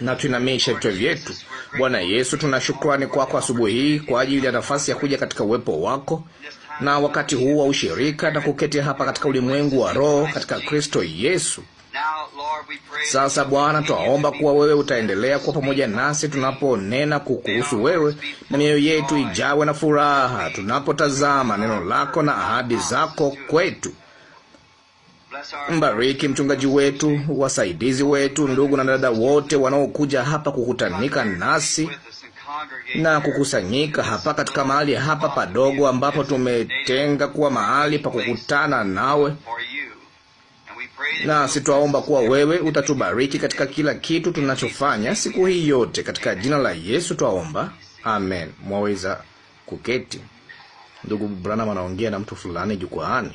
na tuinamishe vichwa vyetu. Bwana Yesu, tuna shukrani kwako asubuhi hii kwa ajili ya nafasi ya kuja katika uwepo wako na wakati huu wa ushirika na kuketi hapa katika ulimwengu wa Roho katika Kristo Yesu. Sasa Bwana, twaomba kuwa wewe utaendelea kuwa pamoja nasi tunaponena kukuhusu wewe, na mioyo yetu ijawe na furaha tunapotazama neno lako na ahadi zako kwetu. Mbariki mchungaji wetu, wasaidizi wetu, ndugu na dada wote wanaokuja hapa kukutanika nasi na kukusanyika hapa katika mahali hapa padogo ambapo tumetenga kuwa mahali pa kukutana nawe, na sitwaomba kuwa wewe utatubariki katika kila kitu tunachofanya siku hii yote, katika jina la Yesu twaomba, amen. Mwaweza kuketi. Ndugu Branham anaongea na mtu fulani jukwaani.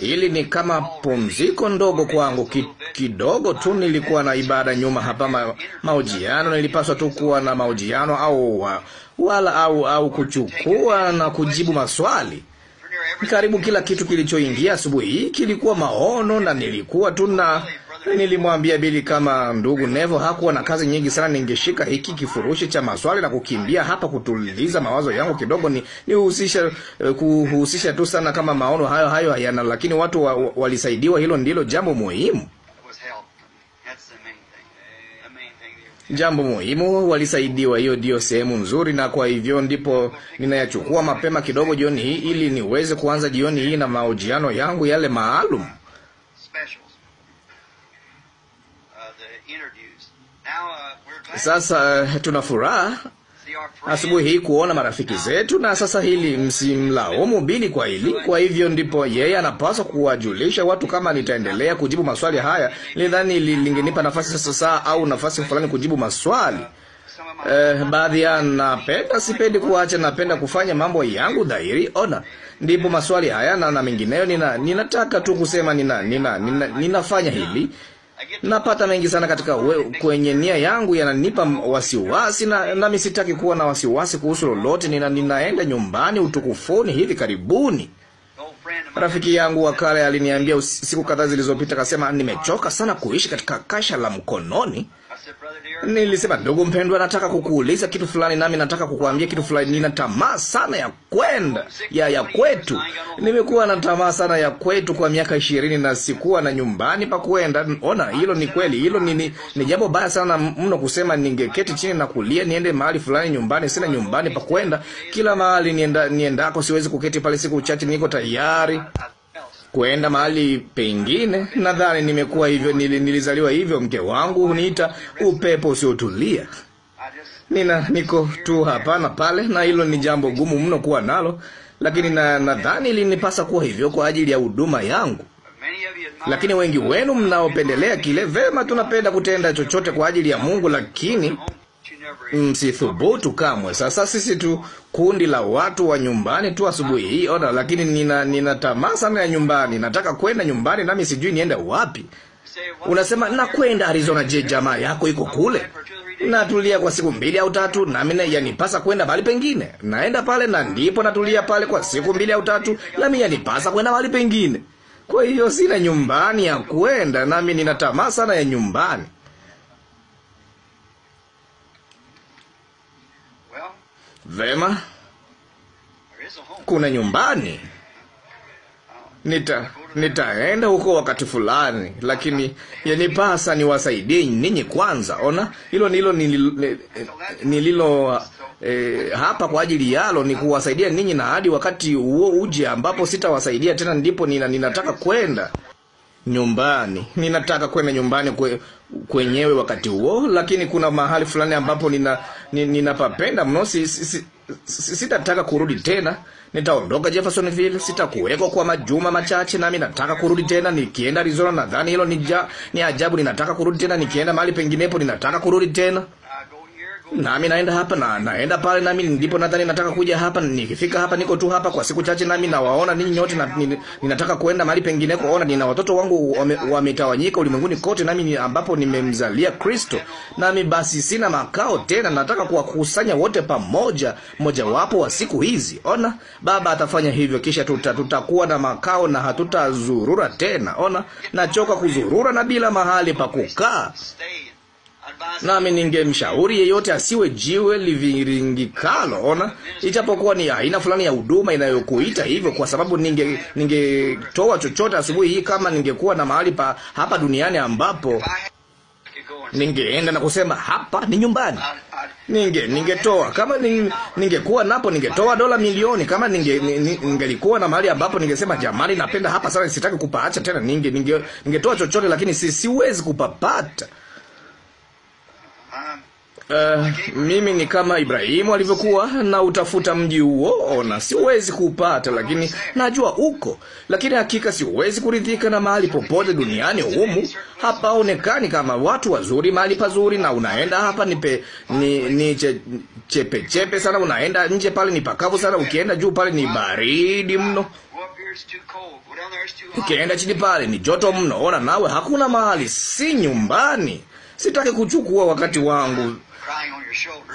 Hili ni kama pumziko ndogo kwangu ki, kidogo tu. Nilikuwa na ibada nyuma hapa ma, maujiano. Nilipaswa tu kuwa na maujiano au uh, wala au au kuchukua na kujibu maswali. Karibu kila kitu kilichoingia asubuhi hii kilikuwa maono, na nilikuwa tu na Nilimwambia Bili kama ndugu Nevo hakuwa na kazi nyingi sana, ningeshika hiki kifurushi cha maswali na kukimbia hapa kutuliza mawazo yangu kidogo, ni nihusisha eh, kuhusisha tu sana kama maono hayo hayo hayana, lakini watu wa, wa, walisaidiwa. Hilo ndilo jambo muhimu jambo muhimu, walisaidiwa. Hiyo ndiyo sehemu nzuri, na kwa hivyo ndipo ninayachukua mapema kidogo jioni hii, ili niweze kuanza jioni hii na mahojiano yangu yale maalum. Sasa eh, tuna furaha asubuhi hii kuona marafiki zetu, na sasa hili msimlaumu Bili kwa hili. Kwa hivyo ndipo yeye anapaswa kuwajulisha watu. Kama nitaendelea kujibu maswali haya, nilidhani lingenipa nafasi sasa saa au nafasi fulani kujibu maswali Eh, baadhi ya napenda sipendi kuacha, napenda kufanya mambo yangu dhahiri. Ona, ndipo maswali haya na na mengineyo. Nina, ninataka tu kusema nina, nina, nina, ninafanya hili napata mengi sana katika we, kwenye nia yangu yananipa wasiwasi na nami sitaki kuwa na wasiwasi kuhusu lolote. Nina, ninaenda nyumbani utukufuni hivi karibuni. Rafiki yangu wa kale aliniambia siku kadhaa zilizopita, akasema, nimechoka sana kuishi katika kasha la mkononi. Nilisema, ndugu mpendwa, nataka kukuuliza kitu fulani, nami nataka kukuambia kitu fulani. Nina tamaa sana ya kwenda ya ya kwetu. Nimekuwa na tamaa sana ya kwetu kwa miaka ishirini na sikuwa na nyumbani pa kwenda. Ona, hilo ni kweli, hilo ni, ni, ni jambo baya sana mno kusema ningeketi chini na kulia niende mahali fulani nyumbani. Sina nyumbani pa kwenda, kila mahali nienda niendako siwezi kuketi pale siku chache, niko tayari kwenda mahali pengine. Nadhani nimekuwa hivyo, nilizaliwa hivyo. Mke wangu huniita upepo usiotulia. Nina niko tu hapa na pale, na hilo ni jambo gumu mno kuwa nalo, lakini na nadhani linipasa kuwa hivyo kwa ajili ya huduma yangu. Lakini wengi wenu mnaopendelea kile, vema, tunapenda kutenda chochote kwa ajili ya Mungu, lakini msithubutu mm, kamwe. Sasa sisi tu kundi la watu wa nyumbani tu asubuhi hii, ona, lakini nina, nina tamaa sana ya nyumbani. Nataka kwenda nyumbani, nami sijui niende wapi. Unasema nakwenda Arizona. Je, jamaa yako iko kule? Natulia kwa siku mbili au tatu, nami yanipasa kwenda mahali pengine. Naenda pale na ndipo natulia pale kwa siku mbili au tatu, nami yanipasa kwenda mahali pengine. Kwa hiyo sina nyumbani ya kwenda, nami nina tamaa sana ya nyumbani. Vema, kuna nyumbani nita nitaenda huko wakati fulani, lakini yanipasa niwasaidie ninyi kwanza. Ona, hilo nilo nililo e, hapa kwa ajili yalo, ni kuwasaidia ninyi, na hadi wakati huo uje ambapo sitawasaidia tena, ndipo nina, ninataka kwenda nyumbani, ninataka kwenda nyumbani kwe, kwenyewe wakati huo, lakini kuna mahali fulani ambapo nina ninapapenda mno. Sitataka kurudi tena, nitaondoka Jeffersonville, sitakuweko kwa majuma machache, nami nataka kurudi tena. Nikienda Arizona, nadhani hilo ni ajabu. Ninataka kurudi tena, nikienda mahali penginepo, ninataka kurudi tena nami naenda hapa na naenda pale, nami ndipo nadhani nataka kuja hapa. Nikifika hapa, niko tu hapa kwa siku chache, nami nawaona ninyi nyote na, ninataka kuenda mahali pengine kuona. Nina watoto wangu wametawanyika ulimwenguni kote, nami ambapo nimemzalia Kristo, nami basi sina makao tena. Nataka kuwakusanya wote pamoja, mojawapo wa siku hizi. Ona, Baba atafanya hivyo, kisha tuta, tutakuwa na makao na hatutazurura tena. Ona, nachoka kuzurura na bila mahali pa kukaa. Nami ningemshauri yeyote asiwe jiwe liviringikalo. Ona, ijapokuwa ni aina fulani ya huduma inayokuita hivyo, kwa sababu ninge ningetoa chochote asubuhi hii kama ningekuwa na mahali pa hapa duniani ambapo ningeenda na kusema hapa ni nyumbani, ninge ningetoa kama ningekuwa ninge napo ningetoa dola milioni. Kama ninge ningelikuwa na mahali ambapo ningesema jamani, napenda hapa sana, sitaki kupaacha tena, ninge ningetoa ninge chochote, lakini si siwezi kupapata. Uh, mimi ni kama Ibrahimu alivyokuwa na utafuta mji huo, ona, siwezi kupata, lakini najua uko, lakini hakika siwezi kuridhika na mahali popote duniani humu. Hapaonekani kama watu wazuri, mahali pazuri, na unaenda hapa ni, pe, ni, ni che, chepe, chepe sana, unaenda nje pale ni pakavu sana, ukienda juu pale ni baridi mno ukienda chini pale ni joto mno. Ona nawe, hakuna mahali, si nyumbani. Sitaki kuchukua wakati wangu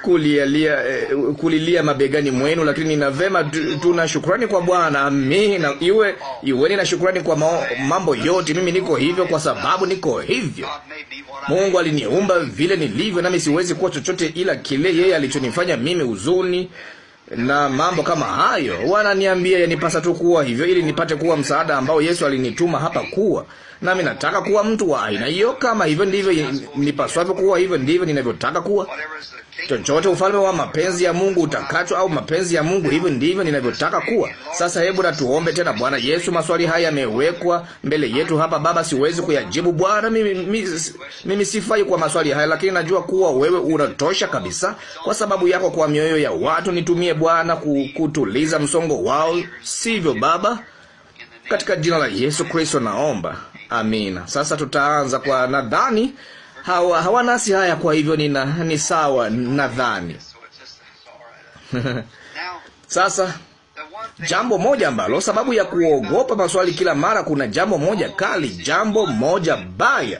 kulialia eh, kulilia mabegani mwenu, lakini ni vema tuna shukrani kwa Bwana. na iwe iweni na shukrani kwa mao, mambo yote. Mimi niko hivyo kwa sababu niko hivyo. Mungu aliniumba vile nilivyo, nami siwezi kuwa chochote ila kile yeye alichonifanya mimi. Huzuni, na mambo kama hayo. Wananiambia yanipasa tu kuwa hivyo, ili nipate kuwa msaada ambao Yesu alinituma hapa kuwa, nami nataka kuwa mtu wa aina hiyo. Kama hivyo ndivyo nipaswavyo kuwa, hivyo ndivyo ninavyotaka kuwa chochote ufalme wa mapenzi ya Mungu utakachwa au mapenzi ya Mungu. Hivyo ndivyo ninavyotaka kuwa. Sasa hebu na tuombe tena. Bwana Yesu, maswali haya yamewekwa mbele yetu hapa. Baba, siwezi kuyajibu Bwana, mimi, mimi, mimi sifai kwa maswali haya, lakini najua kuwa wewe unatosha kabisa. Kwa sababu yako kwa mioyo ya watu nitumie Bwana kutuliza msongo wao, sivyo Baba? Katika jina la Yesu Kristo naomba, amina. Sasa tutaanza kwa nadhani hawa hawana haya, kwa hivyo nina ni sawa nadhani. Sasa jambo moja ambalo sababu ya kuogopa maswali kila mara, kuna jambo moja kali, jambo moja baya,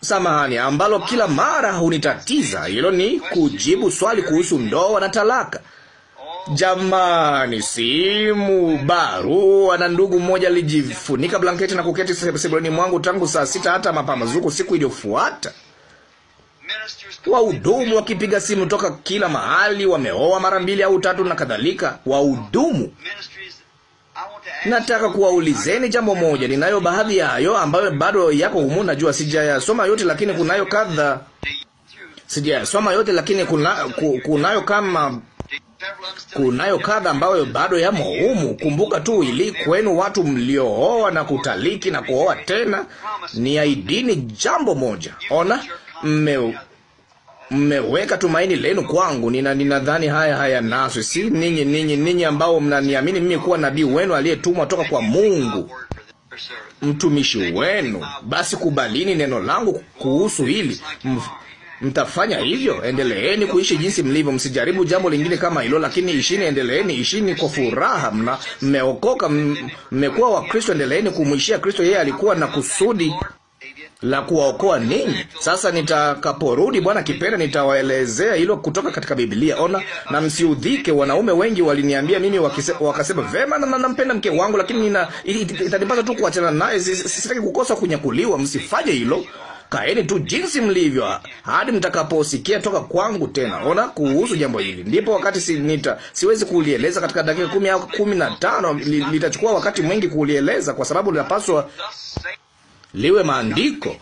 samahani, ambalo kila mara hunitatiza. Hilo ni kujibu swali kuhusu ndoa na talaka. Jamani, simu, barua. Na ndugu mmoja alijifunika blanketi na kuketi sebuleni mwangu tangu saa sita hata mapambazuko siku iliyofuata. Wahudumu wakipiga simu toka kila mahali, wameoa mara mbili au tatu na kadhalika. Wahudumu, nataka kuwaulizeni jambo moja. Ninayo baadhi ya hayo ambayo bado yako humu, najua sijayasoma yote, lakini kunayo kadha sijayasoma yote, lakini kuna, kunayo kama kunayo kadha ambayo bado yamo humu. Kumbuka tu ili kwenu watu mliooa na kutaliki na kuoa tena, ni aidini jambo moja. Ona, mme mmeweka tumaini lenu kwangu. Nina ninadhani haya haya naswi si ninyi ninyi ninyi ambao mnaniamini mimi kuwa nabii wenu aliyetumwa toka kwa Mungu, mtumishi wenu. Basi kubalini neno langu kuhusu hili mtafanya hivyo. Endeleeni kuishi jinsi mlivyo, msijaribu jambo lingine kama hilo, lakini ishini, endeleeni ishini kwa furaha. Mna mmeokoka, mmekuwa wa Kristo, endeleeni kumwishia Kristo. Yeye alikuwa na kusudi la kuwaokoa ninyi. Sasa nitakaporudi, Bwana kipenda, nitawaelezea hilo kutoka katika Biblia. Ona, na msiudhike. Wanaume wengi waliniambia mimi wakise, wakasema vema, na nampenda mke wangu, lakini nina itanipasa tu kuachana naye, sitaki kukosa kunyakuliwa. Msifanye hilo kaeni tu jinsi mlivyo hadi mtakaposikia toka kwangu tena. Ona kuhusu jambo hili, ndipo wakati si nita siwezi kulieleza katika dakika kumi au kumi na tano. Li, litachukua wakati mwingi kulieleza, kwa sababu linapaswa liwe maandiko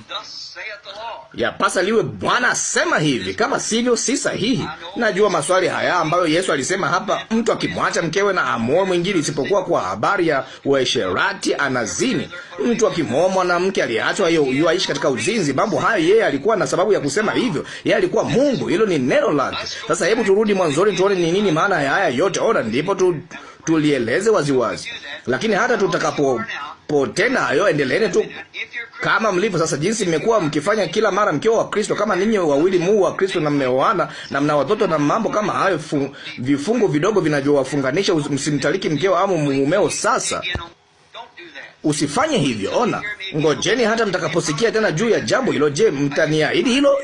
Yapasa liwe Bwana asema hivi, kama sivyo si sahihi. Najua maswali haya ambayo Yesu alisema hapa, mtu akimwacha mkewe na amoe mwingine, isipokuwa kwa habari ya uasherati anazini. Mtu akimoa mwanamke aliyeachwa yuaishi katika uzinzi. Mambo hayo yeye alikuwa na sababu ya kusema hivyo, yeye alikuwa Mungu. Hilo ni neno lake. Sasa hebu turudi mwanzoni, tuone ni nini maana ya haya yote. Ona, ndipo tu tulieleze waziwazi, lakini hata tutakapo pote nayo, endeleeni tu kama mlivyo sasa, jinsi mmekuwa mkifanya kila mara mkiwa wa Kristo. Kama ninyi wawili mu wa Kristo na mmeoana na mna watoto na mambo kama hayo, vifungo vidogo vinavyowafunganisha, msimtaliki mkeo au mumeo. Sasa usifanye hivyo. Ona, ngojeni hata mtakaposikia tena juu ya jambo hilo. Je, mtaniahidi hilo?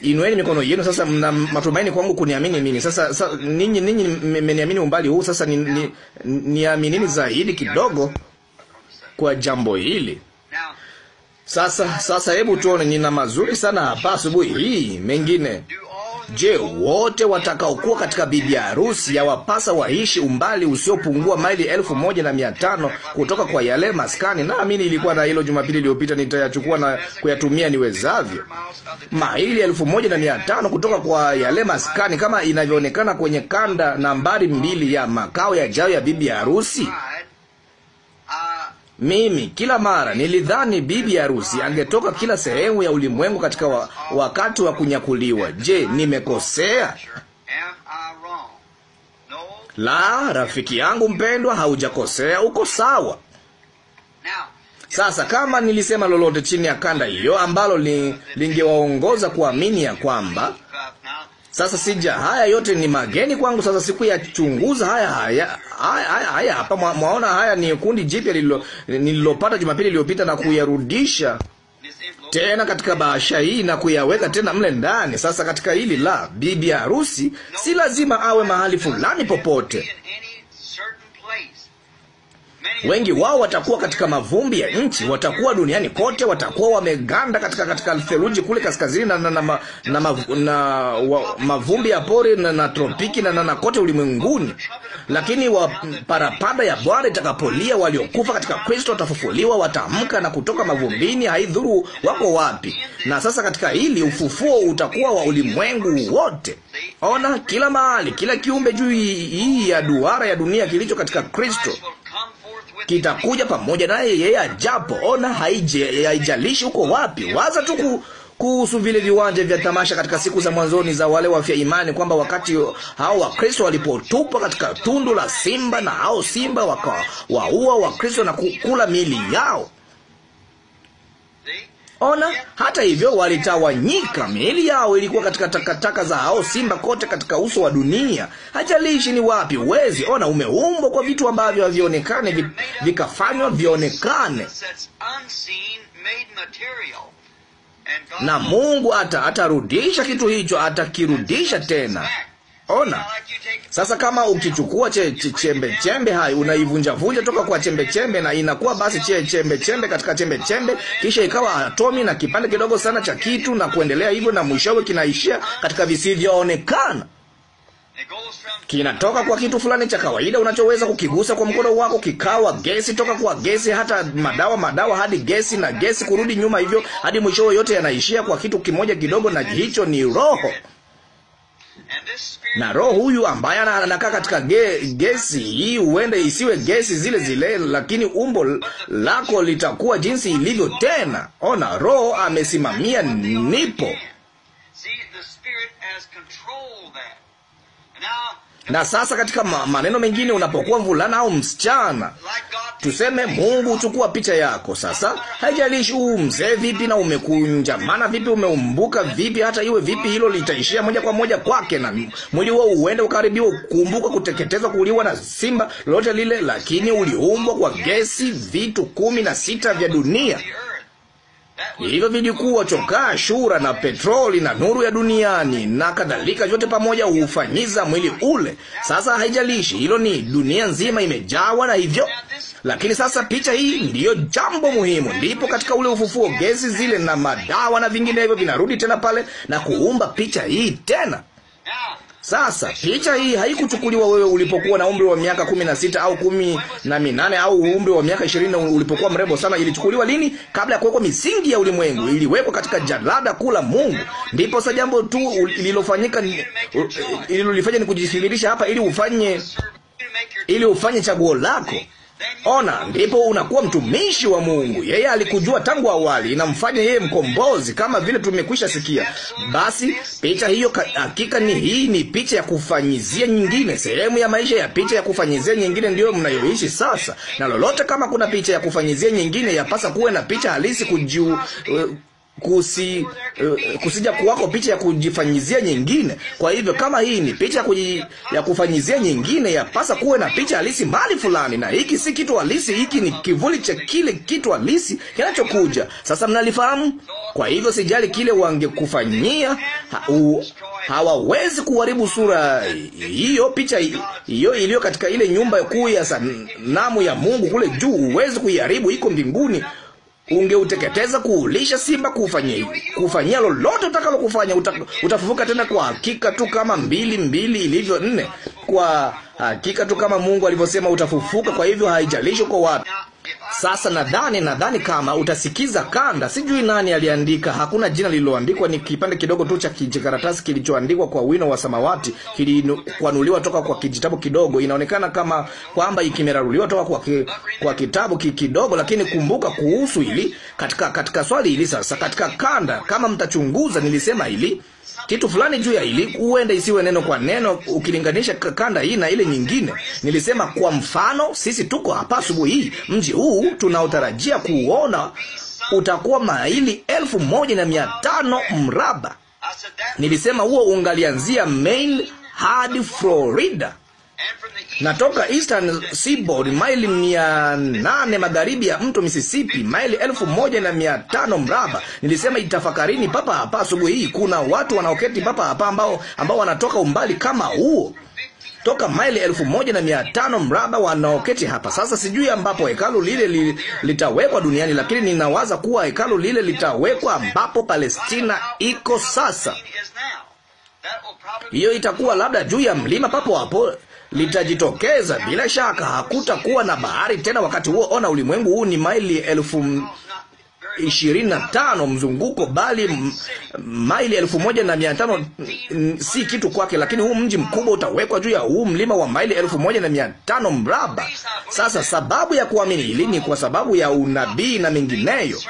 Inueni mikono yenu sasa. Mna matumaini kwangu kuniamini mimi. Sasa sa, ninyi ninyi mmeniamini umbali huu, sasa niaminini ni, ni, ni zaidi kidogo kwa jambo hili. Sasa, sasa hebu tuone, nina mazuri sana hapa asubuhi hii. Mengine je, wote watakaokuwa katika bibi harusi yawapasa waishi umbali usiopungua maili elfu moja na mia tano kutoka kwa yale maskani. Naamini ilikuwa na hilo Jumapili iliyopita. Nitayachukua na kuyatumia niwezavyo. Maili elfu moja na mia tano kutoka kwa yale maskani, kama inavyoonekana kwenye kanda nambari mbili ya makao yajayo ya bibi harusi. Mimi kila mara nilidhani bibi harusi angetoka kila sehemu ya ulimwengu katika wa, wakati wa kunyakuliwa. Je, nimekosea? La, rafiki yangu mpendwa, haujakosea, uko sawa. Sasa kama nilisema lolote chini ya kanda hiyo ambalo lingewaongoza kuamini ya kwamba sasa sija, haya yote ni mageni kwangu. Sasa siku ya chunguza haya haya haya, haya hapa mwaona, haya ni kundi jipya nililopata Jumapili iliyopita na kuyarudisha tena katika bahasha hii na kuyaweka tena mle ndani. Sasa katika hili la bibi harusi, si lazima awe mahali fulani popote Wengi wao watakuwa katika mavumbi ya nchi, watakuwa duniani kote, watakuwa wameganda katika katika theluji kule kaskazini na, na, na, ma, na, ma, na wa, mavumbi ya pori na, na tropiki na, na, na kote ulimwenguni. Lakini wa parapanda ya Bwana itakapolia, waliokufa katika Kristo watafufuliwa, wataamka na kutoka mavumbini, haidhuru wako wapi. Na sasa katika hili ufufuo utakuwa wa ulimwengu wote. Ona, kila mahali, kila kiumbe juu hii ya duara ya dunia kilicho katika Kristo kitakuja pamoja naye yeye ajapo ona Haijalishi uko wapi, waza tu kuhusu vile viwanja vya tamasha katika siku za mwanzoni za wale wafia imani, kwamba wakati hao Wakristo walipotupwa katika tundu la simba na hao simba wakawaua Wakristo na kukula miili yao Ona, hata hivyo walitawanyika. Miili yao ilikuwa katika takataka za hao simba kote katika uso wa dunia, hajalishi ni wapi. Wezi ona, umeumbwa kwa vitu ambavyo havionekane vikafanywa vionekane na Mungu ata atarudisha kitu hicho, atakirudisha tena. Ona sasa, kama ukichukua che, che, chembe chembe hai unaivunja vunja toka kwa chembe chembe, na inakuwa basi che, chembe chembe katika chembe chembe, kisha ikawa atomi na kipande kidogo sana cha kitu na kuendelea hivyo, na mwishowe kinaishia katika visivyoonekana kinatoka kwa kitu fulani cha kawaida unachoweza kukigusa kwa mkono wako, kikawa gesi, toka kwa gesi hata madawa, madawa hadi gesi, na gesi kurudi nyuma hivyo, hadi mwishowe yote yanaishia kwa kitu kimoja kidogo, na hicho ni roho na roho huyu ambaye anakaa katika ge, gesi hii, huenda isiwe gesi zile zile, lakini umbo lako litakuwa jinsi ilivyo tena. Ona, roho amesimamia nipo na sasa katika maneno mengine, unapokuwa mvulana au msichana, tuseme Mungu uchukua picha yako. Sasa haijalishi huu mzee vipi na umekunjamana vipi, umeumbuka vipi, hata iwe vipi, hilo litaishia moja kwa moja kwake, na mwili wao uende ukaharibiwa, kumbuka kuteketezwa, kuuliwa na simba, lolote lile, lakini uliumbwa kwa gesi, vitu kumi na sita vya dunia Hivyo vilikuwa chokaa, shura na petroli na nuru ya duniani na kadhalika, vyote pamoja hufanyiza mwili ule. Sasa haijalishi hilo, ni dunia nzima imejawa na hivyo. Lakini sasa picha hii ndiyo jambo muhimu. Ndipo katika ule ufufuo, gesi zile na madawa na vinginevyo vinarudi tena pale na kuumba picha hii tena. Sasa picha hii haikuchukuliwa wewe ulipokuwa na umri wa miaka kumi na sita au kumi na minane au umri wa miaka ishirini ulipokuwa mrembo sana. Ilichukuliwa lini? Kabla ya kuwekwa misingi ya ulimwengu, iliwekwa katika jalada kula Mungu. Ndipo sasa jambo tu lililofanyika ililolifanya ni kujithibitisha hapa, ili ufanye ili ufanye chaguo lako. Ona, ndipo unakuwa mtumishi wa Mungu. Yeye alikujua tangu awali, inamfanya yeye mkombozi, kama vile tumekwisha sikia. Basi picha hiyo hakika ni hii, ni picha ya kufanyizia nyingine, sehemu ya maisha ya picha ya kufanyizia nyingine ndiyo mnayoishi sasa. Na lolote kama kuna picha ya kufanyizia nyingine, yapasa kuwe na picha halisi kujiu, eh, kusi, uh, kusija kuwako picha ya kujifanyizia nyingine. Kwa hivyo kama hii ni picha ya, kuji, ya kufanyizia nyingine, yapasa kuwe na picha halisi mahali fulani, na hiki si kitu halisi, hiki ni kivuli cha kile kitu halisi kinachokuja. Sasa mnalifahamu. Kwa hivyo sijali kile wangekufanyia, hawawezi kuharibu sura hiyo, picha hiyo iliyo katika ile nyumba kuu ya sanamu ya Mungu kule juu, huwezi kuiharibu, iko mbinguni ungeuteketeza, kuulisha simba, kufanyia kufanyia lolote utakalo kufanya, uta, utafufuka tena kwa hakika tu kama mbili mbili ilivyo nne, kwa hakika tu kama Mungu alivyosema utafufuka. Kwa hivyo haijalishi uko wapi. Sasa nadhani nadhani kama utasikiza kanda, sijui nani aliandika, hakuna jina lililoandikwa, ni kipande kidogo tu cha kijikaratasi kilichoandikwa kwa wino wa samawati, kilikwanuliwa toka kwa kijitabu kidogo. Inaonekana kama kwamba ikimeraruliwa toka kwa, ki, kwa kitabu kidogo, lakini kumbuka kuhusu hili katika, katika swali hili sasa, katika kanda, kama mtachunguza, nilisema hili kitu fulani juu ya hili, huenda isiwe neno kwa neno ukilinganisha kanda hii na ile nyingine. Nilisema kwa mfano, sisi tuko hapa asubuhi hii, mji huu tunaotarajia kuona utakuwa maili elfu moja na mia tano mraba. Nilisema huo ungalianzia Maine hadi Florida na toka Eastern Seaboard maili mia nane magharibi ya mto Mississippi, maili elfu moja na mia tano mraba. Nilisema itafakarini papa hapa asubuhi hii. Kuna watu wanaoketi papa hapa ambao ambao wanatoka umbali kama huo toka maili elfu moja na mia tano mraba wanaoketi hapa sasa. Sijui ambapo hekalu lile li, litawekwa duniani, lakini ninawaza kuwa hekalu lile litawekwa ambapo Palestina iko sasa. Hiyo itakuwa labda juu ya mlima papo hapo litajitokeza bila shaka. Hakutakuwa na bahari tena wakati huo. Ona, ulimwengu huu ni maili elfu ishirini na tano mzunguko, bali maili elfu moja na mia tano si kitu kwake, lakini huu mji mkubwa utawekwa juu ya huu mlima wa maili elfu moja na mia tano mraba. Sasa sababu ya kuamini hili ni kwa sababu ya unabii na mingineyo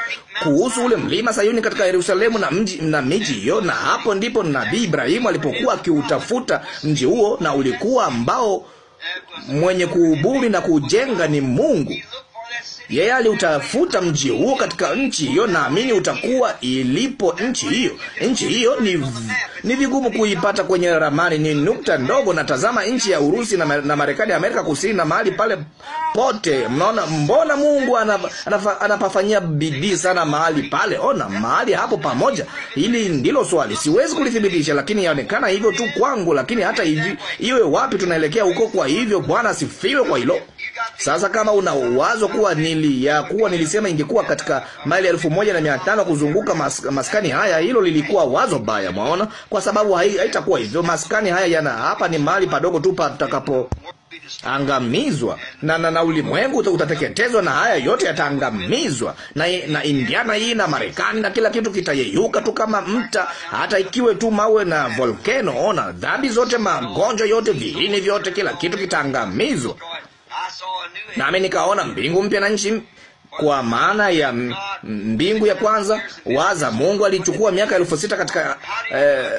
kuhusu ule mlima Sayuni katika Yerusalemu na mji na miji hiyo, na hapo ndipo nabii Ibrahimu alipokuwa akiutafuta mji huo, na ulikuwa ambao mwenye kuhubiri na kujenga ni Mungu. Yeye aliutafuta mji huo katika nchi hiyo, naamini utakuwa ilipo nchi hiyo. Nchi hiyo ni, ni vigumu kuipata kwenye ramani, ni nukta ndogo. Na tazama nchi ya Urusi na, na Marekani ya Amerika Kusini na mahali pale pote, mnaona mbona Mungu anapafanyia bidii sana mahali pale. Ona mahali hapo pamoja. Hili ndilo swali, siwezi kulithibitisha, lakini yaonekana hivyo tu kwangu, lakini hata iwe wapi, tunaelekea huko. Kwa hivyo Bwana asifiwe kwa hilo. Sasa kama una wazo kuwa nili ya kuwa nilisema ingekuwa katika maili elfu moja na mia tano kuzunguka mas, maskani haya, hilo lilikuwa wazo baya, mwaona, kwa sababu haitakuwa hivyo. Maskani haya yana hapa ni mali padogo tu patakapo angamizwa na, na, na ulimwengu utateketezwa na haya yote yataangamizwa na, na Indiana hii na Marekani na kila kitu kitayeyuka tu kama mta, hata ikiwe tu mawe na volcano. Ona, dhambi zote, magonjwa yote, vihini vyote, kila kitu kitaangamizwa. Nami nikaona mbingu mpya na nchi, kwa maana ya mbingu ya kwanza. Waza, Mungu alichukua miaka elfu sita katika eh,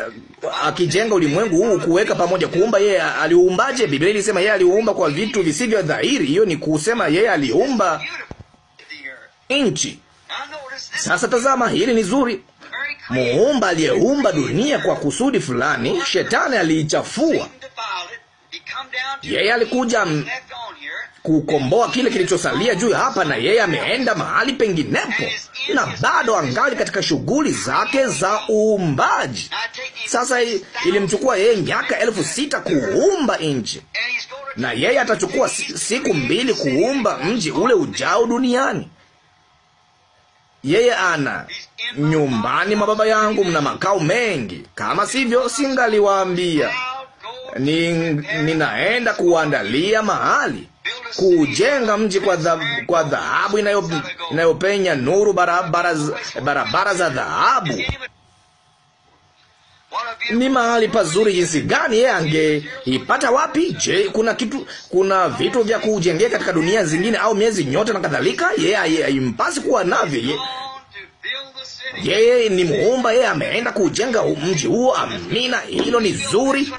akijenga ulimwengu huu, kuweka pamoja, kuumba. Yeye aliumbaje? Biblia ilisema yeye aliumba kwa vitu visivyo dhahiri. Hiyo ni kusema yeye aliumba nchi. Sasa tazama, hili ni zuri. Muumba aliyeumba dunia kwa kusudi fulani, shetani aliichafua yeye alikuja kukomboa kile kilichosalia juu hapa, na yeye ameenda mahali penginepo, na bado angali katika shughuli zake za uumbaji. Sasa ilimchukua yeye miaka elfu sita kuumba nchi, na yeye atachukua siku mbili kuumba mji ule ujao duniani. Yeye ana nyumbani mwa Baba yangu mna makao mengi, kama sivyo singaliwaambia ni, ninaenda kuandalia mahali kujenga mji kwa dha, kwa dhahabu inayo, inayopenya nuru barabara barabara za dhahabu. Ni mahali pazuri jinsi gani! Yeye angeipata wapi? Je, kuna kitu, kuna vitu vya kujengea katika dunia zingine au miezi, nyota na kadhalika? Yeye haimpasi kuwa navyo. Yeye ni muumba, yeye ameenda kujenga mji huo. Amina, hilo ni zuri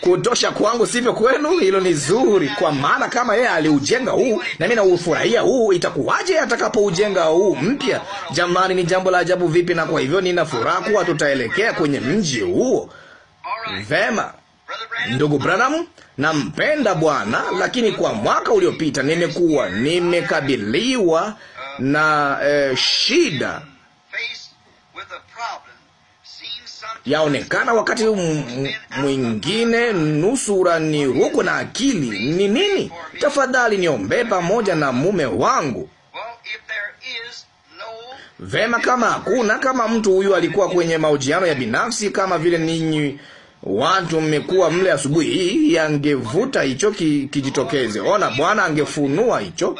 kutosha kwangu, sivyo kwenu? Hilo ni zuri, kwa maana kama yeye aliujenga huu nami naufurahia huu, itakuwaje atakapoujenga huu mpya? Jamani, ni jambo la ajabu vipi! Na kwa hivyo nina furaha kuwa tutaelekea kwenye mji huo. Vema, ndugu Branham, nampenda Bwana, lakini kwa mwaka uliopita nimekuwa nimekabiliwa na eh, shida yaonekana wakati mwingine nusura ni ruko na akili ni nini. Tafadhali niombee pamoja na mume wangu. Vema, kama hakuna, kama mtu huyu alikuwa kwenye mahojiano ya binafsi kama vile ninyi watu mmekuwa mle asubuhi hii, yangevuta hicho kijitokeze. Ona, Bwana angefunua hicho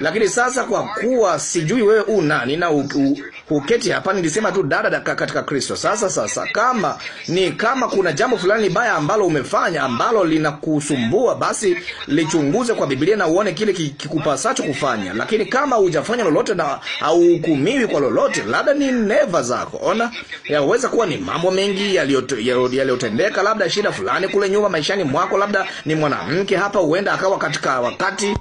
lakini sasa kwa kuwa sijui wewe u nani na uketi hapa, nilisema tu dada katika Kristo. Sasa sasa, kama ni kama kuna jambo fulani baya ambalo umefanya ambalo linakusumbua, basi lichunguze kwa Biblia na uone kile kikupasacho kufanya. Lakini kama hujafanya lolote na hauhukumiwi kwa lolote, labda ni neva zako. Ona, yaweza kuwa ni mambo mengi yaliyotendeka, labda shida fulani kule nyuma maishani mwako, labda ni mwanamke hapa, huenda akawa katika wakati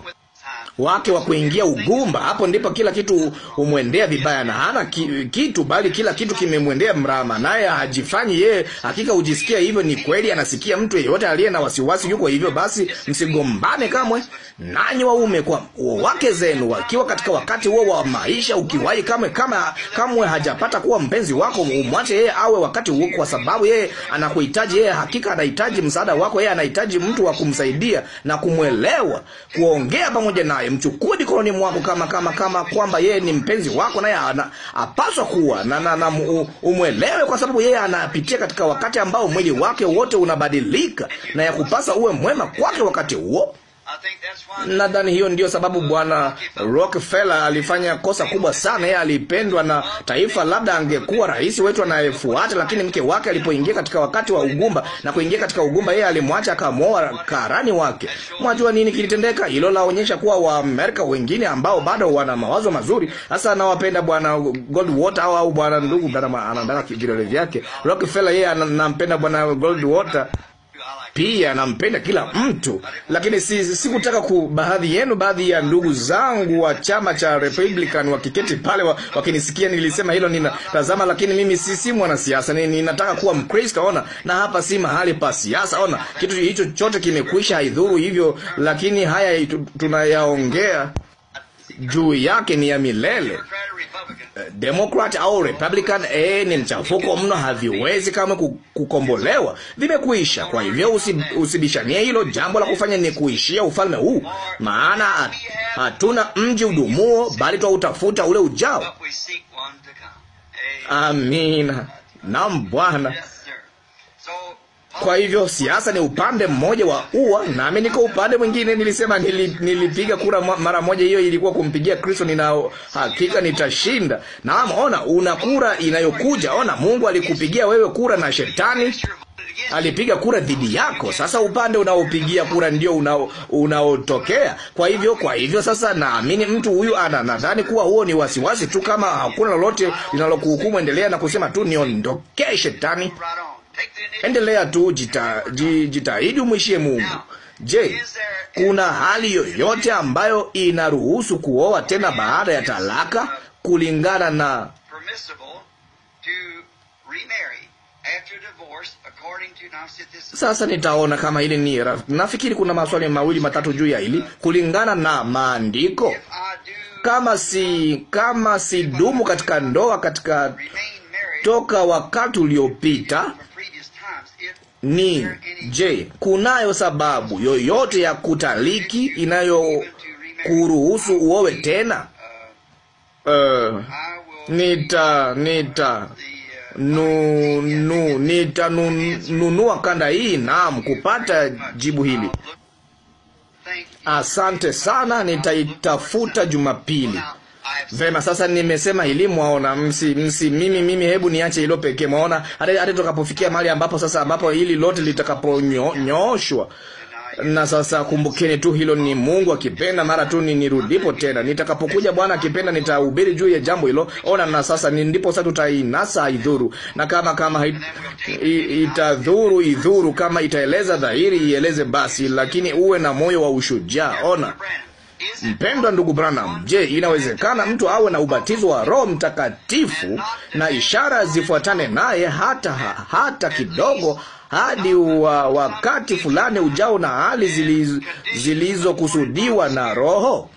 wake wa kuingia ugumba. Hapo ndipo kila kitu humwendea vibaya, na hana ki, kitu bali kila kitu kimemwendea mrama, naye hajifanyi yeye. Hakika hujisikia hivyo, ni kweli, anasikia mtu yeyote aliye na wasiwasi yuko hivyo. Basi msigombane kamwe, nanyi waume kwa wake zenu, wakiwa katika wakati huo wa maisha. Ukiwahi kamwe, kama kamwe hajapata kuwa mpenzi wako, umwache yeye awe wakati huo, kwa sababu yeye anakuhitaji. Yeye hakika anahitaji msaada wako, yeye anahitaji mtu wa kumsaidia na kumwelewa, kuongea pamoja naye mchukue mikononi mwako kama kama kama kwamba yeye ni mpenzi wako, naye apaswa kuwa na, na, na umwelewe, kwa sababu yeye anapitia katika wakati ambao mwili wake wote unabadilika, na yakupasa uwe mwema kwake wakati huo. Nadhani hiyo ndiyo sababu Bwana Rockefeller alifanya kosa kubwa sana. Yeye alipendwa na taifa, labda angekuwa rais wetu anayefuata, lakini mke wake alipoingia katika wakati wa ugumba na kuingia katika ugumba, yeye alimwacha akamwoa karani wake. Mwajua nini kilitendeka? Hilo laonyesha kuwa Waamerika wengine ambao bado wana mawazo mazuri, hasa anawapenda Bwana Goldwater au Bwana ndugu, bwana anataka vidole vyake Rockefeller. Yeye anampenda Bwana Goldwater pia nampenda kila mtu, lakini si, sikutaka ku baadhi yenu, baadhi ya ndugu zangu wa chama cha Republican wakiketi pale wa, wakinisikia nilisema hilo, ninatazama, lakini mimi si si mwanasiasa, ninataka kuwa Mkristo, ona, na hapa si mahali pa siasa, ona, kitu hicho chote kimekwisha, haidhuru hivyo, lakini haya tunayaongea juu yake ni ya milele. Eh, Democrat au Republican, eh, ni mchafuko mno, haviwezi kama kukombolewa, vimekuisha. Kwa hivyo usi, usibishanie hilo. Jambo la kufanya ni kuishia ufalme huu, maana hatuna mji udumuo, bali twautafuta ule ujao. Amina. Naam Bwana. Kwa hivyo siasa ni upande mmoja wa ua, nami niko upande mwingine. Nilisema nili, nilipiga kura mara moja, hiyo ilikuwa kumpigia Kristo. Nina hakika nitashinda. Naam, ona una kura inayokuja. Ona, Mungu alikupigia wewe kura na shetani alipiga kura dhidi yako. Sasa upande unaopigia kura ndio unaotokea una. Kwa hivyo kwa hivyo sasa, naamini mtu huyu ana nadhani kuwa huo ni wasiwasi tu. Kama hakuna lolote linalokuhukumu, endelea na kusema tu, niondokee shetani. Endelea tu, jita, jitahidi umwishie Mungu. Je, kuna hali yoyote ambayo inaruhusu kuoa tena baada ya talaka kulingana na sasa nitaona kama hili ni nafikiri, kuna maswali mawili matatu juu ya hili kulingana na maandiko. Kama si kama sidumu katika ndoa katika toka wakati uliopita, ni je, kunayo sababu yoyote ya kutaliki inayokuruhusu uowe tena? Uh, nita nita nu, nu, nita nu, nunua kanda hii. Naam, kupata jibu hili. Asante sana, nitaitafuta Jumapili. Vema, sasa nimesema hili, mwaona msi, msi mimi mimi, hebu niache hilo pekee. Mwaona hata hata tutakapofikia mahali ambapo sasa, ambapo hili lote litakaponyoshwa na sasa kumbukeni tu hilo, ni Mungu akipenda, mara tu ni nirudipo tena, nitakapokuja Bwana akipenda, nitahubiri juu ya jambo hilo. Ona, na sasa ni ndipo sasa tutainasa, idhuru, na kama kama hait, i, itadhuru idhuru, kama itaeleza dhahiri ieleze basi, lakini uwe na moyo wa ushujaa. Ona Mpendwa ndugu Branham, je, inawezekana mtu awe na ubatizo wa Roho Mtakatifu na ishara zifuatane naye hata hata kidogo hadi wa wakati fulani ujao na hali zilizokusudiwa na Roho?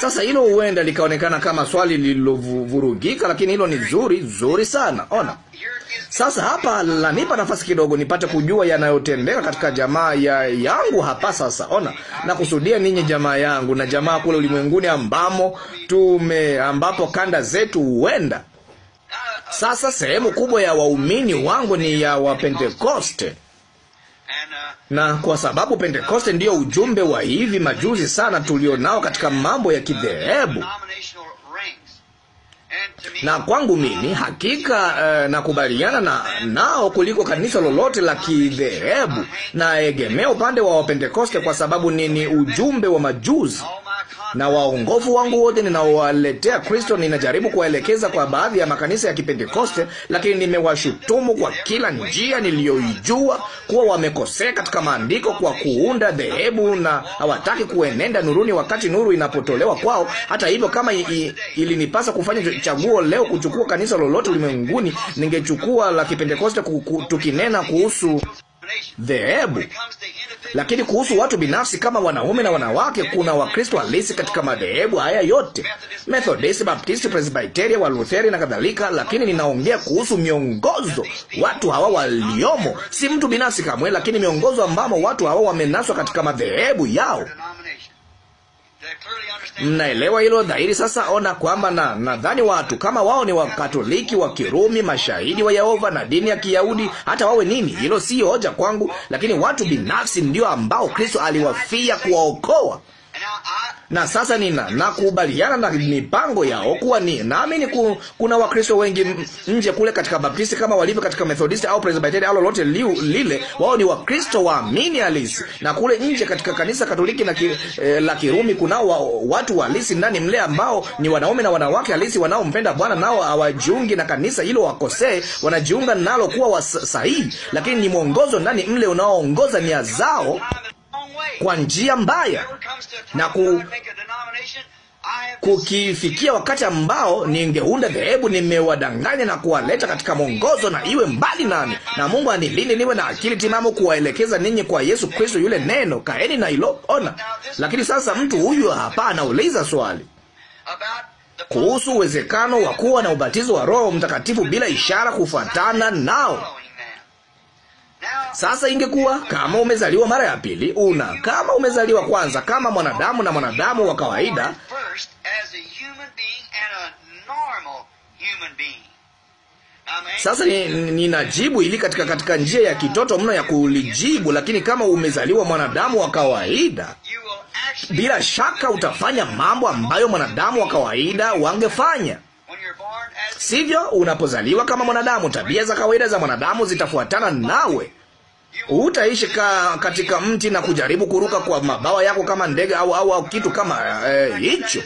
Sasa hilo huenda likaonekana kama swali lililovurugika, lakini hilo ni zuri zuri sana. Ona sasa, hapa lanipa nafasi kidogo nipate kujua yanayotendeka katika jamaa ya yangu hapa. Sasa ona, nakusudia ninyi jamaa yangu na jamaa kule ulimwenguni ambamo tume ambapo kanda zetu huenda sasa sehemu kubwa ya waumini wangu ni ya Wapentekoste na kwa sababu Pentekoste ndiyo ujumbe wa hivi majuzi sana tulionao katika mambo ya kidhehebu na kwangu mimi hakika eh, nakubaliana na nao kuliko kanisa lolote la kidhehebu. Naegemea upande wa Wapentekoste kwa sababu nini? Ujumbe wa majuzi na waongofu wangu wote ninaowaletea Kristo, ninajaribu kuwaelekeza kwa baadhi ya makanisa ya Kipentekoste, lakini nimewashutumu kwa kila njia niliyoijua kuwa wamekosea katika maandiko kwa kuunda dhehebu na hawataki kuenenda nuruni wakati nuru inapotolewa kwao. Hata hivyo, kama ilinipasa kufanya chaguo leo kuchukua kanisa lolote ulimwenguni, ningechukua la Kipentekoste tukinena kuhusu dhehebu. Lakini kuhusu watu binafsi kama wanaume na wanawake, kuna Wakristo halisi katika madhehebu haya yote, Methodisti, Baptisti, Presbiteria, Walutheri na kadhalika. Lakini ninaongea kuhusu miongozo, watu hawa waliomo, si mtu binafsi kamwe, lakini miongozo ambamo watu hawa wamenaswa katika madhehebu yao. Mnaelewa hilo dhahiri. Sasa ona kwamba na nadhani watu kama wao ni Wakatoliki wa Kirumi, mashahidi wa Yehova na dini ya Kiyahudi, hata wawe nini, hilo si hoja kwangu, lakini watu binafsi ndio ambao Kristo aliwafia kuwaokoa na sasa nina nakubaliana na mipango yao kuwa ni naamini ku, kuna Wakristo wengi nje kule katika Baptisti kama walivyo katika Methodisti au Presbiteri au lolote lile, wao ni Wakristo waamini halisi, na kule nje katika kanisa Katoliki na ki, eh, la Kirumi kunao wa, watu halisi ndani mle ambao ni wanaume na wanawake halisi wanaompenda Bwana, nao hawajiungi na kanisa hilo wakosee, wanajiunga nalo kuwa wasahihi, lakini ni mwongozo ndani mle unaoongoza nia zao kwa njia mbaya na ku kukifikia wakati ambao ningeunda dhehebu, nimewadanganya na kuwaleta katika mwongozo, na iwe mbali nami. Na Mungu anilinde niwe na akili timamu kuwaelekeza ninyi kwa Yesu Kristo, yule neno. Kaeni na hilo ona. Lakini sasa mtu huyu hapa anauliza swali kuhusu uwezekano wa kuwa na ubatizo wa Roho Mtakatifu bila ishara kufuatana nao. Sasa ingekuwa kama umezaliwa mara ya pili, una kama umezaliwa kwanza kama mwanadamu na mwanadamu wa kawaida sasa ninajibu ni, ni ili katika katika njia ya kitoto mno ya kulijibu, lakini kama umezaliwa mwanadamu wa kawaida, bila shaka utafanya mambo ambayo mwanadamu wa kawaida wangefanya. Sivyo, unapozaliwa kama mwanadamu, tabia za kawaida za mwanadamu zitafuatana nawe. Utaishi ka, katika mti na kujaribu kuruka kwa mabawa yako kama ndege au, au, au kitu kama eh, hicho. Eh,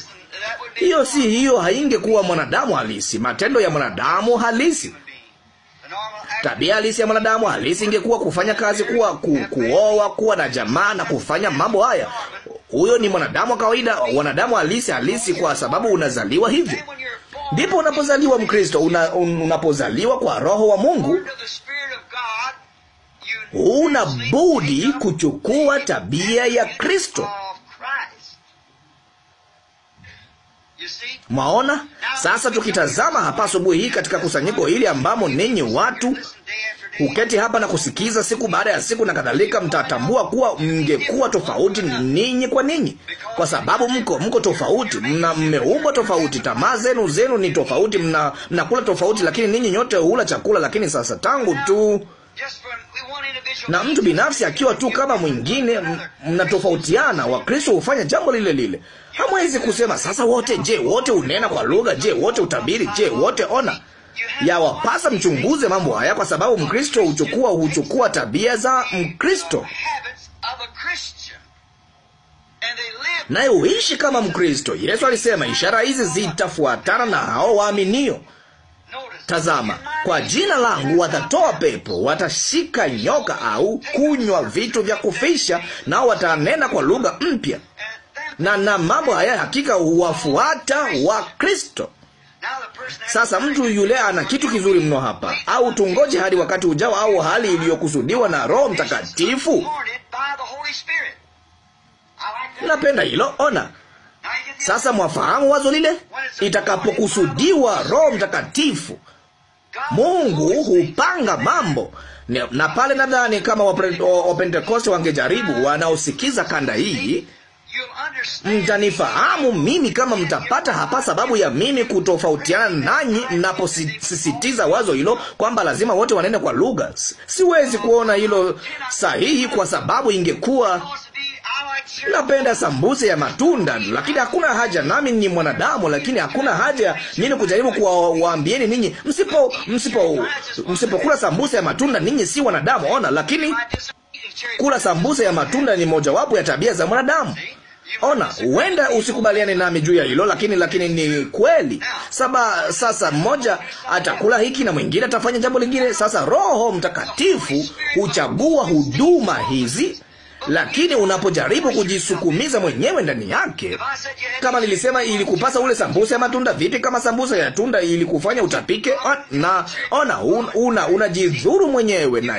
hiyo si hiyo, haingekuwa mwanadamu halisi, matendo ya mwanadamu halisi tabia halisi ya mwanadamu halisi ingekuwa kufanya kazi, kuwa ku, kuoa, kuwa na jamaa na kufanya mambo haya. Huyo ni mwanadamu wa kawaida, mwanadamu halisi halisi, kwa sababu unazaliwa hivyo. Ndipo unapozaliwa Mkristo, una, un, unapozaliwa kwa Roho wa Mungu, una budi kuchukua tabia ya Kristo. Mwaona sasa, tukitazama hapa asubuhi hii katika kusanyiko hili ambamo ninyi watu huketi hapa na kusikiza siku baada ya siku na kadhalika, mtatambua kuwa mngekuwa tofauti ninyi kwa ninyi, kwa sababu mko mko tofauti, mna mmeumbwa tofauti, tamaa zenu zenu ni tofauti, mna mnakula tofauti, lakini ninyi nyote hula chakula. Lakini sasa tangu tu na mtu binafsi akiwa tu kama mwingine, mnatofautiana. Wakristo hufanya jambo lile lile. Hamwezi kusema sasa wote, je, wote unena kwa lugha? Je, wote utabiri? Je, wote ona? Yawapasa mchunguze mambo haya, kwa sababu Mkristo huchukua huchukua tabia za Mkristo naye huishi kama Mkristo. Yesu alisema ishara hizi zitafuatana na hao waaminio. Tazama, kwa jina langu watatoa pepo, watashika nyoka au kunywa vitu vya kufisha, nao watanena kwa lugha mpya, na na mambo haya hakika huwafuata Wakristo. Sasa mtu yule ana kitu kizuri mno hapa, au tungoje hadi wakati ujao, au hali iliyokusudiwa na Roho Mtakatifu? Napenda hilo. Ona sasa, mwafahamu wazo lile, itakapokusudiwa Roho Mtakatifu. Mungu hupanga mambo na pale, nadhani kama Wapentekoste wangejaribu, wanaosikiza kanda hii Mtanifahamu mimi kama mtapata hapa sababu ya mimi kutofautiana nanyi mnaposisitiza wazo hilo kwamba lazima wote wanene kwa lugha. Siwezi kuona hilo sahihi kwa sababu ingekuwa napenda sambuse ya matunda, lakini hakuna haja. Nami ni mwanadamu, lakini hakuna haja nini kujaribu kuwaambieni ninyi msipo msipo msipokula sambuse ya matunda, ninyi si wanadamu. Ona, lakini kula sambuse ya matunda ni mojawapo ya tabia za mwanadamu. Ona, huenda usikubaliane nami juu ya hilo, lakini lakini ni kweli. Saba, sasa mmoja atakula hiki na mwingine atafanya jambo lingine. Sasa Roho Mtakatifu huchagua huduma hizi lakini unapojaribu kujisukumiza mwenyewe ndani yake, kama nilisema, ilikupasa ule sambusa ya matunda vipi? Kama sambusa ya tunda ilikufanya utapike, ah, na ona, una unajidhuru una mwenyewe, na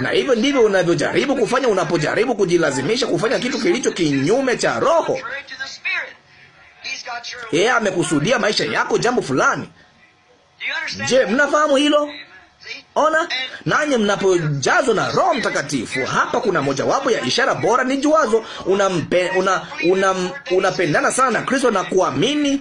na hivyo ndivyo unavyojaribu kufanya unapojaribu kujilazimisha kufanya kitu kilicho kinyume cha Roho. Yeye amekusudia maisha yako jambo fulani. Je, mnafahamu hilo? Ona, nanyi mnapojazwa na Roho Mtakatifu. Hapa kuna mojawapo ya ishara bora ni juazo, unapendana una, una, una sana na Kristo na kuamini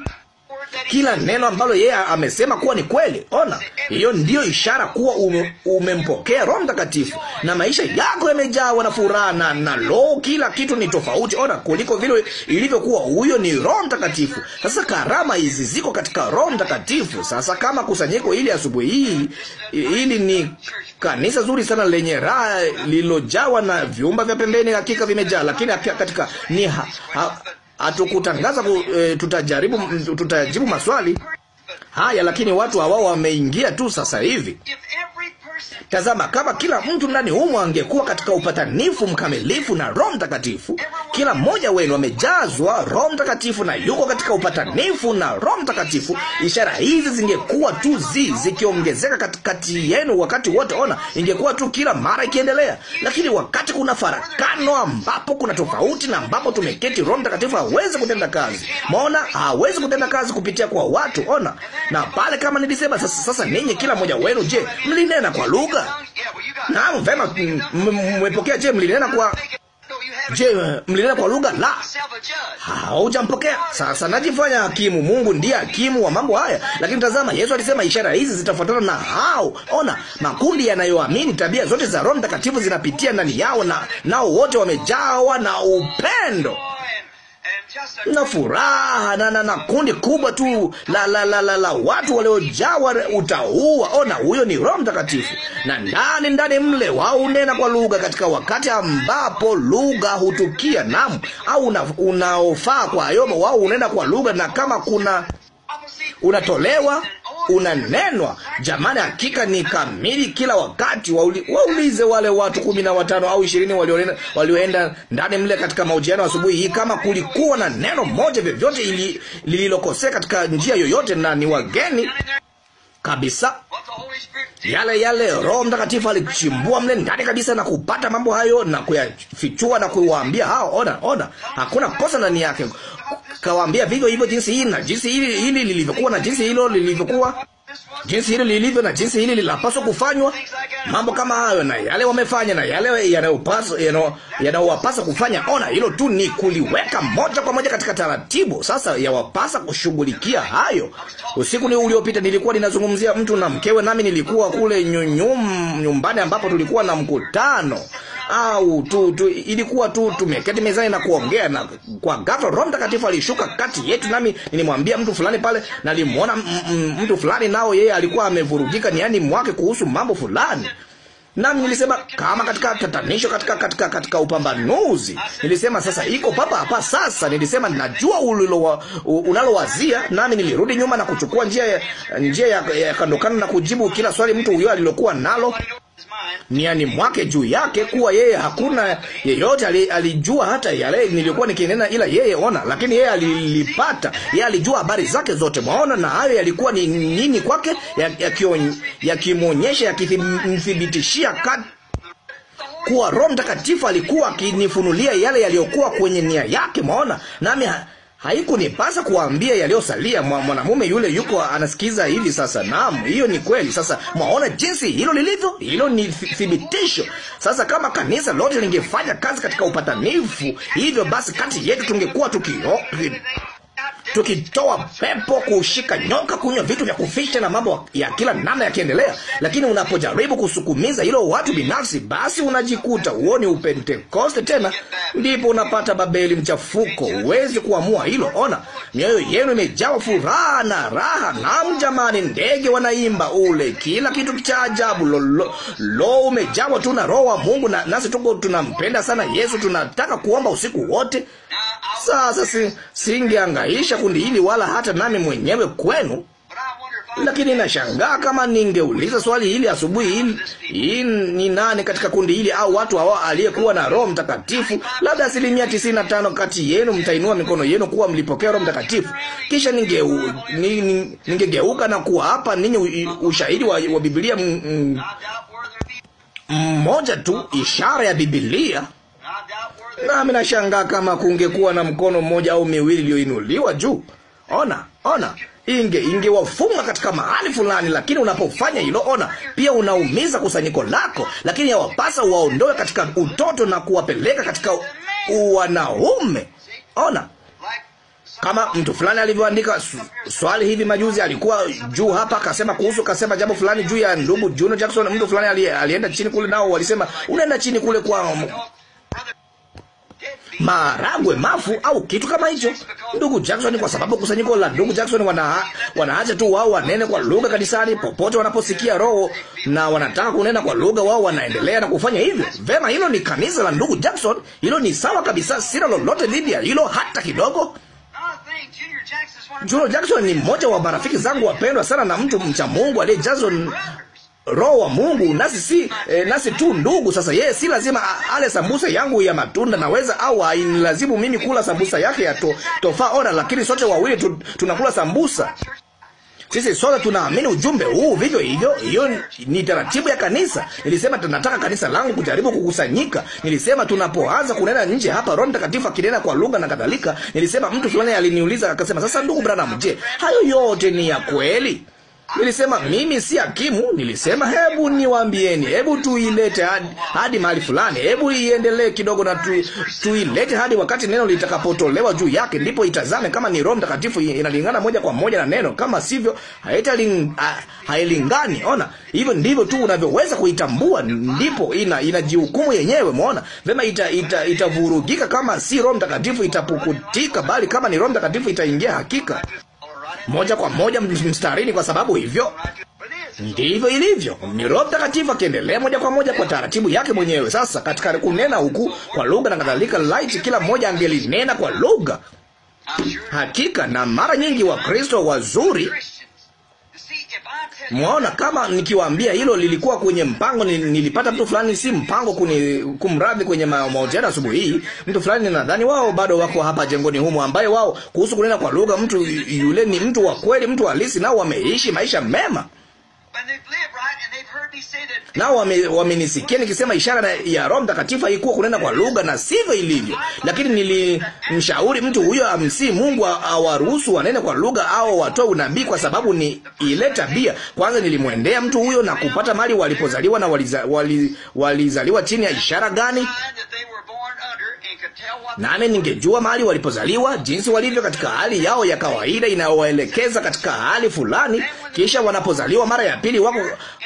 kila neno ambalo yeye amesema kuwa ni kweli. Ona, hiyo ndiyo ishara kuwa ume, umempokea Roho Mtakatifu na maisha yako yamejawa na furaha na, na lo, kila kitu ni tofauti, ona, kuliko vile ilivyokuwa. Huyo ni Roho Mtakatifu. Sasa karama hizi ziko katika Roho Mtakatifu. Sasa kama kusanyiko ili asubuhi hii, ili ni kanisa zuri sana lenye raha lilojawa na vyumba vya pembeni, hakika vimejaa, lakini katika ni ha, ha, hatukutangaza ku, e, tutajaribu, tutajibu maswali haya, lakini watu hawao wameingia tu sasa hivi. Tazama, kama kila mtu ndani humo angekuwa katika upatanifu mkamilifu na Roho Mtakatifu, kila mmoja wenu amejazwa Roho Mtakatifu na yuko katika upatanifu na Roho Mtakatifu, ishara hizi zingekuwa tu zi zikiongezeka katikati yenu wakati wote. Ona, ingekuwa tu kila mara ikiendelea. Lakini wakati kuna farakano, ambapo kuna tofauti na ambapo tumeketi, Roho Mtakatifu hawezi kutenda kazi. Maona hawezi kutenda kazi kupitia kwa watu. Ona, na pale kama nilisema sasa, sasa ninyi kila mmoja wenu, je, mlinena kwa lugha? Naam, vema. Mmepokea? Je, mlinena kwa Je, mlinena kwa lugha? La, haujampokea. Sasa najifanya hakimu. Mungu ndiye hakimu wa mambo haya. Lakini tazama, Yesu alisema ishara hizi zitafuatana na hao. Ona, makundi yanayoamini tabia zote za Roho Mtakatifu zinapitia ndani yao, na nao wote wamejawa na upendo na furaha na, na, na kundi kubwa tu la, la, la, la, la watu waliojawa utaua. Ona, huyo ni Roho Mtakatifu, na ndani ndani mle wao unena kwa lugha katika wakati ambapo lugha hutukia, nam au una, unaofaa kwa yomo, wao unena kwa lugha, na kama kuna unatolewa unanenwa. Jamani, hakika ni kamili kila wakati. waulize wale watu kumi na watano au ishirini walioenda ndani mle katika mahojiano asubuhi hii kama kulikuwa na neno moja vyovyote lililokosea katika njia yoyote, na ni wageni kabisa yale yale Roho Mtakatifu alichimbua mle ndani kabisa na kupata mambo hayo na kuyafichua na kuwaambia hao, ona ona, hakuna kosa ndani yake. Kawaambia vivyo hivyo jinsi hii na jinsi hili hili lilivyokuwa na jinsi hilo lilivyokuwa jinsi hili lilivyo na jinsi hili linapaswa kufanywa, mambo kama hayo na yale wamefanya na yale yanayopaswa yanayowapasa kufanya. Ona, hilo tu ni kuliweka moja kwa moja katika taratibu. Sasa yawapasa kushughulikia hayo. Usiku ni uliopita nilikuwa ninazungumzia mtu na mkewe, nami nilikuwa kule nyum, nyumbani ambapo tulikuwa na mkutano au tu, tu ilikuwa tu tumeketi mezani na kuongea, na kwa ghafla Roho Mtakatifu alishuka kati yetu, nami nilimwambia mtu fulani pale, nalimwona mtu fulani nao, yeye alikuwa amevurugika niani mwake kuhusu mambo fulani nami nilisema kama katika tatanisho, katika katika katika upambanuzi, nilisema sasa iko papa hapa. Sasa nilisema najua ulilo unalowazia, nami nilirudi nyuma na kuchukua njia njia ya, ya kandokana na kujibu kila swali mtu huyo alilokuwa nalo niani mwake juu yake, kuwa yeye hakuna yeyote alijua hata yale nilikuwa nikinena ila yeye. Ona, lakini yeye alilipata, yeye alijua habari zake zote, mwaona. Na hayo yalikuwa ni nini kwake, yakimwonyesha, yakimthibitishia kuwa Roho Mtakatifu alikuwa akinifunulia yale yaliyokuwa kwenye nia yake, mwaona nami ha Haikunipasa kuwaambia yaliyosalia. Mwanamume yule yuko anasikiza hivi sasa. Naam, hiyo ni kweli. Sasa mwaona jinsi hilo lilivyo, hilo ni thibitisho. Sasa kama kanisa lote lingefanya kazi katika upatanifu hivyo basi, kati yetu tungekuwa tukio tukitoa pepo, kushika nyoka, kunywa vitu vya kufisha na mambo ya kila namna yakiendelea. Lakini unapojaribu kusukumiza hilo watu binafsi, basi unajikuta huo ni Upentekoste tena, ndipo unapata Babeli mchafuko. Huwezi kuamua hilo. Ona, mioyo yenu imejawa furaha na raha, na jamani, ndege wanaimba ule, kila kitu cha ajabu lo, lo, lo umejawa tu na roho wa Mungu, na nasi tuko tunampenda sana Yesu, tunataka kuomba usiku wote. Sasa si, singeangaisha kundi hili wala hata nami mwenyewe kwenu, lakini nashangaa kama ningeuliza swali hili asubuhi, hii ni nani katika kundi hili au watu hawa aliyekuwa na Roho Mtakatifu, labda asilimia tisini na tano kati yenu mtainua mikono yenu kuwa mlipokea Roho Mtakatifu, kisha ningegeuka ninge, na kuwa hapa ninyi ushahidi wa, wa Biblia mmoja tu, ishara ya Biblia Nami nashangaa kama kungekuwa na mkono mmoja au miwili iliyoinuliwa juu. Ona, ona, inge ingewafuma katika mahali fulani, lakini unapofanya hilo, ona, pia unaumiza kusanyiko lako, lakini yawapasa uwaondoe katika utoto na kuwapeleka katika uwanaume. Ona, kama mtu fulani alivyoandika swali hivi majuzi, alikuwa juu hapa, akasema kuhusu, akasema jambo fulani juu ya ndugu Juno Jackson. Mtu fulani alienda chini kule, nao walisema unaenda chini kule kwa maragwe mafu au kitu kama hicho, ndugu Jackson, kwa sababu kusanyiko la ndugu Jackson wana wanaacha tu wao wanene kwa lugha kanisani popote wanaposikia Roho na wanataka kunena kwa lugha, wao wanaendelea na kufanya hivyo. Vema, hilo ni kanisa la ndugu Jackson, hilo ni sawa kabisa, sina lolote dhidi ya hilo hata kidogo. Junior Jackson ni mmoja wa marafiki zangu wapendwa sana na mtu mcha Mungu aliyejazwa Roho wa Mungu nasi si eh, nasi tu ndugu. Sasa yeye si lazima ale sambusa yangu ya matunda, naweza au hainilazimu mimi kula sambusa yake ya to, tofaa ora, lakini sote wawili tu, tunakula sambusa. Sisi sote tunaamini ujumbe huu vivyo hivyo. Hiyo ni taratibu ya kanisa. Nilisema tunataka kanisa langu kujaribu kukusanyika. Nilisema tunapoanza kunena nje hapa, Roho Mtakatifu akinena kwa lugha na kadhalika. Nilisema mtu fulani aliniuliza akasema, sasa ndugu Branham, je, hayo yote ni ya kweli? Nilisema mimi si hakimu, nilisema hebu niwaambieni, hebu tuilete hadi, hadi mahali fulani, hebu iendelee kidogo na tu, tuilete hadi wakati neno litakapotolewa juu yake, ndipo itazame kama ni Roho Mtakatifu inalingana moja kwa moja na neno, kama sivyo hailingani. Ona, hivyo ndivyo tu unavyoweza kuitambua, ndipo ina inajihukumu yenyewe. Muona vema, itavurugika ita, ita kama si Roho Mtakatifu itapukutika, bali kama ni Roho Mtakatifu itaingia hakika moja kwa moja mstarini, kwa sababu hivyo ndivyo ilivyo. Ni Roho Mtakatifu akiendelea moja kwa moja kwa taratibu yake mwenyewe. Sasa katika kunena huku kwa lugha na kadhalika, light, kila mmoja angelinena kwa lugha. Hakika na mara nyingi Wakristo wazuri Mwaona, kama nikiwaambia hilo lilikuwa kwenye mpango, nilipata mtu fulani, si mpango kuni, kumradhi, kwenye mahojiano asubuhi hii, mtu fulani, nadhani wao bado wako hapa jengoni humo, ambaye wao kuhusu kunena kwa lugha, mtu yule ni mtu wa kweli, mtu halisi, nao wameishi maisha mema nao wamenisikia wame nikisema ishara ya Roho Mtakatifu haikuwa kunena kwa lugha, na sivyo ilivyo. Lakini nilimshauri mtu huyo amsii Mungu awaruhusu wanene kwa lugha au watoe unabii, kwa sababu ni ile tabia. Kwanza nilimwendea mtu huyo na kupata mali walipozaliwa na waliza, waliz, walizaliwa chini ya ishara gani nami ningejua mahali walipozaliwa, jinsi walivyo katika hali yao ya kawaida inayowaelekeza katika hali fulani, kisha wanapozaliwa mara ya pili wako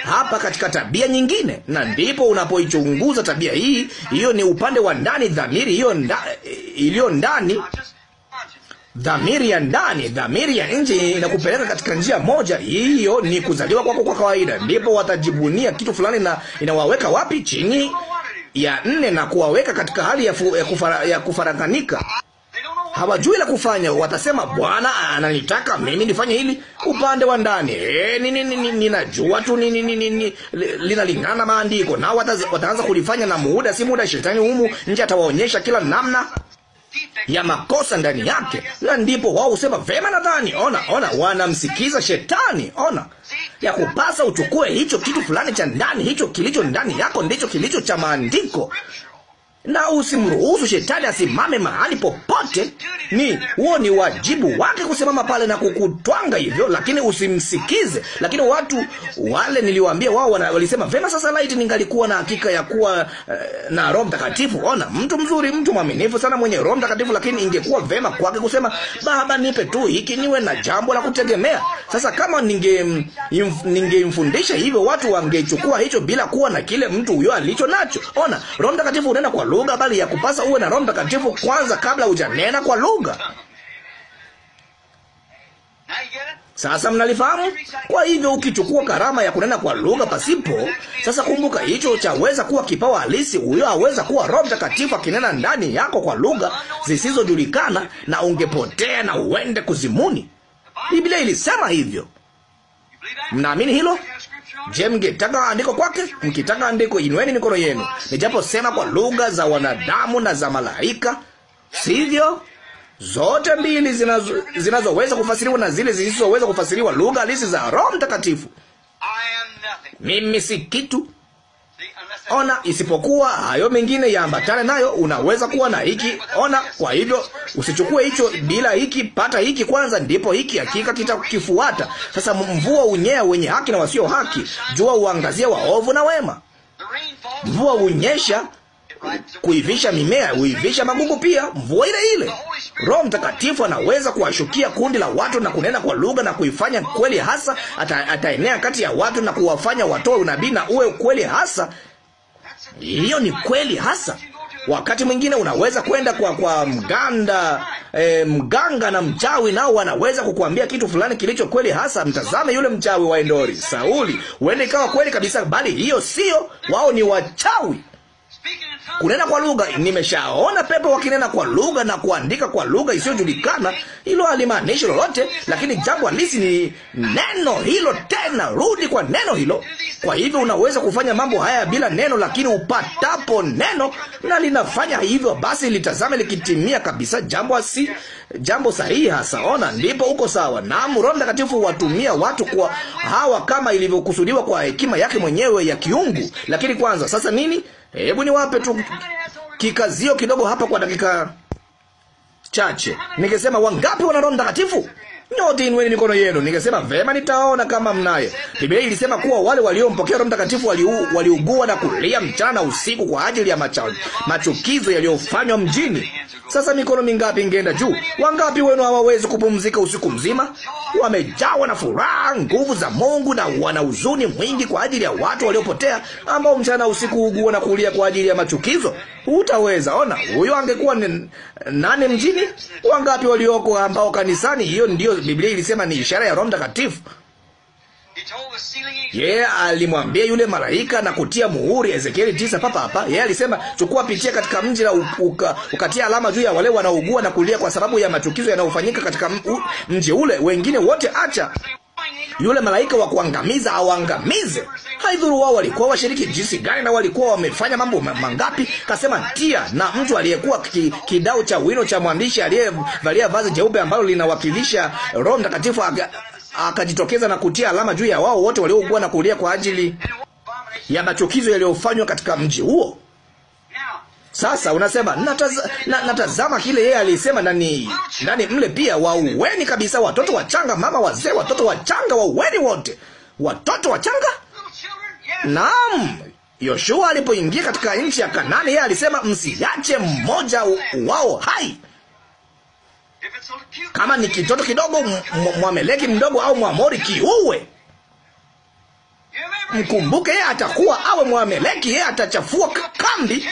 hapa katika tabia nyingine, na ndipo unapoichunguza tabia hii. Hiyo ni upande wa ndani, dhamiri hiyo nda, iliyo ndani dhamiri ya ndani, dhamiri ya nje inakupeleka katika njia moja. Hiyo ni kuzaliwa kwako kwa kawaida. Ndipo watajibunia kitu fulani, na inawaweka wapi? Chini ya nne na kuwaweka katika hali ya, fu, ya, kufara, ya kufaranganika. Hawajui la kufanya, watasema Bwana ananitaka mimi nifanye hili. Upande wa ndani e, eh, nini nini, ninajua tu ni, ni, ni, linalingana maandiko, nao wataanza kulifanya, na muda si muda shetani humu nje atawaonyesha kila namna ya makosa ndani yake, na ndipo wao husema vema, nadhani ona, ona, wanamsikiza shetani. Ona, ya kupasa uchukue hicho kitu fulani cha ndani, hicho kilicho ndani yako ndicho kilicho cha maandiko na usimruhusu shetani asimame mahali popote. Ni huo ni wajibu wake kusimama pale na kukutwanga hivyo, lakini usimsikize. Lakini watu wale niliwaambia, wao walisema vema, sasa laiti ningalikuwa na hakika ya kuwa uh, na Roho Mtakatifu. Ona, mtu mzuri, mtu mwaminifu sana, mwenye Roho Mtakatifu, lakini ingekuwa vema kwake kusema, Baba, nipe tu hiki, niwe na jambo la kutegemea. Sasa kama ninge ningemfundisha hivyo, watu wangechukua hicho bila kuwa na kile mtu huyo alicho nacho. Ona, Roho Mtakatifu unaenda kwa lugha, bali ya kupasa uwe na Roho Mtakatifu kwanza kabla hujanena kwa lugha. Sasa mnalifahamu? Kwa hivyo ukichukua karama ya kunena kwa lugha pasipo, sasa kumbuka hicho chaweza kuwa kipawa halisi. Huyo aweza kuwa Roho Mtakatifu akinena ndani yako kwa lugha zisizojulikana, na ungepotea na uende kuzimuni. Biblia ilisema hivyo. Mnaamini hilo? Je, mngetaka andiko kwake? Mkitaka andiko, inueni mikono yenu. Nijaposema kwa lugha za wanadamu na za malaika, sivyo? Zote mbili zinazoweza zinazo kufasiriwa na zile zisizoweza kufasiriwa, lugha halisi za Roho Mtakatifu. Mimi si kitu Ona, isipokuwa hayo mengine yaambatane nayo, unaweza kuwa na hiki. Ona, kwa hivyo usichukue hicho bila hiki, pata hiki kwanza, ndipo hiki hakika kitakifuata. Sasa mvua unyea wenye haki na wasio haki, jua uangazia waovu na wema. Mvua unyesha kuivisha mimea, huivisha magugu pia. Mvua ile ile, Roho Mtakatifu anaweza kuwashukia kundi la watu na kunena kwa lugha na kuifanya kweli hasa. Ata, ataenea kati ya watu na kuwafanya watoe unabii na uwe kweli hasa. Hiyo ni kweli hasa. Wakati mwingine unaweza kwenda kwa kwa mganda e, mganga na mchawi nao wanaweza kukuambia kitu fulani kilicho kweli hasa. Mtazame yule mchawi wa Endori, Sauli, huenda ikawa kweli kabisa, bali hiyo sio. Wao ni wachawi kunena kwa lugha. Nimeshaona pepo wakinena kwa lugha na kuandika kwa lugha isiyojulikana. Hilo halimaanishi lolote, lakini jambo halisi ni neno hilo. Tena rudi kwa neno hilo. Kwa hivyo unaweza kufanya mambo haya bila neno, lakini upatapo neno na linafanya hivyo, basi litazame likitimia kabisa, jambo asi jambo sahihi hasa. Ona, ndipo uko sawa. Naam, Roho Mtakatifu watumia watu kwa hawa kama ilivyokusudiwa kwa hekima yake mwenyewe ya kiungu. Lakini kwanza, sasa nini? Hebu niwape tu kikazio kidogo hapa kwa dakika chache, nikisema wangapi wana Roho Mtakatifu? Nyote inueni mikono yenu. Nikasema vema, nitaona kama mnaye. Biblia ilisema kuwa wale waliompokea Roho Mtakatifu waliu, waliugua na kulia mchana usiku kwa ajili ya machao machukizo yaliyofanywa mjini. Sasa mikono mingapi ingeenda juu? Wangapi wenu hawawezi kupumzika usiku mzima? Wamejawa na furaha, nguvu za Mungu, na wana huzuni mwingi kwa ajili ya watu waliopotea ambao mchana usiku ugua na kulia kwa ajili ya machukizo. Utaweza ona huyo angekuwa nani mjini? Wangapi walioko ambao kanisani? Hiyo ndio Biblia ilisema ni ishara ya Roho Mtakatifu. Yeye yeah, alimwambia yule malaika na kutia muhuri Ezekieli tisa papa hapa. Yeye yeah, alisema chukua, pitia katika mji na uka, ukatia alama juu ya wale wanaougua na kulia kwa sababu ya machukizo yanayofanyika katika mji ule, wengine wote acha yule malaika wa kuangamiza awaangamize. Haidhuru wao walikuwa washiriki jinsi gani na walikuwa wamefanya mambo mangapi, kasema tia. Na mtu aliyekuwa ki, kidau cha wino cha mwandishi aliyevalia vazi jeupe ambalo linawakilisha Roho Mtakatifu akajitokeza na kutia alama juu ya wao wote waliougua na kulia kwa ajili ya machukizo yaliyofanywa katika mji huo. Sasa unasema natazama, na, natazama kile yeye alisema ndani ndani mle, pia wauweni kabisa watoto wachanga, mama wazee, watoto wachanga wauweni wote, watoto wachanga. Naam, Yoshua alipoingia katika nchi ya Kanani, yeye alisema msiache mmoja wao hai. Kama ni kitoto kidogo, mwameleki mdogo au mwamori, kiuwe. Mkumbuke, yeye atakuwa awe mwameleki, yeye atachafua kambi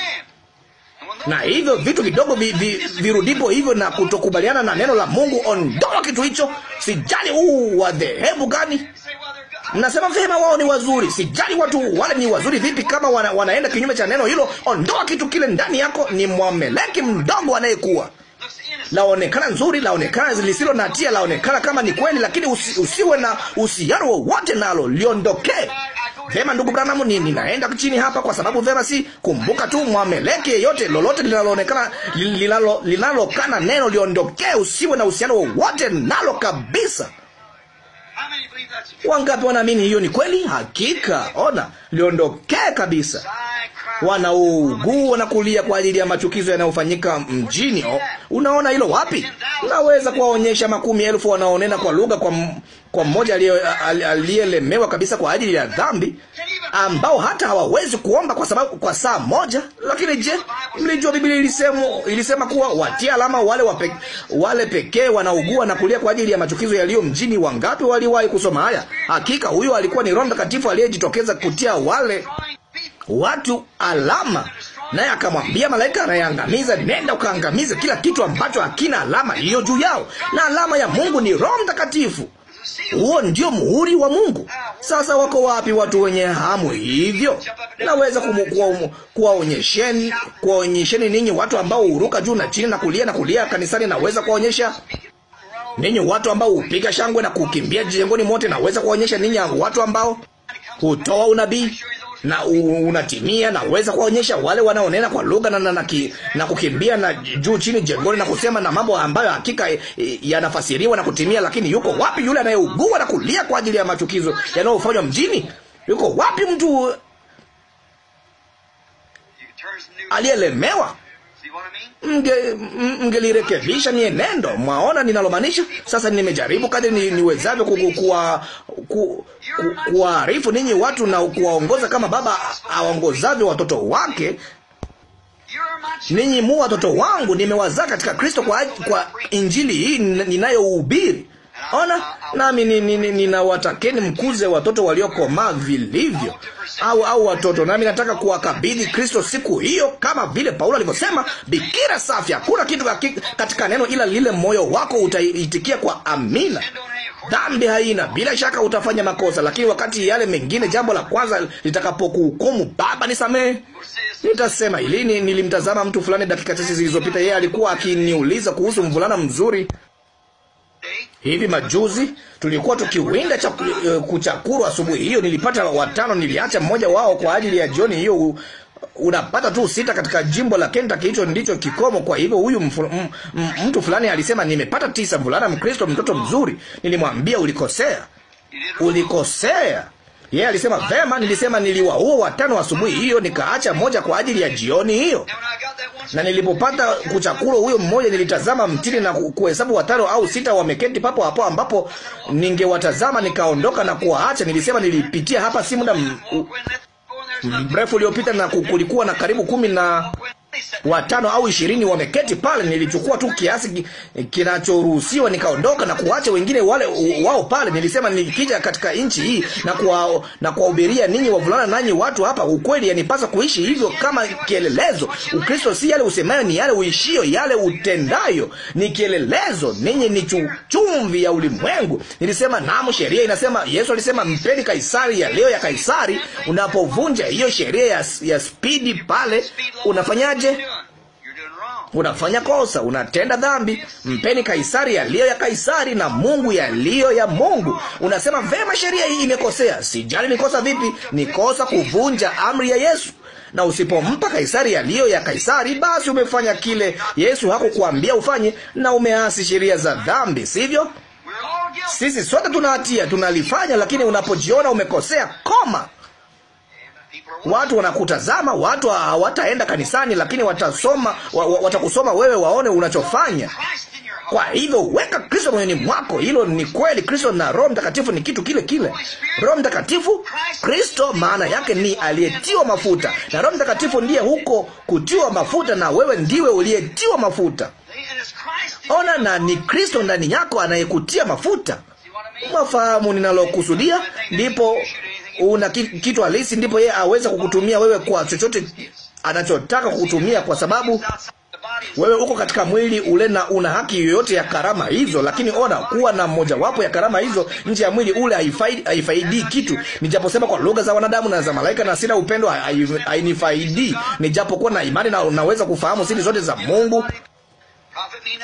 na hivyo vitu vidogo vi, vi, virudipo hivyo na kutokubaliana na neno la Mungu, ondoa kitu hicho. Sijali huu wa dhehebu gani, nasema vema, wao ni wazuri. Sijali watu wale ni wazuri vipi, kama wana, wanaenda kinyume cha neno hilo, ondoa kitu kile ndani yako. Ni mwameleki mdogo anayekuwa laonekana nzuri, laonekana lisilo na hatia, laonekana kama ni kweli, lakini usi, usiwe na uhusiano wowote nalo, liondokee. Vema, ndugu Branham, ni ninaenda chini hapa kwa sababu vema, si kumbuka tu mwameleke yote lolote linaloonekana linalo linalokana neno liondokee, usiwe na uhusiano wowote nalo kabisa. Wangapi wanaamini hiyo ni kweli? Hakika, ona, liondokee kabisa wanaougua na kulia kwa ajili ya machukizo yanayofanyika mjini. Unaona hilo wapi? Unaweza kuwaonyesha makumi elfu wanaonena kwa lugha kwa, kwa mmoja aliyelemewa kabisa kwa ajili ya dhambi, ambao hata hawawezi kuomba kwa sababu kwa saa moja. Lakini je, mlijua Biblia ilisema, ilisema kuwa watia alama wale wape, wale pekee wanaugua na kulia kwa ajili ya machukizo yaliyo mjini. Wangapi waliwahi kusoma haya? Hakika huyo alikuwa ni Roho Mtakatifu aliyejitokeza kutia wale watu alama, naye akamwambia malaika anayeangamiza, nenda ukaangamize kila kitu ambacho hakina alama hiyo juu yao, na alama ya Mungu ni Roho Mtakatifu. Huo ndio muhuri wa Mungu. Sasa wako wapi watu wenye hamu hivyo? Naweza kuwaonyesheni kuwaonyesheni ninyi watu ambao huruka juu na chini na kulia na kulia kanisani, naweza kuwaonyesha ninyi watu ambao hupiga shangwe na kukimbia jengoni mote, naweza kuwaonyesha ninyi watu ambao hutoa unabii, na unatimia. Naweza kuwaonyesha wale wanaonena kwa lugha na, na, na, na kukimbia na juu chini jengoni na kusema na mambo ambayo hakika eh, yanafasiriwa na kutimia, lakini yuko wapi yule anayeugua na kulia kwa ajili ya machukizo yanayofanywa mjini? Yuko wapi mtu eh, aliyelemewa? mge mngelirekebisha mienendo. Mwaona ninalomaanisha? Sasa nimejaribu kadri niwezavyo kuwaarifu ninyi watu na kuwaongoza kama baba awaongozavyo watoto wake. Ninyi mu watoto wangu, nimewazaa katika Kristo kwa, kwa injili hii ninayohubiri. Ona, nami ninawatakeni ni, ni, mkuze watoto waliokomaa vilivyo, au au watoto, nami nataka kuwakabidhi Kristo siku hiyo, kama vile Paulo alivyosema, bikira safi. Hakuna kitu katika neno ila lile moyo wako utaitikia kwa amina. Dhambi haina, bila shaka utafanya makosa, lakini wakati yale mengine, jambo la kwanza litakapokuhukumu, Baba nisamehe, nitasema ilini. Nilimtazama mtu fulani dakika chache zilizopita, yeye alikuwa akiniuliza kuhusu mvulana mzuri Hivi majuzi tulikuwa tukiwinda cha eh, kuchakuru asubuhi hiyo, nilipata watano, niliacha mmoja wao kwa ajili ya jioni hiyo. Unapata tu sita katika jimbo la Kentucky, hicho ndicho kikomo. Kwa hivyo huyu mtu fulani alisema, nimepata tisa, mvulana Mkristo, mtoto mzuri. Nilimwambia ulikosea, ulikosea yeye yeah, alisema vema, nilisema niliwaua watano asubuhi wa hiyo, nikaacha moja kwa ajili ya jioni hiyo. Na nilipopata kuchakuro huyo mmoja, nilitazama mtini na kuhesabu watano au sita wameketi papo hapo, ambapo ningewatazama nikaondoka na kuwaacha. Nilisema nilipitia hapa si muda mrefu uliopita, na kulikuwa na karibu kumi na watano au ishirini wameketi pale. Nilichukua tu kiasi kinachoruhusiwa nikaondoka na kuacha wengine wale wao pale. Nilisema nikija katika nchi hii na kuwa na kuwahubiria ninyi wavulana nanyi watu hapa ukweli, yanipasa kuishi hivyo kama kielelezo. Ukristo si yale usemayo, ni yale uishio, yale utendayo ni kielelezo. Ninyi ni chumvi ya ulimwengu. Nilisema namu, sheria inasema, Yesu alisema mpeni Kaisari ya leo ya Kaisari. Unapovunja hiyo sheria ya, ya spidi pale unafanyaje? nje. Unafanya kosa, unatenda dhambi. Mpeni Kaisari yaliyo ya Kaisari na Mungu yaliyo ya Mungu. Unasema vema, sheria hii imekosea, sijali ni kosa vipi, ni kosa kuvunja amri ya Yesu. Na usipompa Kaisari yaliyo ya Kaisari, basi umefanya kile Yesu hakukuambia ufanye, na umeasi sheria za dhambi, sivyo? Sisi sote tuna hatia, tunalifanya, lakini unapojiona umekosea, koma. Watu wanakutazama, watu hawataenda kanisani, lakini watasoma, watakusoma wewe, waone unachofanya. Kwa hivyo weka Kristo moyoni mwako. Hilo ni kweli. Kristo na Roho Mtakatifu ni kitu kile kile. Roho Mtakatifu, Kristo maana yake ni aliyetiwa mafuta, na Roho Mtakatifu ndiye huko kutiwa mafuta, na wewe ndiwe uliyetiwa mafuta. Ona, na ni Kristo ndani yako anayekutia mafuta. Mafahamu ninalokusudia? Ndipo una kitu halisi, ndipo yeye aweza kukutumia wewe kwa chochote anachotaka kukutumia, kwa sababu wewe uko katika mwili ule na una haki yoyote ya karama hizo. Lakini ona, kuwa na mojawapo ya karama hizo nje ya mwili ule haifaidi, haifaidi kitu. Nijaposema kwa lugha za wanadamu na za malaika na sina upendo, hainifaidi. Nijapokuwa na imani na unaweza kufahamu siri zote za Mungu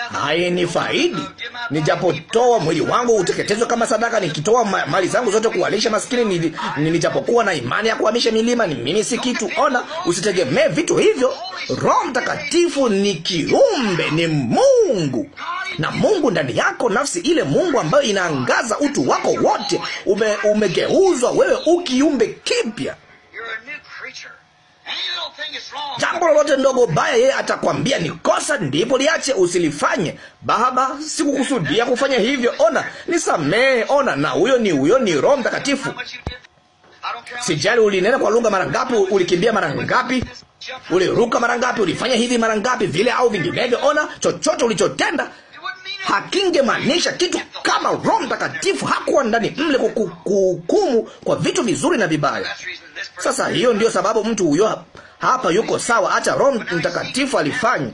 hainifaidi. Nijapotoa mwili wangu uteketezwe kama sadaka, nikitoa mali zangu zote kuwalisha maskini, nijapokuwa na imani ya kuhamisha milima, ni mimi si kitu. Ona, usitegemee vitu hivyo. Roho Mtakatifu ni kiumbe, ni Mungu na Mungu ndani yako, nafsi ile Mungu ambayo inaangaza utu wako wote, ume, umegeuzwa wewe ukiumbe kipya. Jambo lolote ndogo baya, yeye atakwambia ni kosa, ndipo liache, usilifanye. Baba, sikukusudia kufanya hivyo, ona, nisamehe, ona. Na huyo ni huyo ni Roho Mtakatifu. Sijali ulinena kwa lugha mara ngapi, ulikimbia mara ngapi, uliruka mara ngapi, ulifanya hivi mara ngapi, vile au vinginevyo. Ona, chochote ulichotenda hakingemaanisha kitu kama Roho Mtakatifu hakuwa ndani mle kukuhukumu kwa vitu vizuri na vibaya. Sasa hiyo ndio sababu mtu huyo hapa yuko sawa, acha Roho Mtakatifu alifanye.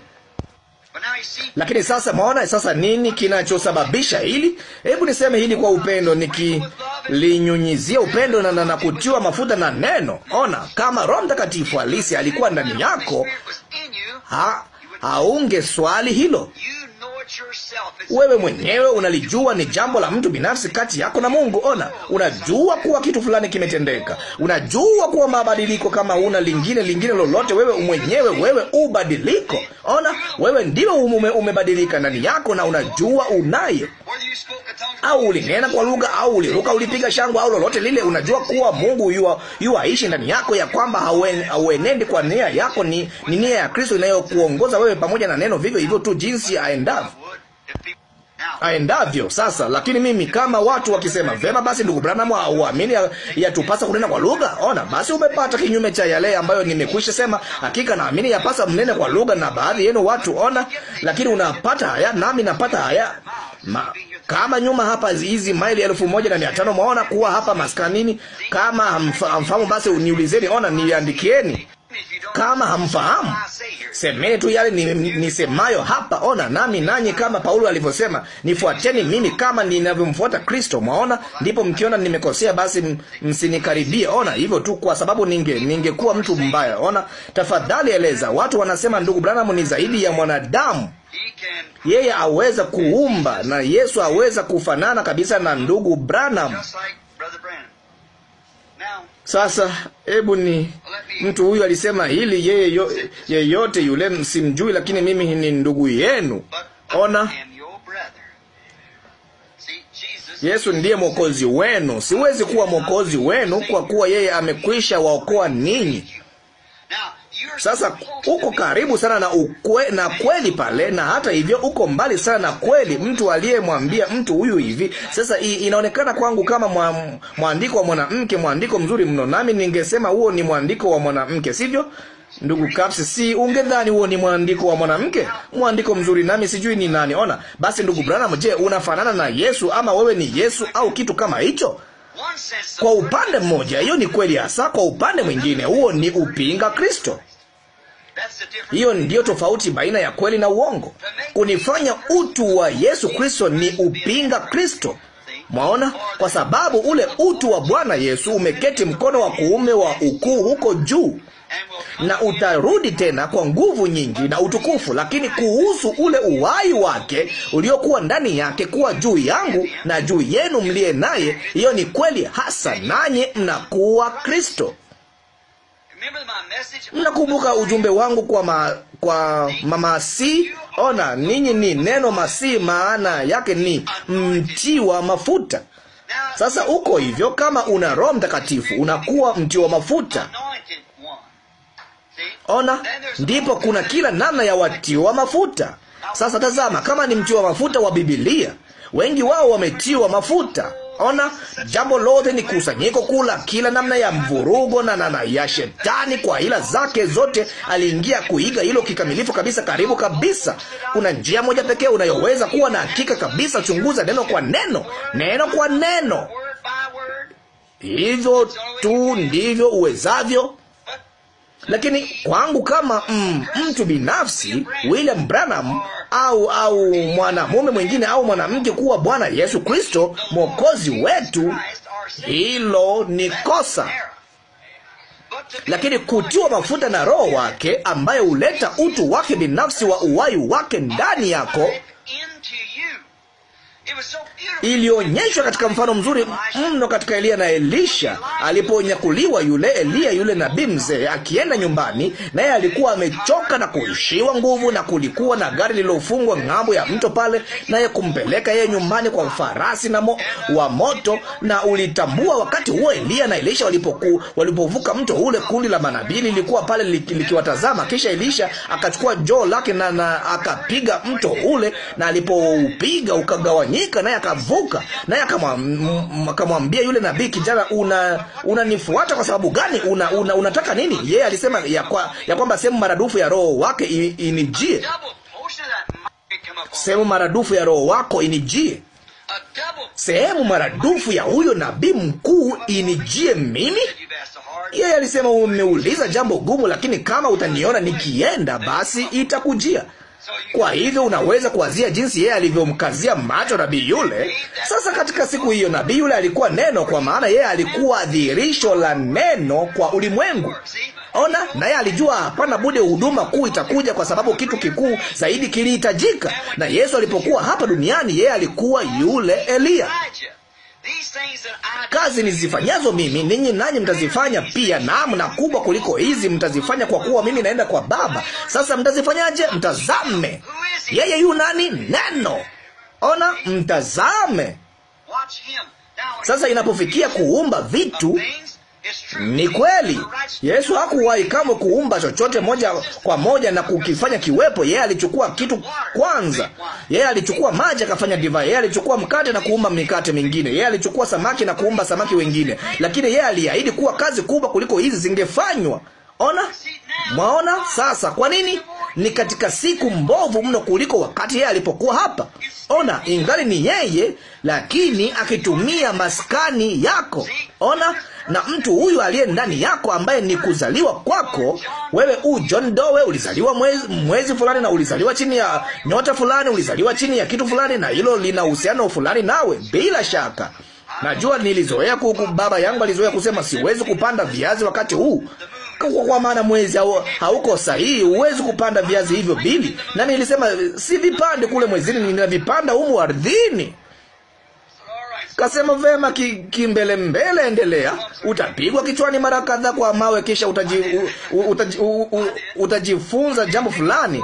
Lakini sasa mwaona sasa nini kinachosababisha hili? Hebu niseme hili kwa upendo, nikilinyunyizia upendo na, na, na kutiwa mafuta na neno. Ona, kama Roho Mtakatifu halisi alikuwa ndani yako ha, haunge swali hilo. Wewe mwenyewe unalijua ni jambo la mtu binafsi kati yako na Mungu. Ona, unajua kuwa kitu fulani kimetendeka, unajua kuwa mabadiliko, kama una lingine lingine lolote, wewe mwenyewe, wewe ubadiliko. Ona, wewe ndilo umume umebadilika ndani yako, na unajua unaye, au ulinena kwa lugha, au uliruka, ulipiga shangwe, au lolote lile, unajua kuwa Mungu yuwa, yuwa aishi ndani yako, ya kwamba hauenendi kwa nia yako, ni, ni nia ya Kristo inayokuongoza wewe pamoja na neno, vivyo hivyo tu jinsi aendavyo aendavyo sasa. Lakini mimi kama watu wakisema vema, basi ndugu Branham auamini yatupasa ya kunena kwa lugha, ona basi umepata kinyume cha yale ambayo nimekwisha sema. Hakika naamini yapasa mnene kwa lugha na baadhi yenu watu, ona. Lakini unapata haya nami napata haya Ma, kama nyuma hapa hizi maili elfu moja na mia tano mwaona kuwa hapa maskanini. Kama hamfahamu basi niulizeni, ona, niandikieni kama hamfahamu semeni tu yale nisemayo ni, hapa. Ona nami nanyi, kama Paulo alivyosema, nifuateni mimi kama ninavyomfuata Kristo. Mwaona, ndipo mkiona nimekosea, basi msinikaribie. Ona hivyo tu, kwa sababu ninge ningekuwa mtu mbaya. Ona, tafadhali eleza watu. Wanasema ndugu Branham ni zaidi ya mwanadamu yeye aweza kuumba na Yesu aweza kufanana kabisa na ndugu Branham. Sasa hebu ni mtu huyu alisema hili, yeye yeyote yule msimjui, lakini mimi ni ndugu yenu. Ona, Yesu ndiye mwokozi wenu. Siwezi kuwa mwokozi wenu kwa kuwa yeye amekwisha waokoa ninyi. Sasa uko karibu sana na, ukwe, na kweli pale, na hata hivyo uko mbali sana na kweli. Mtu aliyemwambia mtu huyu hivi, sasa inaonekana kwangu kama mwandiko wa mwanamke, mwandiko mzuri mno, nami ningesema huo ni mwandiko wa mwanamke, sivyo? Ndugu Kapsi, si ungedhani huo ni mwandiko wa mwanamke? Mwandiko mzuri, nami sijui ni nani. Ona basi, ndugu Branham, je, unafanana na Yesu ama wewe ni Yesu au kitu kama hicho? Kwa upande mmoja hiyo ni kweli hasa, kwa upande mwingine huo ni upinga Kristo. Hiyo ndiyo tofauti baina ya kweli na uongo. Kunifanya utu wa Yesu Kristo ni upinga Kristo. Mwaona, kwa sababu ule utu wa Bwana Yesu umeketi mkono wa kuume wa ukuu huko juu, na utarudi tena kwa nguvu nyingi na utukufu. Lakini kuhusu ule uwai wake uliokuwa ndani yake kuwa juu yangu na juu yenu mliye naye, hiyo ni kweli hasa, nanyi mnakuwa Kristo. Mnakumbuka ujumbe wangu kwa, ma, kwa si Ona, ninyi ni neno masi, maana yake ni mtiwa mafuta. Sasa uko hivyo, kama una Roho Mtakatifu unakuwa mtiwa mafuta. Ona, ndipo kuna kila namna ya watiwa mafuta. Sasa tazama, kama ni mtiwa mafuta wa Biblia, wengi wao wametiwa mafuta Ona, jambo lote ni kusanyiko kula kila namna ya mvurugo na na, ya shetani kwa ila zake zote, aliingia kuiga hilo kikamilifu kabisa, karibu kabisa. Kuna njia moja pekee unayoweza kuwa na hakika kabisa. Chunguza neno kwa neno, neno kwa neno. Hivyo tu ndivyo uwezavyo. Lakini kwangu kama mm, mtu binafsi, William Branham au au mwanamume mwingine au mwanamke kuwa Bwana Yesu Kristo mwokozi wetu, hilo ni kosa. Lakini kutiwa mafuta na Roho wake ambaye huleta utu wake binafsi wa uwai wake ndani yako ilionyeshwa katika mfano mzuri mno katika Eliya na Elisha, aliponyakuliwa yule Eliya yule nabii mzee akienda nyumbani, naye alikuwa amechoka na kuishiwa nguvu, na kulikuwa na gari lililofungwa ng'ambo ya mto pale, naye kumpeleka yeye nyumbani kwa farasi na mo, wa moto. Na ulitambua wakati huo Eliya na Elisha walipoku walipovuka mto ule, kundi la manabii lilikuwa pale likiwatazama. Kisha Elisha akachukua joo lake na, na akapiga mto ule, na alipoupiga ukagawanyika alilalamika, naye akavuka, naye mm, akamwambia yule nabii kijana, una unanifuata kwa sababu gani? una, una unataka nini? Yeye alisema ya, kwa, ya kwamba sehemu maradufu ya roho wake inijie, sehemu maradufu ya roho wako inijie sehemu maradufu ya huyo nabii mkuu inijie mimi. Yeye alisema umeuliza jambo gumu, lakini kama utaniona nikienda, basi itakujia. Kwa hivyo unaweza kuwazia jinsi yeye alivyomkazia macho nabii yule. Sasa katika siku hiyo nabii yule alikuwa neno, kwa maana yeye alikuwa dhihirisho la neno kwa ulimwengu. Ona, naye alijua hapana budi huduma kuu itakuja, kwa sababu kitu kikuu zaidi kilihitajika. Na Yesu alipokuwa hapa duniani, yeye alikuwa yule Eliya. Kazi nizifanyazo mimi, ninyi nanyi mtazifanya pia, naam, na kubwa kuliko hizi mtazifanya, kwa kuwa mimi naenda kwa Baba. Sasa mtazifanyaje? Mtazame yeye yu nani? Neno. Ona, mtazame sasa. Inapofikia kuumba vitu ni kweli Yesu hakuwahi kamwe kuumba chochote moja kwa moja na kukifanya kiwepo. Yeye alichukua kitu kwanza. Yeye alichukua maji akafanya divai. Yeye alichukua mkate na kuumba mikate mingine. Yeye alichukua samaki na kuumba samaki wengine. Lakini yeye aliahidi kuwa kazi kubwa kuliko hizi zingefanywa. Ona, mwaona sasa. Kwa nini? Ni katika siku mbovu mno kuliko wakati yeye alipokuwa hapa. Ona, ingali ni yeye, lakini akitumia maskani yako. Ona na mtu huyu aliye ndani yako, ambaye ni kuzaliwa kwako wewe. U John Doe ulizaliwa mwezi, mwezi fulani, na ulizaliwa chini ya nyota fulani, ulizaliwa chini ya kitu fulani, na hilo lina uhusiano fulani nawe, bila shaka. Najua nilizoea kuku, baba yangu alizoea kusema siwezi kupanda viazi wakati huu kwa kwa maana mwezi hau, hauko sahihi, huwezi kupanda viazi hivyo bili. Na nilisema si vipande kule mwezini, ninavipanda humu ardhini. Kasema vema, kimbele ki, mbele, endelea. Utapigwa kichwani mara kadhaa kwa mawe, kisha utaji, u, utaji, u, u, utajifunza jambo fulani.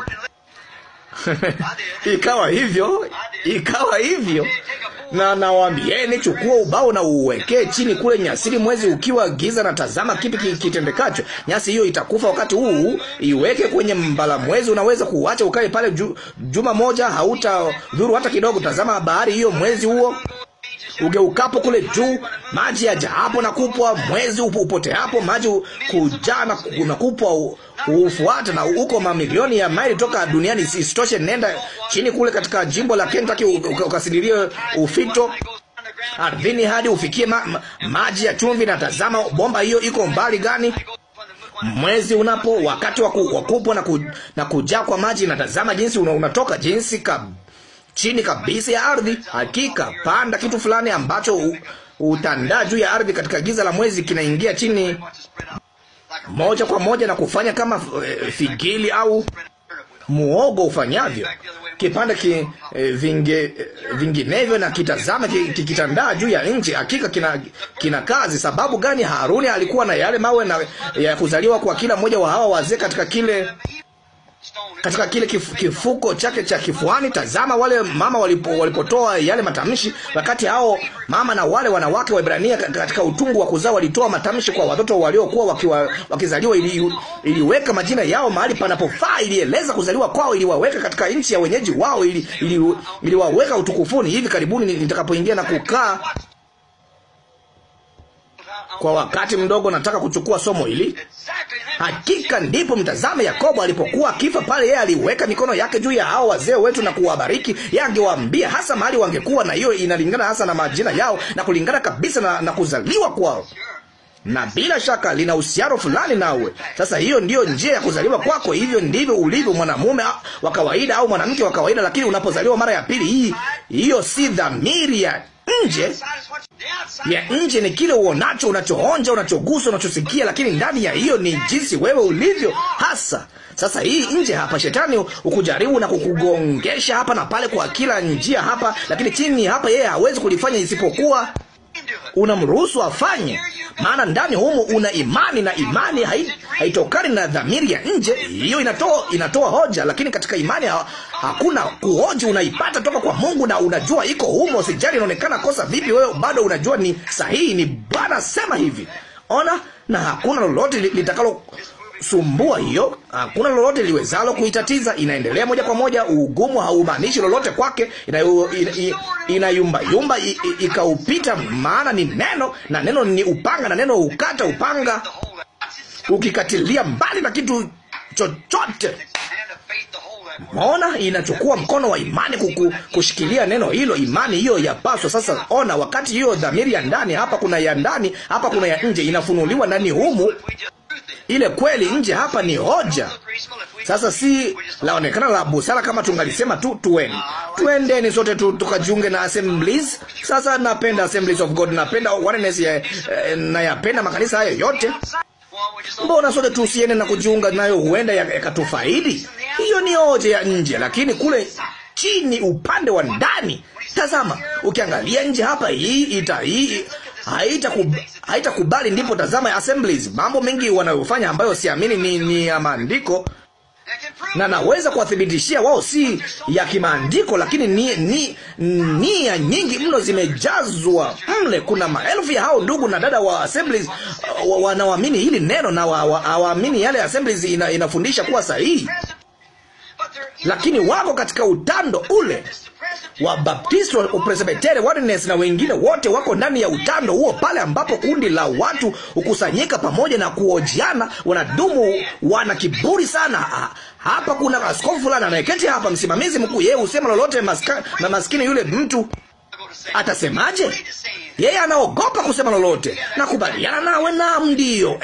ikawa hivyo, ikawa hivyo. Na nawaambieni, chukua ubao na uwekee chini kule nyasini, mwezi ukiwa giza, na tazama kipi kitendekacho. Nyasi hiyo itakufa wakati huu, iweke kwenye mbala mwezi. Unaweza kuacha ukae pale ju, juma moja, hautadhuru hata kidogo. Tazama bahari hiyo mwezi huo ugeukapo kule juu, maji hapo na kupwa, mwezi upote hapo, maji kujaa na kupwa huufuata, na huko mamilioni ya maili toka duniani. Isitoshe, nenda chini kule katika jimbo la Kentucky ukasidirie ufito ardhini hadi ufikie ma, ma maji ya chumvi, na tazama bomba hiyo iko mbali gani? Mwezi unapo wakati wa kupwa na, ku, na kujaa kwa maji, na tazama jinsi unatoka jinsi ka chini kabisa ya ardhi. Hakika panda kitu fulani ambacho utandaa juu ya ardhi katika giza la mwezi, kinaingia chini moja kwa moja na kufanya kama eh, figili au muogo ufanyavyo. Kipanda ki, e, vinge, e, vinginevyo na kitazama kikitandaa ki, juu ya nchi. Hakika kina, kina kazi. Sababu gani Haruni alikuwa na yale mawe na ya kuzaliwa kwa kila mmoja wa hawa wazee katika kile katika kile kifu, kifuko chake cha kifuani. Tazama wale mama walipo, walipotoa yale matamshi, wakati hao mama na wale wanawake Ibrania katika utungu wa kuzaa walitoa matamshi kwa watoto waliokuwa wakiwa, wakizaliwa. Ili, iliweka majina yao mahali panapofaa, ilieleza kuzaliwa kwao, iliwaweka katika nchi ya wenyeji wao, ili, ili, iliwaweka utukufuni. Hivi karibuni nitakapoingia na kukaa kwa wakati mdogo, nataka kuchukua somo hili. Hakika ndipo mtazame, Yakobo alipokuwa akifa pale, yeye aliweka mikono yake juu ya hao wazee wetu na kuwabariki. Yeye angewaambia hasa mahali wangekuwa, na hiyo inalingana hasa na majina yao na kulingana kabisa na, na kuzaliwa kwao na bila shaka lina uhusiano fulani nawe. Sasa hiyo ndiyo njia ya kuzaliwa kwako. Hivyo ndivyo ulivyo mwanamume wa kawaida au mwanamke wa kawaida, lakini unapozaliwa mara ya pili, hii hiyo si dhamiri ya nje ya nje ni kile uonacho, unachoonja, unachogusa, unachosikia, lakini ndani ya hiyo ni jinsi wewe ulivyo hasa. Sasa hii nje hapa, shetani ukujaribu na kukugongesha hapa na pale kwa kila njia hapa, lakini chini hapa yeye hawezi kulifanya isipokuwa unamruhusu afanye, maana ndani humu una imani, na imani haitokani hai na dhamiri ya nje. Hiyo inatoa inatoa hoja, lakini katika imani ha, hakuna kuhoji, unaipata toka kwa Mungu na unajua iko humo. Sijali inaonekana kosa vipi, wewe bado unajua ni sahihi. Ni Bwana sema hivi, ona, na hakuna lolote litakalo sumbua hiyo. Ah, hakuna lolote liwezalo kuitatiza. Inaendelea moja kwa moja. Ugumu haumaanishi lolote kwake, inayumbayumba ina, ina ikaupita, maana ni neno na neno ni upanga, na neno ukata upanga ukikatilia mbali na kitu chochote. Maona, inachukua mkono wa imani kuku, kushikilia neno hilo. Imani hiyo yapaswa sasa. Ona, wakati hiyo dhamiri ya ndani, hapa kuna ya ndani, hapa kuna ya nje, inafunuliwa ndani humu ile kweli nje hapa ni hoja. Sasa si laonekana la busara kama tungalisema tu tuende tuendeni sote tu, tukajiunge na assemblies. Sasa napenda Assemblies of God, napenda oneness ya, eh, na yapenda makanisa hayo yote. Mbona sote tusiende na kujiunga nayo, huenda yakatufaidi? Ya hiyo ni hoja ya nje, lakini kule chini, upande wa ndani, tazama, ukiangalia nje hapa, hii ita hii haitakubali haitakubali. Ndipo tazama Assemblies, mambo mengi wanayofanya ambayo siamini ni, ni ya maandiko na naweza kuwathibitishia wao si ya kimaandiko, lakini nia ni, ni ya nyingi mno zimejazwa mle. Kuna maelfu ya hao ndugu na dada wa Assemblies uh, wanaoamini hili neno na hawaamini yale Assemblies ina, inafundisha kuwa sahihi, lakini wako katika utando ule. Wabaptisti, Wapresbiteri, Warnes na wengine wote wako ndani ya utando huo, pale ambapo kundi la watu hukusanyika pamoja na kuojiana, wanadumu, wana kiburi sana. Ah, hapa kuna askofu fulani anayeketi hapa, msimamizi mkuu, yeye husema lolote maska, na maskini yule mtu atasemaje? Yeye anaogopa kusema lolote. Nakubaliana nawe, nam, ndiyo,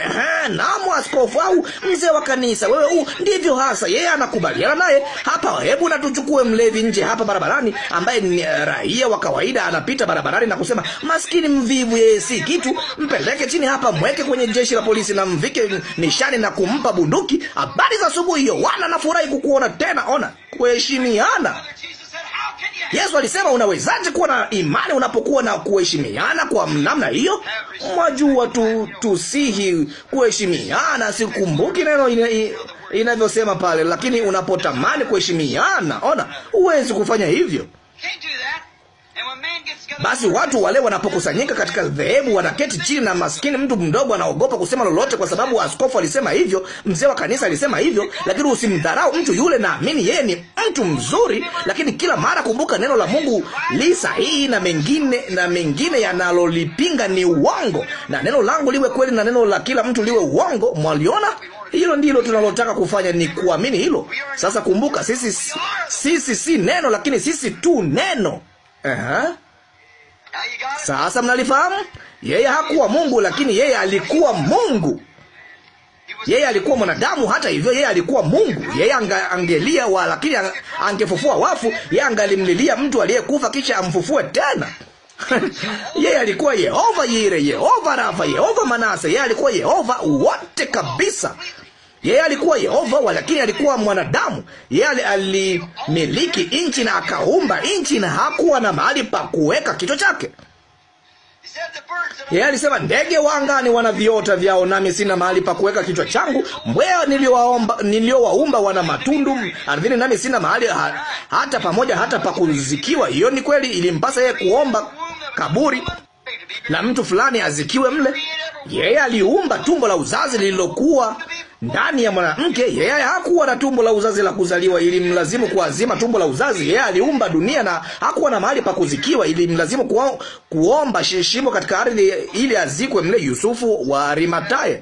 namu askofu au mzee wa kanisa, wewe huu, ndivyo hasa. Yeye anakubaliana naye hapa. Hebu natuchukue mlevi nje hapa barabarani, ambaye ni eh, raia wa kawaida, anapita barabarani na kusema, maskini mvivu, yeye si kitu. Mpeleke chini hapa, mweke kwenye jeshi la polisi na mvike nishani na kumpa bunduki. Habari za asubuhi, Yohana, nafurahi kukuona tena. Ona, kuheshimiana Yesu alisema unawezaje kuwa na imani unapokuwa na kuheshimiana kwa namna hiyo? Mwajua tu tusihi kuheshimiana, sikumbuki neno inavyosema pale, lakini unapotamani kuheshimiana, ona, huwezi kufanya hivyo. Basi watu wale wanapokusanyika katika dhehebu wanaketi chini, na maskini mtu mdogo anaogopa kusema lolote, kwa sababu askofu alisema hivyo, mzee wa kanisa alisema hivyo. Lakini usimdharau mtu yule, naamini yeye ni mtu mzuri, lakini kila mara kumbuka, neno la Mungu li sahihi na mengine na mengine yanalolipinga ni uongo, na neno langu liwe kweli na neno la kila mtu liwe uongo. Mwaliona? Hilo ndilo tunalotaka kufanya, ni kuamini hilo. Sasa kumbuka, sisi sisi si neno, lakini sisi tu neno. Aha. Sasa mnalifahamu? Yeye hakuwa Mungu lakini yeye alikuwa Mungu. Yeye alikuwa mwanadamu, hata hivyo yeye alikuwa Mungu. Yeye angelia wa, lakini angefufua wafu. Yeye angalimlilia mtu aliyekufa kisha amfufue tena. yeye alikuwa Yehova Yire, Yehova Rafa, Yehova Manase. Yeye alikuwa Yehova wote kabisa. Yeye alikuwa Yehova, lakini alikuwa mwanadamu. Yeye alimiliki nchi na akaumba nchi, na hakuwa na mahali pa kuweka kichwa chake. Yeye alisema ndege wa angani wana viota vyao, nami sina mahali pa kuweka kichwa changu. Mbweha niliowaumba wana matundu ardhini, nami sina mahali ha, hata pamoja hata pa kuzikiwa. Hiyo ni kweli, ilimpasa yeye kuomba kaburi la mtu fulani azikiwe mle. Yeye aliumba tumbo la uzazi lililokuwa ndani ya mwanamke. Yeye hakuwa na tumbo la uzazi la kuzaliwa, ili mlazimu kuazima tumbo la uzazi. Yeye aliumba dunia na hakuwa na mahali pa kuzikiwa, mlazimu kuo, kuomba shimo katika ardhi ili azikwe mle. Yusufu wa Arimataya,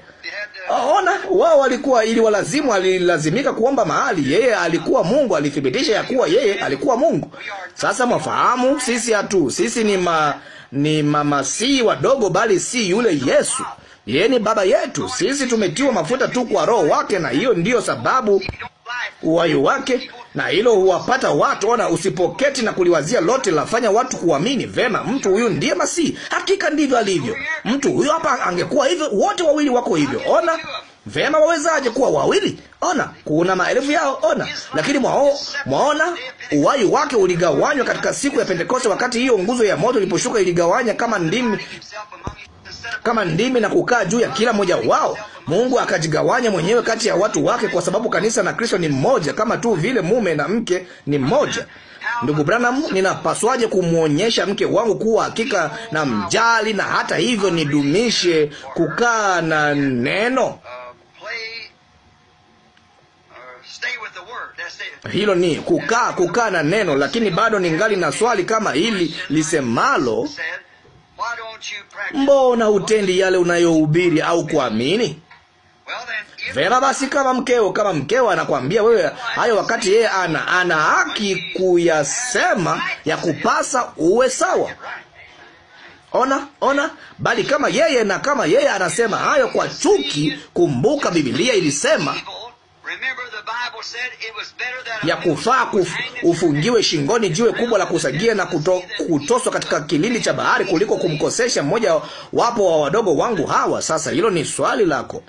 ona, wao walikuwa, ili walazimu, alilazimika kuomba mahali. Yeye alikuwa Mungu, alithibitisha ya kuwa yeye alikuwa Mungu. Sasa mwafahamu, sisi hatu, sisi ni ma ni mamasihi wadogo, bali si yule Yesu. Yeye ni Baba yetu. Sisi tumetiwa mafuta tu kwa Roho wake, na hiyo ndiyo sababu uwayo wake, na hilo huwapata watu. Ona, usipoketi na kuliwazia lote lafanya watu kuamini vema, mtu huyu ndiye Masihi. Hakika ndivyo alivyo mtu huyo. Hapa angekuwa hivyo, wote wawili wako hivyo. Ona Vema, wawezaje kuwa wawili? Ona, kuna maelfu yao, ona. Lakini mwao, mwaona uwai wake uligawanywa katika siku ya Pentekoste, wakati hiyo nguzo ya moto iliposhuka iligawanya kama ndimi kama ndimi na kukaa juu ya kila mmoja wao. Mungu akajigawanya mwenyewe kati ya watu wake, kwa sababu kanisa na Kristo ni mmoja, kama tu vile mume na mke ni mmoja. Ndugu Branham, ninapaswaje kumwonyesha mke wangu kuwa hakika na mjali na hata hivyo nidumishe kukaa na neno? Hilo ni kukaa, kukaa na neno, lakini bado ningali na swali kama hili lisemalo, mbona hutendi yale unayohubiri au kuamini? Vema basi, kama mkeo kama mkeo anakwambia wewe hayo, wakati yeye ana ana haki kuyasema, ya kupasa uwe sawa. Ona, ona, bali kama yeye na kama yeye anasema hayo kwa chuki, kumbuka Biblia ilisema ya kufaa kuf, ufungiwe shingoni jiwe kubwa la kusagia na kuto, kutoswa katika kilindi cha bahari kuliko kumkosesha mmoja wapo wa wadogo wangu hawa. Sasa hilo ni swali lako,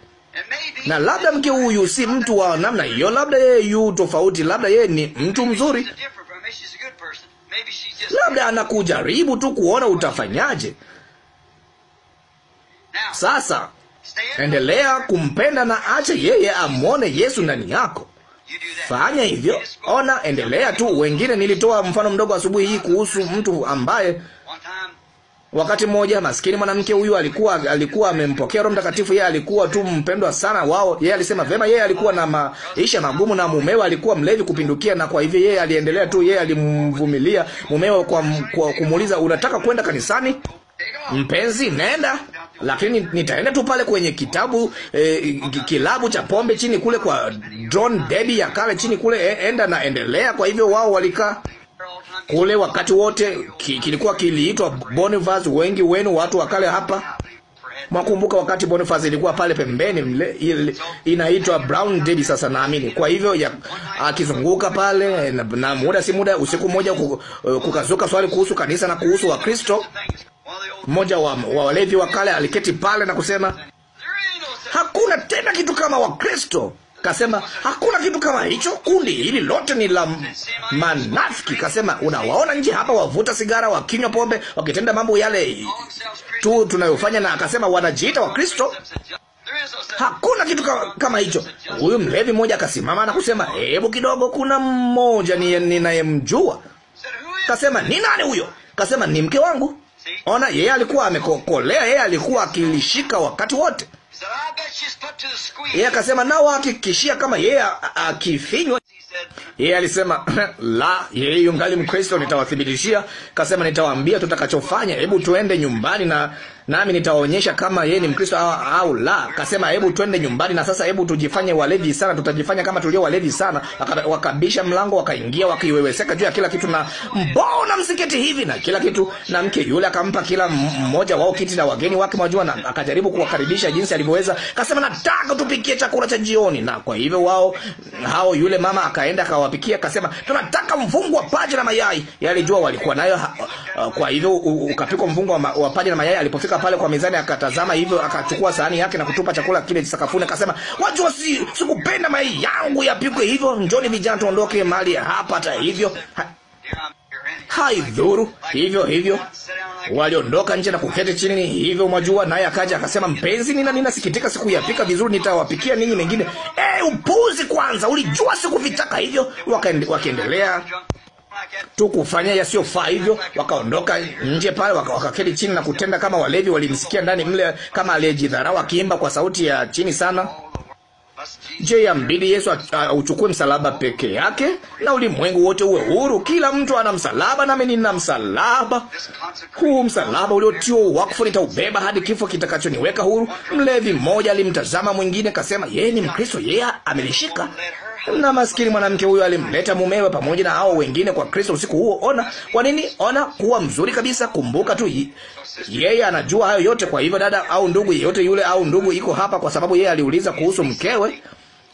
na labda mke huyu si mtu wa namna hiyo, labda yeye yu tofauti, labda yeye ni mtu mzuri, labda anakujaribu tu kuona utafanyaje. Sasa Endelea kumpenda na acha yeye amwone Yesu ndani yako. Fanya hivyo. Ona, endelea tu. Wengine nilitoa mfano mdogo asubuhi hii kuhusu mtu ambaye wakati mmoja maskini mwanamke huyu alikuwa alikuwa amempokea Roho Mtakatifu. Yeye alikuwa tu mpendwa sana wao. Yeye alisema vema, yeye alikuwa na maisha magumu na mumewe alikuwa mlevi kupindukia, na kwa hivyo yeye aliendelea tu, yeye alimvumilia mumewe kwa, kwa kumuuliza unataka kwenda kanisani mpenzi, nenda. Lakini nitaenda tu pale kwenye kitabu eh, kilabu cha pombe chini kule kwa John Debi ya kale chini kule, eh, enda na endelea. Kwa hivyo wao walikaa kule wakati wote, kilikuwa kiliitwa Boniface. Wengi wenu watu wa kale hapa Mwakumbuka wakati Boniface ilikuwa pale pembeni mle, inaitwa Brown Debi sasa, naamini. Kwa hivyo ya, akizunguka pale na, na muda si muda, usiku mmoja eh, kukazuka swali kuhusu kanisa na kuhusu Wakristo. Mmoja wa, wa walevi wa kale aliketi pale na kusema hakuna tena kitu kama Wakristo. Kasema hakuna kitu kama hicho, kundi hili lote ni la manafiki. Kasema unawaona nje hapa, wavuta sigara, wakinywa pombe, wakitenda mambo yale tu tunayofanya, na akasema wanajiita Wakristo. Hakuna kitu kama, kama hicho. Huyu mlevi mmoja akasimama na kusema, hebu kidogo, kuna mmoja ninayemjua. Kasema ni nani huyo? Kasema ni mke wangu. Ona, yeye alikuwa amekokolea, yeye alikuwa akilishika wakati wote. Yeye akasema nao akikishia kama yeye akifinywa. Yeye alisema la, yeye yungali Mkristo, nitawathibitishia. Kasema nitawaambia tutakachofanya, hebu tuende nyumbani na nami nitaonyesha kama yeye ni Mkristo au, au la. Akasema, hebu twende nyumbani, na sasa hebu tujifanye walevi sana, tutajifanya kama tulio walevi sana. Wakabisha mlango, wakaingia, wakiweweseka juu ya kila kitu, na mbona msiketi hivi na kila kitu. Na mke yule akampa kila mmoja wao kiti na wageni wake, mwajua, na akajaribu kuwakaribisha jinsi alivyoweza. Akasema, nataka tupikie chakula cha jioni, na kwa hivyo wao hao, yule mama akaenda akawapikia, akasema, tunataka mfungu wa paja na mayai. Yalijua walikuwa nayo uh, kwa hivyo ukapikwa mfungu wa paja na mayai. Alipofika akaweka pale kwa mezani akatazama hivyo, akachukua sahani yake na kutupa chakula kile sakafuni, akasema, wajua, si sikupenda mayai yangu yapikwe hivyo. Njoni vijana, tuondoke mali hapa. Hata hivyo ha, haidhuru. Hivyo hivyo waliondoka nje na kuketi chini hivyo, mwajua. Naye akaja akasema, mpenzi, nina ninasikitika, sikuyapika vizuri, nitawapikia ninyi mengine. Eh, upuzi! Kwanza ulijua sikuvitaka hivyo. Wakaendelea tukufanyia yasiyofaa. Hivyo wakaondoka nje pale, wakaketi chini na kutenda kama walevi. Walimsikia ndani mle kama aliyejidharau akiimba kwa sauti ya chini sana. Je, ya mbili Yesu auchukue msalaba peke yake na ulimwengu wote uwe huru? Kila mtu ana msalaba, nami nina msalaba huu. Msalaba uliotiwa wakfu nitaubeba hadi kifo kitakachoniweka huru. Mlevi mmoja alimtazama mwingine, kasema yeye ni Mkristo, yeye amelishika na maskini mwanamke huyo alimleta mumewe pamoja na hao wengine kwa Kristo usiku huo. Ona, kwa nini? Ona kuwa mzuri kabisa. Kumbuka tu yeye anajua hayo yote. Kwa hivyo dada au ndugu yeyote yule au ndugu iko hapa, kwa sababu yeye aliuliza kuhusu mkewe.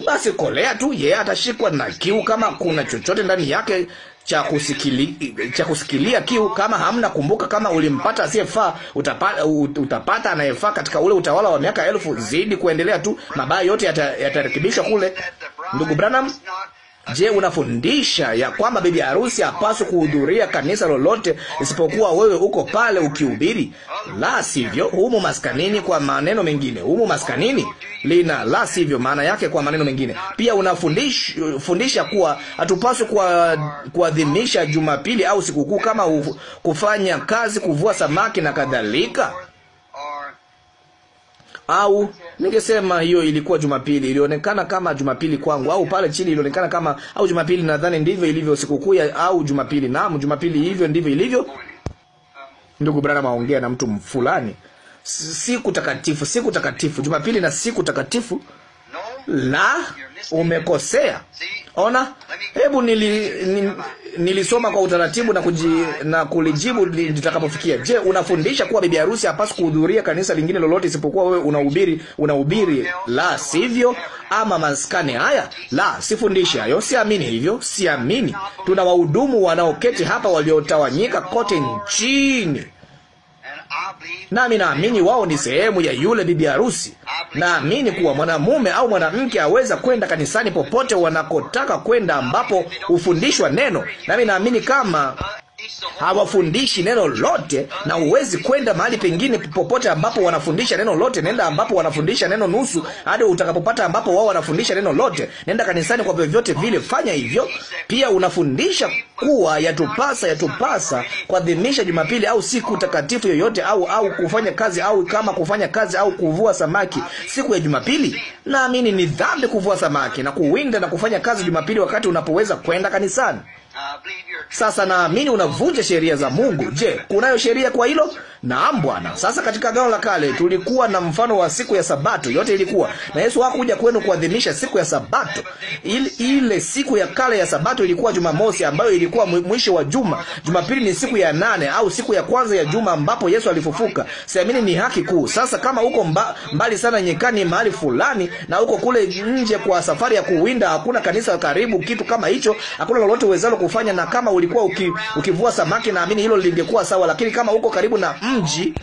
Basi kolea tu, yeye atashikwa na kiu kama kuna chochote ndani yake cha kusikili, cha kusikilia kiu. Kama hamna kumbuka, kama ulimpata asiyefaa, utapata, utapata anayefaa katika ule utawala wa miaka elfu. Zidi kuendelea tu, mabaya yote yatarekebishwa yata kule. Ndugu Branham Je, unafundisha ya kwamba bibi harusi hapaswi kuhudhuria kanisa lolote isipokuwa wewe uko pale ukihubiri? La sivyo, humo maskanini. Kwa maneno mengine, humo maskanini lina la sivyo, maana yake kwa maneno mengine. Pia unafundisha kuwa hatupaswi kuadhimisha Jumapili au sikukuu kama kufanya kazi, kuvua samaki na kadhalika au ningesema hiyo ilikuwa Jumapili, ilionekana kama Jumapili kwangu, au pale chini ilionekana kama au Jumapili. Nadhani ndivyo ilivyo sikukuu au Jumapili. Naam, Jumapili, hivyo ndivyo ilivyo. Ndugu Branham aongea na mtu fulani, siku takatifu, siku takatifu, Jumapili na siku takatifu la umekosea. Ona, hebu nili, nili, nilisoma kwa utaratibu na, kuji, na kulijibu nitakapofikia. Je, unafundisha kuwa bibi harusi hapaswi kuhudhuria kanisa lingine lolote isipokuwa wewe unahubiri unahubiri la sivyo, ama maskani haya? La, sifundishi hayo, siamini hivyo, siamini. Tuna wahudumu wanaoketi hapa waliotawanyika kote nchini nami naamini wao ni sehemu ya yule bibi harusi. Naamini kuwa mwanamume au mwanamke aweza kwenda kanisani popote wanakotaka kwenda, ambapo hufundishwa neno, nami naamini kama hawafundishi neno lote, na huwezi kwenda mahali pengine popote ambapo wanafundisha neno lote. Nenda ambapo wanafundisha neno nusu, hadi utakapopata ambapo wao wanafundisha neno lote. Nenda kanisani kwa vyovyote vile, fanya hivyo pia. Unafundisha kuwa yatupasa, yatupasa kuadhimisha Jumapili au siku takatifu yoyote, au au kufanya kazi, au kama kufanya kazi au kuvua samaki siku ya Jumapili. Naamini ni dhambi kuvua samaki na kuwinda na kufanya kazi Jumapili wakati unapoweza kwenda kanisani. Sasa naamini unavunja sheria za Mungu. Je, kunayo sheria kwa hilo? Naam Bwana. Sasa katika Agano la Kale tulikuwa na mfano wa siku ya Sabato, yote ilikuwa na Yesu hakuja kwenu kuadhimisha siku ya Sabato. Ile, ile siku ya kale ya Sabato ilikuwa Jumamosi, ambayo ilikuwa mwisho wa juma. Jumapili ni siku ya nane au siku ya kwanza ya juma ambapo Yesu alifufuka. Siamini ni haki kuu. Sasa kama uko mba, mbali sana nyekani mahali fulani na uko kule nje kwa safari ya kuwinda, hakuna kanisa karibu, kitu kama hicho, hakuna lolote uwezalo kufanya. Na kama ulikuwa uki, ukivua samaki, naamini hilo lingekuwa sawa, lakini kama uko karibu na mji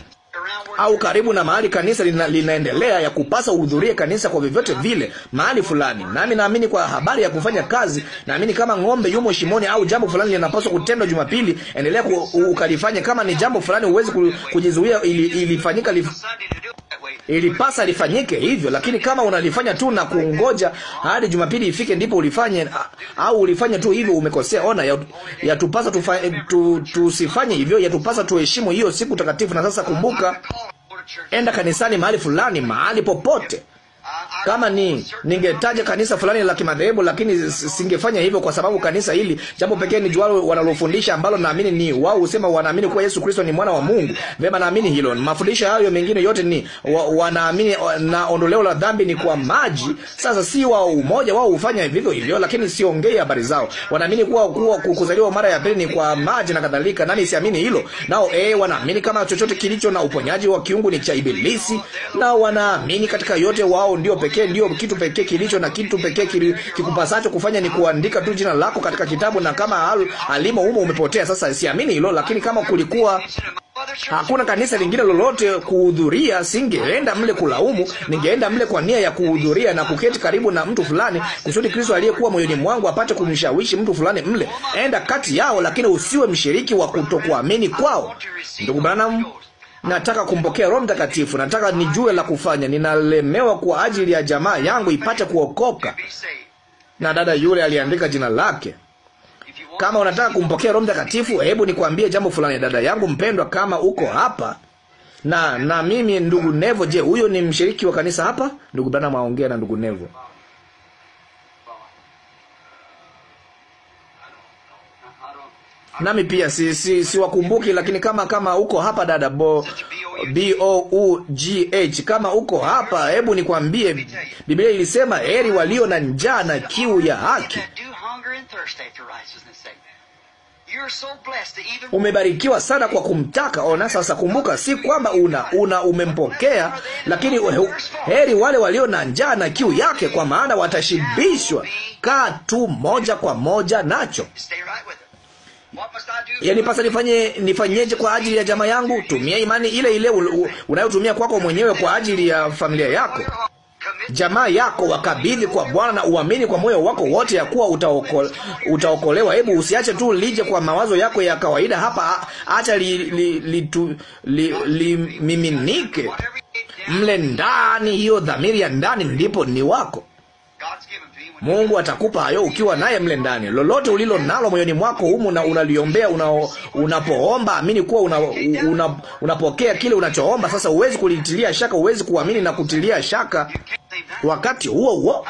au karibu na mahali kanisa lina, linaendelea ya kupasa uhudhurie kanisa kwa vyovyote vile mahali fulani. Nami naamini kwa habari ya kufanya kazi, naamini kama ng'ombe yumo shimoni au jambo fulani linapaswa kutendwa Jumapili, endelea ku, ukalifanya. Kama ni jambo fulani huwezi kujizuia, ili, ilifanyika ili Ilipasa lifanyike hivyo, lakini kama unalifanya tu na kungoja hadi Jumapili ifike ndipo ulifanye au ulifanya tu hivyo, umekosea. Ona, yatupasa ya tu, tusifanye hivyo, yatupasa tuheshimu hiyo siku takatifu. Na sasa kumbuka, enda kanisani mahali fulani, mahali popote kama ni ningetaja kanisa fulani la kimadhehebu, lakini singefanya hivyo, kwa sababu kanisa hili, jambo pekee ni jualo wanalofundisha ambalo naamini ni wao husema wanaamini kuwa Yesu Kristo ni mwana wa Mungu. Vema, naamini hilo. Mafundisho hayo mengine yote ni wa, wanaamini na ondoleo la dhambi ni kwa maji. Sasa si wao umoja wao hufanya vivyo hivyo, lakini siongei habari zao. Wanaamini kuwa kuwa kuzaliwa mara ya pili ni kwa maji na kadhalika. nami siamini hilo? Nao eh, wanaamini kama chochote kilicho na uponyaji wa kiungu ni cha ibilisi, na wanaamini katika yote wao wao ndio pekee, ndio kitu pekee kilicho na kitu pekee kikupasacho kufanya ni kuandika tu jina lako katika kitabu, na kama alimo humo umepotea. Sasa siamini hilo, lakini kama kulikuwa hakuna kanisa lingine lolote kuhudhuria, singeenda mle kulaumu. Ningeenda mle kwa nia ya kuhudhuria na kuketi karibu na mtu fulani, kusudi Kristo aliyekuwa moyoni mwangu apate kumshawishi mtu fulani mle. Enda kati yao, lakini usiwe mshiriki wa kutokuamini kwao. Ndugu Branham Nataka kumpokea Roho Mtakatifu, nataka nijue la kufanya. Ninalemewa kwa ajili ya jamaa yangu ipate kuokoka. Na dada yule aliandika jina lake. Kama unataka kumpokea Roho Mtakatifu, hebu nikwambie jambo fulani, dada yangu mpendwa, kama uko hapa na na mimi ndugu Nevo. Je, huyo ni mshiriki wa kanisa hapa? Ndugu Branham aongea na ndugu Nevo. nami pia si, si, siwakumbuki, lakini kama kama uko hapa dada bo, B O U G H, kama uko hapa, hebu nikwambie, Biblia ilisema heri walio na njaa na kiu ya haki. Umebarikiwa sana kwa kumtaka. Ona sasa, kumbuka, si kwamba una, una umempokea, lakini heri wale walio na njaa na kiu yake, kwa maana watashibishwa. Kaa tu moja kwa moja nacho yanipasa nifanye nifanyeje kwa ajili ya jamaa yangu? Tumia imani ile ile unayotumia kwako mwenyewe kwa ajili ya familia yako, jamaa yako. Wakabidhi kwa Bwana na uamini kwa moyo wako wote ya kuwa utaokolewa. Hebu usiache tu lije kwa mawazo yako ya kawaida hapa, acha limiminike li, li, li, mle ndani. Hiyo dhamiri ya ndani ndipo ni wako. Mungu atakupa hayo ukiwa naye mle ndani. Lolote ulilo nalo moyoni mwako humu na unaliombea, unapoomba amini kuwa una, una, unapokea kile unachoomba. Sasa huwezi kulitilia shaka, huwezi kuamini na kutilia shaka wakati huo huo.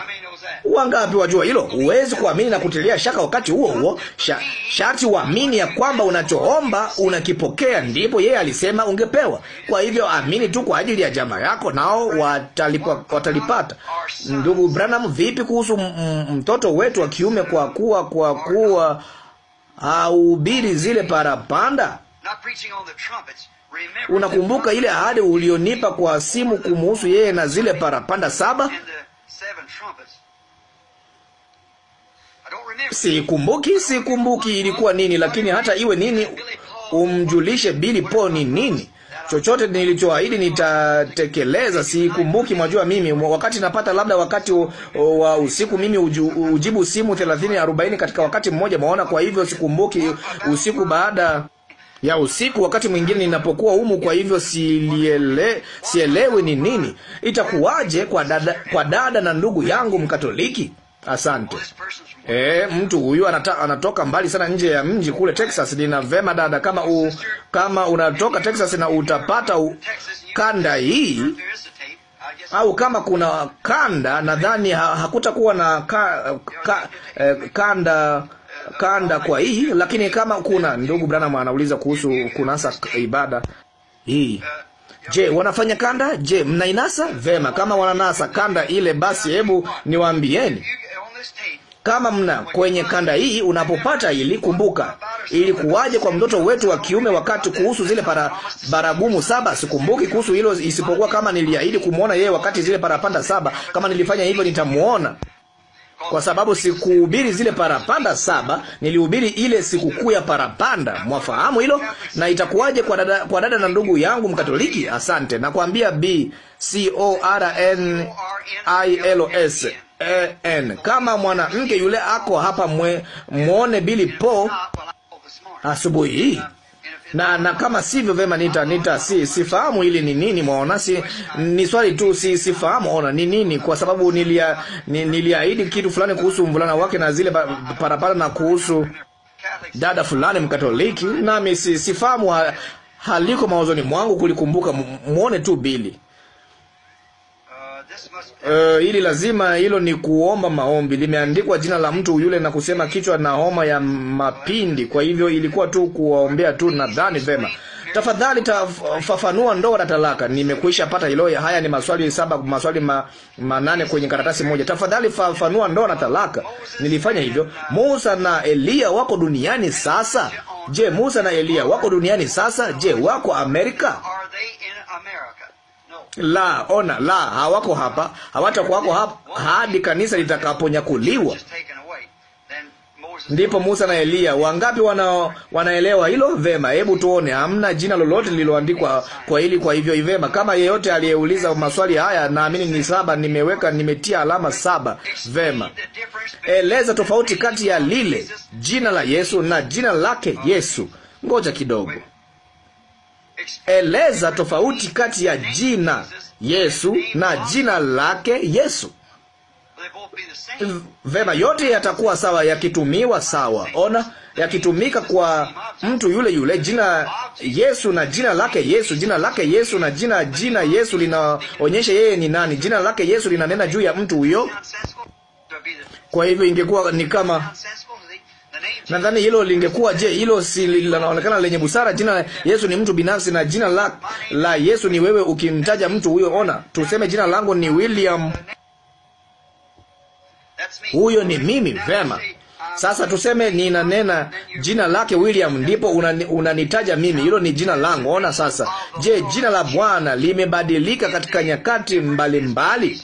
Wangapi wajua hilo? Huwezi kuamini na kutilia shaka wakati huo huo. Sha, sharti uamini ya kwamba unachoomba unakipokea, ndipo yeye alisema ungepewa. Kwa hivyo amini tu kwa ajili ya jamaa yako, nao watalipa, watalipata. Ndugu Branham, vipi kuhusu mtoto wetu wa kiume? Kwa kuwa kwa kuwa haubiri zile parapanda Unakumbuka ile ahadi ulionipa kwa simu kumuhusu yeye na zile parapanda saba Sikumbuki, sikumbuki ilikuwa nini, lakini hata iwe nini, umjulishe Billy Paul ni nini. Chochote nilichoahidi nitatekeleza. Sikumbuki, mwajua mimi wakati napata labda wakati wa usiku mimi uju, ujibu simu 30 40 katika wakati mmoja, maona. Kwa hivyo sikumbuki usiku baada ya usiku, wakati mwingine ninapokuwa humu. Kwa hivyo sielewi, sielewi ni nini. Itakuwaje kwa dada, kwa dada na ndugu yangu Mkatoliki? Asante. E, mtu huyu anata, anatoka mbali sana nje ya mji kule Texas. Nina vema dada, kama u, kama unatoka Texas na utapata u, kanda hii au kama kuna kanda, nadhani ha, hakutakuwa na ka, ka, eh, kanda kanda kwa hii, lakini kama kuna ndugu Branham anauliza kuhusu kunasa ibada hii. Je, wanafanya kanda? Je, mnainasa? Vema, kama wananasa kanda ile, basi hebu niwaambieni kama mna kwenye kanda hii, unapopata hili, kumbuka ilikuwaje kwa mtoto wetu wa kiume wakati kuhusu zile para, baragumu saba. Sikumbuki kuhusu hilo, isipokuwa kama niliahidi kumwona yeye wakati zile parapanda saba. Kama nilifanya hivyo, nitamuona kwa sababu sikuhubiri zile parapanda saba, nilihubiri ile sikukuu ya parapanda. Mwafahamu hilo? Na itakuwaje kwa dada, kwa dada na ndugu yangu Mkatoliki? Asante, nakwambia B C O R N I L O S n kama mwanamke yule ako hapa mwe, mwone Bili Po asubuhi hii na na kama sivyo vema, nita nita si sifahamu hili ni nini. Mwaona, si ni swali tu, si sifahamu ona ni nini, kwa sababu nilia niliahidi kitu fulani kuhusu mvulana wake na zile parapara na kuhusu dada fulani Mkatoliki, nami si sifahamu ha, haliko mawazoni mwangu kulikumbuka. Muone tu Bili Uh, ili lazima hilo ni kuomba maombi. Limeandikwa jina la mtu yule na kusema kichwa na homa ya mapindi. Kwa hivyo ilikuwa tu kuwaombea tu, nadhani vema. Tafadhali tafafanua ndoa na talaka. Nimekwisha pata hilo. Haya ni maswali saba, maswali ma, manane kwenye karatasi moja. Tafadhali fafanua ndoa na talaka. Nilifanya hivyo. Musa na Eliya wako duniani sasa. Je, Musa na Eliya wako duniani sasa? Je, wako Amerika? La, ona, la, hawako hapa, hawatakuwako hapa hadi kanisa litakaponyakuliwa. Ndipo Musa na Eliya. Wangapi wana, wanaelewa hilo vema? Hebu tuone, hamna jina lolote lililoandikwa kwa hili. Kwa hivyo ivema, kama yeyote aliyeuliza maswali haya, naamini ni saba, nimeweka nimetia alama saba. Vema, eleza tofauti kati ya lile jina la Yesu na jina lake Yesu. Ngoja kidogo eleza tofauti kati ya jina Yesu na jina lake Yesu. Vema, yote yatakuwa sawa yakitumiwa sawa. Ona, yakitumika kwa mtu yule yule, jina Yesu na jina lake Yesu, jina lake Yesu na jina jina Yesu linaonyesha yeye ni nani. Jina lake Yesu linanena juu ya mtu huyo. Kwa hivyo ingekuwa ni kama Nadhani hilo lingekuwa je, hilo si linaonekana lenye busara? Jina Yesu ni mtu binafsi, na jina la, la Yesu ni wewe. Ukimtaja mtu huyo, ona, tuseme jina langu ni William, huyo ni mimi. Vema. Sasa tuseme ninanena jina lake William, ndipo unanitaja una mimi, hilo ni jina langu. Ona sasa, je, jina la Bwana limebadilika katika nyakati mbalimbali mbali?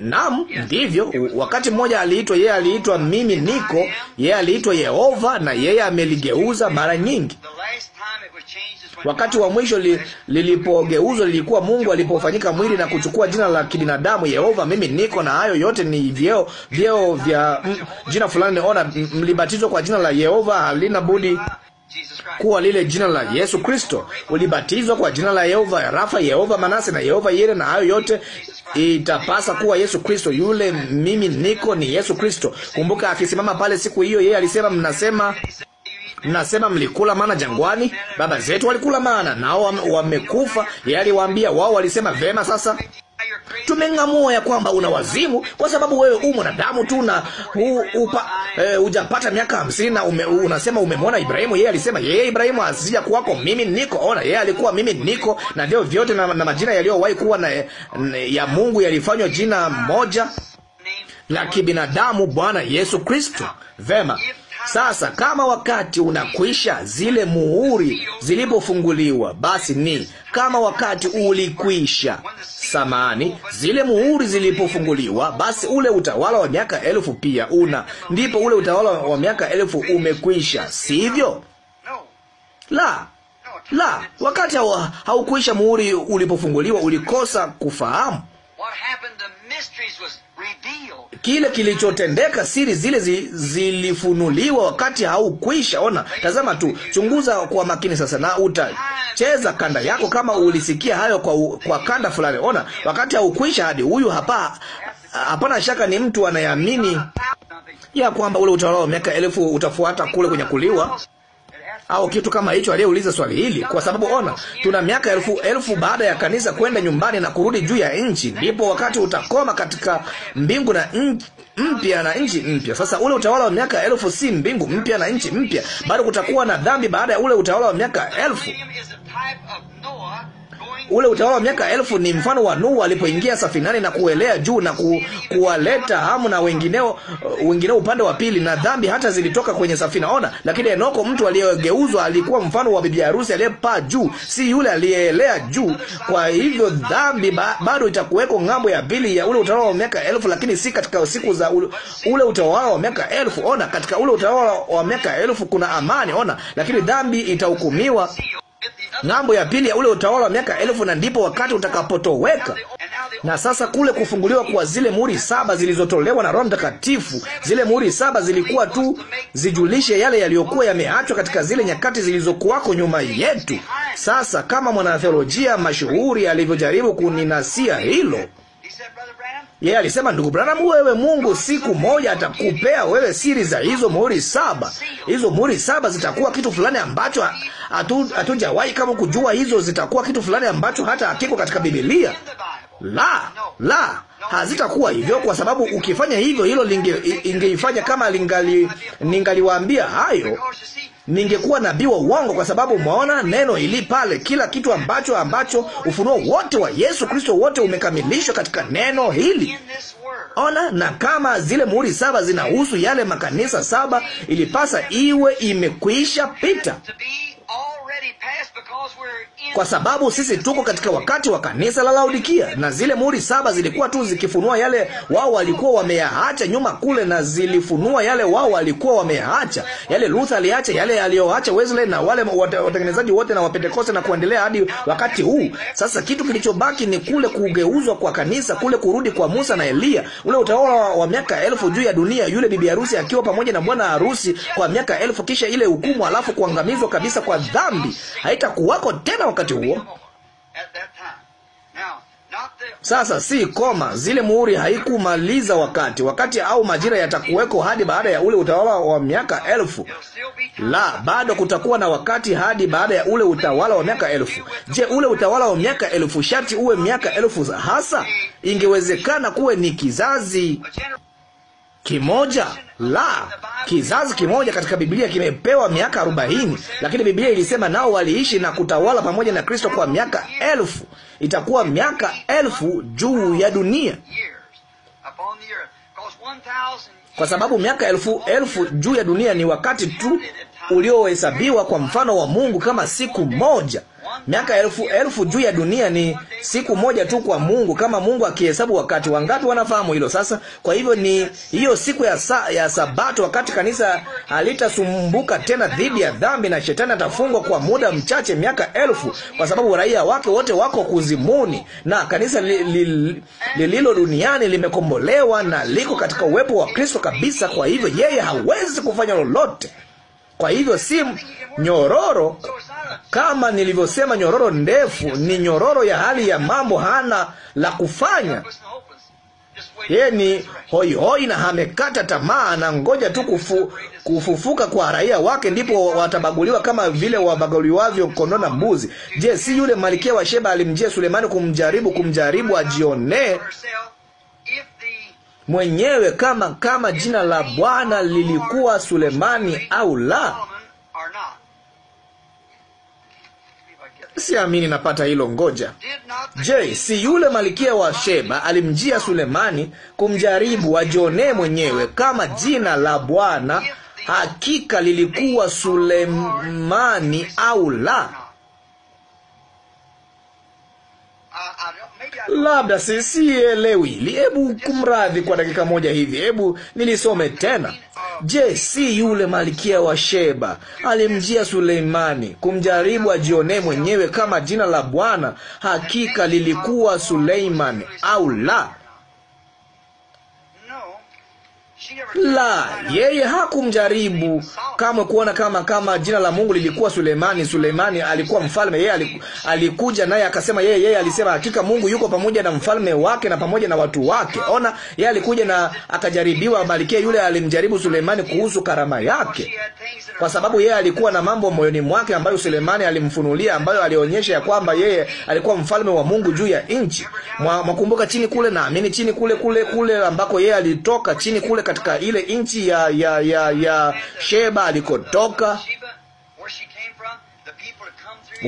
Naam, ndivyo. Wakati mmoja aliitwa yeye, aliitwa mimi niko, yeye aliitwa Yehova, na yeye ameligeuza mara nyingi. Wakati wa mwisho li, lilipogeuzwa lilikuwa Mungu alipofanyika mwili na kuchukua jina la kibinadamu Yehova, mimi niko, na hayo yote ni vyeo, vyeo vya m, mm, jina fulani. Ona, mlibatizwa kwa jina la Yehova, halina budi kuwa lile jina la Yesu Kristo. Ulibatizwa kwa jina la Yehova Rafa, Yehova Manase na Yehova Yire, na hayo yote itapasa kuwa Yesu Kristo. Yule mimi niko ni Yesu Kristo. Kumbuka akisimama pale siku hiyo, yeye alisema, mnasema mnasema mlikula mana jangwani, baba zetu walikula mana nao wamekufa. Yeye aliwaambia wao, walisema vema, sasa Tumeng'amua ya kwamba una wazimu, kwa sababu wewe u mwanadamu tu na e, hujapata e, miaka hamsini na ume, unasema umemwona Ibrahimu. Yeye alisema yeye Ibrahimu asija kuwako mimi niko ona, yeye alikuwa mimi niko na vyeo vyote na, na majina yaliyowahi kuwa na, ya Mungu yalifanywa jina moja la kibinadamu, Bwana Yesu Kristo. Vema. Sasa kama wakati unakwisha, zile muhuri zilipofunguliwa, basi ni kama wakati ulikwisha. Samani, zile muhuri zilipofunguliwa, basi ule utawala wa miaka elfu pia una, ndipo ule utawala wa miaka elfu umekwisha, sivyo? La, la, wakati haukwisha. Muhuri ulipofunguliwa, ulikosa kufahamu kile kilichotendeka, siri zile zilifunuliwa wakati haukwisha. Ona, tazama tu, chunguza kwa makini sasa, na utacheza kanda yako kama ulisikia hayo kwa, kwa kanda fulani. Ona, wakati haukwisha hadi huyu hapa. Hapana shaka ni mtu anayeamini ya kwamba ule utawala wa miaka elfu utafuata kule kwenye kuliwa au kitu kama hicho aliyeuliza swali hili, kwa sababu ona, tuna miaka elfu elfu baada ya kanisa kwenda nyumbani na kurudi juu ya nchi. Ndipo wakati utakoma katika mbingu na nchi mpya na nchi mpya. Sasa ule utawala wa miaka elfu si mbingu mpya na nchi mpya, bado kutakuwa na dhambi baada ya ule utawala wa miaka elfu. Ule utawala wa miaka elfu ni mfano wa Nuhu alipoingia safinani na kuelea juu na ku, kuwaleta Hamu na wengineo uh, wengineo upande wa pili, na dhambi hata zilitoka kwenye safina. Ona, lakini Enoko, mtu aliyegeuzwa, alikuwa mfano wa bibi harusi aliyepaa juu, si yule aliyeelea juu. Kwa hivyo dhambi ba, bado itakuweko ng'ambo ya pili ya ule utawala wa miaka elfu, lakini si katika siku za ule, ule utawala wa miaka elfu. Ona, katika ule utawala wa miaka elfu kuna amani. Ona, lakini dhambi itahukumiwa ng'ambo ya pili ya ule utawala wa miaka elfu, na ndipo wakati utakapotoweka. Na sasa kule kufunguliwa kwa zile muri saba zilizotolewa na Roho Mtakatifu, zile muri saba zilikuwa tu zijulishe yale yaliyokuwa yameachwa katika zile nyakati zilizokuwako nyuma yetu. Sasa kama mwanatheolojia mashuhuri alivyojaribu kuninasia hilo yeye yeah, alisema ndugu Branham, wewe Mungu siku moja atakupea wewe siri za hizo muhuri saba. Hizo muhuri saba zitakuwa kitu fulani ambacho hatujawahi kama kujua hizo zitakuwa kitu fulani ambacho hata hakiko katika Biblia. La, la, hazitakuwa hivyo, kwa sababu ukifanya hivyo, hilo lingeifanya kama lingali, ningaliwaambia hayo ningekuwa nabii wa uongo, kwa sababu mwaona neno ili pale, kila kitu ambacho ambacho ufunuo wote wa Yesu Kristo wote umekamilishwa katika neno hili. Ona, na kama zile muhuri saba zinahusu yale makanisa saba, ilipasa iwe imekwisha pita. All right. kwa sababu sisi tuko katika wakati wa kanisa la Laodikia, na zile muri saba zilikuwa tu zikifunua yale wao walikuwa wameyaacha nyuma kule, na zilifunua yale wao walikuwa wameyaacha, yale Luther aliacha, yale aliyoacha Wesley na wale watengenezaji wote na Wapentekoste na kuendelea hadi wakati huu. Sasa kitu kilichobaki ni kule kugeuzwa kwa kanisa, kule kurudi kwa Musa na Eliya, ule utawala wa miaka elfu juu ya dunia, yule bibi harusi akiwa pamoja na bwana harusi kwa miaka elfu, kisha ile hukumu, alafu kuangamizwa kabisa kwa dhambi dhambi haitakuwako tena wakati huo. Sasa si koma, zile muhuri haikumaliza wakati. Wakati au majira yatakuweko hadi baada ya ule utawala wa miaka elfu. La, bado kutakuwa na wakati hadi baada ya ule utawala wa miaka elfu. Je, ule utawala wa miaka elfu sharti uwe miaka elfu hasa? Ingewezekana kuwe ni kizazi kimoja la kizazi kimoja katika Biblia kimepewa miaka arobaini, lakini Biblia ilisema nao waliishi na kutawala pamoja na Kristo kwa miaka elfu. Itakuwa miaka elfu juu ya dunia, kwa sababu miaka elfu elfu juu ya dunia ni wakati tu uliohesabiwa kwa mfano wa Mungu kama siku moja. Miaka elfu elfu juu ya dunia ni siku moja tu kwa Mungu, kama Mungu akihesabu wakati. Wangapi wanafahamu hilo? Sasa kwa hivyo ni hiyo siku ya, sa, ya Sabato, wakati kanisa halitasumbuka tena dhidi ya dhambi, na shetani atafungwa kwa muda mchache, miaka elfu, kwa sababu raia wake wote wako kuzimuni, na kanisa lililo li, li, duniani limekombolewa na liko katika uwepo wa Kristo kabisa. Kwa hivyo yeye hawezi kufanya lolote. Kwa hivyo si nyororo kama nilivyosema, nyororo ndefu ni nyororo ya hali ya mambo, hana la kufanya. Yeye ni hoihoi na amekata tamaa, na ngoja tu kufu, kufufuka kwa raia wake, ndipo watabaguliwa kama vile wabaguliwavyo kondoo na mbuzi. Je, si yule malikia wa Sheba alimjia Sulemani kumjaribu kumjaribu ajione mwenyewe kama kama jina la Bwana lilikuwa Sulemani au la. Siamini napata hilo, ngoja. Je, si yule malikia wa Sheba alimjia Sulemani kumjaribu ajionee mwenyewe kama jina la Bwana hakika lilikuwa Sulemani au la? Uh, Labda si sielewi hili. Hebu kumradhi kwa dakika moja hivi, hebu nilisome tena. Je, si yule malkia wa Sheba alimjia Suleimani kumjaribu ajionee mwenyewe kama jina la Bwana hakika lilikuwa Suleimani au la? La, yeye hakumjaribu kamwe kuona kama kama jina la Mungu lilikuwa Sulemani. Sulemani alikuwa mfalme, yeye alikuja naye akasema, yeye yeye alisema hakika Mungu yuko pamoja na mfalme wake na pamoja na watu wake. Ona, yeye alikuja na akajaribiwa. Malkia yule alimjaribu Sulemani kuhusu karama yake, kwa sababu yeye alikuwa na mambo moyoni mwake ambayo Sulemani alimfunulia, ambayo alionyesha ya kwamba yeye alikuwa mfalme wa Mungu juu ya nchi. Mwakumbuka chini kule, naamini chini kule kule kule ambako yeye alitoka chini kule katika katika ile nchi ya, ya, ya, ya Sheba alikotoka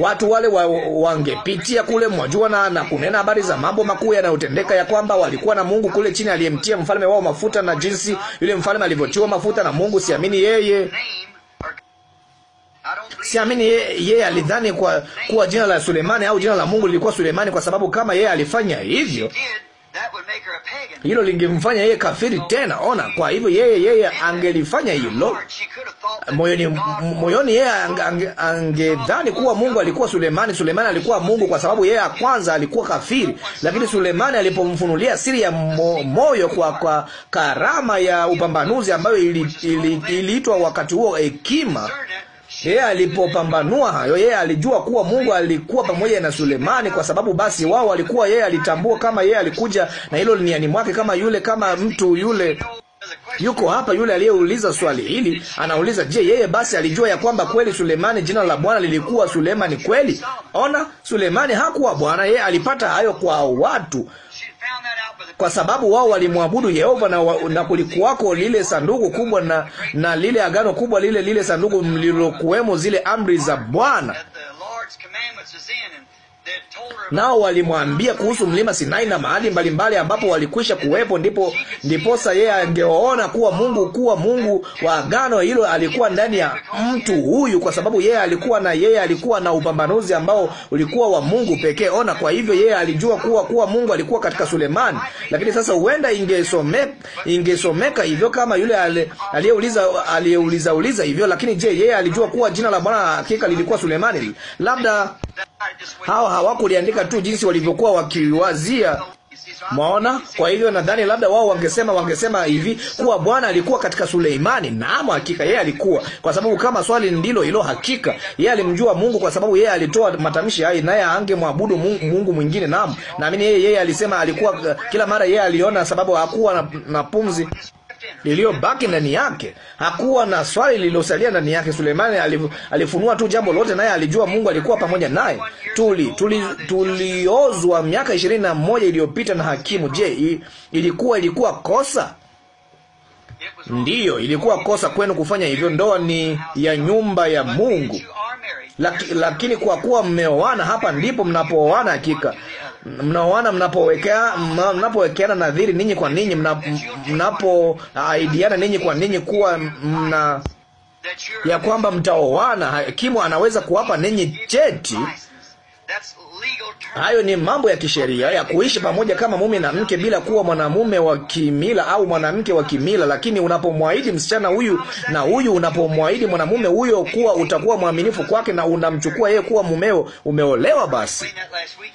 watu wale wa, wangepitia kule mwajua, na, na kunena habari za mambo makuu yanayotendeka, ya kwamba walikuwa na Mungu kule chini aliyemtia mfalme wao mafuta, na jinsi yule mfalme alivyotiwa mafuta na Mungu. Siamini yeye siamini yeye, yeye alidhani kwa kuwa jina la Sulemani au jina la Mungu lilikuwa Sulemani, kwa sababu kama yeye alifanya hivyo hilo lingemfanya yeye kafiri tena. Ona, kwa hivyo yeye yeye angelifanya hilo moyoni, moyoni yeye angedhani ange, ange kuwa Mungu alikuwa Sulemani, Sulemani alikuwa Mungu, kwa sababu yeye kwanza alikuwa kafiri. Lakini Sulemani alipomfunulia siri ya mo, moyo kwa, kwa karama ya upambanuzi ambayo iliitwa ili, ili wakati huo hekima yeye alipopambanua hayo, yeye alijua kuwa Mungu alikuwa pamoja na Sulemani, kwa sababu basi wao walikuwa, yeye alitambua kama yeye alikuja na hilo niani mwake, kama yule, kama mtu yule yuko hapa, yule aliyeuliza swali hili anauliza, je, yeye basi alijua ya kwamba kweli Sulemani, jina la Bwana lilikuwa Sulemani kweli? Ona, Sulemani hakuwa bwana, yeye alipata hayo kwa watu kwa sababu wao walimwabudu Yehova na, wa, na kulikuwako lile sanduku kubwa na, na lile agano kubwa lile lile sanduku mlilokuwemo zile amri za Bwana nao walimwambia kuhusu mlima Sinai na mahali mbalimbali ambapo walikwisha kuwepo, ndipo ndiposa yeye angeona kuwa Mungu kuwa Mungu wa agano hilo alikuwa ndani ya mtu huyu, kwa sababu yeye alikuwa na yeye alikuwa na upambanuzi ambao ulikuwa wa Mungu pekee. Ona, kwa hivyo yeye alijua kuwa kuwa Mungu alikuwa katika Sulemani, lakini sasa huenda ingesome ingesomeka hivyo kama yule aliyeuliza aliyeuliza uliza hivyo, lakini je, yeye alijua kuwa jina la Bwana hakika lilikuwa Sulemani? Labda Hawa hawakuliandika tu jinsi walivyokuwa wakiwazia. Mwaona? Kwa hivyo nadhani labda wao wangesema wangesema hivi kuwa Bwana alikuwa katika Suleimani. Naam, hakika yeye alikuwa, kwa sababu kama swali ndilo hilo, hakika yeye alimjua Mungu, kwa sababu yeye alitoa matamshi hayo, naye angemwabudu Mungu mwingine. Naam, naamini yeye yeye alisema alikuwa kila mara, yeye aliona, sababu hakuwa na, na pumzi liliyobaki ndani yake. Hakuwa na swali lililosalia ndani yake. Sulemani alifunua tu jambo lote, naye alijua Mungu alikuwa pamoja naye. Tuli, tuli tuliozwa miaka ishirini na moja iliyopita na hakimu. Je, ilikuwa ilikuwa kosa? Ndiyo, ilikuwa kosa kwenu kufanya hivyo. Ndoa ni ya nyumba ya Mungu. Laki, lakini kwa kuwa mmeoana, hapa ndipo mnapooana hakika mnaoana mnapowekea mnapowekeana nadhiri ninyi kwa ninyi, mnapoaidiana ah, ninyi kwa ninyi kuwa mna ya kwamba mtaoana. Hakimu anaweza kuwapa ninyi cheti Hayo ni mambo ya kisheria ya kuishi pamoja kama mume na mke bila kuwa mwanamume wa kimila au mwanamke wa kimila. Lakini unapomwahidi msichana huyu na huyu, unapomwahidi mwanamume huyo kuwa utakuwa mwaminifu kwake na unamchukua yeye kuwa mumeo, umeolewa. Basi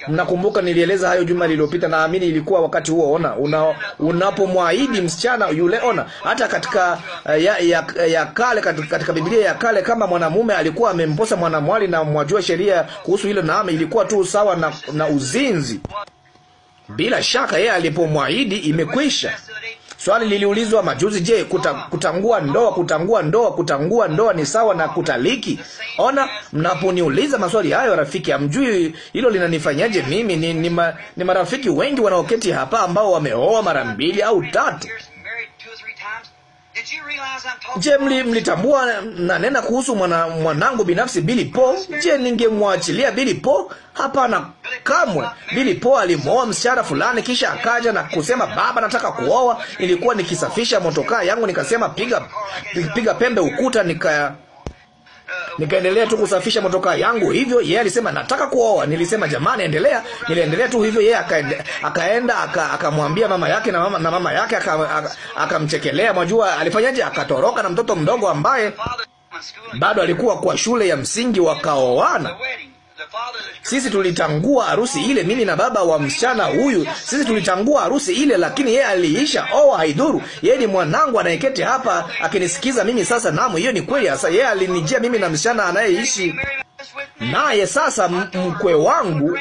mnakumbuka nilieleza hayo juma lililopita, naamini ilikuwa wakati huo. Ona, una unapomwahidi msichana yule, ona, hata katika eh, ya, ya, ya kale katika, katika Biblia ya kale, kama mwanamume alikuwa amemposa mwanamwali na mwajua sheria kuhusu hilo, naam, ilikuwa tu sawa na na, na uzinzi. Bila shaka yeye alipomwahidi imekwisha. Swali liliulizwa majuzi, je, kuta, kutangua ndoa kutangua ndoa kutangua ndoa ni sawa na kutaliki? Ona, mnaponiuliza maswali hayo rafiki, amjui hilo linanifanyaje mimi. Ni, ni, ma, ni marafiki wengi wanaoketi hapa ambao wameoa mara mbili au tatu Je, mlitambua nanena kuhusu mwana, mwanangu binafsi Billy Po? Je, ningemwachilia Billy Po? Hapana, kamwe. Billy Po alimwoa msichana fulani, kisha akaja na kusema, baba, nataka kuoa. Ilikuwa nikisafisha motokaa yangu, nikasema piga piga pembe ukuta, nika Nikaendelea tu kusafisha motoka yangu hivyo. Yeye alisema nataka kuoa, nilisema jamani, endelea. Niliendelea tu hivyo, yeye akaenda akamwambia mama yake na mama, na mama yake akamchekelea. Mwajua alifanyaje? Akatoroka na mtoto mdogo ambaye bado alikuwa kwa shule ya msingi, wakaoana. Sisi tulitangua harusi ile, mimi na baba wa msichana huyu, sisi tulitangua harusi ile, lakini yeye aliisha oa. Oh, Haidhuru, yeye ni mwanangu anayeketi hapa akinisikiza mimi sasa. Namu, hiyo ni kweli hasa. Yeye alinijia mimi na msichana anayeishi naye sasa, mkwe wangu,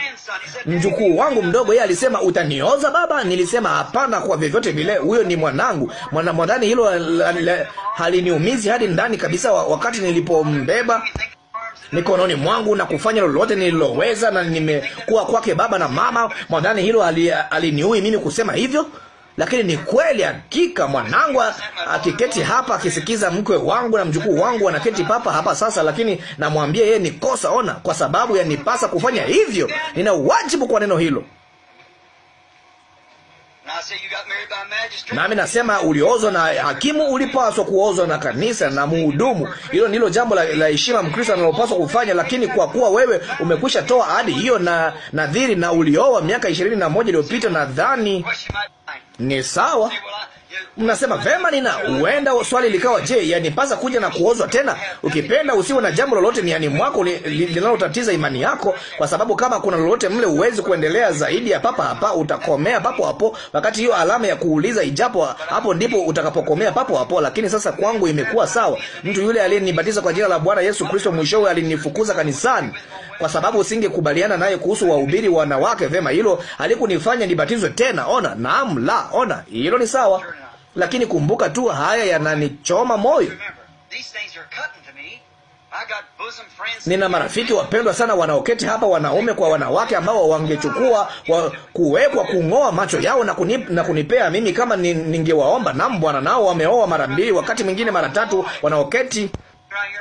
mjukuu wangu mdogo. Yeye alisema utanioza baba. Nilisema hapana, kwa vyovyote vile, huyo ni mwanangu. Mwana mwadhani hilo haliniumizi hadi ndani kabisa, wakati nilipombeba mikononi mwangu na kufanya lolote nililoweza, na nimekuwa kwake baba na mama. Mwadhani hilo aliniui mimi kusema hivyo, lakini ni kweli. Hakika mwanangu akiketi hapa akisikiza mkwe wangu na mjukuu wangu anaketi papa hapa sasa, lakini namwambia yeye ni kosa. Ona, kwa sababu yanipasa kufanya hivyo, nina wajibu kwa neno hilo. Nami nasema uliozwa na hakimu, ulipaswa kuozwa na kanisa na muhudumu Hilo ndilo jambo la heshima Mkristo analopaswa kufanya, lakini kwa kuwa wewe umekwisha toa ahadi hiyo na nadhiri na ulioa miaka ishirini na moja iliyopita, nadhani ni sawa mnasema vema, nina huenda swali likawa, je, yanipasa kuja na kuozwa tena? Ukipenda usiwe na jambo lolote ndani mwako linalotatiza li, li, imani yako, kwa sababu kama kuna lolote mle, huwezi kuendelea zaidi ya papa hapa, utakomea papo hapo. Wakati hiyo alama ya kuuliza ijapo, hapo ndipo utakapokomea papo hapo. Lakini sasa kwangu imekuwa sawa. Mtu yule aliyenibatiza kwa jina la Bwana Yesu Kristo mwishowe alinifukuza kanisani kwa sababu usingekubaliana naye kuhusu wahubiri wanawake. Vema, hilo halikunifanya nibatizwe tena. Ona, naam, la, ona, hilo ni sawa. Lakini kumbuka tu, haya yananichoma moyo. Nina marafiki wapendwa sana wanaoketi hapa, wanaume kwa wanawake, ambao wangechukua wa kuwekwa kung'oa macho yao na, kunip, na kunipea mimi kama ningewaomba. nam Bwana, nao wameoa mara mbili, wakati mwingine mara tatu, wanaoketi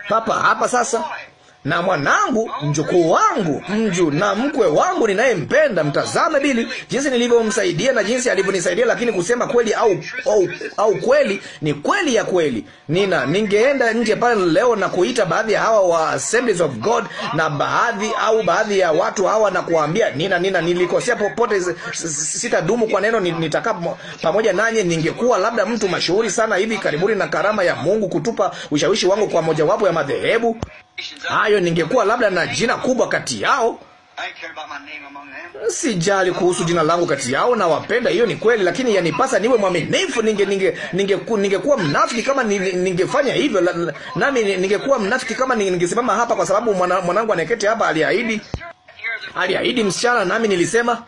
papa hapa sasa na mwanangu, mjukuu wangu, mju na mkwe wangu ninayempenda, mtazame Bili jinsi nilivyomsaidia na jinsi alivyonisaidia. Lakini kusema kweli au, au, au kweli ni kweli ya kweli, nina ningeenda nje pale leo na kuita baadhi ya hawa wa Assemblies of God na baadhi au baadhi ya watu hawa na kuambia nina nina nilikosea popote, sitadumu kwa neno nitaka pamoja nanye Ningekuwa labda mtu mashuhuri sana hivi karibuni na karama ya Mungu kutupa ushawishi wangu kwa mojawapo ya madhehebu hayo, ningekuwa labda na jina kubwa kati yao. Sijali kuhusu jina langu kati yao, na wapenda, hiyo ni kweli, lakini yanipasa niwe mwaminifu. Ninge ninge ningekuwa ninge mnafiki kama ningefanya hivyo, nami ningekuwa mnafiki kama ningesimama hapa, kwa sababu mwanangu anayeketi hapa aliahidi, aliahidi msichana, nami nilisema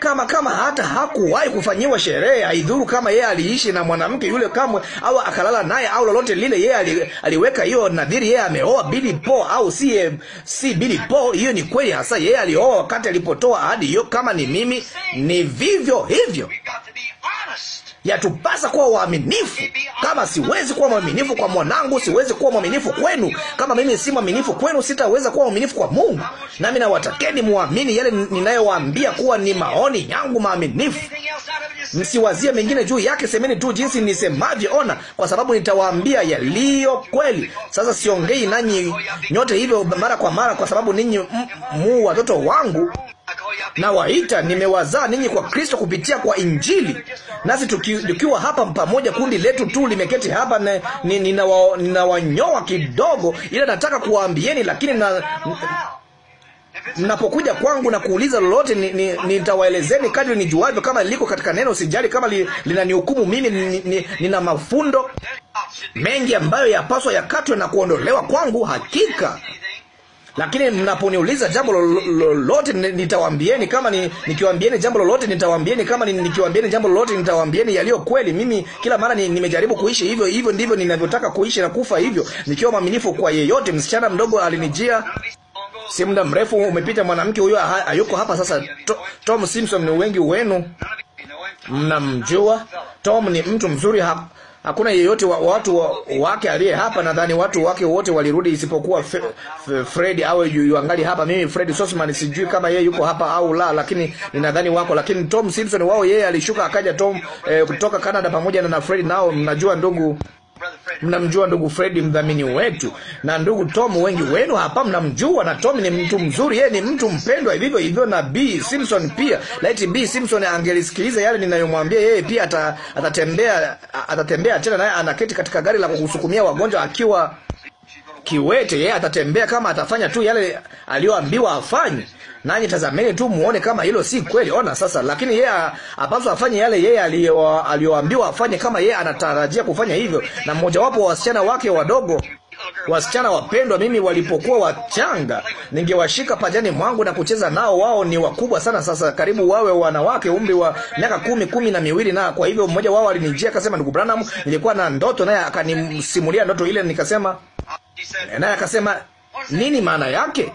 kama kama hata hakuwahi kufanyiwa sherehe, haidhuru kama yeye aliishi na mwanamke yule kamwe, au akalala naye au lolote lile, yeye ali, aliweka hiyo nadhiri. Yeye ameoa Billy Paul au si si Billy Paul? Hiyo ni kweli hasa. Yeye alioa wakati alipotoa ahadi hiyo. Kama ni mimi, ni vivyo hivyo. Yatupasa kuwa waaminifu. Kama siwezi kuwa mwaminifu kwa mwanangu, siwezi kuwa mwaminifu kwenu. Kama mimi si mwaminifu kwenu, sitaweza kuwa mwaminifu kwa Mungu. Nami nawatakeni muamini yale ninayowaambia kuwa ni maoni yangu maaminifu. Msiwazie mengine juu yake, semeni tu jinsi nisemavyo. Ona, kwa sababu nitawaambia yaliyo kweli. Sasa siongei nanyi nyote hivyo mara kwa mara, kwa sababu ninyi mu watoto wangu na waita, nimewazaa ninyi kwa Kristo kupitia kwa Injili. Nasi tukiwa hapa pamoja, kundi letu tu limeketi hapa, ninawanyoa wa, kidogo, ila nataka kuwaambieni, lakini na, mnapokuja kwangu na kuuliza lolote, nitawaelezeni ni, ni kadri nijuavyo, kama liko katika neno. Sijali kama li, linanihukumu mimi. Nina ni, ni, ni mafundo mengi ambayo yapaswa yakatwe na kuondolewa kwangu, hakika lakini mnaponiuliza jambo lolote nitawaambieni, kama ni, nikiwaambieni jambo lolote nitawaambieni, kama ni, nikiwaambieni jambo lolote nitawaambieni yaliyo kweli. Mimi kila mara ni, nimejaribu kuishi hivyo hivyo, ndivyo ninavyotaka kuishi na kufa hivyo, nikiwa mwaminifu kwa yeyote. Msichana mdogo alinijia si muda mrefu umepita, mwanamke huyo hayuko hapa sasa. To, Tom Simpson, ni wengi wenu mnamjua. Tom ni mtu mzuri hapa Hakuna yeyote wa, watu wa, wake aliye hapa. Nadhani watu wake wote walirudi isipokuwa fe, fe, Fred au yuangali hapa. Mimi Fred Sosman sijui kama yeye yuko hapa au la, lakini ninadhani wako. Lakini Tom Simpson wao yeye alishuka akaja Tom eh, kutoka Canada pamoja na, na Fred nao mnajua ndugu Mnamjua ndugu Fredi, mdhamini wetu, na ndugu Tom. Wengi wenu hapa mnamjua, na Tom ni mtu mzuri, yeye ni mtu mpendwa, hivyo hivyo na B Simpson pia. Laiti B Simpson angelisikiliza yale ninayomwambia yeye, pia ata, atatembea atatembea tena, naye anaketi katika gari la kusukumia wagonjwa akiwa kiwete. Yeye atatembea kama atafanya tu yale aliyoambiwa afanye nanyi tazameni tu muone kama hilo si kweli. Ona sasa, lakini yeye apaswa afanye yale yeye aliyoambiwa afanye, kama yeye anatarajia kufanya hivyo. Na mmojawapo wa wasichana wake wadogo wasichana wapendwa, mimi walipokuwa wachanga ningewashika pajani mwangu na kucheza nao. Wao ni wakubwa sana sasa, karibu wawe wanawake, umri wa miaka kumi, kumi na miwili. Na kwa hivyo mmoja wao alinijia akasema, ndugu Branham, nilikuwa na ndoto, naye akanisimulia ndoto ile. Nikasema, naye akasema, nini maana yake?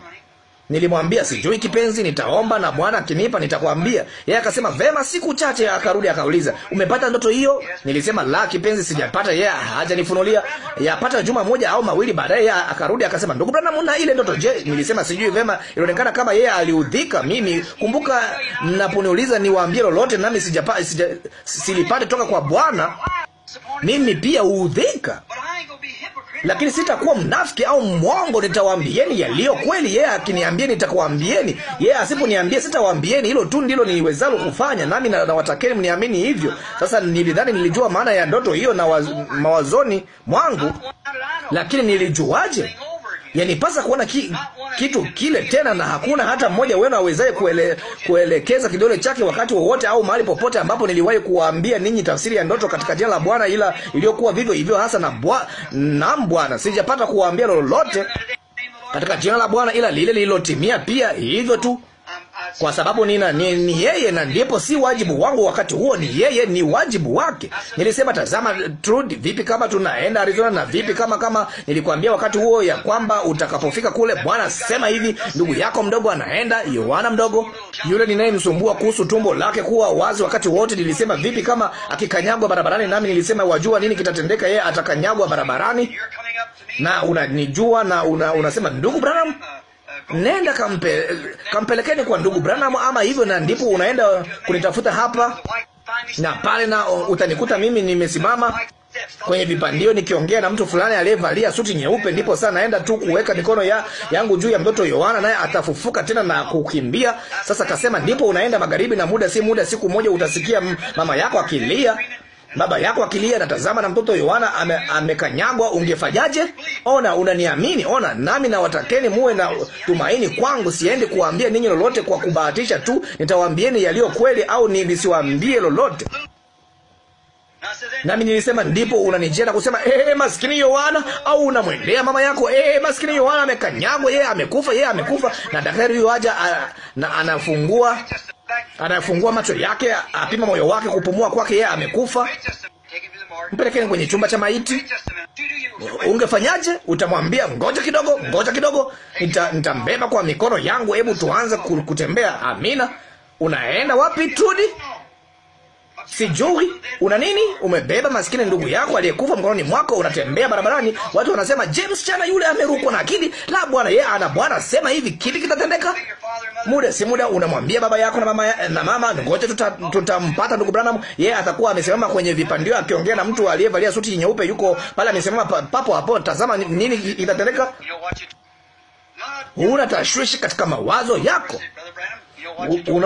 Nilimwambia sijui kipenzi, nitaomba na Bwana akinipa nitakwambia. Yeye akasema vema. Siku chache akarudi akauliza, umepata ndoto hiyo? Nilisema la, kipenzi, sijapata. Yeye hajanifunulia. Yapata juma moja au mawili baadaye yeye akarudi akasema, ndugu Branham, una ile ndoto je? Nilisema sijui. Vema, ilionekana kama yeye aliudhika. Mimi kumbuka, mnaponiuliza niwaambie lolote, nami sijapata sija, silipate toka kwa Bwana, mimi pia uudhika lakini sitakuwa mnafiki au mwongo. Nitawaambieni yaliyo kweli. Yeye akiniambia nitakuambieni, yeye asiponiambia sitawaambieni. Hilo tu ndilo niwezalo kufanya, nami nawatakeni na mniamini hivyo. Sasa nilidhani nilijua maana ya ndoto hiyo na waz, mawazoni mwangu, lakini nilijuaje? Yanipasa kuona ki, kitu kile tena, na hakuna hata mmoja wenu awezaye kuele, kuelekeza kidole chake wakati wowote au mahali popote ambapo niliwahi kuwaambia ninyi tafsiri ya ndoto katika jina la Bwana, ila iliyokuwa vivyo hivyo hasa na bwa, na Bwana, sijapata kuwaambia lolote katika jina la Bwana ila lile lililotimia pia hivyo tu kwa sababu nina, ni, ni yeye, na ndipo si wajibu wangu wakati huo, ni yeye, ni wajibu wake. Nilisema, tazama Trudy, vipi kama tunaenda Arizona, na vipi kama kama nilikwambia wakati huo ya kwamba utakapofika kule, Bwana sema hivi, ndugu yako mdogo anaenda, Yohana mdogo yule ninayemsumbua kuhusu tumbo lake kuwa wazi wakati wote. Nilisema, vipi kama akikanyagwa barabarani? Nami nilisema, wajua nini kitatendeka, yeye atakanyagwa barabarani, na unanijua na una, unasema ndugu Branham nenda kampe, kampelekeni kwa ndugu Branham ama hivyo, na ndipo unaenda kunitafuta hapa na pale, na utanikuta mimi nimesimama kwenye vipandio nikiongea na mtu fulani aliyevalia suti nyeupe. Ndipo saa naenda tu kuweka mikono ya, yangu juu ya mtoto Yohana, naye atafufuka tena na kukimbia. Sasa kasema, ndipo unaenda magharibi, na muda si muda, siku moja utasikia mama yako akilia baba yako akilia, natazama na mtoto Yohana ame, amekanyagwa, ame ungefanyaje? Ona, unaniamini? Ona, nami nawatakeni muwe na tumaini kwangu. Siendi kuwaambia ninyi lolote kwa kubahatisha tu, nitawaambieni yaliyo kweli, au ni nisiwaambie lolote. Nami nilisema ndipo unanijia na kusema eh, maskini Yohana, au unamwendea mama yako eh, maskini Yohana amekanyagwa, yeye amekufa, yeye amekufa. Na daktari huyo aja na anafungua Anafungua macho yake, apima moyo wake, kupumua kwake, yeye amekufa. Mpelekeni kwenye chumba cha maiti. Ungefanyaje? Utamwambia ngoja kidogo, ngoja kidogo, nita nitambeba kwa mikono yangu, hebu tuanze kutembea. Amina. Unaenda wapi Tudi? sijui una nini, umebeba maskini ndugu yako aliyekufa mkononi mwako, unatembea barabarani, watu wanasema James, chana yule amerukwa na akili. La bwana, yeye ana bwana, sema hivi, kipi kitatendeka? Muda si muda, unamwambia baba yako na mama na mama, ngoja tutampata tuta ndugu Branham. Yeye atakuwa amesimama kwenye vipandio akiongea na mtu aliyevalia suti nyeupe, yuko pale amesimama papo hapo. Tazama nini itatendeka. Huna tashwishi katika mawazo yako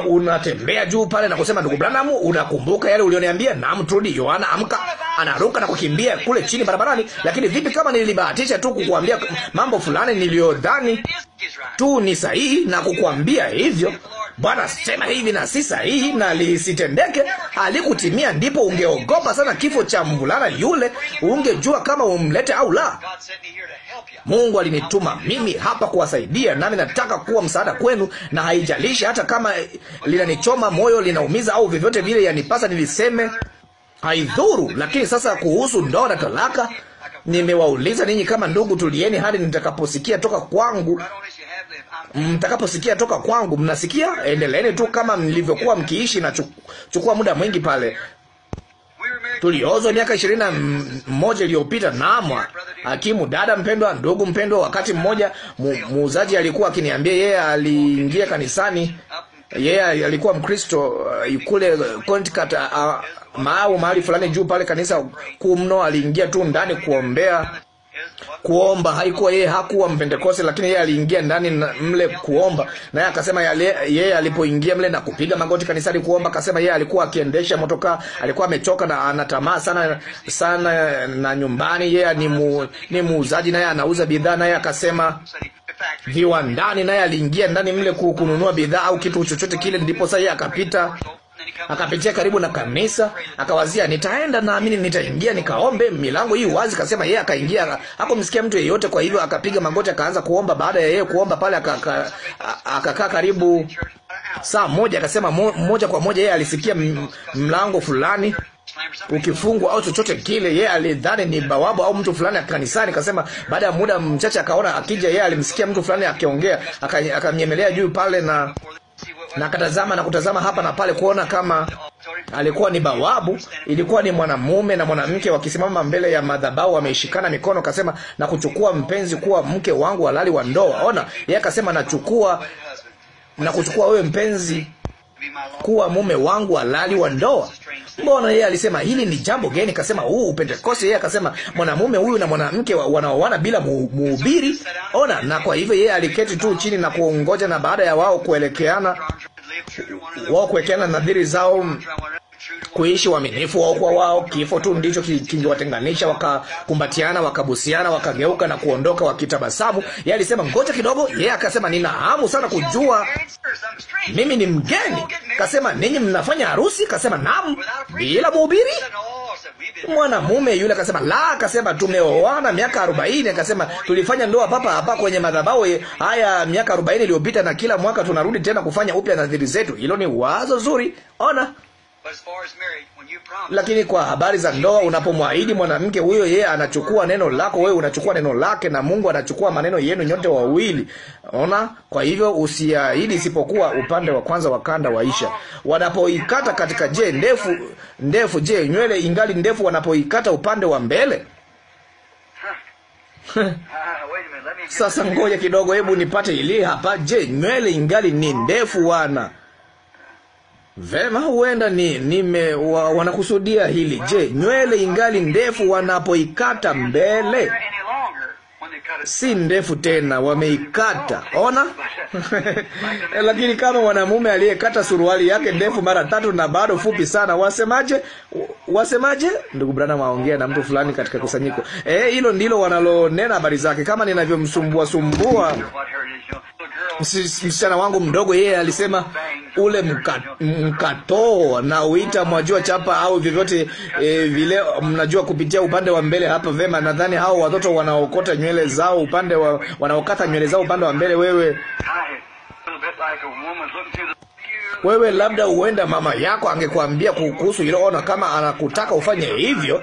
unatembea una juu pale na kusema, ndugu Branham, unakumbuka yale ulioniambia? Naam, Trudi. Yohana amka, anaruka na kukimbia kule chini barabarani. Lakini vipi kama nilibahatisha tu kukuambia mambo fulani niliyodhani tu ni sahihi na kukuambia hivyo, Bwana sema hivi na si sahihi na lisitendeke, alikutimia, ndipo ungeogopa sana kifo cha mvulana yule, ungejua kama umlete au la. Mungu alinituma mimi hapa kuwasaidia, nami nataka kuwa msaada kwenu, na haijalishi hata kama linanichoma moyo, linaumiza au vyovyote vile, yanipasa niliseme, haidhuru. Lakini sasa kuhusu ndoa na talaka, nimewauliza ninyi kama ndugu, tulieni hadi nitakaposikia toka kwangu mtakaposikia toka kwangu. Mnasikia? Endeleeni tu kama mlivyokuwa mkiishi, na chukua muda mwingi pale tuliozwa miaka ishirini na mmoja iliyopita. namwa hakimu, dada mpendwa, ndugu mpendwa, wakati mmoja muuzaji alikuwa akiniambia yeye aliingia kanisani yeye yeah, alikuwa Mkristo kule Connecticut uh, uh, uh maau mahali fulani juu pale kanisa kuu mno. Aliingia tu ndani kuombea kuomba. Haikuwa yeye, hakuwa Mpentekoste, lakini yeye aliingia ndani na mle kuomba, naye akasema yeye alipoingia mle na kupiga magoti kanisani kuomba, akasema yeye alikuwa akiendesha motokaa, alikuwa amechoka na anatamaa sana sana na nyumbani. Yeye ni mu, ni muuzaji, naye anauza bidhaa, naye akasema viwandani, naye aliingia ndani mle kununua bidhaa au kitu chochote kile. Ndipo sasa yeye akapita Akapitia karibu na kanisa, akawazia, nitaenda naamini, nitaingia nikaombe, milango hii wazi. Kasema yeye akaingia, hakumsikia mtu yeyote, kwa hivyo akapiga magoti, akaanza kuomba. Baada ya yeye kuomba pale, akakaa akaka karibu saa moja, akasema moja kwa moja yeye alisikia mlango fulani ukifungwa au chochote kile. Yeye alidhani ni bawabu au mtu fulani kanisani. Akasema baada ya muda mchache akaona akija, yeye alimsikia mtu fulani akiongea, akamnyemelea juu pale na nakatazama na kutazama hapa na pale kuona kama alikuwa ni bawabu. Ilikuwa ni mwanamume na mwanamke wakisimama mbele ya madhabahu, wameishikana mikono. Kasema na kuchukua mpenzi kuwa mke wangu halali wa ndoa. Ona, yeye akasema nachukua na kuchukua wewe mpenzi kuwa mume wangu halali wa ndoa. Mbona yeye alisema hili ni jambo geni? Kasema huu Pentekoste, yeye akasema mwanamume huyu na mwanamke wanaoana bila muhubiri. Ona, na kwa hivyo yeye aliketi tu chini na kuongoja, na baada ya wao kuelekeana wao kuwekeana nadhiri zao kuishi uaminifu wao kwa wao. Kifo tu ndicho kingewatenganisha. Wakakumbatiana, wakabusiana, wakageuka na kuondoka wakitabasamu. Yeye alisema ngoja kidogo, yeye yeah, akasema nina hamu sana kujua mimi ni mgeni. Kasema ninyi mnafanya harusi? Kasema naam, bila mhubiri Mwanamume yule akasema la, akasema tumeoana miaka arobaini. Akasema tulifanya ndoa papa hapa kwenye madhabahu haya miaka arobaini iliyopita, na kila mwaka tunarudi tena kufanya upya nadhiri zetu. Hilo ni wazo zuri, ona. Lakini kwa habari za ndoa, unapomwahidi mwanamke huyo, yeye anachukua neno lako, wewe unachukua neno lake, na Mungu anachukua maneno yenu nyote wawili. Ona, kwa hivyo usiahidi isipokuwa upande wa kwanza wa kanda waisha. Wanapoikata katika je ndefu ndefu, je nywele ingali ndefu wanapoikata upande wa mbele? Ah, Sasa ngoja kidogo, hebu nipate ili hapa. Je, nywele ingali ni ndefu wana Vema, huenda ni nime wa, wanakusudia hili. Je, nywele ingali ndefu wanapoikata mbele? Si ndefu tena, wameikata. Ona lakini kama mwanamume aliyekata suruali yake ndefu mara tatu na bado fupi sana, wasemaje? Wasemaje? Ndugu Branham aongea na mtu fulani katika kusanyiko. Eh, hilo ndilo wanalonena habari zake, kama ninavyomsumbua sumbua msichana wangu mdogo. Yeye alisema ule mka, mkatoo na uita mwajua chapa au vyovyote e, vile mnajua kupitia upande wa mbele hapa. Vema, nadhani hao watoto wanaokota nywele zao upande wa wanaokata nywele zao upande wa mbele, wewe wewe, labda uenda mama yako angekuambia kuhusu hilo Ona kama anakutaka ufanye hivyo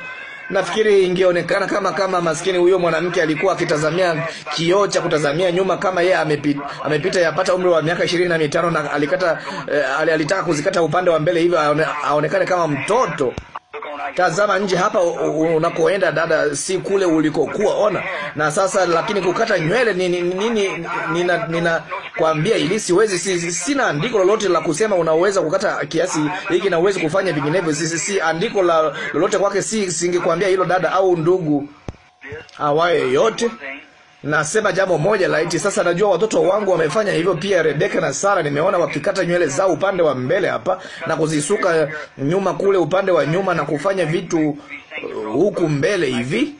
Nafikiri ingeonekana kama kama maskini huyo mwanamke alikuwa akitazamia kioo cha kutazamia nyuma, kama yeye amepita, amepita yapata umri wa miaka ishirini na mitano na alikata, eh, alitaka kuzikata upande wa mbele, hivyo aonekane kama mtoto tazama nje hapa unakoenda dada, si kule ulikokuwa. Ona na sasa. Lakini kukata nywele nini, nini, nina ninakwambia ili siwezi, si, sina andiko lolote la kusema unaweza kukata kiasi hiki na uwezi kufanya vinginevyo. Si, si, si andiko la lolote kwake, si singekwambia hilo dada au ndugu awaye yote Nasema jambo moja la iti sasa. Najua watoto wangu wamefanya hivyo pia, Rebeka na Sara. Nimeona wakikata nywele zao upande wa mbele hapa na kuzisuka nyuma kule upande wa nyuma na kufanya vitu uh, huku mbele hivi.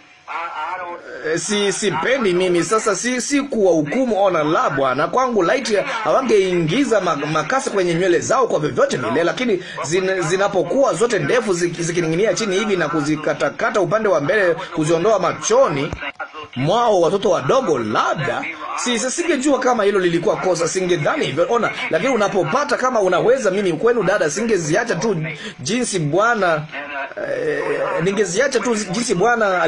Eh, si sipendi mimi sasa, si si kuwa hukumu. Ona la Bwana, kwangu laiti hawangeingiza makasi kwenye nywele zao kwa vyovyote vile, lakini zin, zinapokuwa zote ndefu zikining'inia chini hivi na kuzikatakata upande wa mbele kuziondoa machoni mwao watoto wadogo, labda si singejua kama hilo lilikuwa kosa, singedhani hivyo. Ona, lakini unapopata kama unaweza, mimi kwenu dada, singeziacha tu jinsi Bwana eh, ningeziacha tu jinsi Bwana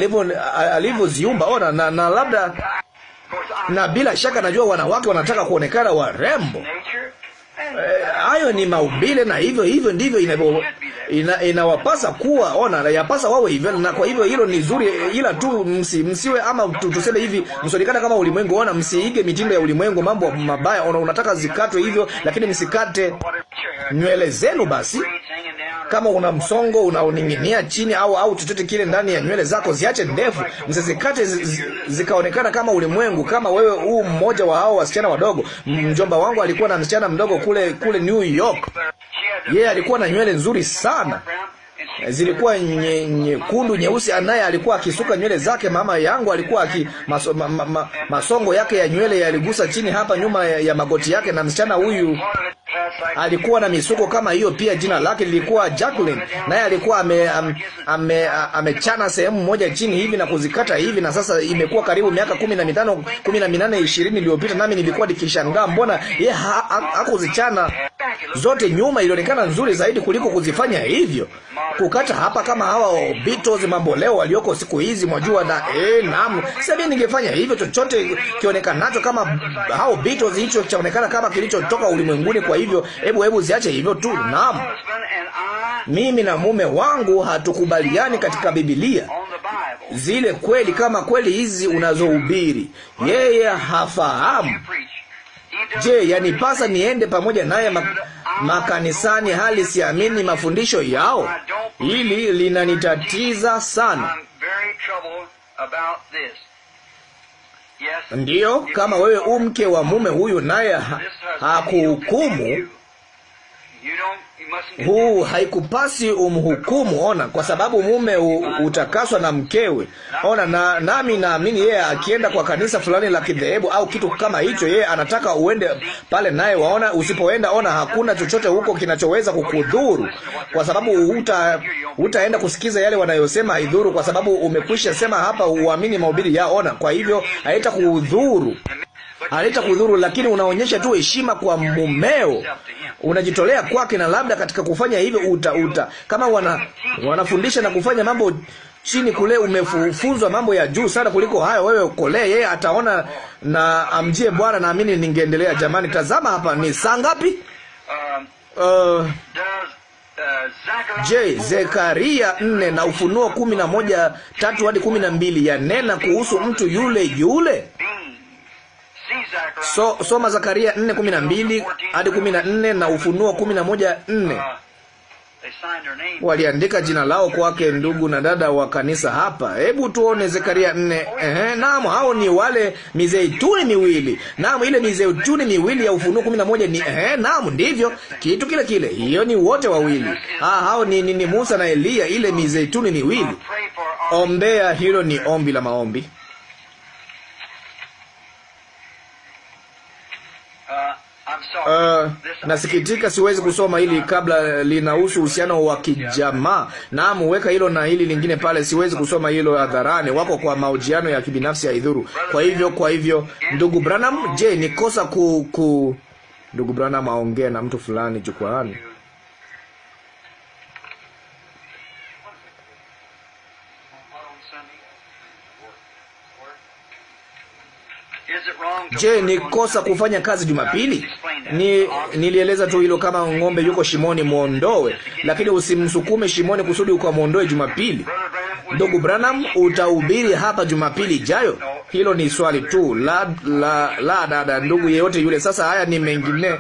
alivyoziumba kuwaona na, na labda na bila shaka najua wanawake wanataka kuonekana warembo Eh, hayo ni maumbile, na hivyo hivyo ndivyo inavyo ina, inawapasa kuwa ona, yapasa wawe hivyo. Na kwa hivyo hilo ni zuri, eh, ila tu msi, msiwe ama tu, tuseme hivi msionekana kama ulimwengu. Ona, msiige mitindo ya ulimwengu, mambo mabaya. Ona, unataka zikatwe hivyo, lakini msikate nywele zenu. Basi kama una msongo unaoning'inia chini au au chochote kile ndani ya nywele zako, ziache ndefu, msizikate zikaonekana kama ulimwengu. Kama wewe huu mmoja wa hao wasichana wadogo, mjomba wangu alikuwa na msichana mdogo kule kule New York. Yeye yeah, alikuwa na nywele nzuri sana zilikuwa nyekundu nye nyeusi. anaye alikuwa akisuka nywele zake. Mama yangu alikuwa aki maso, ma, ma, ma, masongo yake ya nywele yaligusa chini hapa nyuma ya, ya magoti yake, na msichana huyu alikuwa na misuko kama hiyo pia. Jina lake lilikuwa Jacqueline, naye alikuwa amechana ame, ame, ame, sehemu moja chini hivi na kuzikata hivi, na sasa imekuwa karibu miaka kumi na mitano kumi na minane ishirini iliyopita, nami nilikuwa nikishangaa mbona ye hakuzichana ha, ha, zote nyuma. Ilionekana nzuri zaidi kuliko kuzifanya hivyo kukata hapa kama hawa Beatles mamboleo walioko siku hizi, mwajua. Na eh, naam, sasa ningefanya hivyo, chochote kionekanacho kama hao Beatles, hicho chaonekana kama kilichotoka ulimwenguni. Kwa hivyo, hebu hebu ziache hivyo tu. Naam, mimi na mume wangu hatukubaliani katika Biblia zile kweli kama kweli hizi unazohubiri, yeye hafahamu Je, yanipasa niende pamoja naye makanisani hali siamini mafundisho yao? Hili linanitatiza sana. Ndiyo, kama wewe umke wa mume huyu naye hakuhukumu huu haikupasi umhukumu. Ona, kwa sababu mume utakaswa na mkewe. Ona, na nami naamini yeye akienda kwa kanisa fulani la kidhehebu au kitu kama hicho, yeye anataka uende pale naye. Waona, usipoenda, ona, hakuna chochote huko kinachoweza kukudhuru, kwa sababu utaenda kusikiza yale wanayosema, haidhuru, kwa sababu umekwisha sema hapa uamini mahubiri yao. Ona, kwa hivyo haita kudhuru, kudhuru, lakini unaonyesha tu heshima kwa mumeo unajitolea kwake, na labda katika kufanya hivyo uta, uta kama wana wanafundisha na kufanya mambo chini kule, umefunzwa mambo ya juu sana kuliko hayo. Wewe kolee, yeye ataona na amjie Bwana. Naamini ningeendelea. Jamani, tazama hapa, ni saa ngapi? Uh, je, Zekaria nne na Ufunuo kumi na moja tatu hadi kumi na mbili yanena kuhusu mtu yule yule So, soma Zakaria 4:12 hadi 14 na Ufunuo 11:4. Waliandika jina lao kwake, ndugu na dada wa kanisa hapa. Hebu tuone Zekaria nne. Ehe, naam, hao ni wale mizeituni miwili. Naam, ile mizeituni miwili ya Ufunuo kumi na moja ni ehe, naam, ndivyo kitu kile kile. Hiyo ni wote wawili. Ah, hao ni, ni, ni Musa na Eliya, ile mizeituni miwili. Ombea hilo, ni ombi la maombi. Uh, nasikitika siwezi kusoma hili kabla, linahusu uhusiano wa kijamaa. Naam, weka hilo na hili lingine pale, siwezi kusoma hilo hadharani, wako kwa mahojiano ya kibinafsi ya idhuru. Kwa hivyo, kwa hivyo ndugu Branham, je, ni kosa ku, ku... ndugu Branham aongee na mtu fulani jukwaani Je, ni kosa kufanya kazi Jumapili? Ni nilieleza tu hilo, kama ng'ombe yuko shimoni muondoe, lakini usimsukume shimoni kusudi ukamwondoe Jumapili. Ndugu Branham, utahubiri hapa Jumapili ijayo? Hilo ni swali tu la, la, la dada, ndugu yeyote yule. Sasa haya ni mengine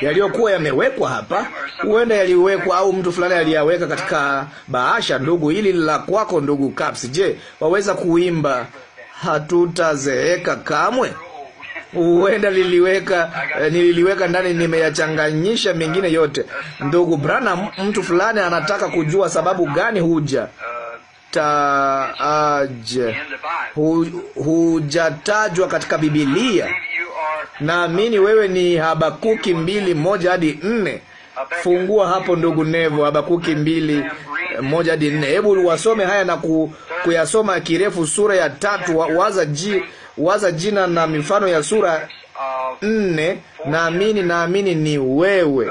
yaliyokuwa yamewekwa hapa, huenda yaliwekwa au mtu fulani aliyaweka katika bahasha. Ndugu, hili la kwako, ndugu Caps. Je, waweza kuimba hatutazeeka kamwe. Huenda liliweka eh, nililiweka ndani, nimeyachanganyisha mengine yote. Ndugu Branham, mtu fulani anataka kujua sababu gani huja taaje hu, hujatajwa katika Bibilia. Naamini wewe ni Habakuki mbili moja hadi nne. Fungua hapo ndugu Nevo, Habakuki mbili eh, moja hadi nne. Hebu wasome haya na ku kuyasoma kirefu sura ya tatu, waza, ji, waza jina na mifano ya sura nne. Naamini, naamini ni wewe.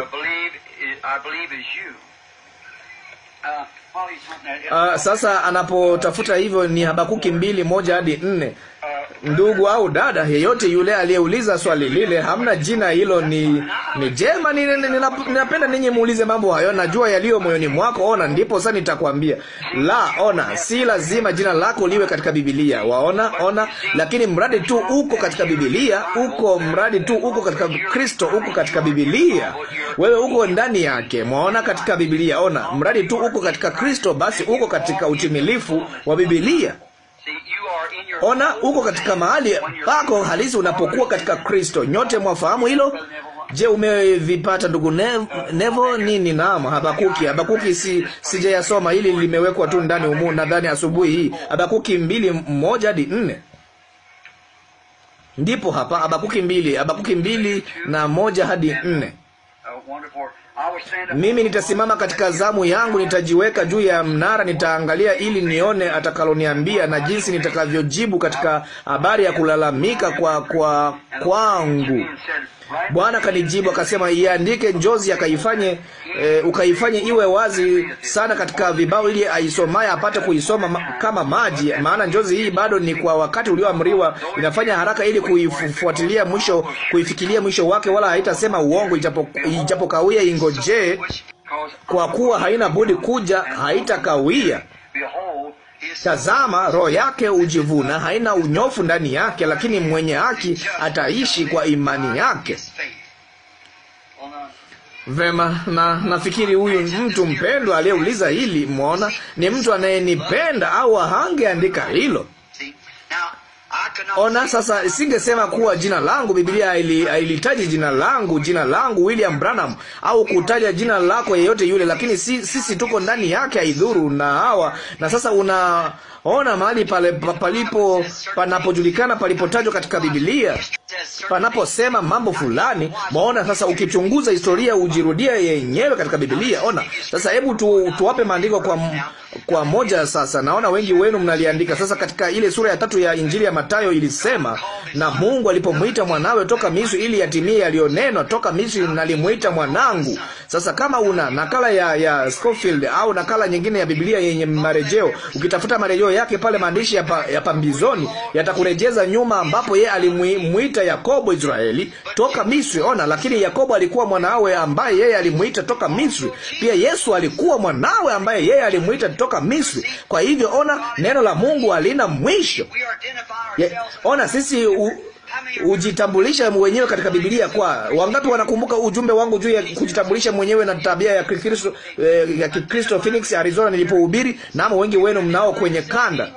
Uh, uh, sasa anapotafuta hivyo ni Habakuki mbili moja hadi nne ndugu au dada yeyote yule aliyeuliza swali lile, hamna jina hilo. Ni ni jema, ninapenda ninyi muulize mambo hayo, najua yaliyo moyoni mwako. Ona, ndipo sasa nitakwambia la. Ona, si lazima jina lako liwe katika Biblia, waona. Ona, lakini mradi tu uko katika Biblia, uko mradi tu uko katika Kristo, uko katika Biblia, wewe uko ndani yake, mwaona, katika Biblia. Ona, mradi tu uko katika Kristo, basi uko katika utimilifu wa Biblia. Ona, uko katika mahali pako halisi unapokuwa katika Kristo. Nyote mwafahamu hilo. Je, umevipata ndugu Nevo? nini? nama Habakuki. Habakuki si, sijayasoma, hili limewekwa tu ndani humu, nadhani asubuhi hii. Habakuki mbili moja hadi nne ndipo hapa Habakuki mbili Habakuki mbili na moja hadi nne. Mimi nitasimama katika zamu yangu, nitajiweka juu ya mnara, nitaangalia ili nione atakaloniambia na jinsi nitakavyojibu katika habari ya kulalamika kwa kwa kwangu. Bwana akanijibu akasema, iandike njozi, akaifanye e, ukaifanye iwe wazi sana katika vibao, ili aisomaye apate kuisoma ma, kama maji, maana njozi hii bado ni kwa wakati ulioamriwa. Inafanya haraka ili kuifuatilia mwisho, kuifikiria mwisho wake, wala haitasema uongo. Ijapokawia ijapo ingojee, kwa kuwa haina budi kuja, haitakawia. Tazama, roho yake hujivuna, haina unyofu ndani yake, lakini mwenye haki ataishi kwa imani yake. Vema, na nafikiri huyu mtu mpendwa aliyeuliza hili, mwona, ni mtu anayenipenda au ahangeandika hilo. Ona sasa, singesema kuwa jina langu. Biblia hailitaji jina langu, jina langu William Branham, au kutaja jina lako yeyote yule, lakini si, sisi tuko ndani yake, haidhuru na hawa. Na sasa unaona mahali pale palipo panapojulikana palipotajwa katika Biblia panaposema mambo fulani. Mwaona sasa, ukichunguza historia ujirudia yenyewe katika Biblia. Ona sasa, hebu tu, tuwape maandiko kwa, kwa moja. Sasa naona wengi wenu mnaliandika. Sasa katika ile sura ya tatu ya Injili ya Mathayo ilisema, na Mungu alipomwita mwanawe toka Misri ili yatimie yaliyonenwa, toka Misri nalimwita mwanangu. Sasa kama una nakala ya, ya Scofield au nakala nyingine ya Biblia yenye marejeo, ukitafuta marejeo yake pale, maandishi ya, pa, ya pambizoni yatakurejeza nyuma ambapo ye alimwita kumwita Yakobo Israeli toka Misri. Ona, lakini Yakobo alikuwa mwanawe ambaye yeye alimuita toka Misri. Pia Yesu alikuwa mwanawe ambaye yeye alimuita toka Misri. Kwa hivyo, ona, neno la Mungu halina mwisho. Ye, ona sisi u, hujitambulisha mwenyewe katika Biblia. Kwa wangapi wanakumbuka ujumbe wangu juu ya kujitambulisha mwenyewe na tabia ya Kikristo, eh, ya Kikristo Phoenix, Arizona nilipohubiri? Namo wengi wenu mnao kwenye kanda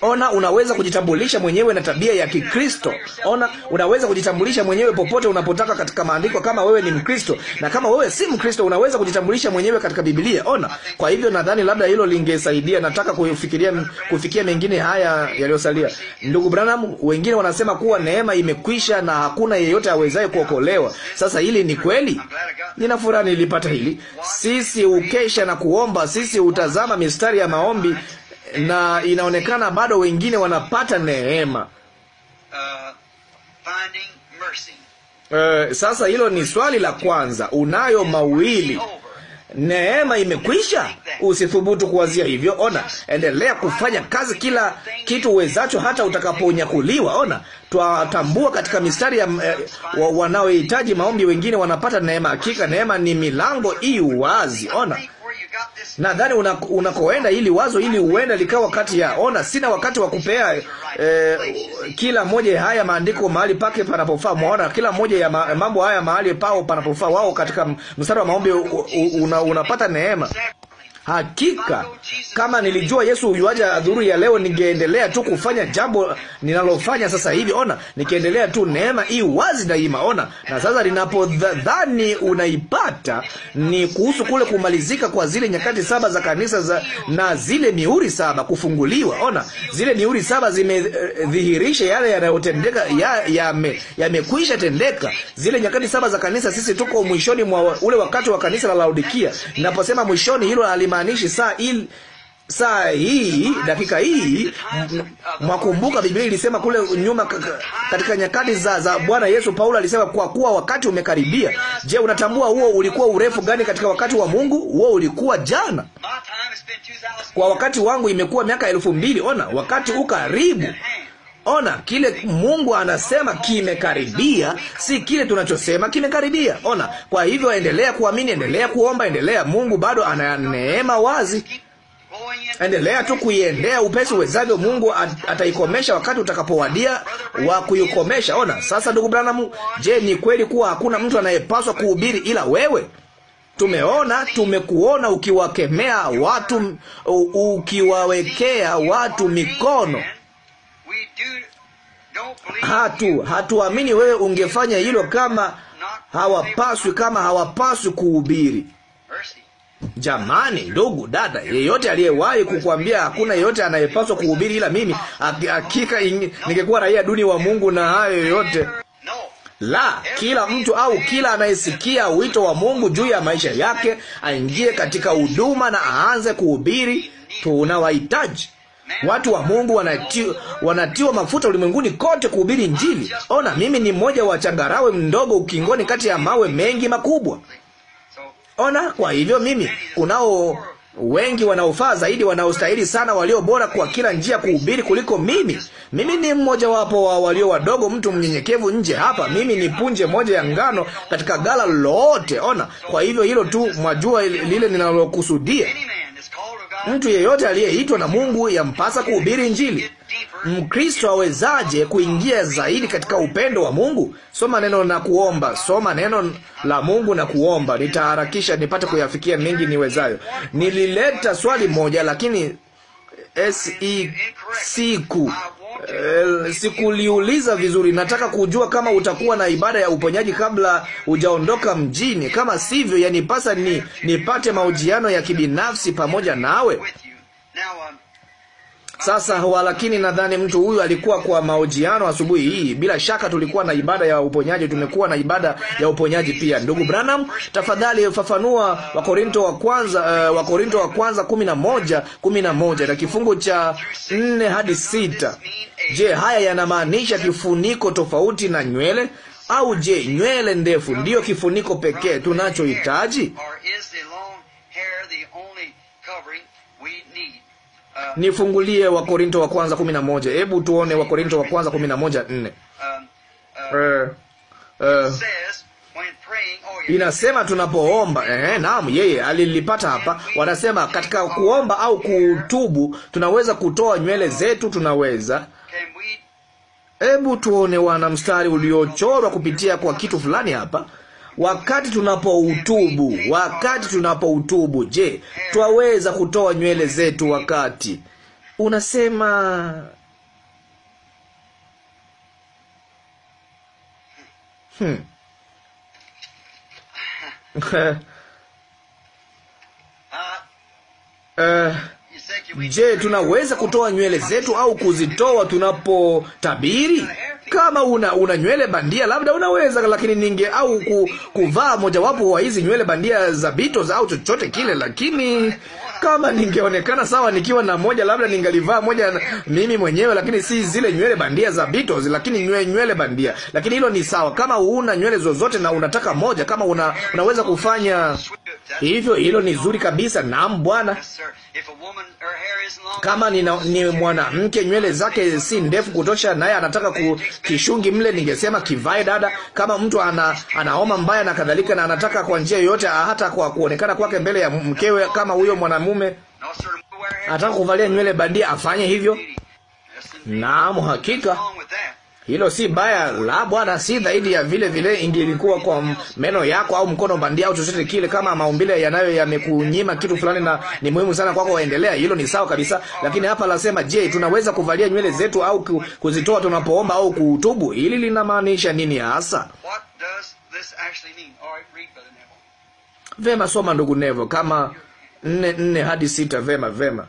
Ona, unaweza kujitambulisha mwenyewe na tabia ya Kikristo. Ona, unaweza kujitambulisha mwenyewe popote unapotaka katika maandiko kama wewe ni Mkristo, na kama wewe si Mkristo unaweza kujitambulisha mwenyewe katika Biblia. Ona, kwa hivyo nadhani labda hilo lingesaidia. Nataka kufikiria kufikia mengine haya yaliyosalia. Ndugu Branham, wengine wanasema kuwa neema imekwisha na hakuna yeyote awezaye kuokolewa. Sasa hili ni kweli? Nina furaha nilipata hili. Sisi ukesha na kuomba, sisi utazama mistari ya maombi na inaonekana bado wengine wanapata neema. Uh, eh, sasa hilo ni swali la kwanza. Unayo mawili, neema imekwisha. Usithubutu kuwazia hivyo. Ona, endelea kufanya kazi, kila kitu uwezacho, hata utakaponyakuliwa. Ona, twatambua katika mistari ya eh, wanaohitaji maombi, wengine wanapata neema. Hakika neema ni milango hii wazi. Ona nadhani unakoenda una ili wazo ili huenda likawa kati ya ona. Sina wakati wa kupea eh, kila moja haya maandiko mahali pake panapofaa. Mwaona kila moja ya mambo haya mahali pao panapofaa. Wao katika mstari wa maombi unapata una neema Hakika kama nilijua Yesu huyuaje adhuhuri ya leo, ningeendelea tu kufanya jambo ninalofanya sasa hivi. Ona, nikiendelea tu, neema hii wazi daima. Ona, na sasa ninapodhani unaipata ni kuhusu kule kumalizika kwa zile nyakati saba za kanisa za, na zile mihuri saba kufunguliwa. Ona, zile mihuri saba zimedhihirisha yale yanayotendeka, yamekwisha ya ya tendeka. Zile nyakati saba za kanisa, sisi tuko mwishoni mwa ule wakati wa kanisa la Laodikia. Ninaposema mwishoni, hilo halima haimaanishi saa ili saa hii dakika hii. Mwakumbuka Biblia ilisema kule nyuma katika nyakati za, za Bwana Yesu, Paulo alisema kwa kuwa wakati umekaribia. Je, unatambua huo ulikuwa urefu gani katika wakati wa Mungu? Huo ulikuwa jana. Kwa wakati wangu imekuwa miaka elfu mbili. Ona, wakati ukaribu Ona kile Mungu anasema kimekaribia, si kile tunachosema kimekaribia. Ona, kwa hivyo endelea kuamini, endelea kuomba, endelea. Mungu bado ana neema wazi. Endelea tu kuiendea upesi uwezavyo. Mungu ataikomesha wakati utakapowadia wa kuikomesha. Ona sasa, ndugu Branham, je, ni kweli kuwa hakuna mtu anayepaswa kuhubiri ila wewe? Tumeona, tumekuona ukiwakemea watu, ukiwawekea watu mikono hatu hatuamini wewe ungefanya hilo kama hawapaswi kama hawapaswi kuhubiri. Jamani, ndugu dada, yeyote aliyewahi kukwambia hakuna yeyote anayepaswa kuhubiri ila mimi, hakika ningekuwa raia duni wa Mungu na hayo yote la kila mtu au kila anayesikia wito wa Mungu juu ya maisha yake aingie katika huduma na aanze kuhubiri. Tunawahitaji. Watu wa Mungu wanati, wanatiwa mafuta ulimwenguni kote kuhubiri Injili. Ona, mimi ni mmoja wa changarawe mdogo ukingoni kati ya mawe mengi makubwa. Ona, kwa hivyo mimi kunao wengi wanaofaa zaidi, wanaostahili sana, walio bora kwa kila njia kuhubiri kuliko mimi. Mimi ni mmojawapo wa walio wadogo, mtu mnyenyekevu nje hapa. Mimi ni punje moja ya ngano katika gala lote. Ona, kwa hivyo hilo tu mwajua lile ninalokusudia. Mtu yeyote aliyeitwa na Mungu yampasa kuhubiri Injili. Mkristo awezaje kuingia zaidi katika upendo wa Mungu? Soma neno na kuomba, soma neno la Mungu na kuomba. Nitaharakisha nipate kuyafikia mengi niwezayo. Nilileta swali moja, lakini siku Eh, sikuliuliza vizuri. Nataka kujua kama utakuwa na ibada ya uponyaji kabla hujaondoka mjini. Kama sivyo, yanipasa ni nipate mahojiano ya kibinafsi pamoja nawe. Sasa walakini, nadhani mtu huyu alikuwa kwa mahojiano asubuhi hii. Bila shaka tulikuwa na ibada ya uponyaji, tumekuwa na ibada ya uponyaji pia. Ndugu Branham, tafadhali fafanua Wakorinto wa kwanza, uh, eh, Wakorinto wa kwanza 11 11 na kifungu cha 4 hadi sita Je, haya yanamaanisha kifuniko tofauti na nywele au je, nywele ndefu ndiyo kifuniko pekee tunachohitaji? Nifungulie Wakorinto wa kwanza 11. Hebu tuone Wakorinto wa kwanza 11:4. Um, um, eh, eh. Oh, inasema tunapoomba, eh, naam, yeye alilipata hapa. Wanasema katika kuomba au kutubu tunaweza kutoa nywele zetu, tunaweza Hebu tuone wana mstari uliochorwa kupitia kwa kitu fulani hapa. Wakati tunapoutubu, wakati tunapoutubu, je, twaweza kutoa nywele zetu? Wakati unasema hmm. Uh, je, tunaweza kutoa nywele zetu au kuzitoa tunapotabiri? Kama una, una nywele bandia labda unaweza, lakini ninge au ku, kuvaa mojawapo wa hizi nywele bandia za Beatles au chochote kile, lakini kama ningeonekana sawa nikiwa na moja, labda ningalivaa moja mimi mwenyewe, lakini si zile nywele bandia za Beatles, lakini nywe nywele bandia. Lakini hilo ni sawa. Kama una nywele zozote na unataka moja, kama una, unaweza kufanya hivyo, hilo ni zuri kabisa. Naam Bwana. Kama ni, ni mwanamke nywele zake si ndefu kutosha, naye anataka ku, kishungi mle, ningesema kivae dada. Kama mtu ana, anaoma mbaya na kadhalika, na anataka kwa njia yoyote, ah, hata kwa kuonekana kwake mbele ya mkewe, kama huyo mwanamume ataka kuvalia nywele bandia, afanye hivyo. Naam, hakika hilo si baya la Bwana, si zaidi ya vile vile ingelikuwa kwa meno yako au mkono bandia au chochote kile. Kama maumbile yanayo yamekunyima kitu fulani na ni muhimu sana kwako, waendelea, hilo ni sawa kabisa. Lakini hapa lasema, je, tunaweza kuvalia nywele zetu au kuzitoa tunapoomba au kuutubu? Hili linamaanisha nini hasa? Vema, soma ndugu Nevo, kama nne nne hadi sita. Vema, vema.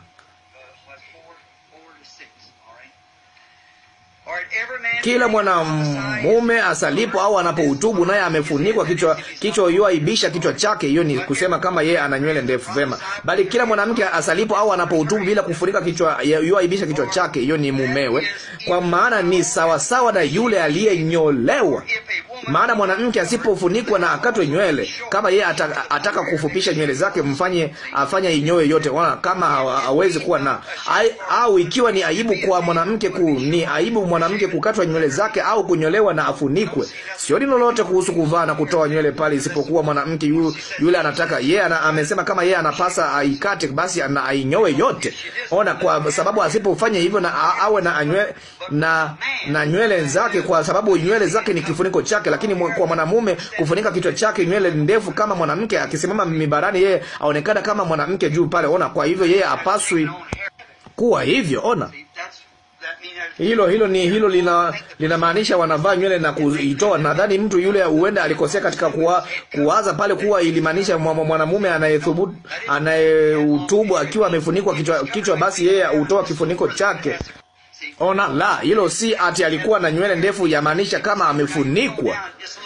Kila mwanamume asalipo au anapoutubu, naye amefunikwa kichwa kichwa, yuaibisha kichwa chake. Hiyo ni kusema kama yeye ana nywele ndefu vema. Bali kila mwanamke asalipo au anapoutubu bila kufunika kichwa, yuaibisha kichwa chake. Hiyo ni mumewe, kwa maana ni sawasawa sawa na yule aliyenyolewa. Maana mwanamke asipofunikwa na akatwe nywele, kama yeye ataka, ataka kufupisha nywele zake, mfanye afanye inyoe yote, wana, kama hawezi kuwa na au, ikiwa ni aibu kwa mwanamke ku, ni aibu mwanamke mwanamke kukatwa nywele zake au kunyolewa na afunikwe. Sioni lolote kuhusu kuvaa na kutoa nywele pale, isipokuwa mwanamke yu, yule anataka yeye, ana, amesema kama yeye anapasa aikate basi na ainyoe yote. Ona, kwa sababu asipofanya hivyo na awe na anywe, na na nywele zake, kwa sababu nywele zake ni kifuniko chake, lakini kwa mwanamume kufunika kichwa chake nywele ndefu kama mwanamke akisimama mibarani, yeye aonekana kama mwanamke juu pale. Ona, kwa hivyo yeye apaswi kuwa hivyo. Ona. Hilo hilo ni hilo lina linamaanisha wanavaa nywele na kuitoa. Nadhani mtu yule huenda alikosea katika kuwa, kuwaza pale kuwa ilimaanisha mwanamume anayethubutu anayeutubu akiwa amefunikwa kichwa, kichwa basi yeye hutoa kifuniko chake. Ona la hilo si ati alikuwa na nywele ndefu, yamaanisha kama amefunikwa.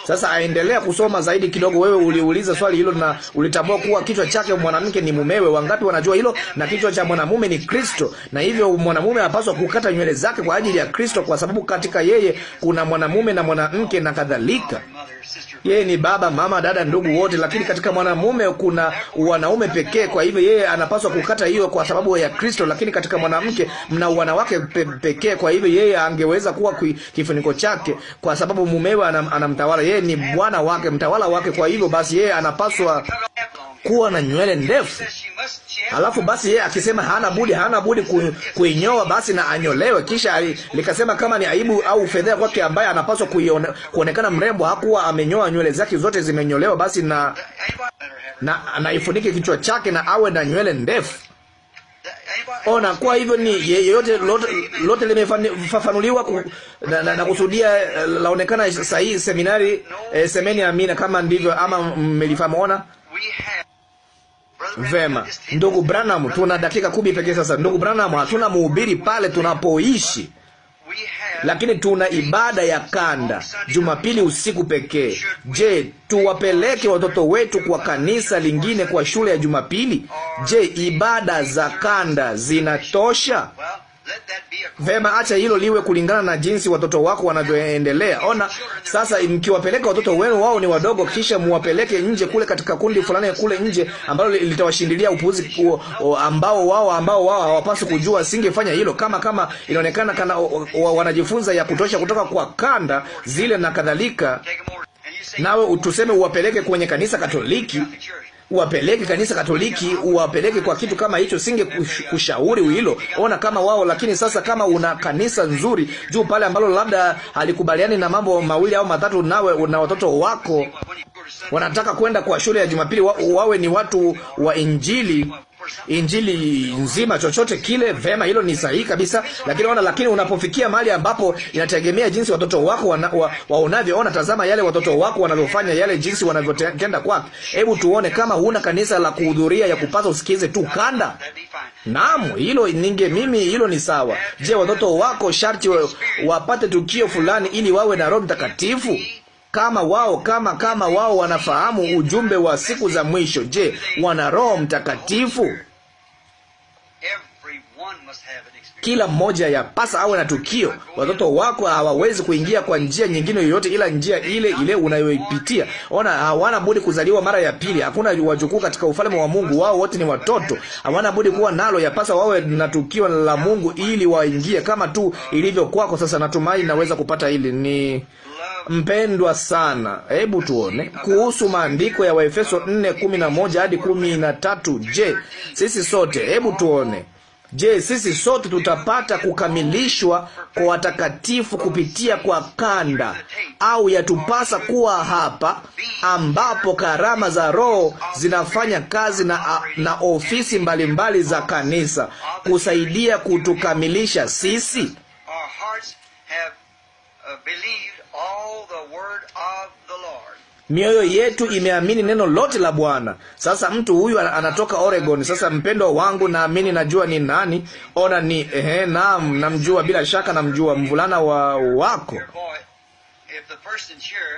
Sasa aendelea kusoma zaidi kidogo. Wewe uliuliza swali hilo na ulitambua kuwa kichwa chake mwanamke ni mumewe. Wangapi wanajua hilo? Na kichwa cha mwanamume ni Kristo, na hivyo mwanamume anapaswa kukata nywele zake kwa ajili ya Kristo, kwa sababu katika yeye kuna mwanamume na mwanamke na kadhalika. Yeye ni baba, mama, dada, ndugu wote, lakini katika mwanamume kuna wanaume pekee. Kwa hivyo yeye anapaswa kukata hiyo kwa sababu ya Kristo, lakini katika mwanamke mna wanawake pe pekee. Kwa hivyo yeye angeweza kuwa kifuniko chake, kwa sababu mumewe anamtawala, yeye ni bwana wake, mtawala wake. Kwa hivyo basi yeye anapaswa kuwa na nywele ndefu. Alafu basi yeye akisema hana budi, hana budi kuinyoa basi na anyolewe. Kisha likasema kama ni aibu au fedheha kwake ambaye anapaswa kuonekana mrembo, hakuwa amenyoa nywele zake zote zimenyolewa, basi na na anaifunike kichwa chake na awe na nywele ndefu. Ona, kwa hivyo ni yeyote lote, lote limefafanuliwa ku, na, na, na kusudia eh, laonekana sahihi seminari. Eh, semeni amina kama ndivyo, ama mmelifahamuona vema. Ndugu Branham, tuna dakika kumi pekee sasa. Ndugu Branham, hatuna mhubiri pale tunapoishi lakini tuna ibada ya kanda Jumapili usiku pekee. Je, tuwapeleke watoto wetu kwa kanisa lingine, kwa shule ya Jumapili? Je, ibada za kanda zinatosha? Vema, acha hilo liwe kulingana na jinsi watoto wako wanavyoendelea. Ona sasa, mkiwapeleka watoto wenu, wao ni wadogo, kisha muwapeleke nje kule katika kundi fulani kule nje ambalo litawashindilia upuuzi ambao wao ambao wao hawapaswi kujua. Singefanya hilo kama kama inaonekana kana wanajifunza ya kutosha kutoka kwa kanda zile na kadhalika, nawe tuseme uwapeleke kwenye kanisa Katoliki uwapeleke kanisa Katoliki, uwapeleke kwa kitu kama hicho, singe kushauri hilo, ona kama wao. Lakini sasa kama una kanisa nzuri juu pale ambalo labda halikubaliani na mambo mawili au matatu, nawe na watoto wako wanataka kwenda kwa shule ya Jumapili wa, wawe ni watu wa Injili injili nzima, chochote kile, vema, hilo ni sahihi kabisa. Lakini ona, lakini unapofikia mahali ambapo inategemea jinsi watoto wako waonavyoona, wa, wa tazama yale watoto wako wanavyofanya, yale jinsi wanavyotenda kwake. Hebu tuone kama huna kanisa la kuhudhuria ya kupasa usikize tu kanda. Naam, hilo ninge mimi, hilo ni sawa. Je, watoto wako sharti wapate tukio fulani ili wawe na Roho Mtakatifu? kama wao kama kama wao wanafahamu ujumbe wa siku za mwisho. Je, wana Roho Mtakatifu? kila mmoja ya pasa awe na tukio. Watoto wako hawawezi kuingia kwa njia nyingine yoyote ila njia ile ile unayoipitia. Ona, hawana budi kuzaliwa mara ya pili. Hakuna wajukuu katika ufalme wa Mungu, wao wote ni watoto. Hawana budi kuwa nalo, yapasa wawe na tukio la Mungu ili waingie, kama tu ilivyo kwako sasa. Natumai naweza kupata hili ni mpendwa sana. Hebu tuone kuhusu maandiko ya Waefeso 4:11 hadi 13. Je, sisi sote, hebu tuone Je, sisi sote tutapata kukamilishwa kwa watakatifu kupitia kwa kanda, au yatupasa kuwa hapa ambapo karama za Roho zinafanya kazi na, na ofisi mbalimbali mbali za kanisa kusaidia kutukamilisha sisi? Mioyo yetu imeamini neno lote la Bwana. Sasa mtu huyu anatoka Oregon. Sasa mpendwa wangu, naamini najua ni nani. Ona ni ehe, naam, namjua, bila shaka namjua mvulana wa wako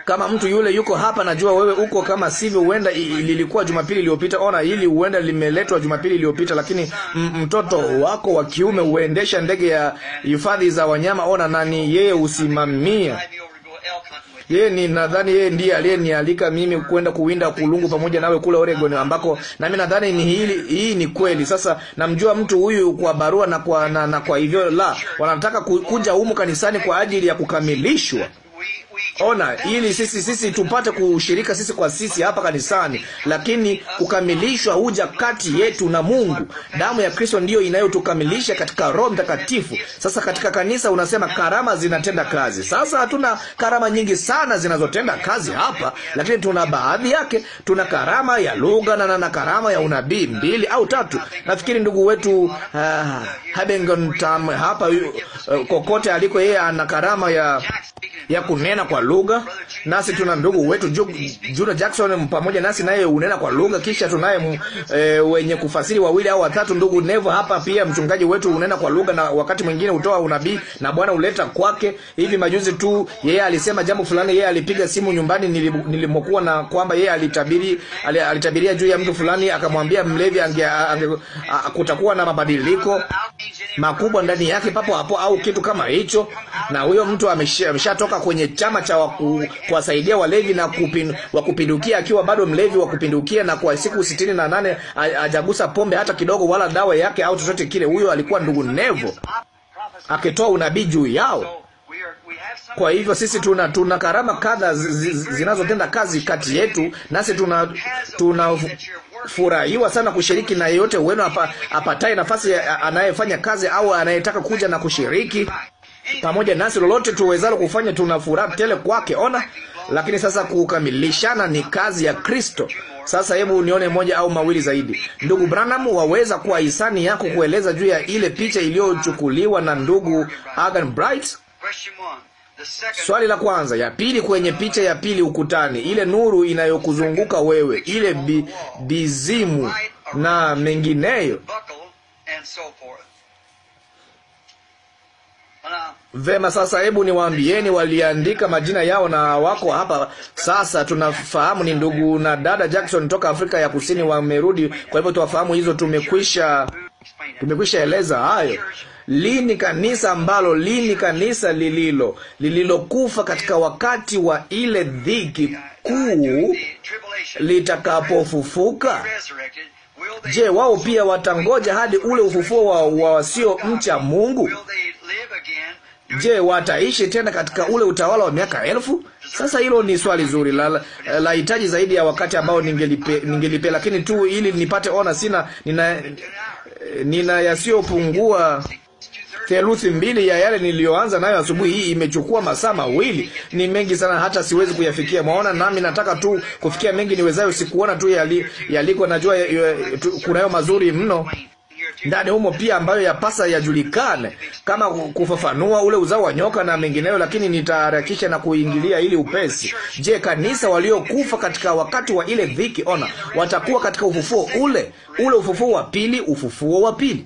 kama mtu yule yuko hapa, najua wewe uko. Kama sivyo, huenda lilikuwa Jumapili iliyopita. Ona, hili huenda limeletwa Jumapili iliyopita, lakini mtoto wako wa kiume huendesha ndege ya hifadhi za wanyama. Ona, nani yeye husimamia yeye ni nadhani yeye ndiye aliyenialika mimi kwenda kuwinda kulungu pamoja nawe kule Oregon ambako nami nadhani ni hili, hii ni kweli. Sasa namjua mtu huyu kwa barua na kwa na, na kwa hivyo la wanataka kuja humu kanisani kwa ajili ya kukamilishwa ona, ili sisi sisi tupate kushirika sisi kwa sisi hapa kanisani, lakini kukamilishwa huja kati yetu na Mungu. Damu ya Kristo ndiyo inayotukamilisha katika Roho Mtakatifu. Sasa katika kanisa unasema karama zinatenda kazi. Sasa hatuna karama nyingi sana zinazotenda kazi hapa, lakini tuna baadhi yake. Tuna karama ya lugha na, na karama ya unabii mbili au tatu. Nafikiri ndugu wetu uh, Tam hapa uh, kokote aliko yeye ana karama ya ya kunena kwa lugha, nasi tuna ndugu wetu Juna Jackson pamoja nasi, naye unena kwa lugha. Kisha tunaye e, wenye kufasiri wawili au watatu, ndugu Nevo hapa pia, mchungaji wetu unena kwa lugha, na wakati mwingine hutoa unabii na Bwana uleta kwake. Hivi majuzi tu yeye alisema jambo fulani, yeye alipiga simu nyumbani nilimokuwa, na kwamba yeye alitabiri, alitabiria juu ya mtu fulani, akamwambia mlevi ange, ange, kutakuwa na mabadiliko makubwa ndani yake papo hapo, au kitu kama hicho, na huyo mtu ameshatoka kwenye chama chama cha waku, kuwasaidia walevi na kupin, wakupindukia, akiwa bado mlevi wa kupindukia na kwa siku sitini na nane hajagusa pombe hata kidogo, wala dawa yake au chochote kile. Huyo alikuwa ndugu Nevo akitoa unabii juu yao. Kwa hivyo sisi tuna tuna karama kadha zinazotenda kazi kati yetu, nasi tuna tunafurahiwa sana kushiriki na yeyote wenu apataye nafasi, anayefanya kazi au anayetaka kuja na kushiriki pamoja nasi. Lolote tuwezalo kufanya, tuna furaha tele kwake. Ona, lakini sasa kukamilishana ni kazi ya Kristo. Sasa hebu nione moja au mawili zaidi. Ndugu Branham, waweza kuwa hisani yako kueleza juu ya ile picha iliyochukuliwa na ndugu Agan Bright? Swali la kwanza. Ya pili, kwenye picha ya pili ukutani, ile nuru inayokuzunguka wewe, ile bi, bizimu na mengineyo. Vema, sasa hebu niwaambieni, waliandika majina yao na wako hapa sasa. Tunafahamu ni ndugu na dada Jackson toka Afrika ya Kusini, wamerudi. Kwa hivyo tuwafahamu hizo, tumekwisha tumekwisha eleza hayo. Lini kanisa ambalo, lini kanisa lililo lililokufa katika wakati wa ile dhiki kuu litakapofufuka, je, wao pia watangoja hadi ule ufufuo wa wasio mcha Mungu? Je, wataishi tena katika ule utawala wa miaka elfu? Sasa hilo ni swali zuri la lahitaji zaidi ya wakati ambao ningelipe, ningelipe lakini tu ili nipate ona, sina nina, nina yasiyopungua theluthi mbili ya yale niliyoanza nayo asubuhi hii. Imechukua masaa mawili, ni mengi sana, hata siwezi kuyafikia. Mwaona, nami nataka tu kufikia mengi niwezayo, sikuona tu yaliko yali, najua kunayo mazuri mno ndani humo pia ambayo yapasa yajulikane, kama kufafanua ule uzao wa nyoka na mengineyo, lakini nitaharakisha na kuingilia ili upesi. Je, kanisa waliokufa katika wakati wa ile dhiki, ona, watakuwa katika ufufuo ule ule, ufufuo wa pili, ufufuo wa pili.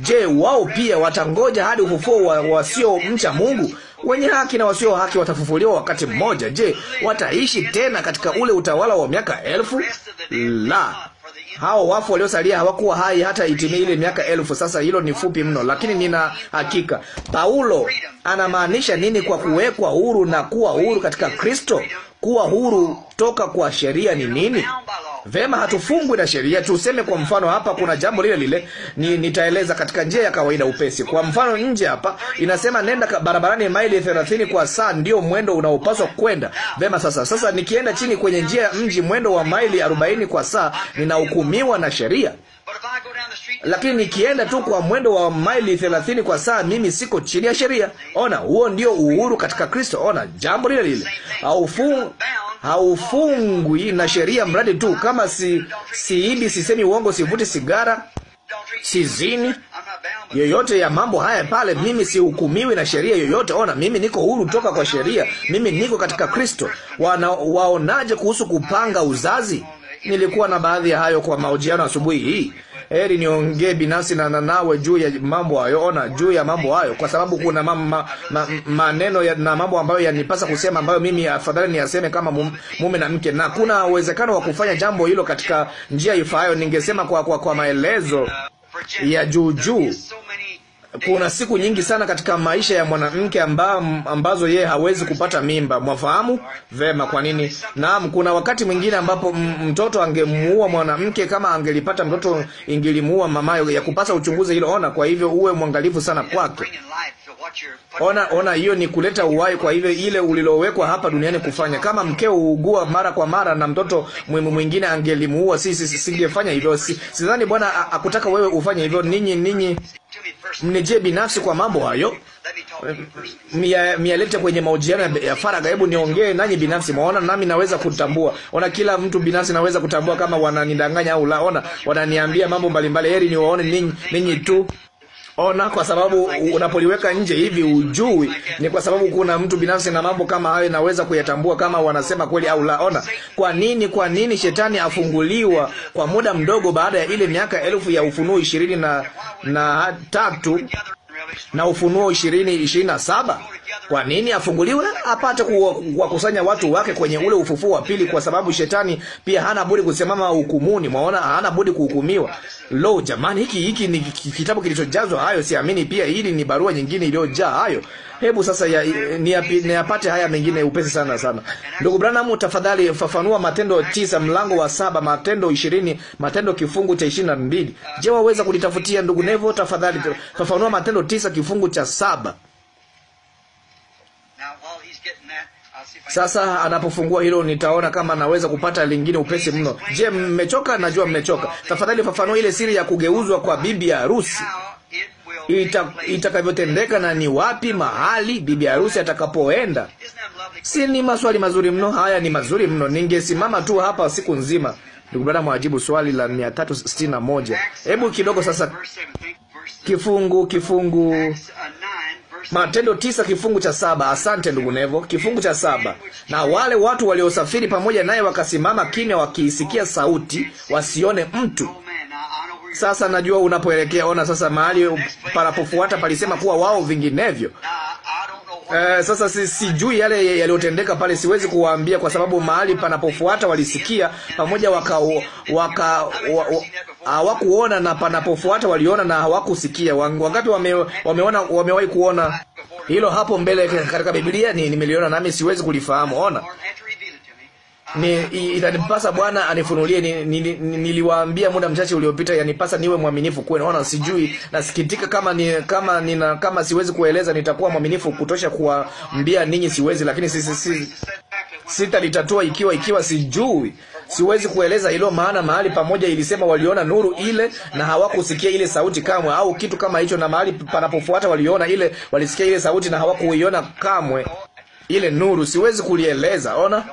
Je, wao pia watangoja hadi ufufuo wa wasiomcha Mungu? Wenye haki na wasio haki watafufuliwa wakati mmoja. Je, wataishi tena katika ule utawala wa miaka elfu? La, hao wafu waliosalia hawakuwa hai hata itimie ile miaka elfu. Sasa hilo ni fupi mno, lakini nina hakika Paulo anamaanisha nini kwa kuwekwa huru na kuwa huru katika Kristo. Kuwa huru toka kwa sheria ni nini? Vema, hatufungwi na sheria. Tuseme kwa mfano, hapa kuna jambo lile lile, ni nitaeleza katika njia ya kawaida upesi. Kwa mfano, nje hapa inasema nenda barabarani maili 30 kwa saa, ndio mwendo unaopaswa kwenda. Vema, sasa sasa nikienda chini kwenye njia ya mji mwendo wa maili 40 kwa saa, ninahukumiwa na sheria lakini nikienda tu kwa mwendo wa maili 30 kwa saa, mimi siko chini ya sheria. Ona, huo ndio uhuru katika Kristo. Ona jambo lile lile, haufungwi na sheria, mradi tu kama si siibi, sisemi uongo, sivuti sigara, sizini yoyote ya mambo haya pale. Mimi sihukumiwi na sheria yoyote. Ona, mimi niko huru toka kwa sheria, mimi niko katika Kristo. Wana, waonaje kuhusu kupanga uzazi? Nilikuwa na baadhi ya hayo kwa mahojiano asubuhi hii heri niongee binafsi na nawe juu ya mambo hayo, ona juu ya mambo hayo, kwa sababu kuna ma, ma, ma, maneno ya, na mambo ambayo yanipasa kusema ambayo mimi afadhali niyaseme kama mume na mke, na kuna uwezekano wa kufanya jambo hilo katika njia ifaayo. Ningesema kwa, kwa, kwa maelezo ya juu juu kuna siku nyingi sana katika maisha ya mwanamke amba, ambazo yeye hawezi kupata mimba. Mwafahamu vema kwa nini? Naam, kuna wakati mwingine ambapo mtoto angemuua mwanamke kama angelipata mtoto ingelimuua mamayo. Ya kupasa uchunguzi hilo, ona. Kwa hivyo uwe mwangalifu sana kwake. Ona, ona, hiyo ni kuleta uhai kwa ile ile ulilowekwa hapa duniani kufanya. Kama mkeo uugua mara kwa mara na mtoto mwimu mwingine angelimuua, sisi singefanya hivyo. Sidhani Bwana akutaka wewe ufanye hivyo. Ninyi ninyi mnijie binafsi kwa mambo hayo, mialete kwenye mahojiano ya faraga. Hebu niongee nanyi binafsi, mwaona, nami naweza kutambua. Ona, kila mtu binafsi naweza kutambua kama wananidanganya au la. Ona, wananiambia mambo mbalimbali. Heri niwaone ninyi ninyi tu Ona, oh, kwa sababu unapoliweka nje hivi ujui, ni kwa sababu kuna mtu binafsi na mambo kama hayo inaweza kuyatambua kama wanasema kweli au la. Ona, kwa nini, kwa nini shetani afunguliwa kwa muda mdogo baada ya ile miaka elfu ya Ufunuo ishirini na, na tatu na Ufunuo saba Kwa nini afunguliwe? Apate kuwakusanya watu wake kwenye ule ufufuo wa pili, kwa sababu shetani pia hana budi kusimama hukumuni. Mwaona, hana budi kuhukumiwa. Lo, jamani, hiki hiki ni kitabu kilichojazwa hayo. Siamini pia hili ni barua nyingine iliyojaa hayo. Hebu sasa ya, niyapate haya mengine upesi sana sana. Ndugu Branham, tafadhali fafanua Matendo tisa mlango wa saba Matendo ishirini Matendo kifungu cha ishirini na mbili Je, waweza kulitafutia ndugu Nevo? Tafadhali fafanua Matendo tisa kifungu cha saba. Sasa anapofungua hilo, nitaona kama naweza kupata lingine upesi mno. Je, mmechoka? Najua mmechoka. Tafadhali fafanua ile siri ya kugeuzwa kwa bibi ya harusi ita, itakavyotendeka na ni wapi mahali bibi harusi atakapoenda. Si ni maswali mazuri mno haya? Ni mazuri mno. Ningesimama tu hapa siku nzima. Ndugu Branham ajibu swali la 361. Hebu kidogo sasa, kifungu kifungu Matendo tisa kifungu cha saba. Asante ndugu Nevo, kifungu cha saba. Na wale watu waliosafiri pamoja naye wakasimama kimya, wakiisikia sauti, wasione mtu. Sasa najua unapoelekea. Ona sasa, mahali panapofuata palisema kuwa wao vinginevyo. Uh, eh, sasa si, sijui yale yaliyotendeka pale, siwezi kuwaambia kwa sababu mahali panapofuata walisikia pamoja, waka waka hawakuona na panapofuata waliona na hawakusikia. Wangapi wame, wameona wamewahi kuona hilo hapo mbele katika Biblia? Ni nimeliona nami siwezi kulifahamu. Ona itanipasa Bwana anifunulie. Niliwaambia ni, ni, ni muda mchache uliopita, yanipasa niwe mwaminifu kwenu. Ona, sijui, nasikitika kama ni, kama nina kama siwezi kueleza. Nitakuwa mwaminifu kutosha kuwaambia ninyi siwezi, lakini si, si, si, sitalitatua ikiwa ikiwa sijui siwezi kueleza hilo, maana mahali pamoja ilisema waliona nuru ile na hawakusikia ile sauti kamwe, au kitu kama hicho, na mahali panapofuata waliona ile, walisikia ile sauti na hawakuiona kamwe ile nuru. Siwezi kulieleza, ona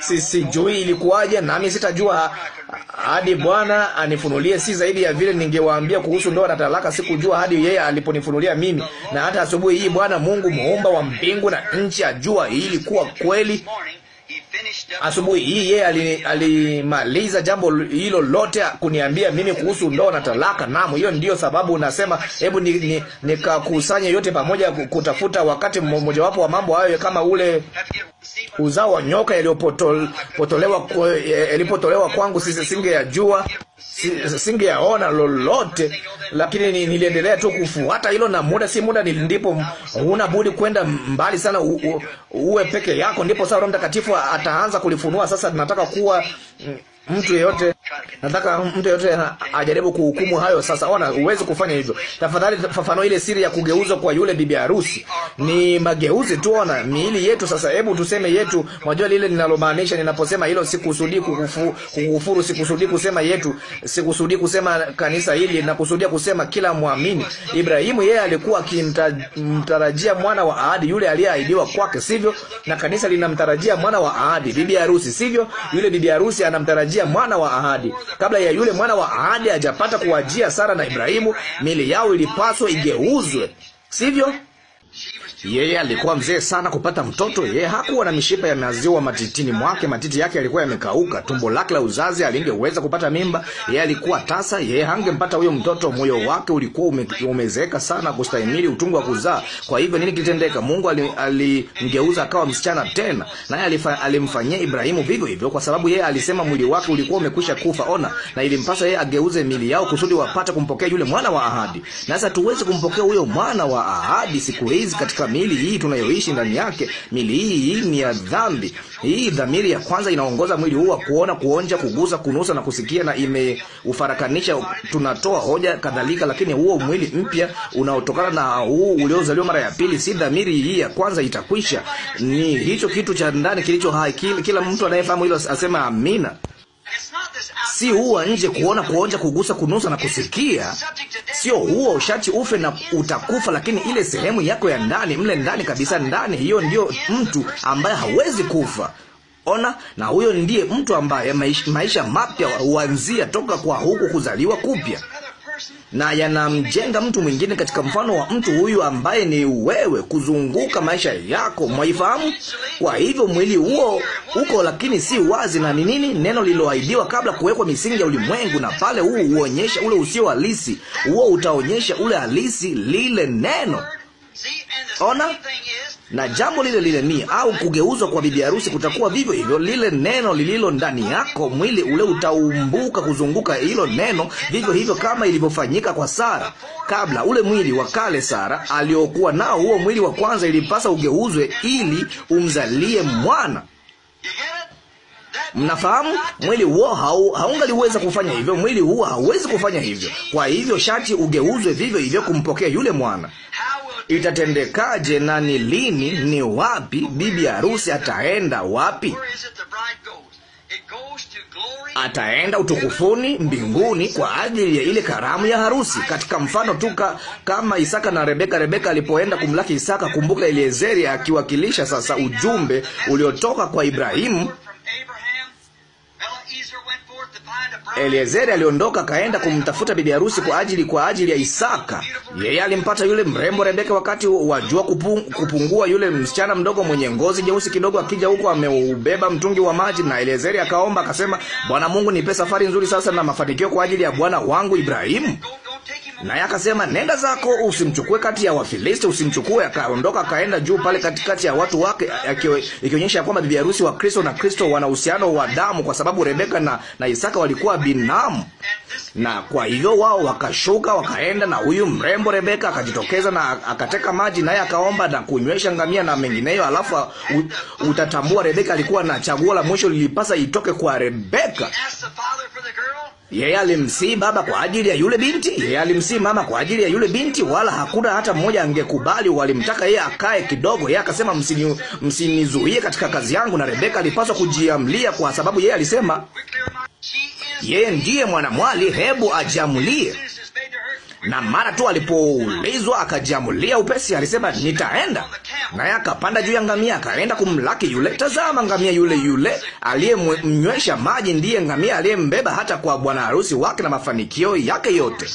sijui ilikuwaje, nami sitajua hadi Bwana anifunulie. Si zaidi ya vile ningewaambia kuhusu ndoa na talaka, sikujua hadi yeye aliponifunulia mimi. Na hata asubuhi hii Bwana Mungu muumba wa mbingu na nchi ajua ilikuwa kweli Asubuhi hii yeye alimaliza ali jambo hilo lote kuniambia mimi kuhusu ndoa na talaka. Naam, hiyo ndiyo sababu unasema hebu nikakusanye ni, ni yote pamoja kutafuta wakati mmojawapo wa mambo hayo, kama ule uzao wa nyoka yaliyopotolewa eh, yalipotolewa kwangu, sisi singe ya jua singeaona lolote, lakini niliendelea tu kufuata hilo, na muda si muda ndipo huna budi kwenda mbali sana, u, u, uwe peke yako. Ndipo sasa Roho Mtakatifu ataanza kulifunua. Sasa nataka kuwa mm, mtu yeyote, nataka mtu yeyote ajaribu kuhukumu hayo. Sasa ona, uwezi kufanya hivyo. Tafadhali fafanua ile siri ya kugeuzwa kwa yule bibi harusi. Ni mageuzi tu, ona miili yetu. Sasa hebu tuseme yetu, mwajua lile ninalomaanisha ninaposema hilo. sikusudi kukufuru, sikusudi kusema yetu, sikusudi kusema kanisa hili, na kusudia kusema kila mwamini. Ibrahimu yeye alikuwa akimtarajia mwana wa ahadi, yule aliyeahidiwa kwake, sivyo? Na kanisa linamtarajia mwana wa ahadi, bibi harusi, sivyo? Yule bibi harusi anamtarajia kumwajia mwana wa ahadi. Kabla ya yule mwana wa ahadi hajapata kuwajia Sara na Ibrahimu, mili yao ilipaswa igeuzwe, sivyo? Yeye alikuwa mzee sana kupata mtoto. Yeye hakuwa na mishipa ya maziwa matitini mwake, matiti yake yalikuwa yamekauka, tumbo lake la uzazi alingeweza kupata mimba. Yeye alikuwa tasa, yeye hangempata huyo mtoto. Moyo wake ulikuwa ume, umezeeka sana kustahimili utungu wa kuzaa. Kwa hivyo nini kitendeka? Mungu alimgeuza ali akawa msichana tena, naye alimfanyia Ibrahimu vivyo hivyo, kwa sababu yeye alisema mwili wake ulikuwa umekwisha kufa. Ona, na ilimpasa yeye ageuze mili yao kusudi wapate kumpokea yule mwana wa ahadi. Na sasa tuweze kumpokea huyo mwana wa ahadi siku hizi katika mili hii tunayoishi ndani yake. Mili hii ni ya dhambi. Hii dhamiri ya kwanza inaongoza mwili huu wa kuona, kuonja, kugusa, kunusa na kusikia, na imeufarakanisha. Tunatoa hoja kadhalika, lakini huo mwili mpya unaotokana na huu uliozaliwa mara ya pili, si dhamiri hii ya kwanza itakwisha. Ni hicho kitu cha ndani kilicho hai. Kila mtu anayefahamu hilo asema amina si huwa nje, kuona, kuonja, kugusa, kunusa na kusikia. Sio huo ushati ufe na utakufa, lakini ile sehemu yako ya ndani, mle ndani kabisa ndani, hiyo ndiyo mtu ambaye hawezi kufa. Ona, na huyo ndiye mtu ambaye maisha mapya huanzia toka kwa huku kuzaliwa kupya na yanamjenga mtu mwingine katika mfano wa mtu huyu ambaye ni wewe, kuzunguka maisha yako. Mwaifahamu? Kwa hivyo mwili huo uko, lakini si wazi. Na ni nini neno lililoahidiwa kabla kuwekwa misingi ya ulimwengu? Na pale huu huonyesha ule usio halisi, huo utaonyesha ule halisi, lile neno. Ona, na jambo lile lile ni au kugeuzwa kwa bibi harusi kutakuwa vivyo hivyo. Lile neno lililo ndani yako, mwili ule utaumbuka kuzunguka hilo neno, vivyo hivyo kama ilivyofanyika kwa Sara. Kabla ule mwili wa kale Sara aliokuwa nao, huo mwili wa kwanza ilipasa ugeuzwe ili umzalie mwana. Mnafahamu, mwili huo hau, haungaliweza kufanya hivyo. Mwili huo hauwezi kufanya hivyo, kwa hivyo sharti ugeuzwe vivyo hivyo kumpokea yule mwana itatendekaje na ni lini, ni wapi, bibi harusi ataenda wapi? Ataenda utukufuni, mbinguni, kwa ajili ya ile karamu ya harusi. Katika mfano tu kama Isaka na Rebeka, Rebeka alipoenda kumlaki Isaka, kumbuka Eliezeri akiwakilisha sasa ujumbe uliotoka kwa Ibrahimu Eliezeri aliondoka akaenda kumtafuta bibi harusi kwa ajili kwa ajili ya Isaka. Yeye alimpata yule mrembo Rebeka wakati wajua kupungua, yule msichana mdogo mwenye ngozi nyeusi kidogo, akija huko ameubeba mtungi wa maji, na Eliezeri akaomba akasema, Bwana Mungu, nipe safari nzuri sasa na mafanikio kwa ajili ya bwana wangu Ibrahimu. Naye akasema nenda zako, usimchukue kati ya Wafilisti, usimchukue. Akaondoka akaenda juu pale katikati ya watu wake, ikionyesha kwamba bibi harusi wa Kristo na Kristo wana uhusiano wa damu, kwa sababu Rebeka na, na Isaka walikuwa binamu, na kwa hivyo wao wakashuka wakaenda, na huyu mrembo Rebeka akajitokeza na akateka maji, naye akaomba na kunywesha ngamia na mengineyo. Alafu utatambua Rebeka alikuwa na chaguo la mwisho, lilipasa itoke kwa Rebeka. Yeye alimsii baba kwa ajili ya yule binti, yeye alimsii mama kwa ajili ya yule binti, wala hakuna hata mmoja angekubali. Walimtaka yeye akae kidogo, yeye akasema, msini msinizuie katika kazi yangu. Na Rebeka alipaswa kujiamlia, kwa sababu yeye alisema yeye ndiye mwanamwali, hebu ajamlie na mara tu alipoulizwa akajiamulia upesi, alisema nitaenda. Naye akapanda juu ya ngamia akaenda kumlaki yule. Tazama, ngamia yule yule aliyemnywesha maji ndiye ngamia aliyembeba hata kwa bwana harusi wake na mafanikio yake yote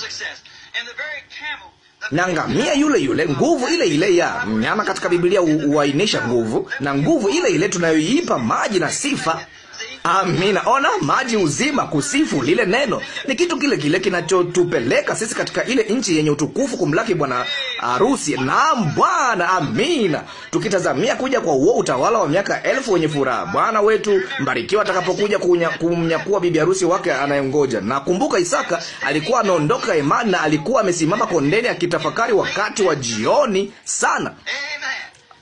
na ngamia yule yule, nguvu ile ile ya mnyama katika Biblia huainisha nguvu, na nguvu ile ile tunayoipa maji na sifa Amina. Ona maji uzima, kusifu lile neno ni kitu kile kile kinachotupeleka sisi katika ile nchi yenye utukufu, kumlaki bwana harusi. Naam Bwana, amina. Tukitazamia kuja kwa uo utawala wa miaka elfu wenye furaha, Bwana wetu mbarikiwa atakapokuja kumnyakua bibi harusi wake anayengoja. Na kumbuka, Isaka alikuwa ameondoka imani na alikuwa amesimama kondeni akitafakari wakati wa jioni sana.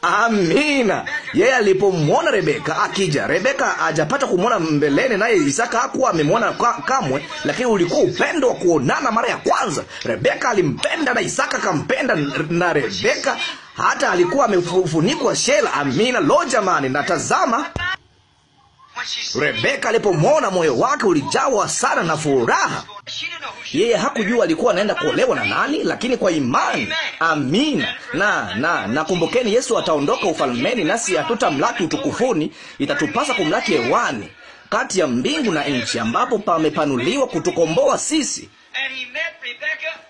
Amina. Yeye alipomwona Rebeka akija, Rebeka ajapata kumwona mbeleni, naye Isaka hakuwa amemwona kamwe, lakini ulikuwa upendo wa kuonana mara ya kwanza. Rebeka alimpenda na Isaka akampenda, na Rebeka hata alikuwa amefunikwa shela. Amina. Lo, jamani, natazama Rebeka alipomwona moyo wake ulijawa sana na furaha. Yeye hakujua alikuwa anaenda kuolewa na nani, lakini kwa imani. Amina. Na na nakumbukeni, Yesu ataondoka ufalmeni, nasi hatutamlaki utukufuni, itatupasa kumlaki hewani, kati ya mbingu na nchi, ambapo pamepanuliwa kutukomboa sisi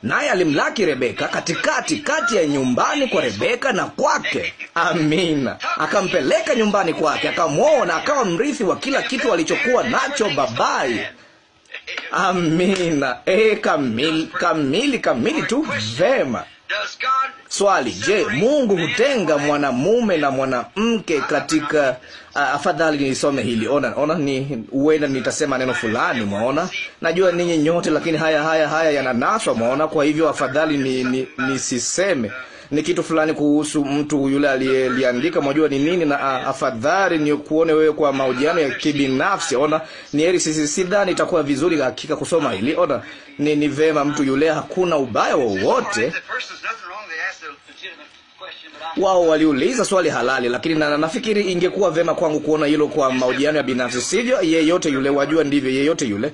naye alimlaki Rebeka katikati kati ya nyumbani kwa Rebeka na kwake. Amina, akampeleka nyumbani kwake, akamwoa na akawa mrithi wa kila kitu alichokuwa nacho babai. Amina. E, kamili kamili kamili tu, vema. Swali, je, Mungu hutenga mwanamume na mwanamke katika... Uh, afadhali nisome hili. Ona, ona ni uenda nitasema neno fulani, mwaona. Najua ninyi nyote, lakini haya haya haya yananaswa, mwaona. Kwa hivyo afadhali ni, ni, nisiseme ni kitu fulani kuhusu mtu yule aliyeliandika, mwajua ni nini, na ah, afadhali ni kuone wewe kwa mahojiano ya kibinafsi. Ona, ni heri sisi, sidhani itakuwa vizuri hakika kusoma hili. Ona, ni ni vema mtu yule, hakuna ubaya wowote wao waliuliza swali halali, lakini na nafikiri ingekuwa vema kwangu kuona hilo kwa mahojiano ya binafsi, sivyo? Yeyote yule, wajua, ndivyo yeyote yule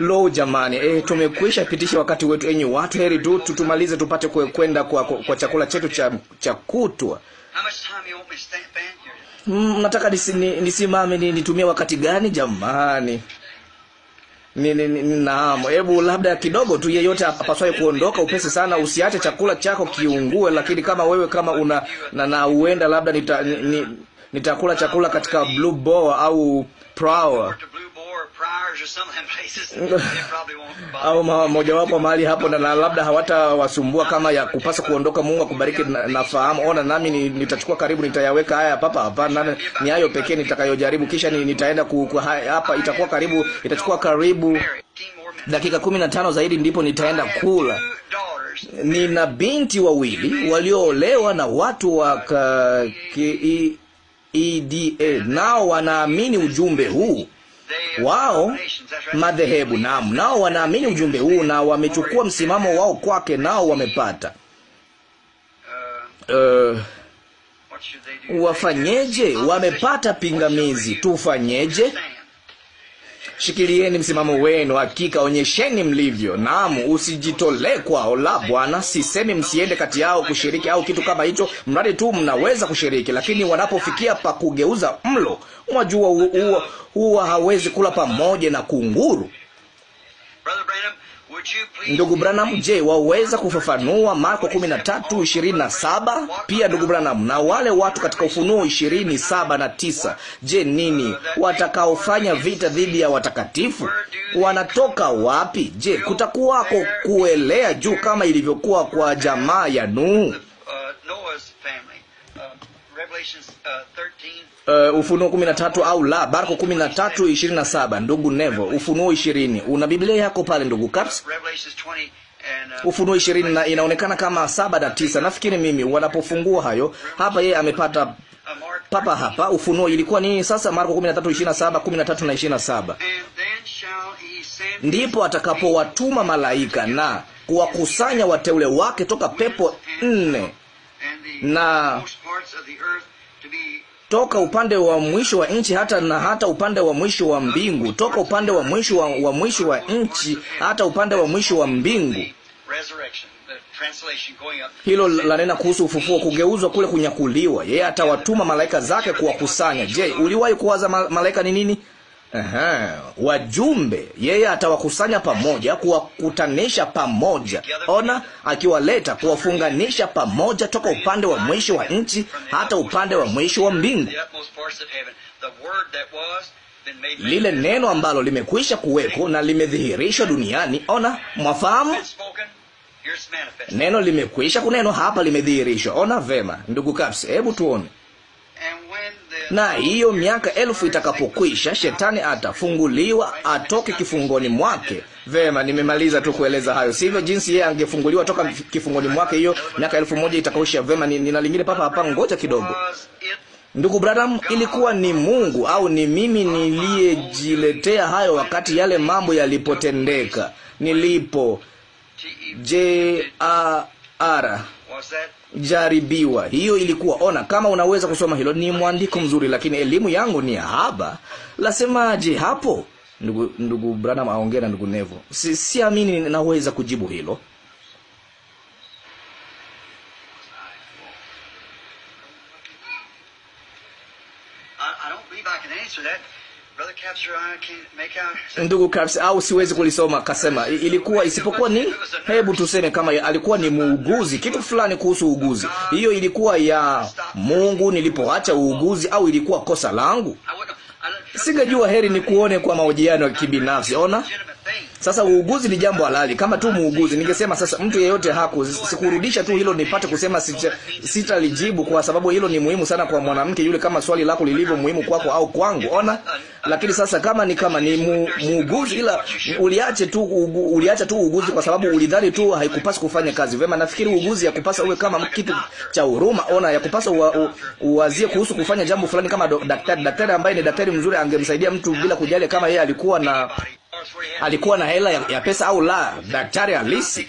Lo, jamani, e, tumekwisha pitisha wakati wetu, enyi watu. Heri tu tutumalize tupate kwenda kwa, kwa, kwa chakula chetu cha, cha kutwa. Mm, mnataka nisimame ni, ni, nitumie wakati gani jamani? Ni, ni, ni, naam, hebu labda kidogo tu. Yeyote apaswaye kuondoka upesi sana, usiache chakula chako kiungue. Lakini kama wewe kama una na, na uenda labda nita, ni, nitakula chakula katika Blue Boa au Prawa au wapo mahali hapo, na labda hawatawasumbua kama ya kupasa kuondoka. Mungu akubariki. Nafahamu, ona, nami nitachukua karibu, nitayaweka haya papa hapa, ni hayo pekee nitakayojaribu, kisha nitaenda hapa. Itakuwa karibu, itachukua karibu dakika kumi na tano zaidi, ndipo nitaenda kula. Nina binti wawili walioolewa na watu wa EDA, e nao wanaamini ujumbe huu wao madhehebu, naam, nao wanaamini ujumbe huu na wamechukua msimamo wao kwake, nao wamepata uh, uh wafanyeje? Wamepata pingamizi, tufanyeje? Shikilieni msimamo wenu, hakika onyesheni mlivyo. Naam, usijitolee kwao. La, Bwana, sisemi msiende kati yao kushiriki au kitu kama hicho, mradi tu mnaweza kushiriki. Lakini wanapofikia pa kugeuza mlo, mwajua huwa hawezi kula pamoja na kunguru. Ndugu Branham, je, waweza kufafanua Marko 13:27? Pia ndugu Branham, na wale watu katika Ufunuo 27 na tisa je, nini watakaofanya vita dhidi ya watakatifu? Wanatoka wapi? Je, kutakuwako kuelea juu kama ilivyokuwa kwa jamaa ya Nuhu? Uh, Uh, Ufunuo 13 au la, Marko 13:27. Ndugu Nevo, Ufunuo 20. Una Biblia yako pale ndugu Caps? Uh, Ufunuo 20 na inaonekana kama saba na tisa. Nafikiri mimi wanapofungua hayo hapa, yeye amepata uh, papa hapa. Ufunuo ilikuwa nini sasa? Marko 13:27, 13 na 27. Ndipo atakapowatuma malaika na kuwakusanya wateule wake toka pepo nne na toka upande wa mwisho wa nchi hata na hata upande wa mwisho wa mbingu, toka upande wa mwisho wa, wa mwisho wa nchi hata upande wa mwisho wa mbingu. Hilo lanena kuhusu ufufuo, kugeuzwa kule kunyakuliwa. Yeye atawatuma malaika zake kuwakusanya. Je, uliwahi kuwaza malaika ni nini? Aha. Wajumbe yeye atawakusanya pamoja, kuwakutanisha pamoja. Ona, akiwaleta kuwafunganisha pamoja toka upande wa mwisho wa nchi hata upande wa mwisho wa mbingu. Lile neno ambalo limekwisha kuweko na limedhihirishwa duniani. Ona, mwafahamu neno limekwisha kunenwa hapa, limedhihirishwa. Ona vema, ndugu Kapsi, hebu tuone na hiyo miaka elfu itakapokwisha, shetani atafunguliwa atoke kifungoni mwake. Vema, nimemaliza tu kueleza hayo, sivyo? Jinsi yeye angefunguliwa toka kifungoni mwake, hiyo miaka elfu moja itakaoisha. Vema, nina lingine papa hapa, ngoja kidogo. Ndugu Branham, ilikuwa ni Mungu au ni mimi niliyejiletea hayo wakati yale mambo yalipotendeka? Nilipo J A R jaribiwa. Hiyo ilikuwa ona, kama unaweza kusoma hilo, ni mwandiko mzuri, lakini elimu yangu ni haba. Lasemaje hapo? Ndugu, ndugu Branham aongea na ndugu Nevo. Si, siamini naweza kujibu hilo. I, I ndugu Caps, au siwezi kulisoma. kasema ilikuwa isipokuwa ni hebu tuseme kama alikuwa ni muuguzi, kitu fulani kuhusu uuguzi. Hiyo ilikuwa ya Mungu nilipoacha uuguzi, au ilikuwa kosa langu? Singejua. Heri ni kuone kwa mahojiano ya kibinafsi. Ona sasa uuguzi ni jambo halali, kama tu muuguzi. Ningesema sasa mtu yeyote haku, sikurudisha tu hilo nipate kusema sita, sitalijibu kwa sababu hilo ni muhimu sana kwa mwanamke yule, kama swali lako lilivyo muhimu kwako au kwangu, ona. Lakini sasa kama ni kama ni mu, muuguzi, ila uliache tu ugu, uliacha tu uuguzi kwa sababu ulidhani tu haikupasi kufanya kazi vema. Nafikiri uuguzi yakupasa uwe kama kitu cha huruma, ona, yakupasa uwazie kuhusu kufanya jambo fulani kama daktari. Daktari ambaye ni daktari mzuri angemsaidia mtu bila kujali kama yeye alikuwa na alikuwa na hela ya, pesa au la. Daktari halisi.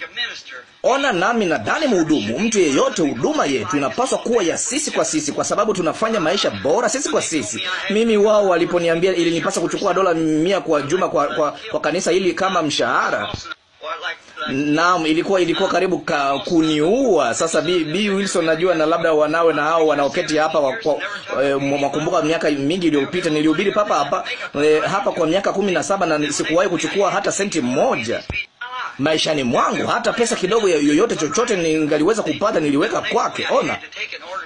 Ona, nami nadhani mhudumu, mtu yeyote, huduma yetu inapaswa kuwa ya sisi kwa sisi, kwa sababu tunafanya maisha bora sisi kwa sisi. Mimi wao waliponiambia ilinipasa kuchukua dola mia kwa juma kwa, kwa, kwa kanisa hili kama mshahara Naam, ilikuwa ilikuwa karibu ka, kuniua. Sasa B, B Wilson najua, na labda wanawe na hao wanaoketi hapa eh, wakumbuka e, miaka mingi iliyopita nilihubiri papa hapa e, hapa kwa miaka kumi na saba na sikuwahi kuchukua hata senti moja maishani mwangu, hata pesa kidogo yoyote chochote ningaliweza kupata niliweka kwake. Ona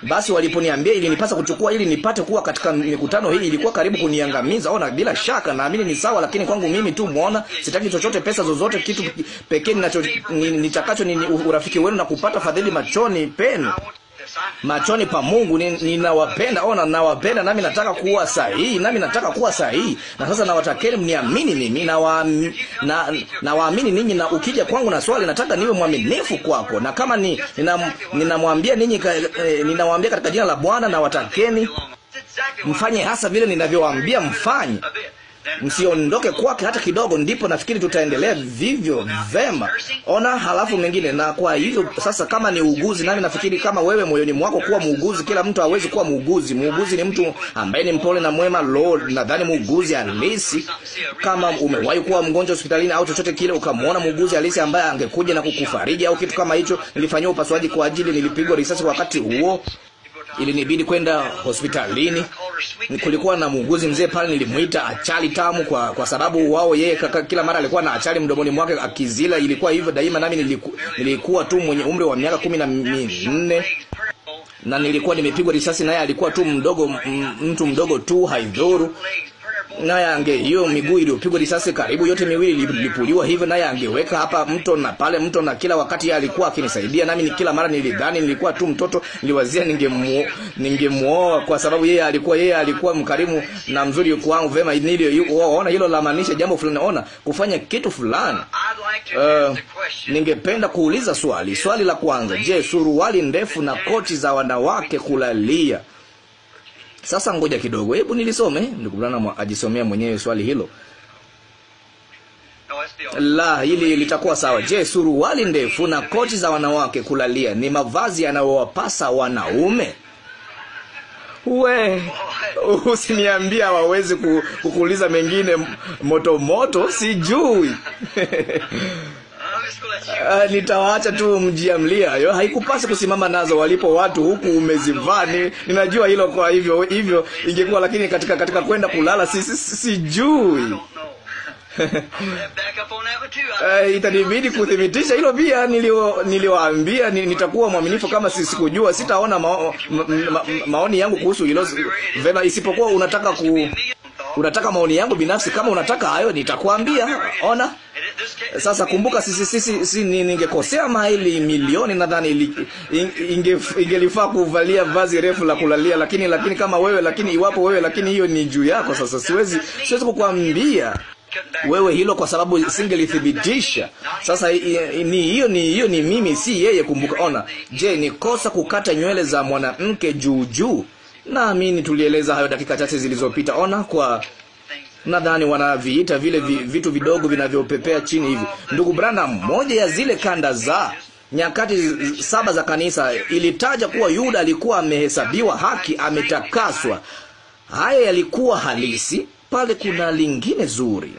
basi, waliponiambia ilinipasa kuchukua ili nipate kuwa katika mikutano hii, ilikuwa karibu kuniangamiza. Ona, bila shaka naamini ni sawa, lakini kwangu mimi tu mwona, sitaki chochote, pesa zozote. Kitu pekee nitakacho ni, ni urafiki wenu na kupata fadhili machoni penu machoni pa Mungu. Ninawapenda ni ona, nawapenda nami nataka kuwa sahihi, nami nataka kuwa sahihi. Na sasa nawatakeni mniamini mimi na nawaamini ninyi, na ukija kwangu na swali, nataka niwe mwaminifu kwako, na kama ni ninamwambia nina ninyi eh, ninawaambia katika jina la Bwana, nawatakeni mfanye hasa vile ninavyowaambia mfanye msiondoke kwake hata kidogo. Ndipo nafikiri tutaendelea vivyo vema, ona halafu mengine. Na kwa hivyo sasa, kama ni uuguzi, nami nafikiri kama wewe moyoni mwako kuwa muuguzi, kila mtu hawezi kuwa muuguzi. Muuguzi ni mtu ambaye ni mpole na mwema. Lord, nadhani muuguzi halisi, kama umewahi kuwa mgonjwa hospitalini au chochote kile, ukamwona muuguzi halisi ambaye angekuja na kukufariji au kitu kama hicho. Nilifanyiwa upasuaji kwa ajili, nilipigwa risasi wakati huo ilinibidi kwenda hospitalini. Kulikuwa na muuguzi mzee pale, nilimwita achali tamu, kwa, kwa sababu wao yeye kila mara alikuwa na achali mdomoni mwake akizila. Ilikuwa hivyo daima, nami niliku, nilikuwa tu mwenye umri wa miaka kumi na minne na nilikuwa nimepigwa risasi, naye alikuwa tu mdogo, mtu mdogo tu, haidhuru naye ange hiyo miguu iliyopigwa risasi karibu yote miwili ilipuliwa hivyo, naye angeweka hapa mto na pale mto, na kila wakati alikuwa akinisaidia, nami Ni kila mara nilidhani nilikuwa tu mtoto, niliwazia ningemuoa, ningemuoa kwa sababu yeye alikuwa yeye alikuwa mkarimu na mzuri kwangu. Vema, niliona hilo la maanisha jambo fulani, ona kufanya kitu fulani. Uh, ningependa kuuliza swali, swali la kwanza, je, suruali ndefu na koti za wanawake kulalia sasa ngoja kidogo, hebu nilisome. Ndugu Branham ajisomea mwenyewe swali hilo. La, hili litakuwa sawa. Je, suruali ndefu na koti za wanawake kulalia ni mavazi yanayowapasa wanaume? We, usiniambia wawezi kukuuliza mengine moto moto, sijui uh, nitawaacha tu mjiamlia hayo. Haikupasa kusimama nazo walipo watu, huku umezivaa. Ninajua hilo, kwa hivyo hivyo ingekuwa, lakini katika katika kwenda kulala si, si, si, Uh, itanibidi kuthibitisha hilo pia. Niliwaambia nitakuwa mwaminifu kama sikujua, sitaona mao, ma, ma, maoni yangu kuhusu hilo vema, isipokuwa unataka ku, unataka maoni yangu binafsi. Kama unataka hayo nitakwambia. Ona sasa kumbuka, sisi sisi si ningekosea maili milioni, nadhani ingelifaa kuvalia vazi refu la kulalia, lakini lakini kama wewe, lakini iwapo wewe, lakini hiyo ni juu yako. Sasa siwezi siwezi kukwambia wewe hilo kwa sababu singelithibitisha. Sasa ni hiyo ni hiyo ni mimi, si yeye. Kumbuka, ona. Je, ni kosa kukata nywele za mwanamke juu juu? Naamini tulieleza hayo dakika chache zilizopita. Ona kwa nadhani wanaviita vile vi, vitu vidogo vinavyopepea chini hivi. Ndugu Branham, moja ya zile kanda za nyakati saba za kanisa ilitaja kuwa Yuda alikuwa amehesabiwa haki, ametakaswa. Haya yalikuwa halisi. Pale kuna lingine zuri.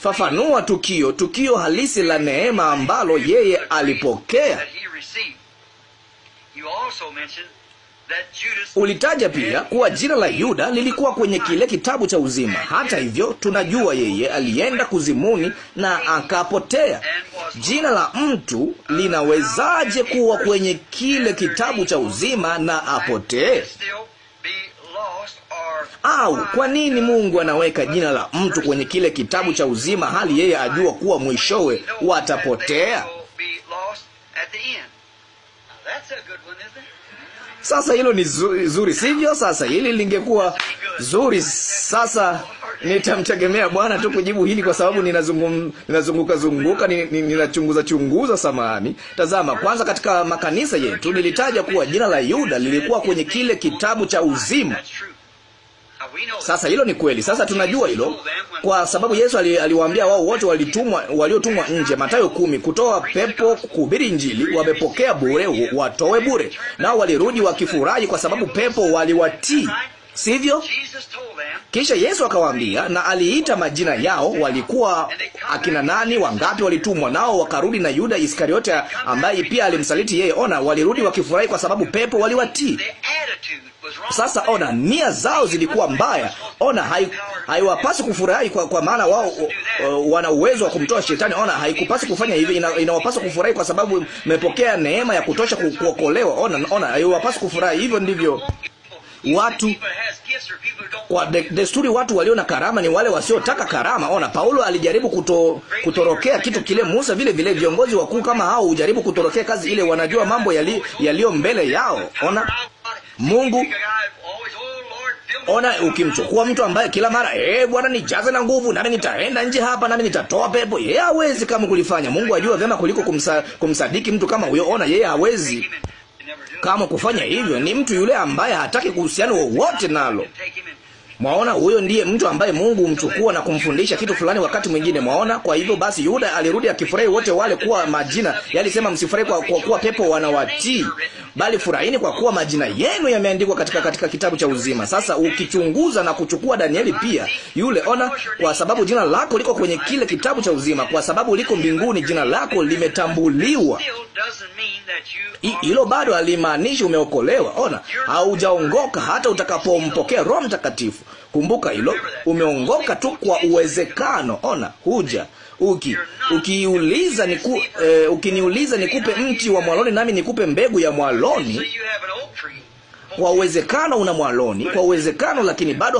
Fafanua tukio, tukio halisi la neema ambalo yeye alipokea. Ulitaja pia kuwa jina la Yuda lilikuwa kwenye kile kitabu cha uzima. Hata hivyo, tunajua yeye alienda kuzimuni na akapotea. Jina la mtu linawezaje kuwa kwenye kile kitabu cha uzima na apotee? Au kwa nini Mungu anaweka jina la mtu kwenye kile kitabu cha uzima hali yeye ajua kuwa mwishowe watapotea? Sasa hilo ni zuri, sivyo? Sasa hili lingekuwa zuri. Sasa nitamtegemea Bwana tu kujibu hili, kwa sababu ninazungum, ninazunguka zunguka, ninachunguza chunguza. Samahani. Tazama kwanza, katika makanisa yetu nilitaja kuwa jina la Yuda lilikuwa kwenye kile kitabu cha uzima. Sasa hilo ni kweli. Sasa tunajua hilo kwa sababu Yesu aliwaambia wao wote walitumwa, waliotumwa nje, Mathayo kumi, kutoa pepo, kuhubiri Injili, wamepokea bure, watoe bure. Nao walirudi wakifurahi kwa sababu pepo waliwatii, sivyo? Kisha Yesu akawaambia, na aliita majina yao, walikuwa akina nani, wangapi walitumwa? Nao wakarudi na Yuda Iskariote ambaye pia alimsaliti yeye. Ona, walirudi wakifurahi kwa sababu pepo waliwatii. Sasa ona, nia zao zilikuwa mbaya. Ona, haiwapasi hai kufurahi kwa, kwa maana wao wana uwezo wa kumtoa Shetani. Ona, haikupasi kufanya hivi, inawapasa ina kufurahi kwa sababu mmepokea neema ya kutosha kuokolewa. Ona, ona, haiwapasi kufurahi. Hivyo ndivyo watu kwa de, desturi watu walio na karama ni wale wasiotaka karama. Ona, Paulo alijaribu kuto, kutorokea kitu kile Musa. Vile vile viongozi wakuu kama hao hujaribu kutorokea kazi ile, wanajua mambo yaliyo yali mbele yao. Ona Mungu, oh, ona, ukimchukua mtu ambaye kila mara eh, Bwana nijaze na nguvu, nami nitaenda nje hapa, nami nitatoa pepo, yeye hawezi kama kulifanya. Mungu ajua vyema kuliko kumsa, kumsadiki mtu kama huyo. Ona, yeye hawezi kama kufanya hivyo. Ni mtu yule ambaye hataki kuhusiana wowote nalo. Mwaona, huyo ndiye mtu ambaye Mungu humchukua na kumfundisha kitu fulani wakati mwingine. Mwaona, kwa hivyo basi Yuda alirudi akifurahi wote wale kuwa majina yalisema, msifurahi kwa kuwa pepo wanawatii bali furahini kwa kuwa majina yenu yameandikwa katika katika kitabu cha uzima. Sasa ukichunguza na kuchukua Danieli pia yule, ona, kwa sababu jina lako liko kwenye kile kitabu cha uzima, kwa sababu liko mbinguni, jina lako limetambuliwa. Hilo bado halimaanishi umeokolewa. Ona, haujaongoka hata utakapompokea Roho Mtakatifu. Kumbuka hilo, umeongoka tu kwa uwezekano. Ona, huja uki ukiuliza niku, eh, ukiniuliza nikupe mti wa mwaloni nami nikupe mbegu ya mwaloni kwa uwezekano una mwaloni kwa uwezekano, lakini bado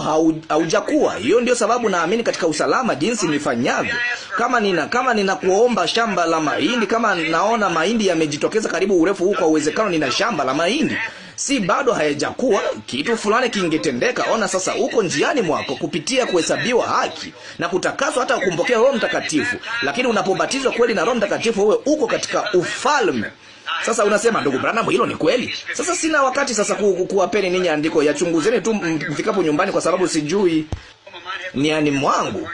haujakuwa. Hiyo ndio sababu naamini katika usalama, jinsi nifanyavyo. Kama nina kama ninakuomba shamba la mahindi, kama naona mahindi yamejitokeza karibu urefu huu, kwa uwezekano nina shamba la mahindi si bado hayajakuwa kitu fulani kingetendeka. Ona sasa, uko njiani mwako kupitia kuhesabiwa haki na kutakaswa, hata kumpokea Roho Mtakatifu. Lakini unapobatizwa kweli na Roho Mtakatifu, wewe uko katika ufalme sasa unasema ndugu Branham, hilo ni kweli. Sasa sina wakati sasa ku, ku, kuwapeni ninyi andiko, yachunguzeni tu mfikapo nyumbani, kwa sababu sijui niani mwangu.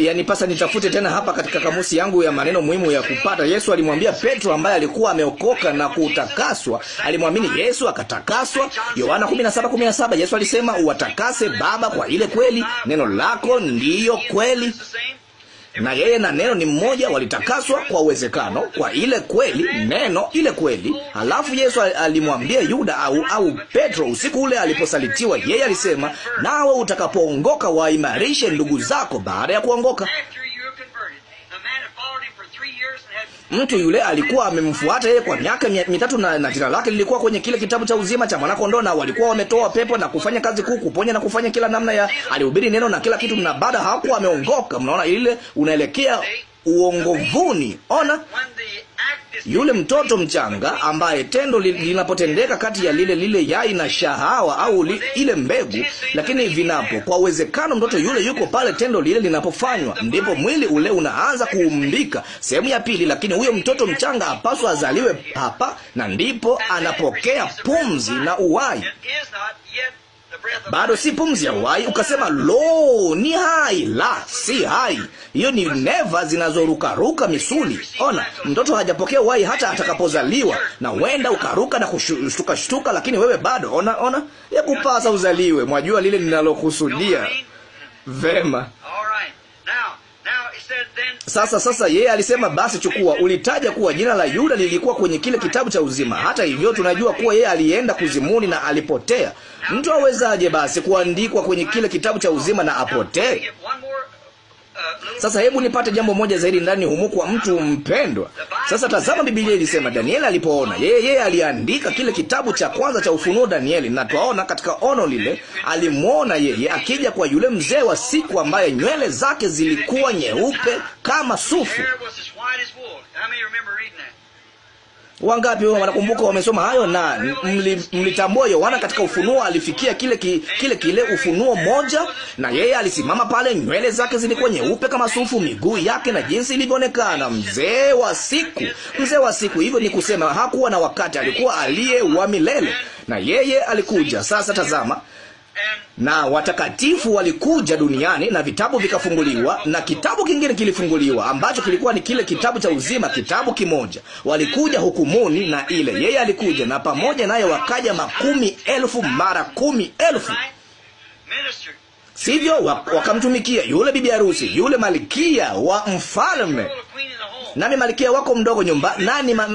Yani pasa nitafute tena hapa katika kamusi yangu ya maneno muhimu ya kupata. Yesu alimwambia Petro ambaye alikuwa ameokoka na kutakaswa, alimwamini Yesu akatakaswa. Yohana 17:17 Yesu alisema, uwatakase Baba kwa ile kweli, neno lako ndiyo kweli na yeye na neno ni mmoja, walitakaswa kwa uwezekano, kwa ile kweli, neno ile kweli. Halafu Yesu alimwambia Yuda au, au Petro usiku ule aliposalitiwa, yeye alisema, nawe utakapoongoka waimarishe ndugu zako. Baada ya kuongoka Mtu yule alikuwa amemfuata yeye kwa miaka mitatu na, na jina lake lilikuwa kwenye kile kitabu cha uzima cha mwanakondoo, na walikuwa wametoa pepo na kufanya kazi kuu, kuponya na kufanya kila namna ya, alihubiri neno na kila kitu, na baada hapo ameongoka. Mnaona ile unaelekea uongovuni. Ona yule mtoto mchanga ambaye tendo linapotendeka kati ya lile lile yai na shahawa au li, ile mbegu, lakini vinapo kwa uwezekano mtoto yule yuko pale tendo lile linapofanywa, ndipo mwili ule unaanza kuumbika. Sehemu ya pili, lakini huyo mtoto mchanga apaswa azaliwe hapa, na ndipo anapokea pumzi na uwai bado si pumzi ya uhai, ukasema lo, ni hai. La, si hai. Hiyo ni neva zinazorukaruka misuli. Ona, mtoto hajapokea uhai hata atakapozaliwa, na huenda ukaruka na kushtuka-shtuka, lakini wewe bado. Ona, ona, ya kupasa uzaliwe. Mwajua lile ninalokusudia? Vema. Sasa sasa, yeye alisema basi, chukua. Ulitaja kuwa jina la Yuda lilikuwa kwenye kile kitabu cha uzima. Hata hivyo, tunajua kuwa yeye alienda kuzimuni na alipotea. Mtu awezaje basi kuandikwa kwenye kile kitabu cha uzima na apotee? Sasa hebu nipate jambo moja zaidi ndani humu kwa mtu mpendwa. Sasa tazama, Biblia ilisema Danieli alipoona yeye, yeye aliandika kile kitabu cha kwanza cha ufunuo Danieli, na twaona katika ono lile alimwona yeye akija kwa yule mzee wa siku ambaye nywele zake zilikuwa nyeupe kama sufu. Wangapi wanakumbuka wamesoma hayo? Na mlitambua Yohana katika Ufunuo alifikia kile ki, kile kile Ufunuo moja, na yeye alisimama pale, nywele zake zilikuwa nyeupe kama sufu, miguu yake na jinsi ilivyoonekana, mzee wa siku, mzee wa siku. Hivyo ni kusema hakuwa na wakati, alikuwa aliye wa milele, na yeye alikuja. Sasa tazama na watakatifu walikuja duniani na vitabu vikafunguliwa, na kitabu kingine kilifunguliwa ambacho kilikuwa ni kile kitabu cha uzima, kitabu kimoja. Walikuja hukumuni na ile, yeye alikuja na pamoja naye wakaja makumi elfu mara kumi elfu, sivyo? Wakamtumikia yule bibi harusi, yule malkia wa mfalme nani malikia wako mdogo nyumba? Nani ma,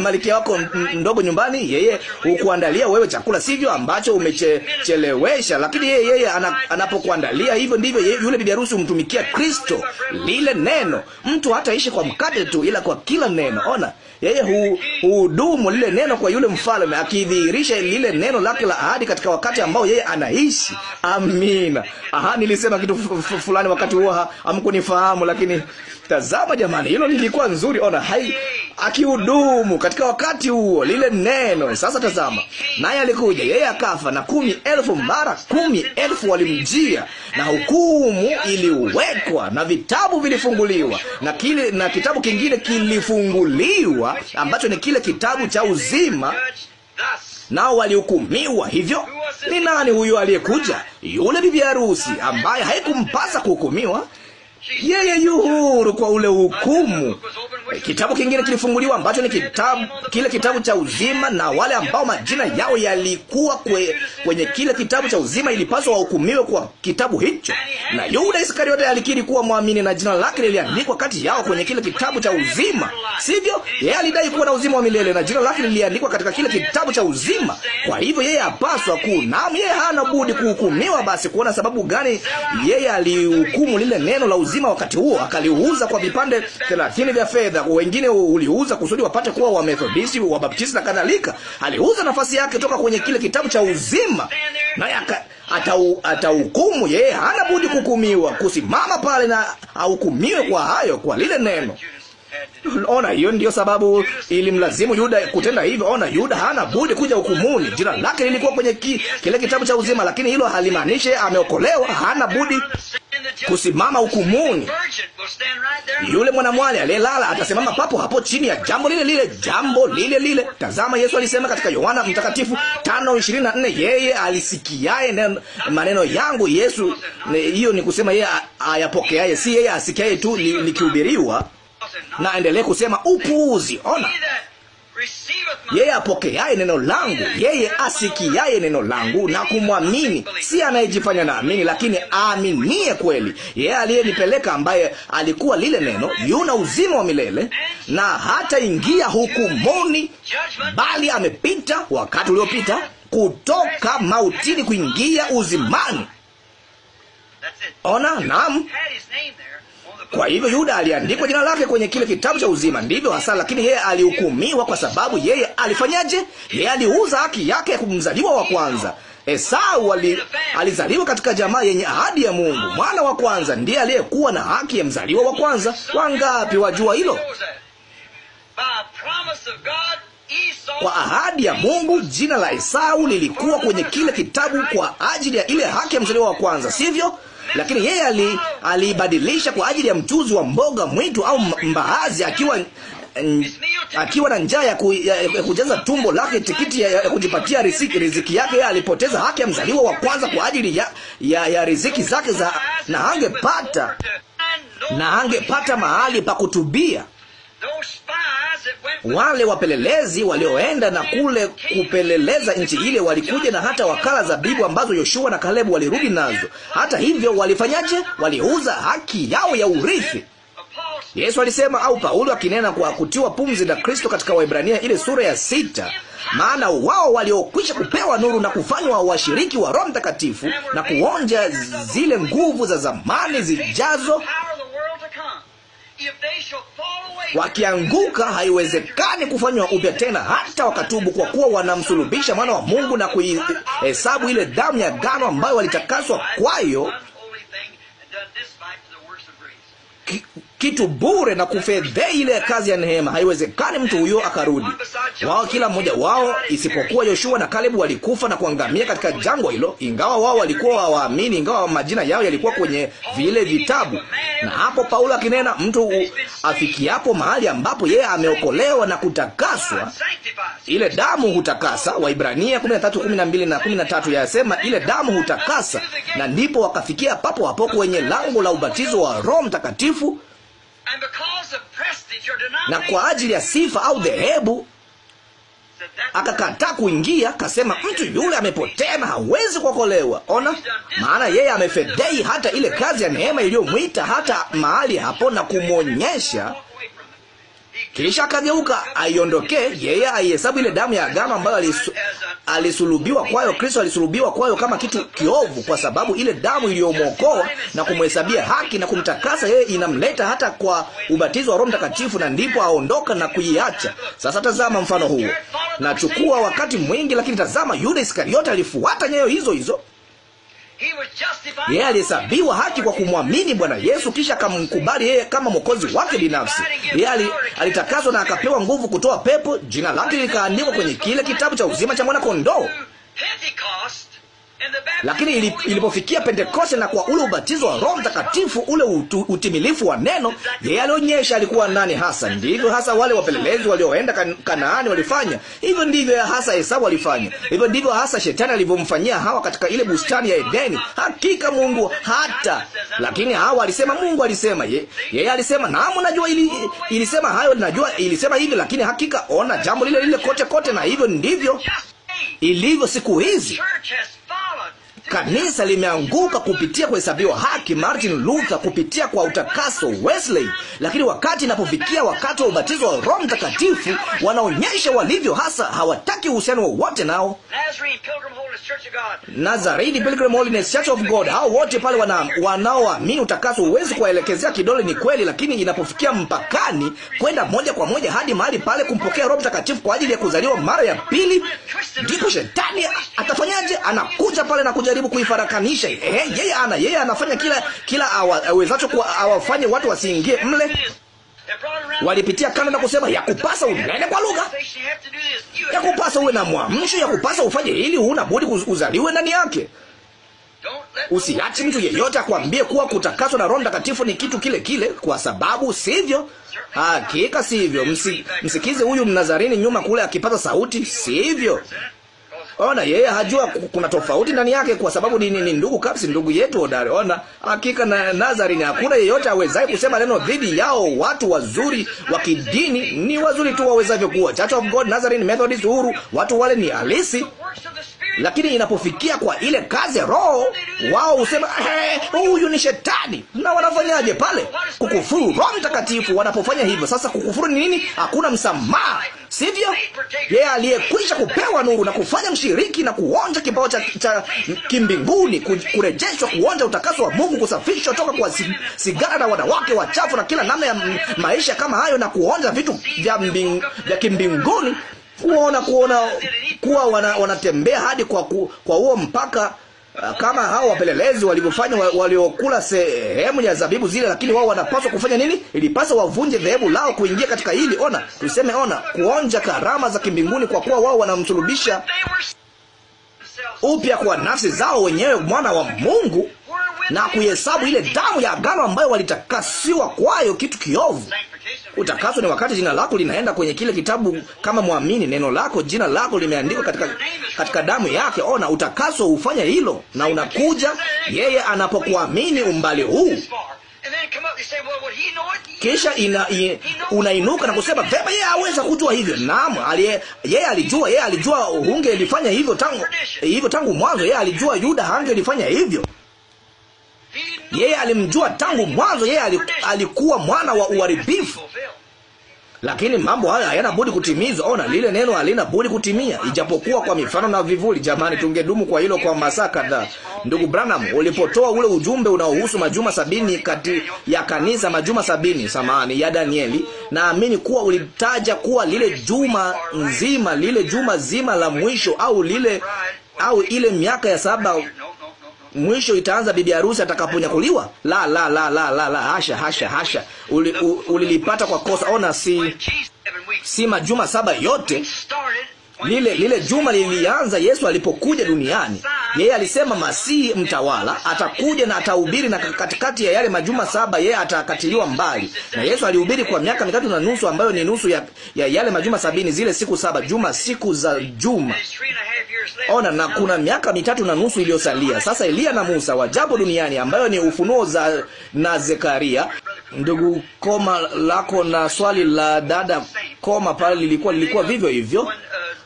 malkia wako mdogo nyumbani? Yeye hukuandalia wewe chakula, sivyo, ambacho umechelewesha, lakini yeye yeye anapokuandalia hivyo ndivyo yule bibi harusi umtumikia Kristo, lile neno. Mtu hataishi kwa mkate tu, ila kwa kila neno. Ona, yeye hudumu lile neno kwa yule mfalme, akidhihirisha lile neno lake la ahadi katika wakati ambao yeye anaishi. Amina. Aha, nilisema kitu fulani wakati huo hamkunifahamu, lakini Tazama jamani, hilo lilikuwa nzuri. Ona hai akihudumu katika wakati huo, lile neno. Sasa tazama, naye alikuja, yeye akafa, na kumi elfu mara kumi elfu walimjia, na hukumu iliwekwa, na vitabu vilifunguliwa, na kile na kitabu kingine kilifunguliwa, ambacho ni kile kitabu cha uzima nao walihukumiwa hivyo. Ni nani huyo aliyekuja? Yule bibi harusi ambaye haikumpasa kuhukumiwa yeye yu huru kwa ule hukumu. Kitabu kingine kilifunguliwa ambacho ni kitabu kile kitabu cha uzima, na wale ambao majina yao yalikuwa kwe, kwenye kile kitabu cha uzima ilipaswa wahukumiwe kwa kitabu hicho. Na Yuda Iskariote alikiri kuwa mwamini na jina lake liliandikwa kati yao kwenye kile kitabu cha uzima, sivyo? Yeye alidai kuwa na uzima wa milele na jina lake liliandikwa katika kile kitabu cha uzima. Kwa hivyo yeye apaswa ku naam, yeye hana budi kuhukumiwa. Basi kuona sababu gani yeye alihukumu lile neno la uzima uzima wakati huo, akaliuza kwa vipande thelathini vya fedha. Wengine uliuza kusudi wapate kuwa Wamethodisti, Baptisti na kadhalika. Aliuza nafasi yake toka kwenye kile kitabu cha uzima, naye atahukumu. Yeye hana budi kukumiwa kusimama pale na ahukumiwe kwa hayo, kwa lile neno. Ona, hiyo ndiyo sababu ilimlazimu Yuda kutenda hivyo. Ona, Yuda hana budi kuja hukumuni. Jina lake lilikuwa kwenye ki, kile kitabu cha uzima, lakini hilo halimaanishi ameokolewa. Hana budi kusimama hukumuni. Yule mwanamwali aliyelala atasimama papo hapo chini ya jambo lile lile, jambo lile lile. Tazama, Yesu alisema katika Yohana Mtakatifu 5:24 yeye alisikiaye maneno yangu. Yesu hiyo ni kusema yeye ayapokeaye, si yeye asikiaye tu likihubiriwa li na endelee kusema upuuzi. Ona, yeye apokeaye neno langu, yeye asikiaye neno langu na kumwamini, si anayejifanya naamini, lakini aaminie kweli, yeye aliyenipeleka, ambaye alikuwa lile neno, yuna uzima wa milele, na hataingia hukumuni, bali amepita wakati uliopita kutoka mautini kuingia uzimani. Ona, naam kwa hivyo Yuda aliandikwa jina lake kwenye kile kitabu cha uzima, ndivyo hasa. Lakini yeye alihukumiwa kwa sababu yeye alifanyaje? Yeye aliuza haki yake ya kumzaliwa wa kwanza. Esau ali, alizaliwa katika jamaa yenye ahadi ya Mungu. Mwana wa kwanza ndiye aliyekuwa na haki ya mzaliwa wa kwanza. Wangapi wajua hilo? Kwa ahadi ya Mungu, jina la Esau lilikuwa kwenye kile kitabu kwa ajili ya ile haki ya mzaliwa wa kwanza, sivyo? lakini yeye aliibadilisha ali kwa ajili ya mchuzi wa mboga mwitu au mbaazi, akiwa akiwa na njaa ya, ku, ya, ya kujaza tumbo lake tikiti ya, ya kujipatia riziki, riziki yake. Yeye alipoteza haki ya mzaliwa wa kwanza kwa ajili ya, ya, ya riziki zake za, na angepata na angepata mahali pa kutubia wale wapelelezi walioenda na kule kupeleleza nchi ile walikuja na hata wakala zabibu ambazo Yoshua na Kalebu walirudi nazo. Hata hivyo, walifanyaje? Waliuza haki yao ya urithi. Yesu alisema au Paulo akinena kwa kutiwa pumzi na Kristo katika Waebrania ile sura ya sita, maana wao waliokwisha kupewa nuru na kufanywa washiriki wa Roho Mtakatifu na kuonja zile nguvu za zamani zijazo Wakianguka haiwezekani kufanywa upya tena, hata wakatubu, kwa kuwa wanamsulubisha mwana wa Mungu na kuihesabu ile damu ya gano ambayo walitakaswa kwayo kitu bure na kufedhea ile kazi ya neema. Haiwezekani mtu huyo akarudi. Wao kila mmoja wao isipokuwa Yoshua na Kalebu walikufa na kuangamia katika jangwa hilo, ingawa wao walikuwa hawaamini, ingawa majina yao yalikuwa kwenye vile vitabu. Na hapo Paulo akinena, mtu afikiapo mahali ambapo yeye ameokolewa na kutakaswa, ile damu hutakasa. Waibrania 13:12 na 13 yasema ile damu hutakasa, na ndipo wakafikia papo hapo kwenye lango la ubatizo wa Roho Mtakatifu na kwa ajili ya sifa au dhehebu akakataa kuingia, kasema mtu yule amepotea na hawezi kuokolewa. Ona, maana yeye amefedhei hata ile kazi ya neema iliyomwita hata mahali hapo na kumwonyesha kisha akageuka aiondokee. Yeye aihesabu ile damu ya agano ambayo alisu, alisulubiwa kwayo, Kristo alisulubiwa kwayo kama kitu kiovu, kwa sababu ile damu iliyomwokoa na kumhesabia haki na kumtakasa yeye inamleta hata kwa ubatizo wa Roho Mtakatifu, na ndipo aondoka na kuiacha. Sasa tazama mfano huo, nachukua wakati mwingi, lakini tazama, Yuda Iskariote alifuata nyayo hizo hizo yeye alihesabiwa haki kwa kumwamini Bwana Yesu, kisha akamkubali yeye kama mwokozi wake binafsi. Yeye alitakaswa na akapewa nguvu kutoa pepo. Jina lake likaandikwa kwenye kile kitabu cha uzima cha mwana kondoo. Lakini ilipofikia Pentekoste na kwa ule ubatizo wa Roho Mtakatifu, ule utu, utimilifu wa neno, yeye alionyesha alikuwa nani hasa. Ndivyo hasa wale wapelelezi walioenda kan, Kanaani walifanya hivyo, ndivyo hasa Esau walifanya hivyo, ndivyo hasa shetani alivyomfanyia Hawa katika ile bustani ya Edeni. Hakika Mungu hata, lakini Hawa alisema Mungu alisema yeye, ye alisema naam, najua ili, ilisema hayo, najua ilisema hivi, lakini hakika ona jambo lile lile kote kote, na hivyo ndivyo ilivyo siku hizi. Kanisa limeanguka kupitia kuhesabiwa haki, Martin Luther, kupitia kwa utakaso Wesley. Lakini wakati inapofikia wakati wa ubatizo wa Roho Mtakatifu, wanaonyesha walivyo hasa, hawataki uhusiano wowote nao. Nazarene Pilgrim Holiness Church of God, hao wote pale wana, wanaoamini utakaso, huwezi kuwaelekezea kidole, ni kweli, lakini inapofikia mpakani kwenda moja kwa moja hadi mahali pale kumpokea Roho Mtakatifu kwa ajili ya kuzaliwa mara ya pili, ndipo shetani atafanyaje? Anakuja pale na kujaribu anajaribu kuifarakanisha ile. yeye ana yeye anafanya kila kila awezacho kuwa awafanye watu wasiingie mle. Walipitia kando na kusema ya kupasa unene kwa lugha, ya kupasa uwe na mwamsho, ya kupasa ufanye hili, huna budi uzaliwe ndani yake. Usiache mtu yeyote akwambie kuwa kutakaswa na Roho Mtakatifu ni kitu kile kile, kwa sababu sivyo. Hakika sivyo. Msi, msikize huyu Mnazarini nyuma kule akipata sauti, sivyo. Ona yeye hajua kuna tofauti ndani yake, kwa sababu ni, ni, ni ndugu kabisa, ndugu yetu hodari. Ona hakika na Nazarene hakuna yeyote awezaye kusema neno dhidi yao. Watu wazuri wa kidini ni wazuri tu wawezavyo kuwa. Church of God Nazarene Methodist huru, watu wale ni halisi lakini inapofikia kwa ile kazi ya Roho, wao husema huyu ni shetani. Na wanafanyaje pale? Kukufuru Roho Mtakatifu wanapofanya hivyo. Sasa kukufuru ni nini? Hakuna msamaha, sivyo? Yeye aliyekwisha kupewa nuru na kufanya mshiriki na kuonja kibao cha, cha kimbinguni, kurejeshwa, kuonja utakaso wa Mungu, kusafishwa toka kwa sigara na wanawake wachafu na kila namna ya maisha kama hayo, na kuonja vitu vya, mbing, vya kimbinguni kuona kuona kuwa wana, wanatembea hadi kwa kwa huo mpaka uh, kama hao wapelelezi walivyofanya waliokula sehemu ya zabibu zile. Lakini wao wanapaswa kufanya nini? Ilipaswa wavunje dhehebu lao kuingia katika hili, ona, tuseme, ona, kuonja karama za kimbinguni, kwa kuwa wao wanamsulubisha upya kwa nafsi zao wenyewe mwana wa Mungu na kuhesabu ile damu ya agano ambayo walitakasiwa kwayo kitu kiovu. Utakaso ni wakati jina lako linaenda kwenye kile kitabu kama mwamini, neno lako, jina lako limeandikwa katika, katika damu yake. Ona, utakaso hufanya hilo, na unakuja yeye anapokuamini umbali huu kisha ina, ina, unainuka na kusema vema, yeye aweza kujua hivyo. Naam, yeye alijua, yeye alijua hungelifanya hivyo tangu hivyo tangu mwanzo. Yeye alijua Yuda hangelifanya hivyo. Yeye alimjua tangu mwanzo, yeye alikuwa mwana wa uharibifu. Lakini mambo haya hayana budi kutimizwa. Ona, lile neno halina budi kutimia, ijapokuwa kwa mifano na vivuli. Jamani, tungedumu kwa hilo kwa masaa kadhaa. Ndugu Branham, ulipotoa ule ujumbe unaohusu majuma sabini kati ya kanisa, majuma sabini, samani ya Danieli, naamini kuwa ulitaja kuwa lile juma nzima, lile juma zima la mwisho, au lile au ile miaka ya saba mwisho itaanza bibi harusi atakaponyakuliwa. La, la, la, la, la, la, hasha, hasha, hasha. Uli, ulilipata kwa kosa. Ona, si si majuma saba yote lile lile juma lilianza Yesu alipokuja duniani. Yeye alisema Masihi mtawala atakuja na atahubiri, na katikati ya yale majuma saba yeye atakatiliwa mbali. Na Yesu alihubiri kwa miaka mitatu na nusu, ambayo ni nusu ya, ya yale majuma sabini, zile siku saba juma, siku za juma. Ona, na kuna miaka mitatu na nusu iliyosalia. Sasa Eliya na Musa wajapo duniani, ambayo ni Ufunuo za na Zekaria. Ndugu koma lako na swali la dada koma pale lilikuwa lilikuwa vivyo hivyo.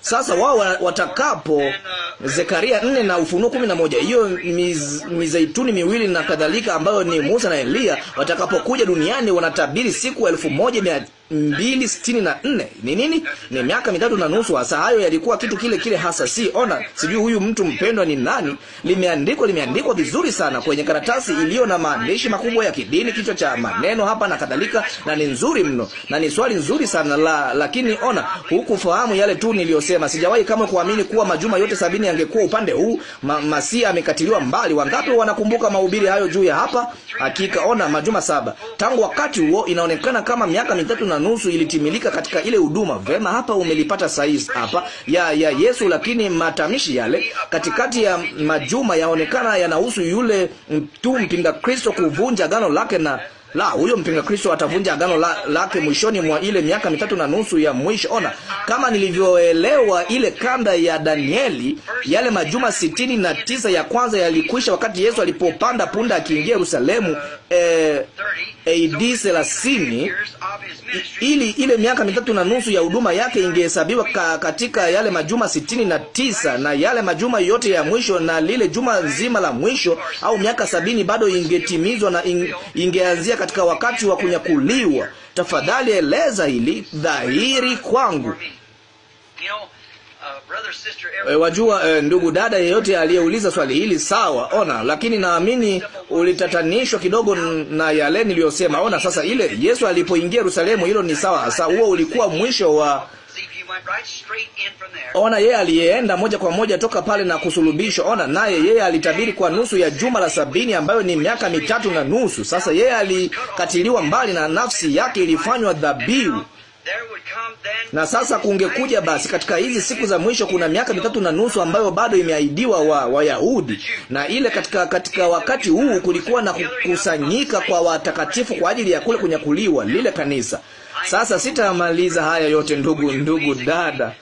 Sasa wao watakapo Zekaria nne na Ufunuo kumi na moja, hiyo miz, mizeituni miwili na kadhalika, ambayo ni Musa na Eliya, watakapokuja duniani wanatabiri siku elfu moja mia mbili sitini na nne ni nini? Ni miaka mitatu na nusu. Hasa hayo yalikuwa kitu kile kile hasa. Si ona, sijui huyu mtu mpendwa ni nani. Limeandikwa, limeandikwa vizuri sana kwenye karatasi iliyo na maandishi makubwa ya kidini, kichwa cha maneno hapa na kadhalika, na ni nzuri mno na ni swali nzuri sana la, lakini ona, hukufahamu yale tu niliyosema. Sijawahi kama kuamini kuwa majuma yote sabini yangekuwa upande huu. Ma, masia amekatiliwa mbali. Wangapi wanakumbuka mahubiri hayo juu ya hapa? Hakika ona, majuma saba tangu wakati huo, inaonekana kama miaka mitatu na na nusu ilitimilika katika ile huduma. Vema, hapa umelipata saizi hapa ya ya Yesu, lakini matamshi yale katikati ya majuma yaonekana yanahusu yule mtu mpinga Kristo kuvunja gano lake na la huyo mpinga Kristo atavunja agano la, lake mwishoni mwa ile miaka mitatu na nusu ya mwisho. Ona, kama nilivyoelewa ile kanda ya Danieli, yale majuma sitini na tisa ya kwanza yalikwisha wakati Yesu alipopanda punda akiingia Yerusalemu eh, AD thelathini, ili ile miaka mitatu na nusu ya huduma yake ingehesabiwa ka, katika yale majuma sitini na tisa na yale majuma yote ya mwisho na lile juma nzima la mwisho au miaka sabini bado ingetimizwa na ing, ingeanzia katika wakati wa kunyakuliwa. Tafadhali eleza hili dhahiri kwangu. E, wajua e, ndugu dada yeyote aliyeuliza swali hili sawa, ona. Lakini naamini ulitatanishwa kidogo na yale niliyosema. Ona sasa, ile Yesu alipoingia Yerusalemu, hilo ni sawa hasa. Huo ulikuwa mwisho wa Ona, yeye aliyeenda moja kwa moja toka pale na kusulubishwa. Ona, naye yeye alitabiri kwa nusu ya juma la sabini, ambayo ni miaka mitatu na nusu. Sasa yeye alikatiliwa mbali na nafsi yake ilifanywa dhabihu na sasa kungekuja basi katika hizi siku za mwisho, kuna miaka mitatu na nusu ambayo bado imeahidiwa wa Wayahudi, na ile katika katika wakati huu kulikuwa na kukusanyika kwa watakatifu kwa ajili ya kule kunyakuliwa lile kanisa. Sasa sitamaliza haya yote ndugu, ndugu dada.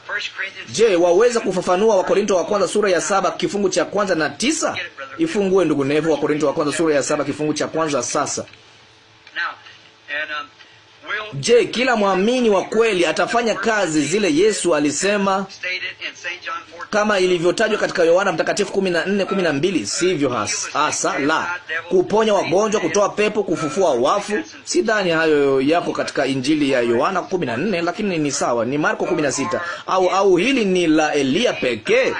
Je, waweza kufafanua Wakorinto wa kwanza sura ya saba kifungu cha kwanza na tisa? Ifungue ndugu Nevo, Wakorinto wa kwanza sura ya saba kifungu cha kwanza sasa. Um, Je, kila mwamini wa kweli atafanya kazi zile Yesu alisema kama ilivyotajwa katika Yohana Mtakatifu 12? Sivyo hasa, la kuponya wagonjwa, kutoa pepo, kufufua wafu. Sidhani hayo yako katika Injili ya Yohana 14, lakini ni sawa, ni Marko 16. Au au hili ni la Eliya pekee?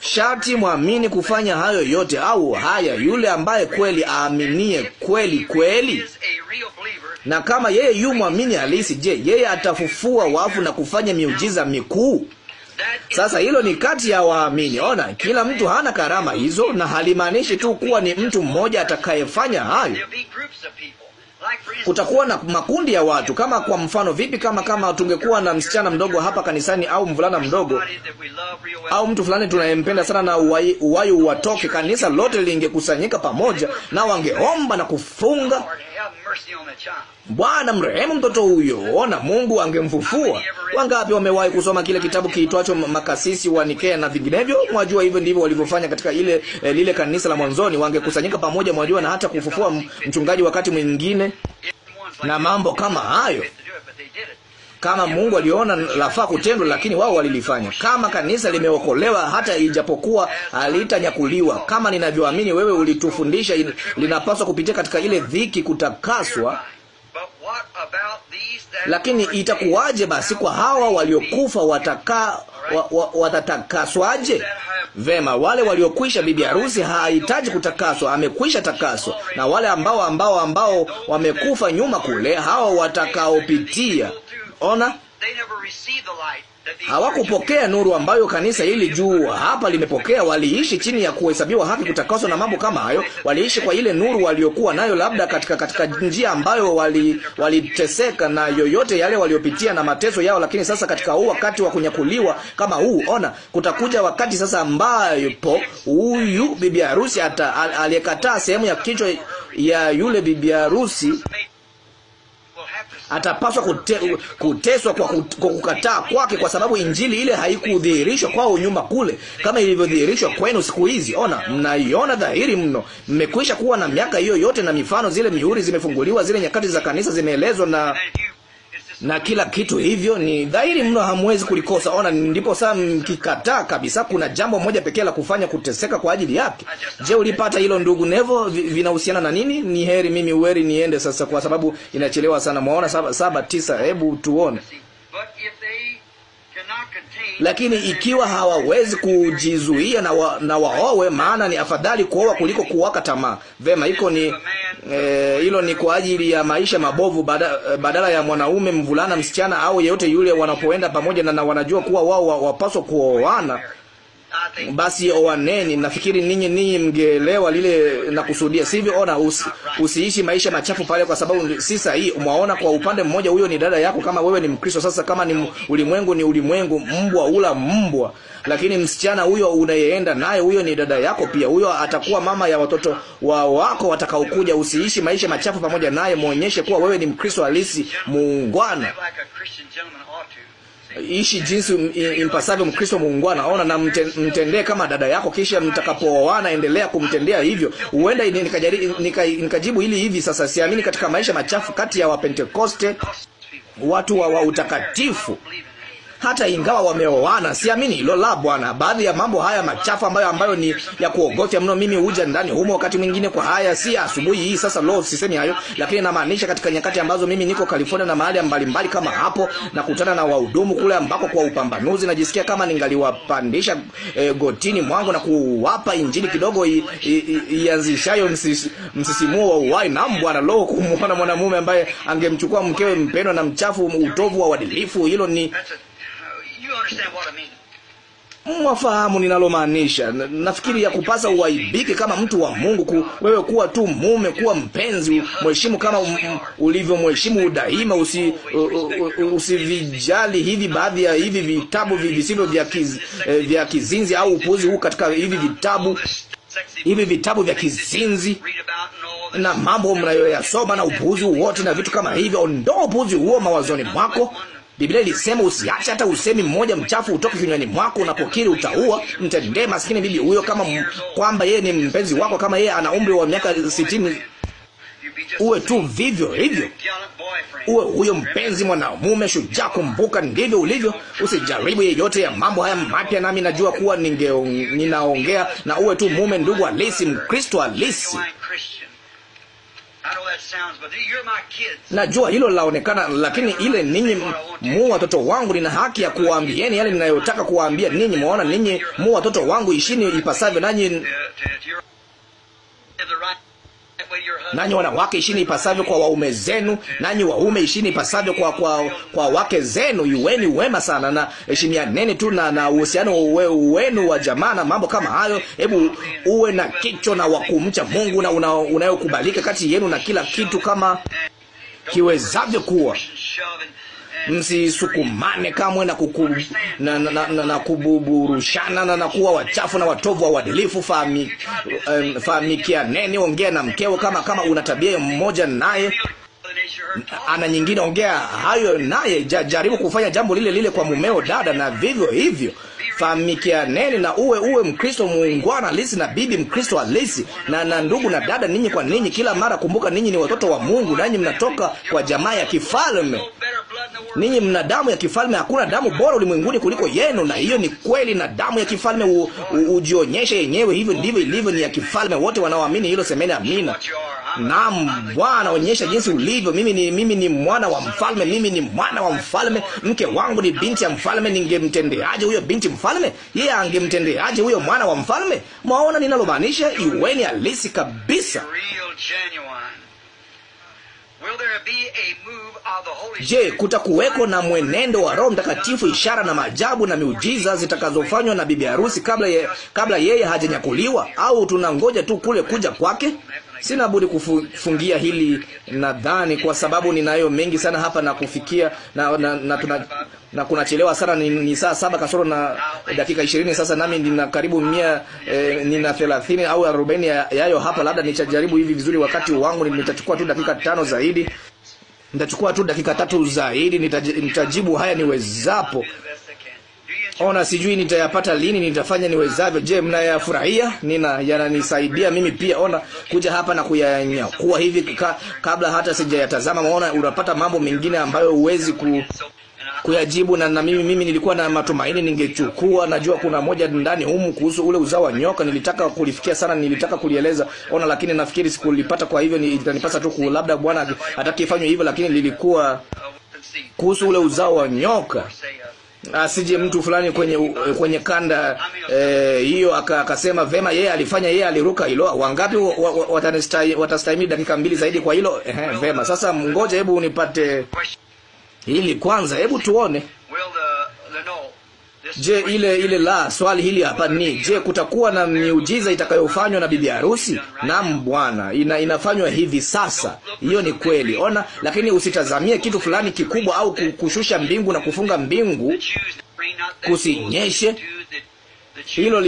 Sharti mwamini kufanya hayo yote, au haya, yule ambaye kweli aaminie kweli kweli na kama yeye yu mwamini halisi, je, yeye atafufua wafu na kufanya miujiza mikuu? Sasa hilo ni kati ya waamini. Ona, kila mtu hana karama hizo, na halimaanishi tu kuwa ni mtu mmoja atakayefanya hayo kutakuwa na makundi ya watu. Kama kwa mfano, vipi kama kama tungekuwa na msichana mdogo hapa kanisani au mvulana mdogo au mtu fulani tunayempenda sana, na uwai, uwai uwatoke, kanisa lote lingekusanyika pamoja na wangeomba na kufunga Bwana mrehemu mtoto huyo, na Mungu angemfufua. Wangapi wamewahi kusoma kile kitabu kiitwacho Makasisi wa Nikea na vinginevyo? Mwajua hivyo ndivyo walivyofanya katika ile eh, lile kanisa la mwanzoni. Wangekusanyika pamoja, mwajua, na hata kufufua mchungaji wakati mwingine na mambo kama hayo kama Mungu aliona lafaa kutendwa, lakini wao walilifanya. Kama kanisa limeokolewa, hata ijapokuwa alitanyakuliwa, kama ninavyoamini wewe ulitufundisha, linapaswa kupitia katika ile dhiki, kutakaswa lakini itakuwaje basi kwa hawa waliokufa wataka wa, wa, watatakaswaje? Vema, wale waliokwisha, bibi harusi hahitaji kutakaswa, amekwisha takaswa. Na wale ambao ambao ambao wamekufa nyuma kule, hawa watakaopitia, ona hawakupokea nuru ambayo kanisa hili juu hapa limepokea. Waliishi chini ya kuhesabiwa haki, kutakaswa na mambo kama hayo. Waliishi kwa ile nuru waliokuwa nayo, labda katika katika njia ambayo waliteseka na yoyote yale waliopitia na mateso yao. Lakini sasa katika huu wakati wa kunyakuliwa kama huu, ona, kutakuja wakati sasa ambapo huyu bibi harusi aliyekataa sehemu ya kichwa ya yule bibi harusi atapaswa kute, kuteswa kwa kukataa kwake, kwa sababu injili ile haikudhihirishwa kwao nyuma kule kama ilivyodhihirishwa kwenu siku hizi. Ona, mnaiona dhahiri mno. Mmekwisha kuwa na miaka hiyo yote na mifano, zile mihuri zimefunguliwa, zile nyakati za kanisa zimeelezwa na na kila kitu hivyo, ni dhahiri mno, hamwezi kulikosa. Ona, ndipo saa mkikataa kabisa, kuna jambo moja pekee la kufanya, kuteseka kwa ajili yake. Je, ulipata hilo ndugu Nevo? Vinahusiana na nini? Ni heri mimi Uweri niende sasa, kwa sababu inachelewa sana. Mwaona saba, saba tisa. Hebu tuone. Lakini ikiwa hawawezi kujizuia na, wa, na waowe, maana ni afadhali kuoa kuliko kuwaka tamaa. Vema, iko ni e, hilo e, ni kwa ajili ya maisha mabovu, e, badala ya mwanaume mvulana, msichana au yeyote yule, wanapoenda pamoja na, na wanajua kuwa wao wapaswa kuoana wa basi oaneni. Nafikiri ninyi ninyi mngeelewa lile na kusudia, sivyo? Ona, usi, usiishi maisha machafu pale, kwa sababu si sahihi. Umeona, kwa upande mmoja huyo ni dada yako, kama wewe ni Mkristo. Sasa kama ni ulimwengu, ni ulimwengu, mbwa ula mbwa, lakini msichana huyo unayeenda naye, huyo ni dada yako pia. Huyo atakuwa mama ya watoto wa wako watakaokuja. Usiishi maisha machafu pamoja naye, muonyeshe kuwa wewe ni Mkristo halisi, muungwana ishi jinsi impasavyo Mkristo muungwana. Ona na mtendee kama dada yako, kisha mtakapooana endelea kumtendea hivyo. Huenda nikajibu nika, nika hili hivi sasa. Siamini katika maisha machafu kati ya Wapentekoste, watu wa, wa utakatifu hata ingawa wameoana. Siamini hilo la Bwana. Baadhi ya mambo haya machafu ambayo ambayo ni ya kuogofya mno, mimi huja ndani humo wakati mwingine kwa haya, si asubuhi hii sasa. Lo, sisemi hayo, lakini namaanisha katika nyakati ambazo mimi niko California na mahali mbalimbali kama hapo, na kutana na wahudumu kule ambako kwa upambanuzi najisikia kama ningaliwapandisha e, gotini mwangu na kuwapa injili kidogo ianzishayo msisimuo wa uhai. Naam Bwana. Lo, kumwona mwanamume ambaye angemchukua mkewe mpendwa na mchafu, utovu wa uadilifu, hilo ni Mwafahamu ninalomaanisha. Nafikiri ya kupasa uwaibike kama mtu wa Mungu ku, wewe kuwa tu mume, kuwa mpenzi, mheshimu kama um- um- ulivyomheshimu udaima, usi usivijali hivi baadhi ya hivi vitabu visivyo vya kiz, eh, vya kizinzi au upuzi huu katika hivi vitabu hivi vitabu vya kizinzi na mambo mnayoyasoma na upuzi wote na vitu kama hivyo. ndo upuzi huo mawazoni mwako. Biblia ilisema usiache hata usemi mmoja mchafu utoke kinywani mwako. Unapokiri utaua. Mtendee maskini bibi huyo kama kwamba yeye ni mpenzi wako, kama yeye ana umri wa miaka sitini, uwe tu vivyo hivyo, uwe huyo mpenzi mwanamume shujaa. Kumbuka, ndivyo ulivyo. Usijaribu yeyote ya mambo haya mapya, nami najua kuwa ninge, ninaongea na uwe tu mume, ndugu halisi, Mkristo halisi. Najua hilo laonekana, lakini ile ninyi mu watoto wangu, nina haki ya kuwaambieni yale ninayotaka kuwaambia ninyi. Mwaona, ninyi mu watoto wangu, ishini ipasavyo nanyi nanyi wanawake ishini ipasavyo kwa waume zenu, nanyi waume ishini ipasavyo kwa, kwa, kwa wake zenu. Iweni wema sana na heshimianeni tu na na uhusiano wenu wa jamaa na mambo kama hayo. Hebu uwe na kicho na wakumcha Mungu na una, unayokubalika kati yenu na kila kitu kama kiwezavyo kuwa msisukumane kamwe na, kuku, na, na, na, na, na kububurushana na, na kuwa wachafu na watovu wa uadilifu. Eh, fahamikianeni, um, ongea na mkeo kama kama una tabia mmoja naye ana nyingine, ongea hayo naye, jaribu kufanya jambo lile lile kwa mumeo, dada, na vivyo hivyo fahamikianeni na uwe uwe Mkristo muungwana lisi na bibi Mkristo alisi na na ndugu na dada, ninyi kwa ninyi. Kila mara kumbuka, ninyi ni watoto wa Mungu, nanyi mnatoka kwa jamaa ya kifalme, ninyi mna damu ya kifalme. Hakuna damu bora ulimwenguni kuliko yenu, na hiyo ni kweli. Na damu ya kifalme ujionyeshe yenyewe. Hivyo ndivyo ilivyo, ni ya kifalme. Wote wanaoamini hilo semeni amina. Naam Bwana, onyesha jinsi ulivyo. Mimi ni, mimi ni mwana wa mfalme, mimi ni mwana wa mfalme. Mke wangu ni binti ya mfalme. Ningemtendeaje huyo binti mfalme? Yeye yeah, angemtendeaje huyo mwana wa mfalme? Mwaona ninalomaanisha? Iweni halisi kabisa. Je, kutakuweko na mwenendo wa Roho Mtakatifu, ishara na maajabu na miujiza zitakazofanywa na bibi harusi kabla, ye, kabla yeye hajanyakuliwa, au tunangoja tu kule kuja kwake? Sina budi kufungia hili nadhani, kwa sababu ninayo mengi sana hapa na kufikia na, na, na, na, na kunachelewa sana. Ni, ni saa saba kasoro na dakika ishirini sasa, nami nina karibu mia eh, nina thelathini au arobaini ya, yayo hapa. Labda nitajaribu hivi vizuri wakati wangu, nitachukua tu dakika tano zaidi, nitachukua tu dakika tatu zaidi, nitajibu haya niwezapo. Ona, sijui nitayapata lini, nitafanya niwezavyo. Je, mnayafurahia? Nina yananisaidia mimi pia. Ona, kuja hapa na kuyanyakuwa hivi ka, kabla hata sijayatazama. Maona unapata mambo mengine ambayo huwezi ku kuyajibu na, na mimi mimi nilikuwa na matumaini ningechukua. Najua kuna moja ndani humu kuhusu ule uzao wa nyoka, nilitaka kulifikia sana, nilitaka kulieleza ona, lakini nafikiri sikulipata. Kwa hivyo itanipasa tu labda Bwana atakifanywa hivyo, lakini lilikuwa kuhusu ule uzao wa nyoka asije mtu fulani kwenye kwenye kanda e, hiyo akasema vema, yeye alifanya, yeye aliruka hilo. Wangapi watastahimili dakika mbili zaidi kwa hilo? vema. Sasa ngoja, hebu unipate hili kwanza, hebu tuone Je, ile ile la swali hili hapa ni je, kutakuwa na miujiza itakayofanywa na bibi harusi? Naam Bwana, ina inafanywa hivi sasa. Hiyo ni kweli, ona. Lakini usitazamie kitu fulani kikubwa au kushusha mbingu na kufunga mbingu kusinyeshe hilo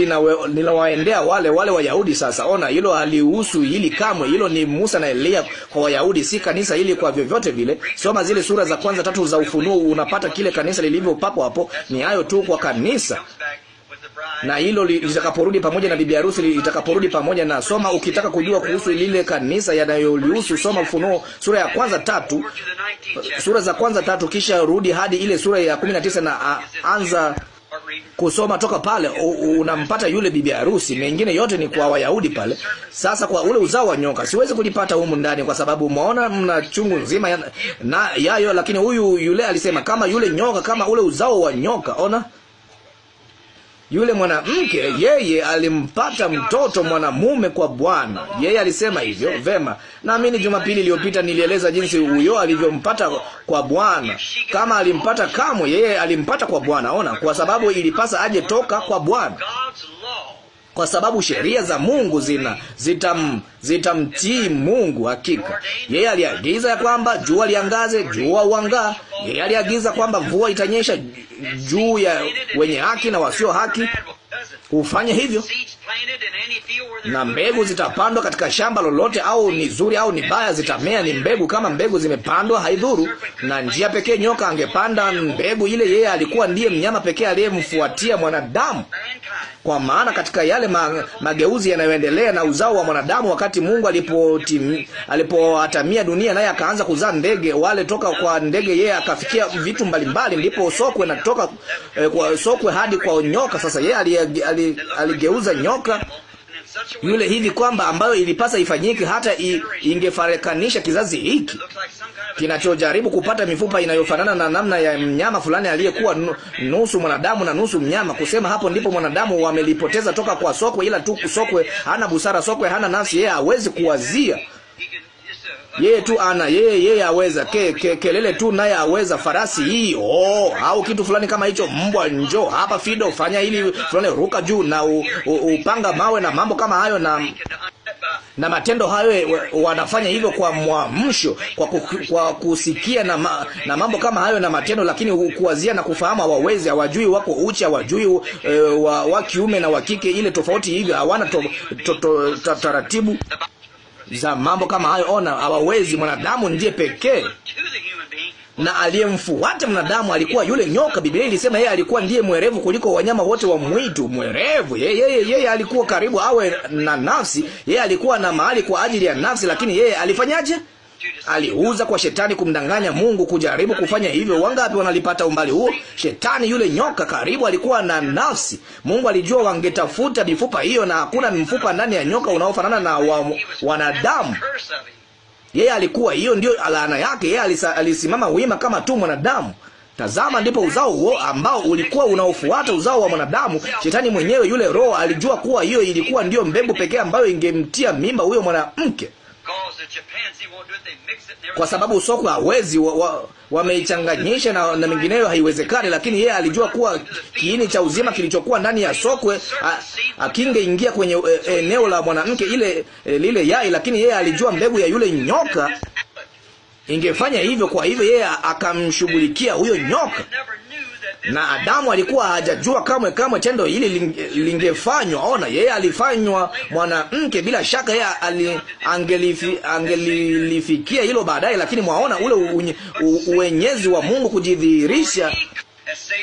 linawaendea wale wale Wayahudi. Sasa ona, hilo halihusu hili kamwe. Hilo ni Musa na Elia kwa Wayahudi, si kanisa hili kwa vyovyote vile. Soma zile sura za kwanza tatu za Ufunuo, unapata kile kanisa lilivyo papo hapo. Ni hayo tu kwa kanisa na hilo litakaporudi pamoja na bibi harusi litakaporudi pamoja na soma. Ukitaka kujua kuhusu lile kanisa yanayolihusu, soma Ufunuo sura ya kwanza tatu, sura za kwanza tatu, kisha rudi hadi ile sura ya kumi na tisa na anza kusoma toka pale unampata yule bibi harusi. Mengine yote ni kwa Wayahudi pale. Sasa kwa ule uzao wa nyoka siwezi kulipata humu ndani, kwa sababu mwaona mna chungu nzima ya, na yayo, lakini huyu yule alisema kama yule nyoka, kama ule uzao wa nyoka. Ona yule mwanamke yeye alimpata mtoto mwanamume kwa Bwana. Yeye alisema hivyo. Vema, naamini Jumapili iliyopita nilieleza jinsi huyo alivyompata kwa Bwana. Kama alimpata kamwe, yeye alimpata kwa Bwana. Ona, kwa sababu ilipasa aje toka kwa Bwana kwa sababu sheria za Mungu zina zitam, zitamtii Mungu. Hakika yeye aliagiza ya kwamba jua liangaze, jua uangaa. Yeye aliagiza kwamba mvua itanyesha juu ya wenye haki na wasio haki. Hufanye hivyo na mbegu zitapandwa katika shamba lolote, au ni zuri au ni baya, zitamea. Ni mbegu kama mbegu zimepandwa, haidhuru. Na njia pekee nyoka angepanda mbegu ile, yeye alikuwa ndiye mnyama pekee aliyemfuatia mwanadamu, kwa maana katika yale mageuzi yanayoendelea na uzao wa mwanadamu, wakati Mungu alipoatamia dunia, naye akaanza kuzaa ndege wale, toka kwa ndege yeye akafikia vitu mbalimbali, ndipo sokwe na toka eh, kwa sokwe hadi kwa nyoka. Sasa yeye aligeuza ali, ali, nyoka nyoka yule hivi kwamba ambayo ilipasa ifanyike hata i, ingefarikanisha kizazi hiki kinachojaribu kupata mifupa inayofanana na namna ya mnyama fulani aliyekuwa nusu mwanadamu na nusu mnyama. Kusema hapo ndipo mwanadamu wamelipoteza toka kwa sokwe, ila tu sokwe hana busara, sokwe hana nafsi, yeye hawezi kuwazia yeye tu ana yeye, yeye aweza ke, ke, kelele tu naye aweza farasi hii oh, au kitu fulani kama hicho. Mbwa njo hapa, Fido fanya hili fulani, ruka juu na u, u, upanga mawe na mambo kama hayo na na matendo hayo wanafanya hivyo kwa mwamsho, kwa, ku, kwa kusikia na, ma, na mambo kama hayo na matendo, lakini kuwazia na kufahamu hawawezi. Hawajui wako uchi, hawajui e, wa, wa kiume na wa kike, ile tofauti hivyo, hawana to, to, to, to, taratibu za mambo kama hayo. Ona, hawawezi. Mwanadamu ndiye pekee na aliyemfuata mwanadamu alikuwa yule nyoka. Biblia ilisema yeye alikuwa ndiye mwerevu kuliko wanyama wote wa mwitu. Mwerevu yeye, yeye, yeye alikuwa karibu awe na nafsi, yeye alikuwa na mahali kwa ajili ya nafsi, lakini yeye alifanyaje? aliuza kwa shetani kumdanganya Mungu, kujaribu kufanya hivyo. Wangapi wanalipata umbali huo? Shetani yule nyoka karibu alikuwa na nafsi. Mungu alijua wangetafuta mifupa hiyo, na hakuna mfupa ndani ya nyoka unaofanana na wa, wanadamu. Yeye alikuwa hiyo, ndio laana yake. Yeye alisimama wima kama tu mwanadamu. Tazama, ndipo uzao huo ambao ulikuwa unaofuata uzao wa mwanadamu. Shetani mwenyewe yule roho alijua kuwa hiyo ilikuwa ndiyo mbegu pekee ambayo ingemtia mimba huyo mwanamke kwa sababu soko hawezi wameichanganyisha wa, wa na, na mingineyo haiwezekani. Lakini yeye alijua kuwa kiini cha uzima kilichokuwa ndani ya sokwe akingeingia kwenye e, eneo la mwanamke ile e, lile yai, lakini yeye alijua mbegu ya yule nyoka ingefanya hivyo. Kwa hivyo yeye akamshughulikia huyo nyoka na Adamu alikuwa hajajua kamwe kamwe tendo hili lingefanywa. Ona, yeye alifanywa mwanamke, bila shaka yeye angelifi, angelilifikia hilo baadaye, lakini mwaona ule uwenyezi wa Mungu kujidhihirisha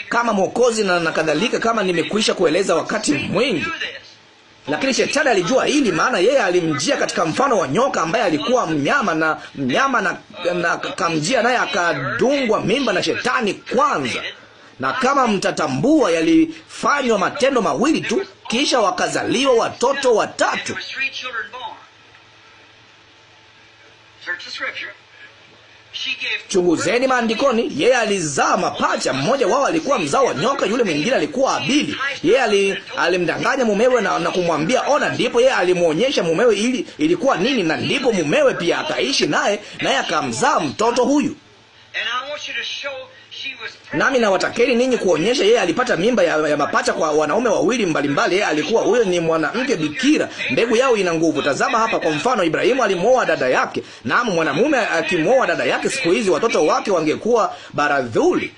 kama Mwokozi na, na kadhalika, kama nimekwisha kueleza wakati mwingi. Lakini shetani alijua hili, maana yeye alimjia katika mfano wa nyoka ambaye alikuwa mnyama na mnyama na, na kamjia naye akadungwa mimba na shetani kwanza na kama mtatambua, yalifanywa matendo mawili tu, kisha wakazaliwa watoto watatu. Chunguzeni maandikoni. Yeye alizaa mapacha. Mmoja wao alikuwa mzao wa nyoka, yule mwingine alikuwa Abili. Yeye alimdanganya mumewe na, na kumwambia ona, ndipo yeye alimwonyesha mumewe ili ilikuwa nini, na ndipo mumewe pia akaishi naye, naye akamzaa mtoto huyu nami nawatakeni ninyi kuonyesha yeye alipata mimba ya, ya mapacha kwa wanaume wawili mbalimbali. Yeye alikuwa huyo ni mwanamke bikira, mbegu yao ina nguvu. Tazama hapa kwa mfano, Ibrahimu alimwoa dada yake. Naam, mwanamume akimwoa dada yake, siku hizi watoto wake wangekuwa baradhuli.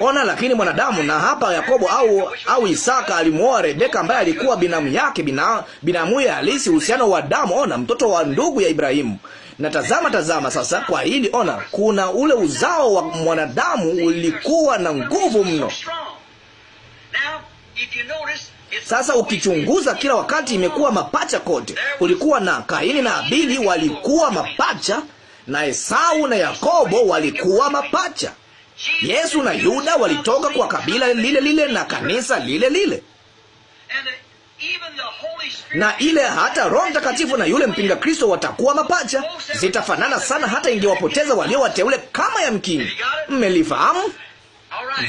Ona, lakini mwanadamu na hapa Yakobo au au Isaka alimwoa Rebeka ambaye alikuwa binamu yake, bina, binamu ya halisi, uhusiano wa damu. Ona, mtoto wa ndugu ya Ibrahimu. Na tazama, tazama sasa, kwa hili ona, kuna ule uzao wa mwanadamu ulikuwa na nguvu mno. Sasa ukichunguza, kila wakati imekuwa mapacha kote. Kulikuwa na Kaini na Abili walikuwa mapacha, na Esau na Yakobo walikuwa mapacha. Yesu na Yuda walitoka kwa kabila lile lile na kanisa lile lile na ile hata Roho Mtakatifu na yule mpinga Kristo watakuwa mapacha, zitafanana sana hata ingewapoteza walio wateule kama ya mkini Mmelifahamu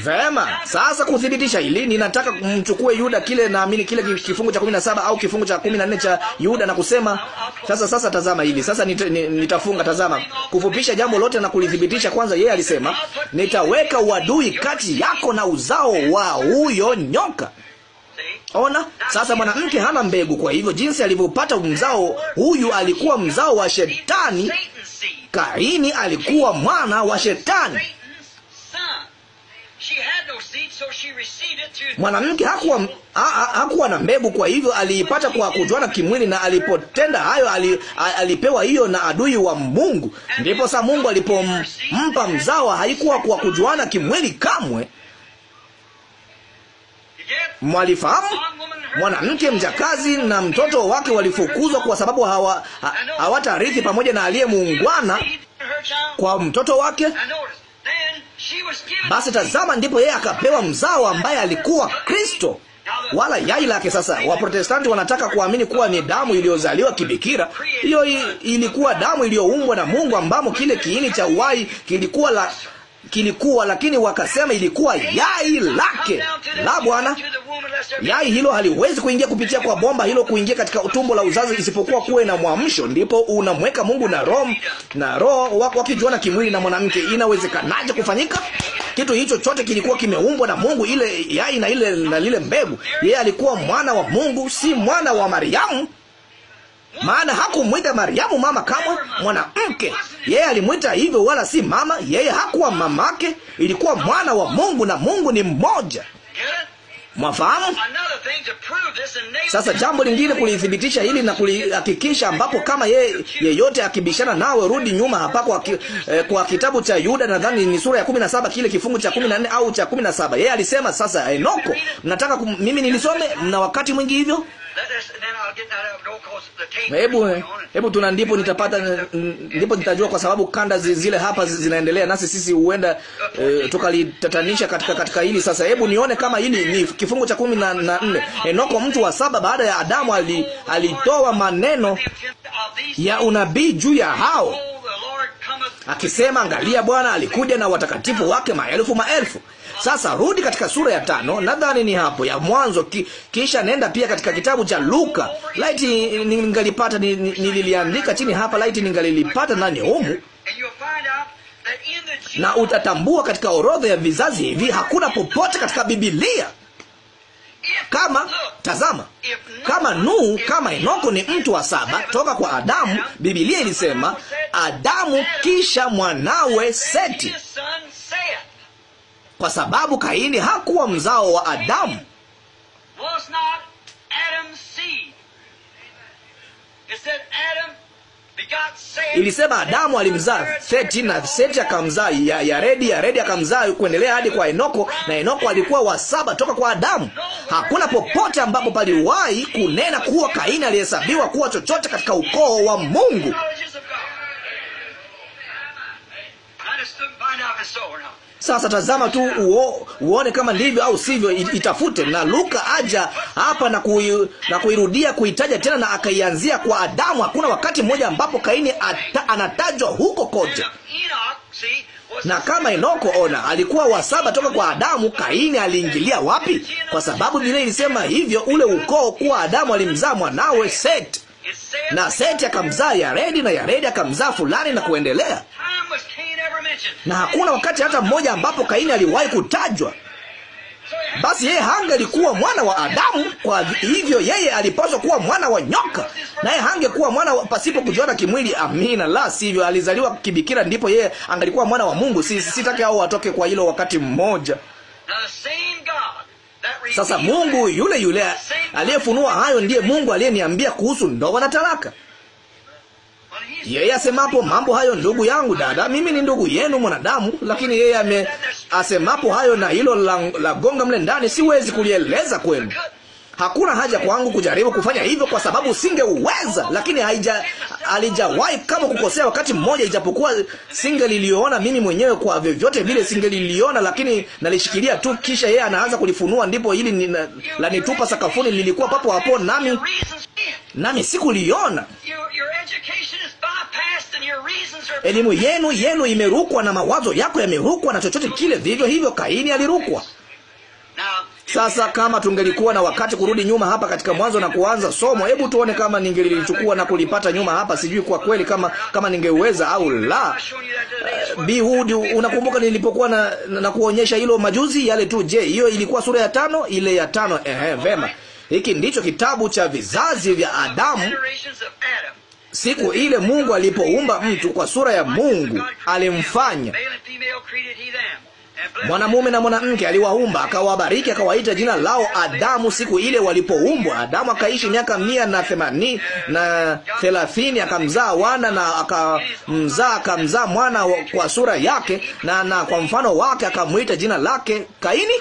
vema. Sasa kuthibitisha hili, ninataka mchukue Yuda, kile naamini kile kifungu cha 17 au kifungu cha 14 cha Yuda na kusema sasa, sasa tazama hili sasa, nitafunga. Tazama, kufupisha jambo lote na kulithibitisha kwanza. Yeye alisema nitaweka uadui kati yako na uzao wa huyo nyoka. Ona sasa, mwanamke hana mbegu. Kwa hivyo jinsi alivyopata mzao huyu, alikuwa mzao wa Shetani. Kaini alikuwa mwana wa Shetani. Mwanamke hakuwa, ha, ha, hakuwa na mbegu, kwa hivyo aliipata kwa kujuana kimwili, na alipotenda hayo ali, alipewa hiyo na adui wa Mungu. Ndipo saa Mungu alipompa mzao haikuwa kwa kujuana kimwili kamwe. Mwalifahamu mwanamke mjakazi na mtoto wake walifukuzwa kwa sababu hawa hawatarithi pamoja na aliye muungwana kwa mtoto wake. Basi tazama, ndipo yeye akapewa mzao ambaye alikuwa Kristo wala yai lake. Sasa Waprotestanti wanataka kuamini kuwa ni damu iliyozaliwa kibikira. Hiyo ilikuwa damu iliyoumbwa na Mungu, ambamo kile kiini cha uhai kilikuwa la kilikuwa, lakini wakasema ilikuwa yai lake la Bwana. Yai hilo haliwezi kuingia kupitia kwa bomba hilo kuingia katika tumbo la uzazi, isipokuwa kuwe na mwamsho. Ndipo unamweka Mungu na roho na roho wako wakijuana kimwili na mwanamke. Inawezekanaje kufanyika kitu hicho? Chote kilikuwa kimeumbwa na Mungu, ile yai na ile na lile mbegu. Yeye alikuwa mwana wa Mungu, si mwana wa Mariamu maana hakumwita Mariamu mama kamwe, mwanamke. Yeye alimwita hivyo, wala si mama. Yeye hakuwa mamake, ilikuwa mwana wa Mungu, na Mungu ni mmoja. Mwafahamu? Sasa jambo lingine kulithibitisha hili na kulihakikisha, ambapo kama ye, yeyote akibishana nawe, rudi nyuma hapa kwa, ki, eh, kwa kitabu cha Yuda, nadhani ni sura ya 17 kile kifungu cha 14 au cha 17. Yeye alisema sasa, Enoko, mnataka mimi nilisome na wakati mwingi hivyo Hebu hebu tuna ndipo nitapata ndipo nitajua, kwa sababu kanda zile hapa zinaendelea nasi sisi huenda e, tukalitatanisha katika katika hili sasa. Hebu nione kama hili ni kifungu cha kumi na nne. Enoko mtu wa saba baada ya Adamu ali, alitoa maneno ya unabii juu ya hao akisema, angalia Bwana alikuja na watakatifu wake maelfu maelfu sasa rudi katika sura ya tano, nadhani ni hapo ya mwanzo ki, kisha nenda pia katika kitabu cha Luka. Laiti ningalipata nililiandika chini hapa, laiti ningalilipata ndani humu na utatambua katika orodha ya vizazi hivi, hakuna popote katika Biblia kama tazama, kama Nuhu, kama Enoko ni mtu wa saba toka kwa Adamu. Biblia ilisema Adamu, kisha mwanawe Seti kwa sababu Kaini hakuwa mzao wa Adamu. Ilisema Adamu alimzaa Seti na Seti akamzaa ya Yaredi, Yaredi akamzaa kuendelea hadi kwa Enoko, na Enoko alikuwa wa saba toka kwa Adamu. Hakuna popote ambapo paliwahi kunena kuwa Kaini alihesabiwa kuwa chochote katika ukoo wa Mungu. Sasa tazama tu uo, uone kama ndivyo au sivyo, itafute. Na Luka aja hapa na, kui, na kuirudia kuitaja tena na akaianzia kwa Adamu. Hakuna wakati mmoja ambapo Kaini ata, anatajwa huko kote. Na kama Enoko, ona, alikuwa wa saba toka kwa Adamu, Kaini aliingilia wapi? Kwa sababu Biblia ilisema hivyo, ule ukoo kuwa Adamu alimzaa mwanawe Set na Set akamzaa Yaredi na Yaredi akamzaa fulani na kuendelea na hakuna wakati hata mmoja ambapo Kaini aliwahi kutajwa. Basi yeye hangelikuwa mwana wa Adamu, kwa hivyo yeye alipaswa kuwa mwana wa nyoka, naye kuwa mwana pasipo kujiona kimwili. Amina, la sivyo alizaliwa kibikira, ndipo yeye angalikuwa mwana wa Mungu. Si sitaki hao watoke kwa hilo wakati mmoja. Sasa Mungu yule yule aliyefunua hayo ndiye Mungu aliyeniambia kuhusu ndoa na talaka. Yeye asemapo mambo hayo, ndugu yangu, dada, mimi ni ndugu yenu mwanadamu, lakini yeye ame asemapo hayo na hilo la, la gonga mle ndani, siwezi kulieleza kwenu. Hakuna haja kwangu kujaribu kufanya hivyo kwa sababu singeuweza, lakini haija alijawahi kama kukosea wakati mmoja, ijapokuwa singeliliona mimi mwenyewe kwa vyovyote vile singeliliona, lakini nalishikilia tu. Kisha yeye anaanza kulifunua, ndipo hili la nitupa sakafuni lilikuwa papo hapo, nami nami sikuliona. Elimu yenu yenu imerukwa na mawazo yako yamerukwa na chochote kile. Vivyo hivyo Kaini alirukwa. Sasa kama tungelikuwa na wakati kurudi nyuma hapa katika mwanzo na kuanza somo, hebu tuone kama ningelichukua na kulipata nyuma hapa. Sijui kwa kweli kama kama ningeweza au la. Uh, eh, Bihud, unakumbuka nilipokuwa na, na kuonyesha hilo majuzi yale tu. Je, hiyo ilikuwa sura ya tano? Ile ya tano. Ehe, vema. Hiki ndicho kitabu cha vizazi vya Adamu siku ile Mungu alipoumba mtu kwa sura ya Mungu alimfanya mwanamume na mwanamke aliwaumba, akawabariki, akawaita jina lao Adamu. Siku ile walipoumbwa, Adamu akaishi miaka mia na themanini na thelathini, akamzaa wana na akamzaa akamzaa mwana kwa sura yake na, na kwa mfano wake akamwita jina lake Kaini.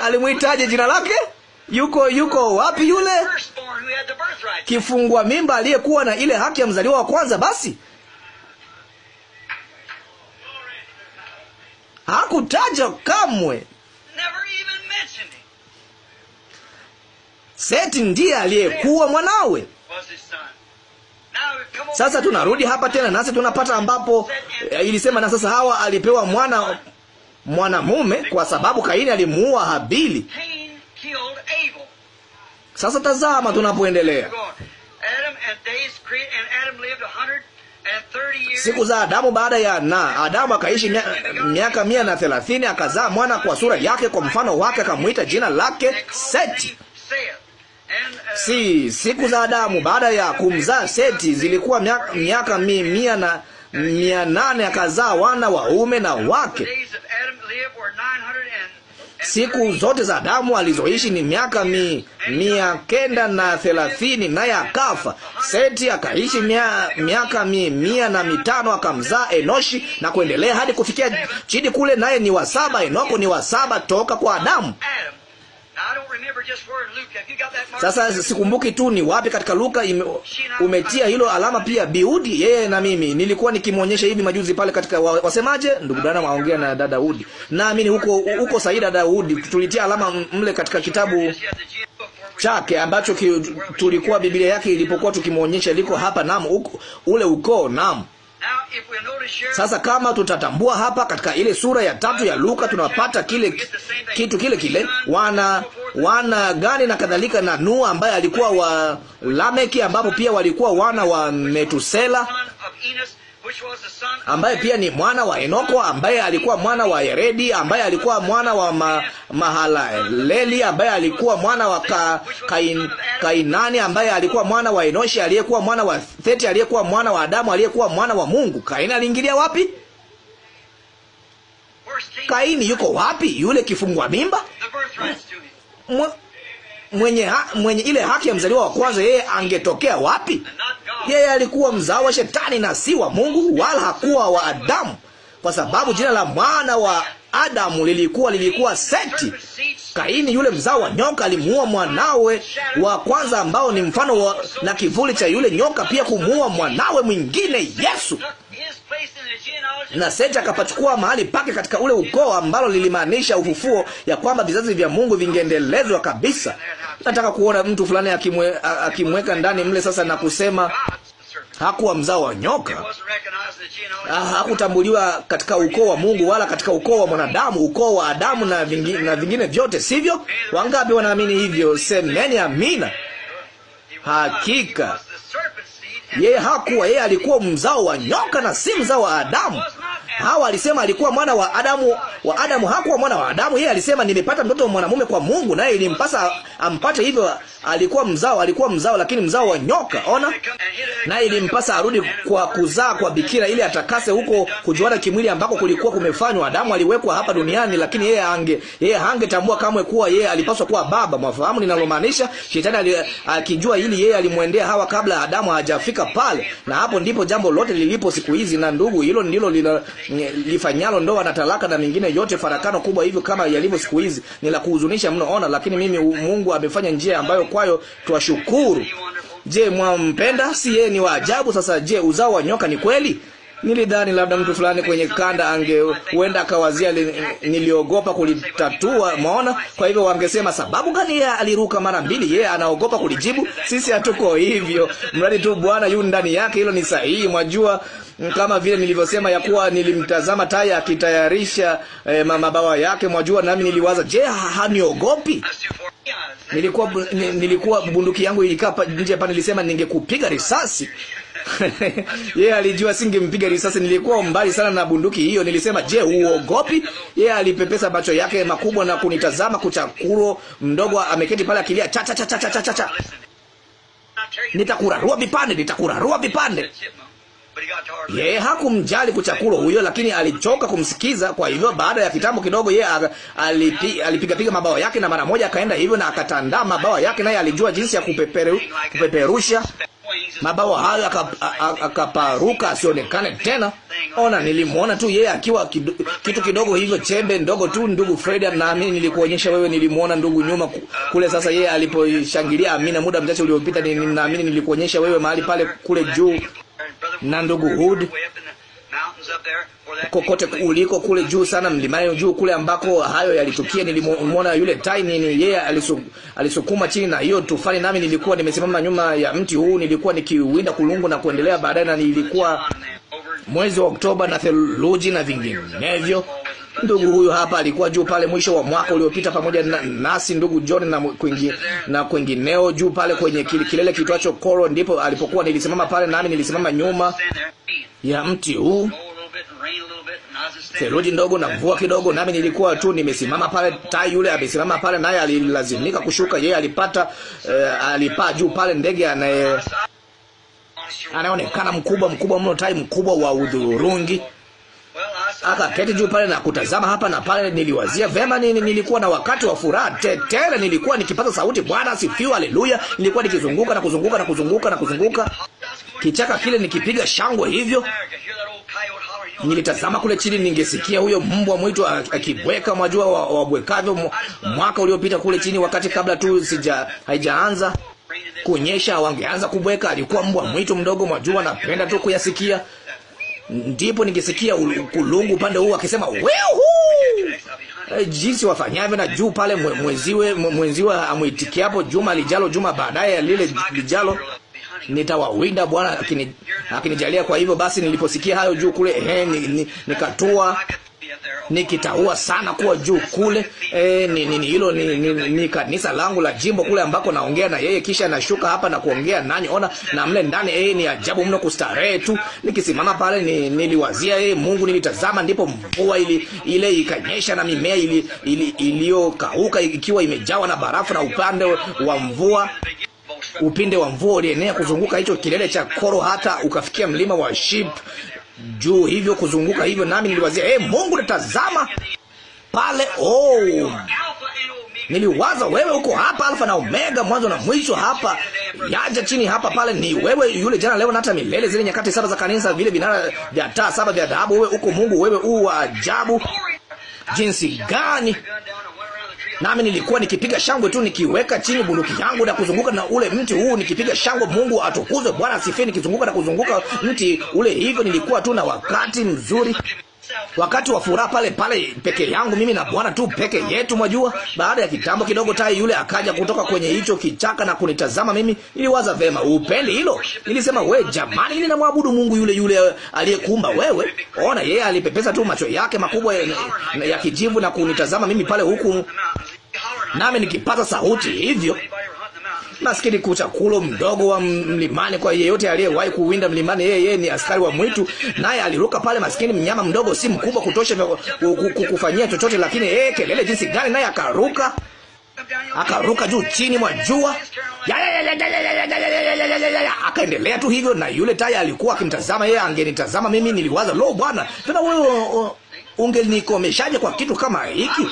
Alimwitaje jina lake? Yuko yuko wapi yule kifungua mimba aliyekuwa na ile haki ya mzaliwa wa kwanza? Basi hakutaja kamwe. Seti ndiye aliyekuwa mwanawe. Sasa tunarudi hapa tena, nasi tunapata ambapo eh, ilisema, na sasa Hawa alipewa mwana mwanamume kwa sababu Kaini alimuua Habili. Sasa tazama tunapoendelea. Siku za Adamu baada ya na Adamu akaishi miaka mia na thelathini, akazaa mwana kwa sura yake, kwa mfano wake, akamwita jina lake Seti. Uh, si siku za Adamu baada ya kumzaa Seti zilikuwa miaka, miaka mia na mia nane, akazaa wana waume na wake siku zote za Adamu alizoishi ni miaka mi, mia kenda na thelathini, naye akafa. Seti akaishi mia, miaka mi, mia na mitano akamzaa Enoshi na kuendelea hadi kufikia chini kule, naye ni wa saba. Enoko ni wa saba toka kwa Adamu. Sasa sikumbuki tu ni wapi katika Luka ime, umetia hilo alama pia Biudi. Yeye na mimi nilikuwa nikimwonyesha hivi majuzi pale katika wa, wasemaje, ndugu Branham aongea na dada Daudi, naamini huko huko sahihi. Dada Udi, tulitia alama mle katika kitabu chake ambacho ki, tulikuwa Biblia yake ilipokuwa tukimwonyesha liko hapa, naam, ule ukoo, naam sasa kama tutatambua hapa katika ile sura ya tatu ya Luka tunapata kile kitu kile kile, wana wana gani na kadhalika, na Nua ambaye alikuwa wa Lameki, ambapo pia walikuwa wana wa Metusela ambaye pia ni mwana wa Enoko, ambaye alikuwa mwana wa Yeredi, ambaye alikuwa mwana wa ma, Mahalaleli, ambaye alikuwa mwana wa ka, kain, Kainani, ambaye alikuwa mwana wa Enoshi, aliyekuwa mwana wa Theti, aliyekuwa mwana wa Adamu, aliyekuwa mwana wa Mungu. Kaini aliingilia wapi? Kaini yuko wapi? Yule kifungwa mimba mwenye, ha, mwenye ile haki ya mzaliwa wa kwanza, yeye angetokea wapi? Yeye alikuwa mzao wa Shetani na si wa Mungu, wala hakuwa wa Adamu, kwa sababu jina la mwana wa Adamu lilikuwa lilikuwa Seti. Kaini, yule mzao wa nyoka, alimuua mwanawe wa kwanza, ambao ni mfano wa, na kivuli cha yule nyoka, pia kumuua mwanawe mwingine Yesu. Na Seti akapachukua mahali pake katika ule ukoo, ambalo lilimaanisha ufufuo, ya kwamba vizazi vya Mungu vingeendelezwa kabisa. Nataka kuona mtu fulani akimwe, akimweka ndani mle sasa na kusema hakuwa mzao wa nyoka, ah, hakutambuliwa katika ukoo wa Mungu wala katika ukoo wa mwanadamu, ukoo wa Adamu na vingine, na vingine vyote, sivyo? Wangapi wanaamini hivyo? Semeni amina. Hakika yeye hakuwa, yeye alikuwa mzao wa nyoka na si mzao wa Adamu. Hawa alisema alikuwa mwana wa Adamu, wa Adamu hakuwa mwana wa Adamu. Yeye alisema nimepata mtoto mwanamume kwa Mungu, naye ilimpasa ampate hivyo. Alikuwa mzao, alikuwa mzao, lakini mzao wa nyoka. Ona, naye ilimpasa arudi kwa kuzaa kwa bikira ili atakase huko kujuana kimwili ambako kulikuwa kumefanywa. Adamu aliwekwa hapa duniani, lakini yeye ange, yeye hangetambua kamwe kuwa yeye alipaswa kuwa baba. Mwafahamu ninalomaanisha? Shetani akijua hili, yeye alimwendea Hawa kabla Adamu hajafika kufika pale, na hapo ndipo jambo lote lilipo siku hizi. Na ndugu, hilo ndilo lila, lifanyalo ndoa na talaka na mingine yote farakano kubwa hivyo kama yalivyo siku hizi, ni la kuhuzunisha mno. Ona, lakini mimi Mungu amefanya njia ambayo kwayo twashukuru. Je, mwampenda? Si yeye ni wa ajabu. Sasa je, uzao wa nyoka ni kweli? Nilidhani labda mtu fulani kwenye kanda angewenda akawazia, niliogopa kulitatua. Maona, kwa hivyo wangesema sababu gani yeye aliruka mara mbili? Yeye anaogopa kulijibu. Sisi hatuko hivyo, mradi tu Bwana yu ndani yake, hilo ni sahihi. Mwajua, mm, kama vile nilivyosema ya kuwa nilimtazama taya akitayarisha eh, mabawa yake. Mwajua, nami niliwaza, je, haniogopi? Nilikuwa nilikuwa bunduki yangu ilikaa nje pale, nilisema ningekupiga risasi yeye yeah, alijua singempiga risasi. Nilikuwa mbali sana na bunduki hiyo. Nilisema, je, uogopi? Yeye yeah, alipepesa macho yake makubwa na kunitazama. Kuchakuro mdogo ameketi pale akilia cha cha cha cha cha cha. Nitakurarua vipande, nitakurarua vipande. Yeye hakumjali kuchakula huyo, lakini alichoka kumsikiza. Kwa hivyo baada ya kitambo kidogo, yeye alipi, alipigapiga mabawa yake, na mara moja akaenda hivyo na akatandaa mabawa yake, naye alijua jinsi ya kupeperu, kupeperusha mabawa hayo, akaparuka asionekane tena. Ona, nilimwona tu yeye akiwa kido, kitu kidogo hivyo, chembe ndogo tu. Ndugu Freda, nami nilikuonyesha wewe, nilimwona ndugu nyuma kule. Sasa yeye aliposhangilia Amina muda mchache uliopita, ninaamini nilikuonyesha wewe mahali pale kule juu na ndugu Hood kokote uliko kule juu sana mlimani juu kule ambako hayo yalitukia, nilimwona yule tai nini, yeye yeah, alisukuma chini na hiyo tufani, nami nilikuwa nimesimama nyuma ya mti huu, nilikuwa nikiwinda kulungu na kuendelea baadaye, na nilikuwa mwezi wa Oktoba na theluji na vinginevyo Ndugu huyu hapa alikuwa juu pale mwisho wa mwaka uliopita pamoja na, nasi ndugu John na kwingi, na kwingineo juu pale kwenye kile kilele kitwacho Koro, ndipo alipokuwa nilisimama pale, nami nilisimama nyuma ya mti huu theluji ndogo na mvua kidogo, nami nilikuwa tu nimesimama pale. Tai yule amesimama pale, naye alilazimika kushuka. Yeye alipata uh, alipaa juu pale, ndege anaye anaonekana mkubwa mkubwa mno, tai mkubwa wa udhurungi akaketi juu pale na kutazama hapa na pale. Niliwazia vema nini, nilikuwa na wakati wa furaha tetele, nilikuwa nikipata sauti, Bwana sifiwe, haleluya. Nilikuwa nikizunguka na kuzunguka na kuzunguka na kuzunguka kichaka kile, nikipiga shangwe hivyo. Nilitazama kule chini, ningesikia huyo mbwa mwitu akibweka. Mwajua wabwekavyo mwaka uliopita kule chini, wakati kabla tu sija haijaanza kunyesha, wangeanza kubweka. Alikuwa mbwa mwitu mdogo, mwajua, napenda tu kuyasikia Ndipo ningesikia kulungu upande huu akisema wehu, eh, jinsi wafanyavyo na juu pale. Mwenziwe mwenziwe amwitikia hapo, juma lijalo, juma baadaye lile lijalo, nitawawinda Bwana akinijalia. Kwa hivyo basi, niliposikia hayo juu kule, ehe, nikatua nikitaua sana kuwa juu kule. E, ni, ni, hilo ni, ni, ni, ni kanisa langu la jimbo kule ambako naongea na yeye, kisha nashuka hapa na kuongea nanyi. Ona na mle ndani e, ni ajabu mno kustarehe tu. Nikisimama pale ni, niliwazia yeye Mungu, nilitazama, ndipo mvua ili, ile ikanyesha na mimea ili, ili, ikiwa imejawa na barafu na upande wa mvua upinde wa mvua ulienea kuzunguka hicho kilele cha koro hata ukafikia mlima wa Ship juu hivyo kuzunguka hivyo, nami niliwazia eh, Mungu natazama pale oh. Niliwaza wewe uko hapa, alfa na omega, mwanzo na mwisho, hapa yaja chini, hapa pale. Ni wewe yule jana, leo na hata milele, zile nyakati saba za kanisa, vile vinara vya taa saba vya dhahabu. Wewe uko Mungu, wewe u ajabu jinsi gani! Nami nilikuwa nikipiga shangwe tu, nikiweka chini bunduki yangu na kuzunguka na ule mti huu, nikipiga shangwe, Mungu atukuzwe, Bwana sifi, nikizunguka na kuzunguka mti ule. Hivyo nilikuwa tu na wakati mzuri wakati wa furaha pale pale peke yangu, mimi na Bwana tu peke yetu, mwajua. Baada ya kitambo kidogo, tai yule akaja kutoka kwenye hicho kichaka na kunitazama mimi. Niliwaza vema, upendi hilo? Nilisema, we jamani, ili namwabudu Mungu yule yule eh, aliyekuumba wewe. Ona, yeye alipepesa tu macho yake makubwa ya, ya kijivu na kunitazama mimi pale, huku nami nikipata sauti hivyo Maskini kuchakulo mdogo wa mlimani. Kwa yeyote aliyewahi kuwinda mlimani, yeye yeye ni askari wa mwitu, naye aliruka pale. Maskini mnyama mdogo, si mkubwa kutosha kufanyia chochote, lakini yeye kelele jinsi gani! Naye akaruka akaruka juu chini mwa jua, akaendelea tu hivyo, na yule tai alikuwa akimtazama yeye. Angenitazama mimi, niliwaza lo, bwana tena wewe Ungelinikomeshaje kwa kitu kama hiki?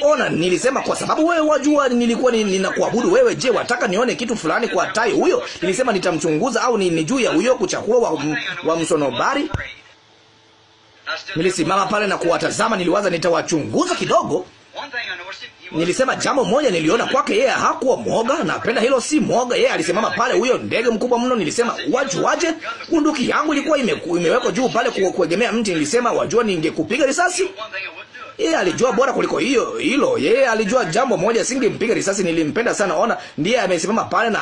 Ona, nilisema kwa sababu wewe wajua nilikuwa ninakuabudu wewe. Je, wataka nione kitu fulani kwa tai huyo? Nilisema nitamchunguza au ni juu ya huyo kuchakua wa, wa msonobari. Nilisimama pale na kuwatazama, niliwaza nitawachunguza kidogo. Nilisema jambo moja niliona kwake, yeye hakuwa mwoga, napenda hilo, si mwoga. Yeye alisimama pale, huyo ndege mkubwa mno. Nilisema waju waje, bunduki yangu ilikuwa ime, imewekwa juu pale kuegemea mti. Nilisema wajua, ningekupiga risasi yeye alijua bora kuliko hiyo hilo. Yeye alijua jambo moja, singempiga risasi. Nilimpenda sana, ona, ndiye amesimama pale na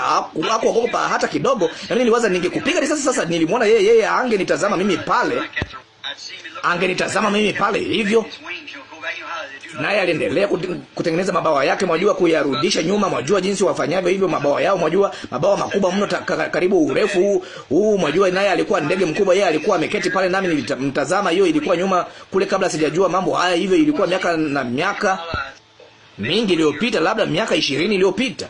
hakuogopa hata kidogo. Na niliwaza ningekupiga risasi sasa. Nilimwona yeye, yeye angenitazama mimi pale, angenitazama mimi pale hivyo naye aliendelea kutengeneza mabawa yake, mwajua, kuyarudisha nyuma, mwajua jinsi wafanyavyo hivyo mabawa yao, mwajua, mabawa makubwa mno, karibu urefu huu huu, mwajua. Naye alikuwa ndege mkubwa, yeye alikuwa ameketi pale, nami nilimtazama. Hiyo ilikuwa nyuma kule, kabla sijajua mambo haya, hivyo ilikuwa miaka na miaka mingi iliyopita, labda miaka ishirini iliyopita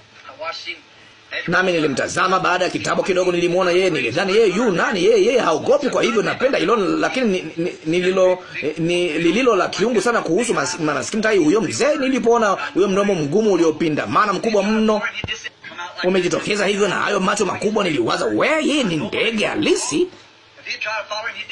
nami nilimtazama. Baada ya kitabu kidogo, nilimwona yeye, nilidhani yeye yu nani, yeye yeye haogopi. Kwa hivyo napenda hilo, lakini nililo ni lililo la kiungu sana kuhusu maskini tai huyo mzee. Nilipoona huyo mdomo mgumu uliopinda, maana mkubwa mno umejitokeza hivyo, na hayo macho makubwa, niliwaza, we, yeye ni ndege halisi.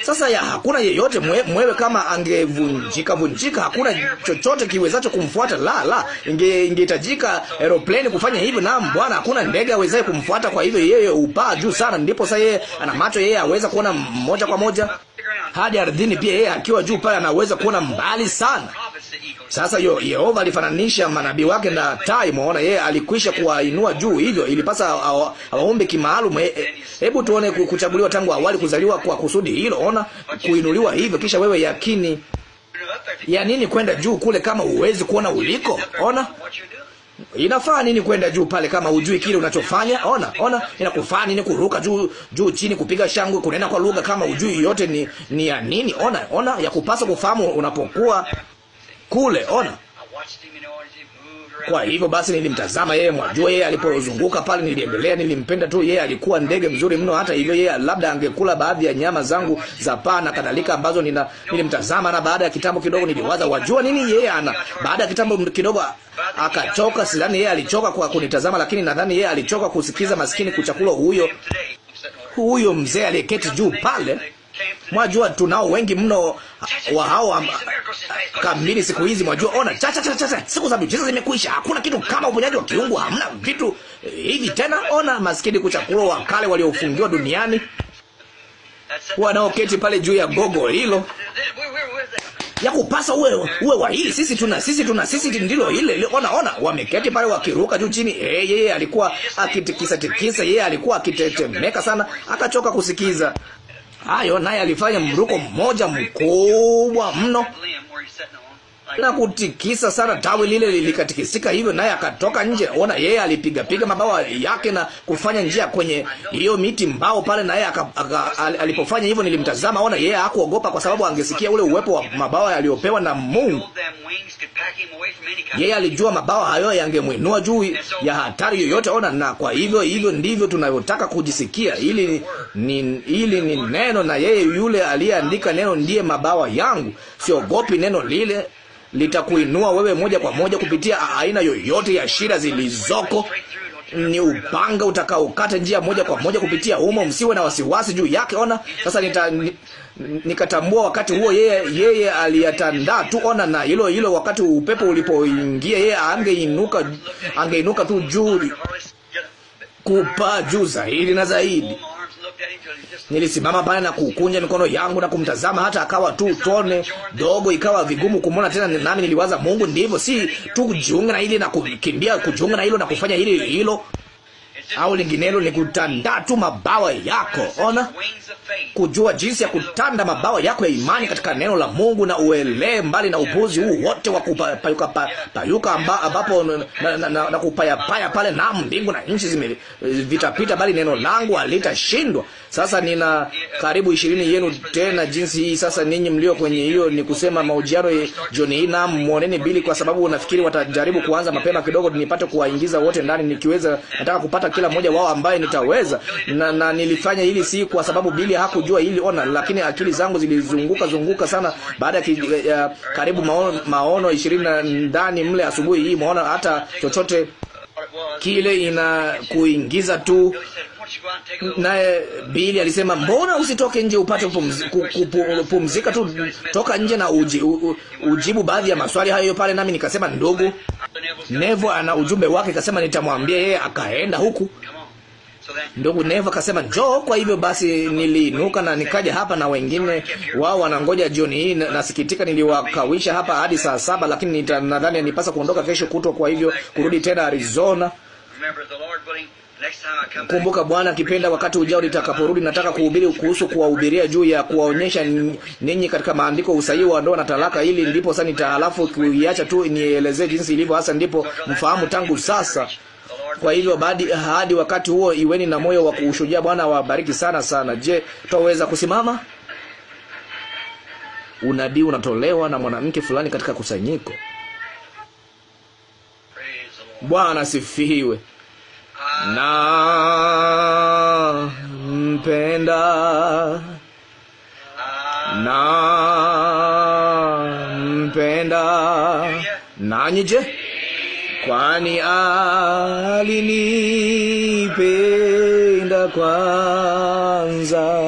Sasa ya hakuna yeyote mwe, mwewe kama angevunjika vunjika, hakuna chochote kiwezacho kumfuata. La, la, ingehitajika inge aeroplane kufanya hivyo. Naam Bwana, hakuna ndege awezaye kumfuata. Kwa hivyo yeye upaa juu sana, ndipo sasa yeye ana macho, yeye aweza kuona moja kwa moja hadi ardhini. Pia yeye akiwa juu pale anaweza kuona mbali sana. Sasa Yehova alifananisha manabii wake na tai. Mwaona, yeye alikwisha kuwainua juu, hivyo ilipasa awaombe kimaalum. E, e, hebu tuone kuchaguliwa tangu awali, kuzaliwa kwa kusudi hilo. Ona kuinuliwa hivyo, kisha wewe yakini ya nini kwenda juu kule kama huwezi kuona uliko? Ona Inafaa nini kwenda juu pale kama hujui kile unachofanya? Ona, ona, inakufaa nini kuruka juu juu chini, kupiga shangwe, kunena kwa lugha kama hujui yote ni ni ya nini? Ona, ona, ya kufahamu unapokuwa kule. Ona. Kwa hivyo basi nilimtazama yeye, mwajua, yeye alipozunguka pale, niliendelea, nilimpenda tu yeye. Alikuwa ndege mzuri mno. Hata hivyo, yeye labda angekula baadhi ya nyama zangu za paa na kadhalika, ambazo nina, nilimtazama, na baada ya kitambo kidogo niliwaza, wajua nini, yeye ana, baada ya kitambo kidogo akachoka. Sidhani yeye alichoka kwa kunitazama, lakini nadhani yeye alichoka kusikiza, maskini, kuchakula huyo huyo mzee aliyeketi juu pale Mwajua tunao wengi mno wa hao kamili siku hizi, mwajua. Ona cha cha cha, siku za miujiza zimekwisha, hakuna kitu kama uponyaji wa kiungu, hamna vitu eh, hivi tena. Ona maskini kuchakuro wa kale waliofungiwa duniani wanaoketi pale juu ya gogo hilo ya kupasa uwe uwe wa hili sisi tuna sisi tuna sisi ndilo ile. Ona ona, wameketi pale wakiruka juu chini. Eh, yeye alikuwa akitikisa tikisa, yeye alikuwa akitetemeka sana, akachoka kusikiza hayo, naye alifanya mruko mmoja mkubwa mno na kutikisa sana tawi lile likatikisika hivyo, naye akatoka nje. Ona, yeye alipigapiga mabawa yake na kufanya njia kwenye hiyo miti mbao pale, naye alipofanya hivyo nilimtazama. Ona, yeye hakuogopa kwa sababu angesikia ule uwepo wa mabawa yaliyopewa na Mungu. Yeye alijua mabawa hayo yangemwinua juu ya hatari yoyote. Ona, na kwa hivyo hivyo ndivyo tunavyotaka kujisikia. Ili ni, ili ni neno, na yeye yule aliyeandika neno ndiye mabawa yangu. Siogopi neno lile litakuinua wewe moja kwa moja kupitia aina yoyote ya shida zilizoko. Ni upanga utakaokata njia moja kwa moja kupitia humo, msiwe na wasiwasi juu yake. Ona sasa, nita nikatambua wakati huo yeye, yeye aliyatandaa tu. Ona na hilo hilo, wakati upepo ulipoingia, yeye angeinuka, angeinuka tu juu, kupaa juu zaidi na zaidi. Nilisimama pale na kukunja mikono yangu na kumtazama, hata akawa tu tone dogo, ikawa vigumu kumwona tena. Nami niliwaza, Mungu, ndivyo si tu kujiunga na hili na kukimbia kujiunga na hilo na kufanya hili hilo au linginelo ni kutanda tu mabawa yako. Ona, kujua jinsi ya kutanda mabawa yako ya imani katika neno la Mungu, na uelee mbali na upuzi huu wote wa kupayuka pa, payuka amba, ambapo na, na, na, na, na kupayapaya pale, na mbingu na nchi zimevitapita, bali neno langu halitashindwa. Sasa nina karibu ishirini yenu tena jinsi hii. Sasa ninyi mlio kwenye hiyo, ni kusema mahojiano jioni hii, na muoneni Bili, kwa sababu nafikiri watajaribu kuanza mapema kidogo, nipate kuwaingiza wote ndani nikiweza. Nataka kupata kila mmoja wao ambaye nitaweza na, na nilifanya hili si kwa sababu Bili hakujua hili ona, lakini akili zangu zilizunguka zunguka sana baada ya uh, karibu maono, maono ishirini na ndani mle asubuhi hii maona hata chochote kile ina kuingiza tu Naye Bili alisema mbona usitoke nje upate kupumzika tu, toka nje na uji, u, ujibu baadhi ya maswali hayo pale. Nami nikasema ndugu Nevo ana ujumbe wake, kasema nitamwambia yeye, akaenda huku Ndugu Nevo akasema njoo. Kwa hivyo basi, niliinuka na nikaja hapa, na wengine wao wanangoja jioni hii. Nasikitika niliwakawisha hapa hadi saa saba, lakini nadhani nipasa kuondoka kesho kutwa, kwa hivyo kurudi tena Arizona. Kumbuka, Bwana akipenda, wakati ujao nitakaporudi, nataka kuhubiri kuhusu, kuwahubiria juu ya kuwaonyesha ninyi katika maandiko usahihi wa ndoa na talaka. Ili ndipo sasa nita halafu kuiacha tu nielezee jinsi ilivyo hasa, ndipo mfahamu tangu sasa. Kwa hivyo hadi hadi wakati huo, iweni na moyo wa kuushujia. Bwana wabariki sana sana. Je, twaweza kusimama? Unabii unatolewa na mwanamke fulani katika kusanyiko. Bwana sifiwe na mpenda na mpenda. Nanyi je, kwani alinipenda kwanza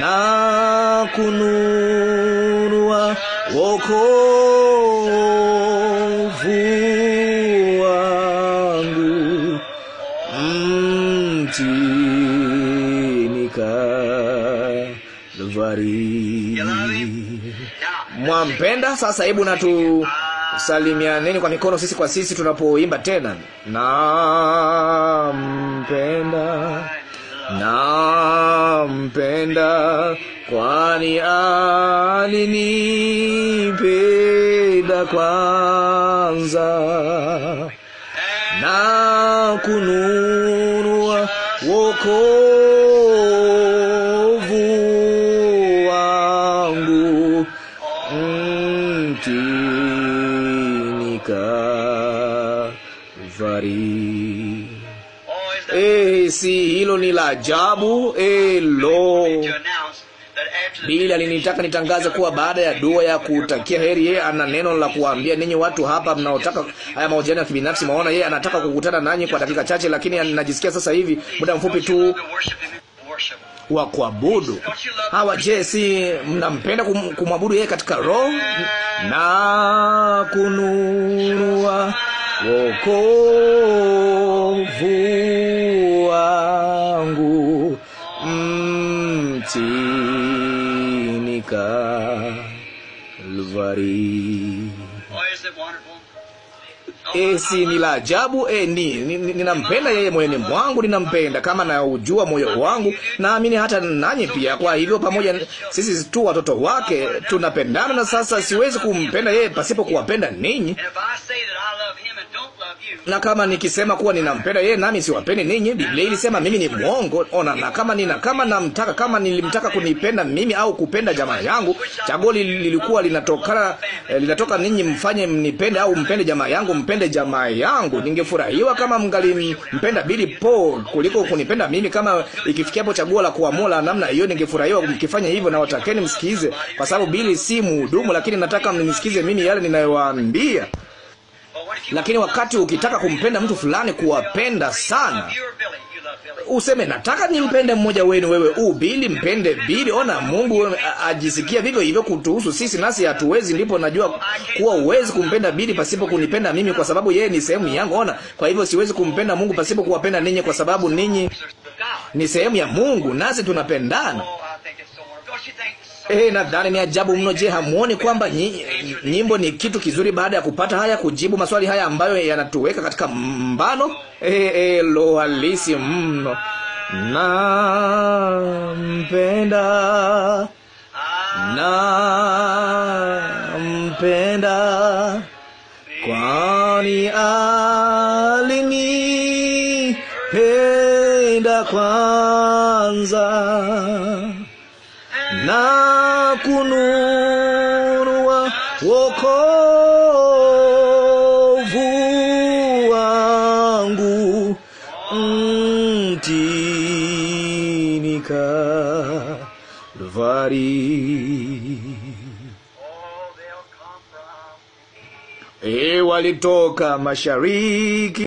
na kununua wokovu Mwampenda? Sasa hebu na tusalimianeni kwa mikono sisi kwa sisi tunapoimba tena. Nampenda, nampenda, kwani alinipenda kwanza na kununua wokovu la ajabu. elo. Eh, Bili alinitaka nitangaze kuwa baada ya dua ya kutakia heri, yeye ana neno la kuambia ninyi watu hapa mnaotaka haya mahojiano ya kibinafsi. Maona yeye anataka kukutana nanyi kwa dakika chache, lakini najisikia sasa hivi muda mfupi tu wa kuabudu. Hawa je, si mnampenda kumwabudu yeye katika roho na kununua wokovu Albertini E, eh, si ni la ajabu? E, ni ninampenda yeye moyoni mwangu, ninampenda kama naujua moyo wangu. Naamini hata nanyi pia. Kwa hivyo pamoja sisi tu watoto wake tunapendana, na sasa siwezi kumpenda yeye pasipo kuwapenda ninyi na kama nikisema kuwa ninampenda yeye nami siwapendi ninyi, Biblia ilisema mimi ni mwongo. Ona, na kama nina kama namtaka kama nilimtaka kunipenda mimi au kupenda jamaa yangu, chaguo lilikuwa linatokana eh, linatoka ninyi, mfanye mnipende au mpende jamaa yangu. Mpende jamaa yangu. Ningefurahiwa kama mngalimpenda Bili Po kuliko kunipenda mimi. Kama ikifikia hapo chaguo la kuamua la namna hiyo, ningefurahiwa mkifanya hivyo, na watakeni msikize, kwa sababu Bili si mhudumu, lakini nataka mnisikize mimi yale ninayowaambia. Lakini wakati ukitaka kumpenda mtu fulani, kuwapenda sana useme nataka nimpende mmoja wenu. Wewe u Bili, mpende Bili. Ona, Mungu ajisikia vivyo hivyo kutuhusu sisi, nasi hatuwezi. Ndipo najua kuwa uwezi kumpenda Bili pasipo kunipenda mimi, kwa sababu yeye ni sehemu yangu. Ona, kwa hivyo siwezi kumpenda Mungu pasipo kuwapenda ninyi, kwa sababu ninyi ni sehemu ya Mungu, nasi tunapendana. Eh, nadhani ni ajabu mno. Je, hamuoni kwamba nyimbo ni kitu kizuri baada ya kupata haya, kujibu maswali haya ambayo yanatuweka katika mbano? Eh, eh, lo halisi mno. Na mpenda na mpenda kwani ah, walitoka mashariki